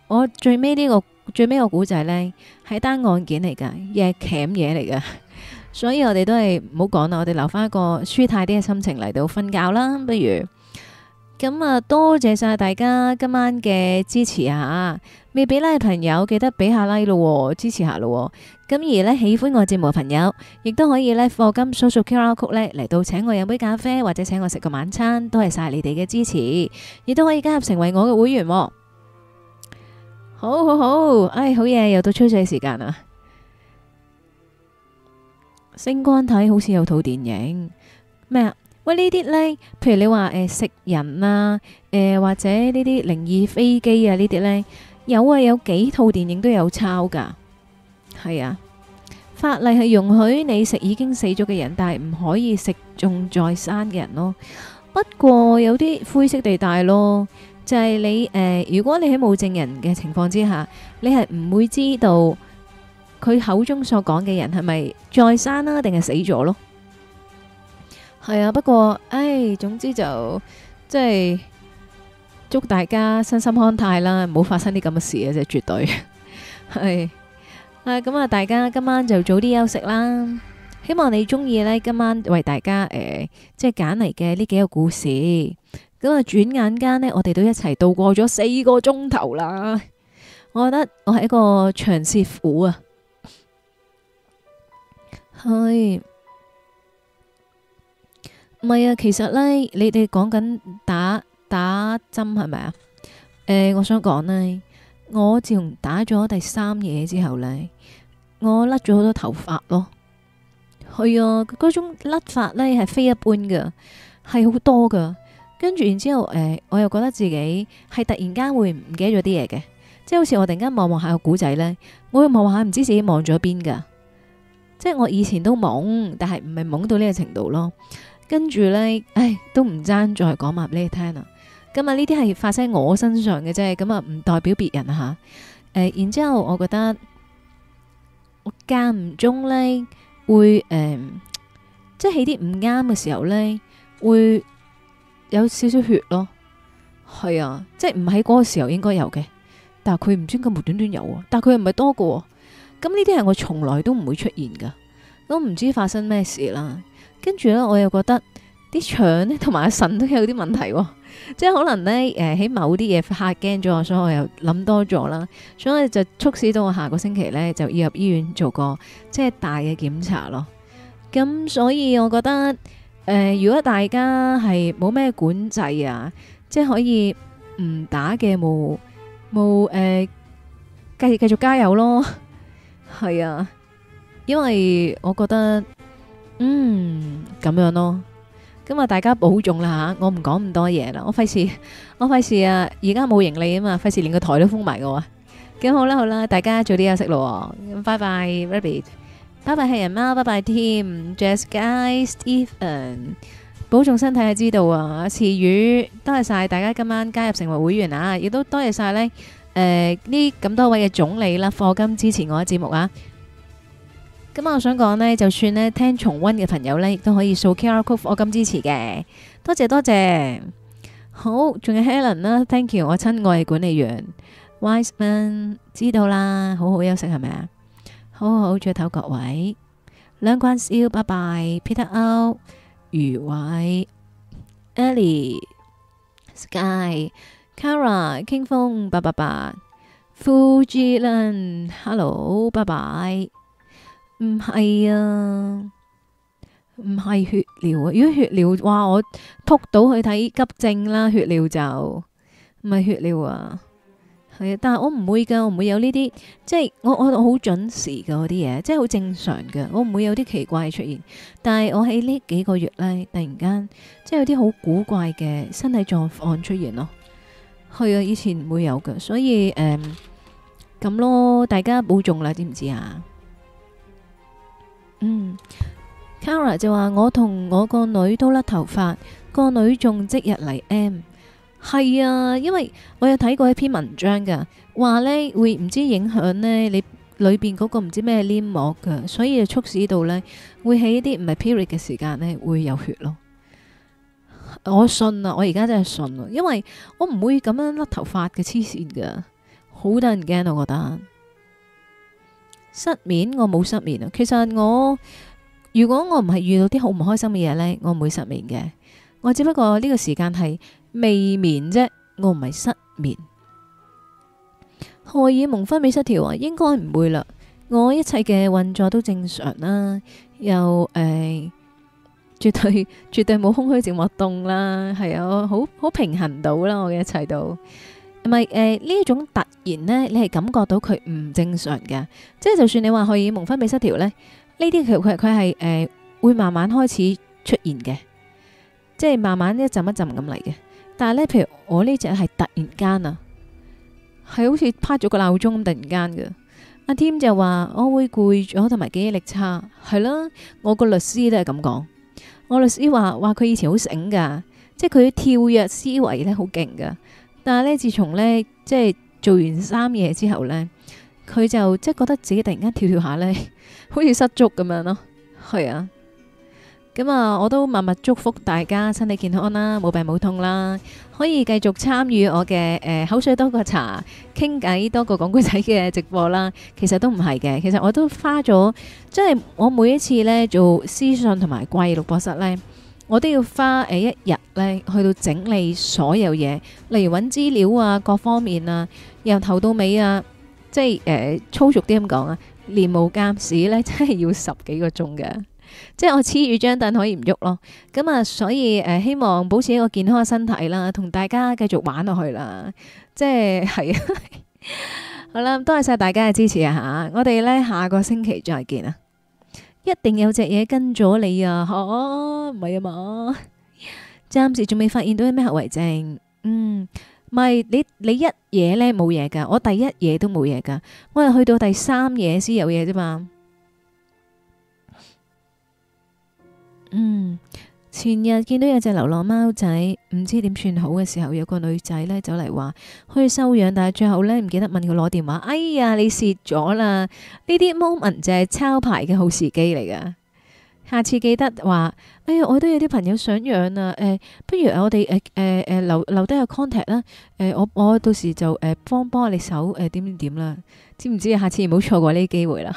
我最尾呢個，最尾個古仔呢，係單案件嚟噶，亦係鉗嘢嚟噶。所以我哋都係唔好講啦，我哋留翻一個舒泰啲嘅心情嚟到瞓覺啦。不如咁啊，多謝晒大家今晚嘅支持啊！未俾 like 嘅朋友記得俾下 like 咯，支持下咯。咁而呢，喜歡我節目嘅朋友，亦都可以呢課金 Social QR Code 呢嚟到請我飲杯咖啡，或者請我食個晚餐，都係晒你哋嘅支持，亦都可以加入成為我嘅會員。好，好，好，哎，好，好，唉，好嘢，又到吹水時間啦。星光睇好似有套電影咩啊？喂呢啲呢，譬如你話誒食人啊，誒或者呢啲靈異飛機啊呢啲呢，有啊，有幾套電影都有抄噶，係啊。法例係容許你食已經死咗嘅人，但係唔可以食仲在生嘅人咯。不過有啲灰色地帶咯，就係你誒，如果你喺冇證人嘅情況之下，你係唔會知道。佢口中所講嘅人係咪再生啦，定係死咗咯？係啊，不過，誒，總之就即係祝大家身心康泰啦，唔好發生啲咁嘅事啊，即係絕對係。啊，咁啊，大家今晚就早啲休息啦。希望你中意呢，今晚為大家誒，即係揀嚟嘅呢幾個故事。咁啊，轉眼間呢，我哋都一齊度過咗四個鐘頭啦。我覺得我係一個長舌婦啊。係，唔係啊？其實呢，你哋講緊打打針係咪啊、欸？我想講呢，我自從打咗第三嘢之後呢，我甩咗好多頭髮咯。係啊，嗰種甩發呢係非一般嘅，係好多噶。跟住然之後，誒、欸，我又覺得自己係突然間會唔記得咗啲嘢嘅，即係好似我突然間望望下個古仔呢，我會望下唔知自己望咗邊噶。即係我以前都懵，但係唔係懵到呢個程度咯。跟住咧，唉，都唔爭再講埋俾你聽啦。咁、嗯、啊，呢啲係發生我身上嘅啫，咁啊唔代表別人吓。誒、啊嗯，然之後我覺得我間唔中咧會誒、嗯，即係起啲唔啱嘅時候咧，會有少少血咯。係啊，即係唔喺嗰個時候應該有嘅，但係佢唔知咁無端端有，但係佢又唔係多嘅。咁呢啲係我從來都唔會出現噶，都唔知發生咩事啦。跟住呢，我又覺得啲腸同埋阿腎都有啲問題喎、哦，即係可能呢誒喺、呃、某啲嘢吓驚咗，所以我又諗多咗啦，所以就促使到我下個星期呢就要入醫院做個即係大嘅檢查咯。咁所以我覺得誒、呃，如果大家係冇咩管制啊，即係可以唔打嘅冇冇誒，繼繼、呃、續加油咯。係啊，因為我覺得嗯咁樣咯，今日大家保重啦吓、啊，我唔講咁多嘢啦，我費事我費事啊，而家冇盈利啊嘛，費事連個台都封埋噶、啊，咁好啦好啦，大家早啲休息咯，咁拜拜 Rabbit 拜拜，係人貓，拜拜，Team，Jazz，Guys，Stephen，保重身體係知道啊，池魚，多謝晒大家今晚加入成為會員啊，亦都多謝晒咧。誒，呢咁、呃、多位嘅總理啦，課金支持我嘅節目啊！咁、嗯、我想講呢，就算呢聽重溫嘅朋友呢，亦都可以掃 QR code 課金支持嘅，多謝多謝。好，仲有 Helen 啦、啊、，Thank you，我親愛嘅管理員 Wise Man，知道啦，好好休息係咪啊？好好再睇各位，兩關笑，拜拜，Peter Out，余偉，Ellie，Sky。Ellie, Sky, Kara，傾風，八八八。Fuji，hello，拜拜。唔係啊，唔係血尿啊。如果血尿，哇，我撲到去睇急症啦。血尿就唔係血尿啊，係啊。但係我唔會噶，我唔會有呢啲，即係我我我好準時噶嗰啲嘢，即係好正常噶。我唔會有啲奇怪出現，但係我喺呢幾個月呢，突然間即係有啲好古怪嘅身體狀況出現咯。去啊！以前唔會有噶，所以誒咁、嗯、咯，大家保重啦，知唔知啊？嗯，Cara 就話我同我個女都甩頭髮，個女仲即日嚟 M。係啊，因為我有睇過一篇文章噶，話呢會唔知影響呢你裏邊嗰個唔知咩黏膜噶，所以就促使到呢會喺一啲唔係 period 嘅時間呢會有血咯。我信啊！我而家真係信啊！因為我唔會咁樣甩頭髮嘅，黐線噶，好得人驚，我覺得。失眠我冇失眠啊，其實我如果我唔係遇到啲好唔開心嘅嘢呢，我唔會失眠嘅。我只不過呢個時間係未眠啫，我唔係失眠。荷爾蒙分泌失調啊，應該唔會啦。我一切嘅運作都正常啦，又誒。呃絕對絕對冇空虛寂寞凍啦，係啊，好好平衡到啦。我嘅一切都唔係誒呢種突然呢，你係感覺到佢唔正常嘅，即係就算你話荷爾蒙分泌失調呢，呢啲其實佢佢係誒會慢慢開始出現嘅，即係慢慢一陣一陣咁嚟嘅。但係呢，譬如我呢只係突然間啊，係好似拍咗個鬧鐘突然間噶。阿 Tim 就話我會攰咗，同埋記憶力差係啦。我個律師都係咁講。我律師話，話佢以前好醒噶，即係佢跳躍思維咧好勁噶，但係咧自從咧即係做完三嘢之後咧，佢就即係覺得自己突然間跳跳下咧，好似失足咁樣咯，係啊。咁啊！我都默默祝福大家身體健康啦，冇病冇痛啦，可以繼續參與我嘅誒、呃、口水多過茶，傾偈多過講故仔嘅直播啦。其實都唔係嘅，其實我都花咗，即係我每一次咧做屍訊同埋怪異錄播室咧，我都要花誒一日咧去到整理所有嘢，例如搵資料啊，各方面啊，由頭到尾啊，即係誒、呃、粗俗啲咁講啊，練無監史咧真係要十幾個鐘嘅。即係我黐住張凳可以唔喐咯。咁啊，所以誒、呃，希望保持一個健康嘅身體啦，同大家繼續玩落去啦，即係係啊， 好啦，多謝晒大家嘅支持啊吓，我哋咧下個星期再見啊， 一定有隻嘢跟咗你啊，嗬唔係啊嘛？暫 時仲未發現到有咩後遺症，嗯，唔係你你一嘢咧冇嘢噶，我第一嘢都冇嘢噶，我係去到第三嘢先有嘢啫嘛。嗯，前日見到有隻流浪貓仔，唔知點算好嘅時候，有個女仔咧走嚟話去收養，但係最後咧唔記得問佢攞電話，哎呀你蝕咗啦！呢啲 moment 就係抄牌嘅好時機嚟噶，下次記得話，哎呀我都有啲朋友想養啊，誒、欸、不如我哋誒誒誒留留低個 contact 啦，誒、欸、我我到時就誒幫幫下你手誒點點點啦，知唔知啊？下次唔好錯過呢啲機會啦。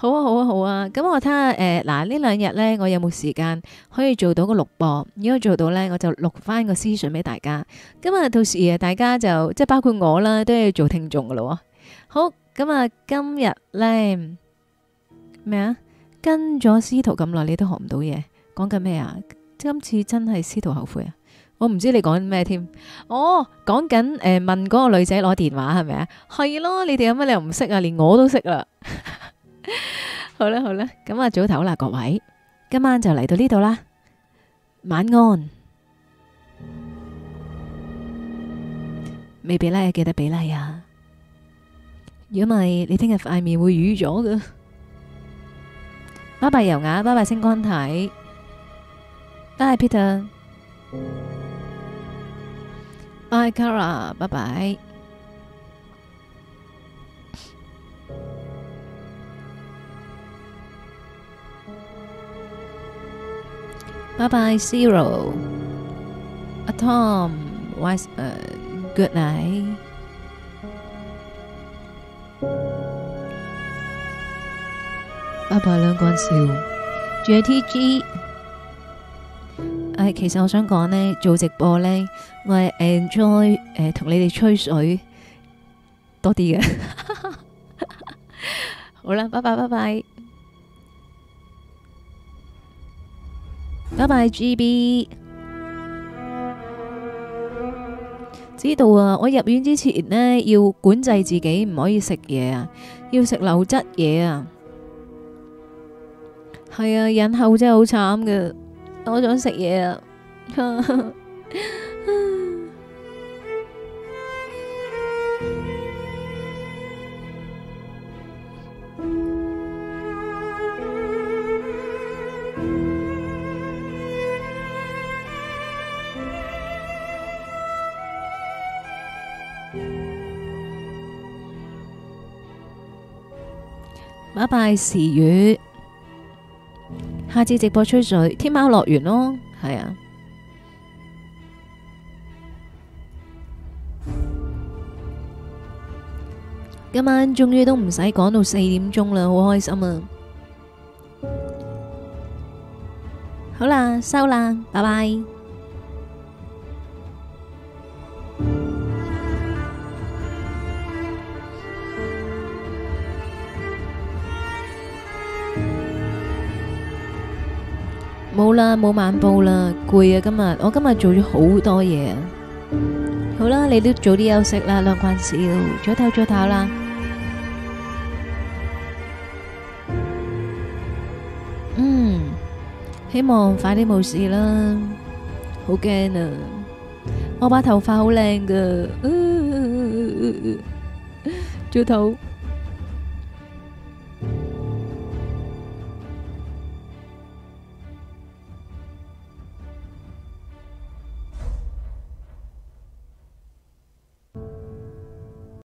好啊，好啊，好啊！咁我睇下誒，嗱、呃、呢兩日呢，我有冇時間可以做到個錄播？如果做到呢，我就錄翻個屍訊俾大家。咁啊，到時大家就即係包括我啦，都要做聽眾噶咯。好咁啊，今日呢，咩啊？跟咗司徒咁耐，你都學唔到嘢？講緊咩啊？今次真係司徒後悔啊！我唔知你講緊咩添。哦，講緊誒、呃，問嗰個女仔攞電話係咪啊？係咯，你哋有乜理由唔識啊？連我都識啦。 好啦好啦，咁啊早唞啦，各位，今晚就嚟到呢度啦，晚安。未俾 like 記得俾 like 啊，如果唔係你聽日塊面會瘀咗㗎。拜拜，友牙，拜拜，星光體。拜拜 Peter，拜拜 Kara，拜拜。拜拜，Zero。阿 Tom，Wise，Good night。拜拜，兩個人笑，仲有 TG。誒，其實我想講呢，做直播呢，我係 enjoy 誒，同你哋吹水多啲嘅。好啦，拜拜，拜拜。拜拜 G B，知道啊！我入院之前呢，要管制自己唔可以食嘢啊，要食流質嘢啊。係啊，忍口真係好慘㗎，我想食嘢啊。 拜拜，時雨，下次直播吹水，天貓樂園咯，係啊，今晚終於都唔使講到四點鐘啦，好開心啊，好啦，收啦，拜拜。好啦，冇晚步啦，攰啊！今日我今日做咗好多嘢啊！好啦，你都早啲休息啦，兩關事，早唞早唞啦。嗯，希望快啲冇事啦，好驚啊！我把頭髮好靚噶，嗯，早唞。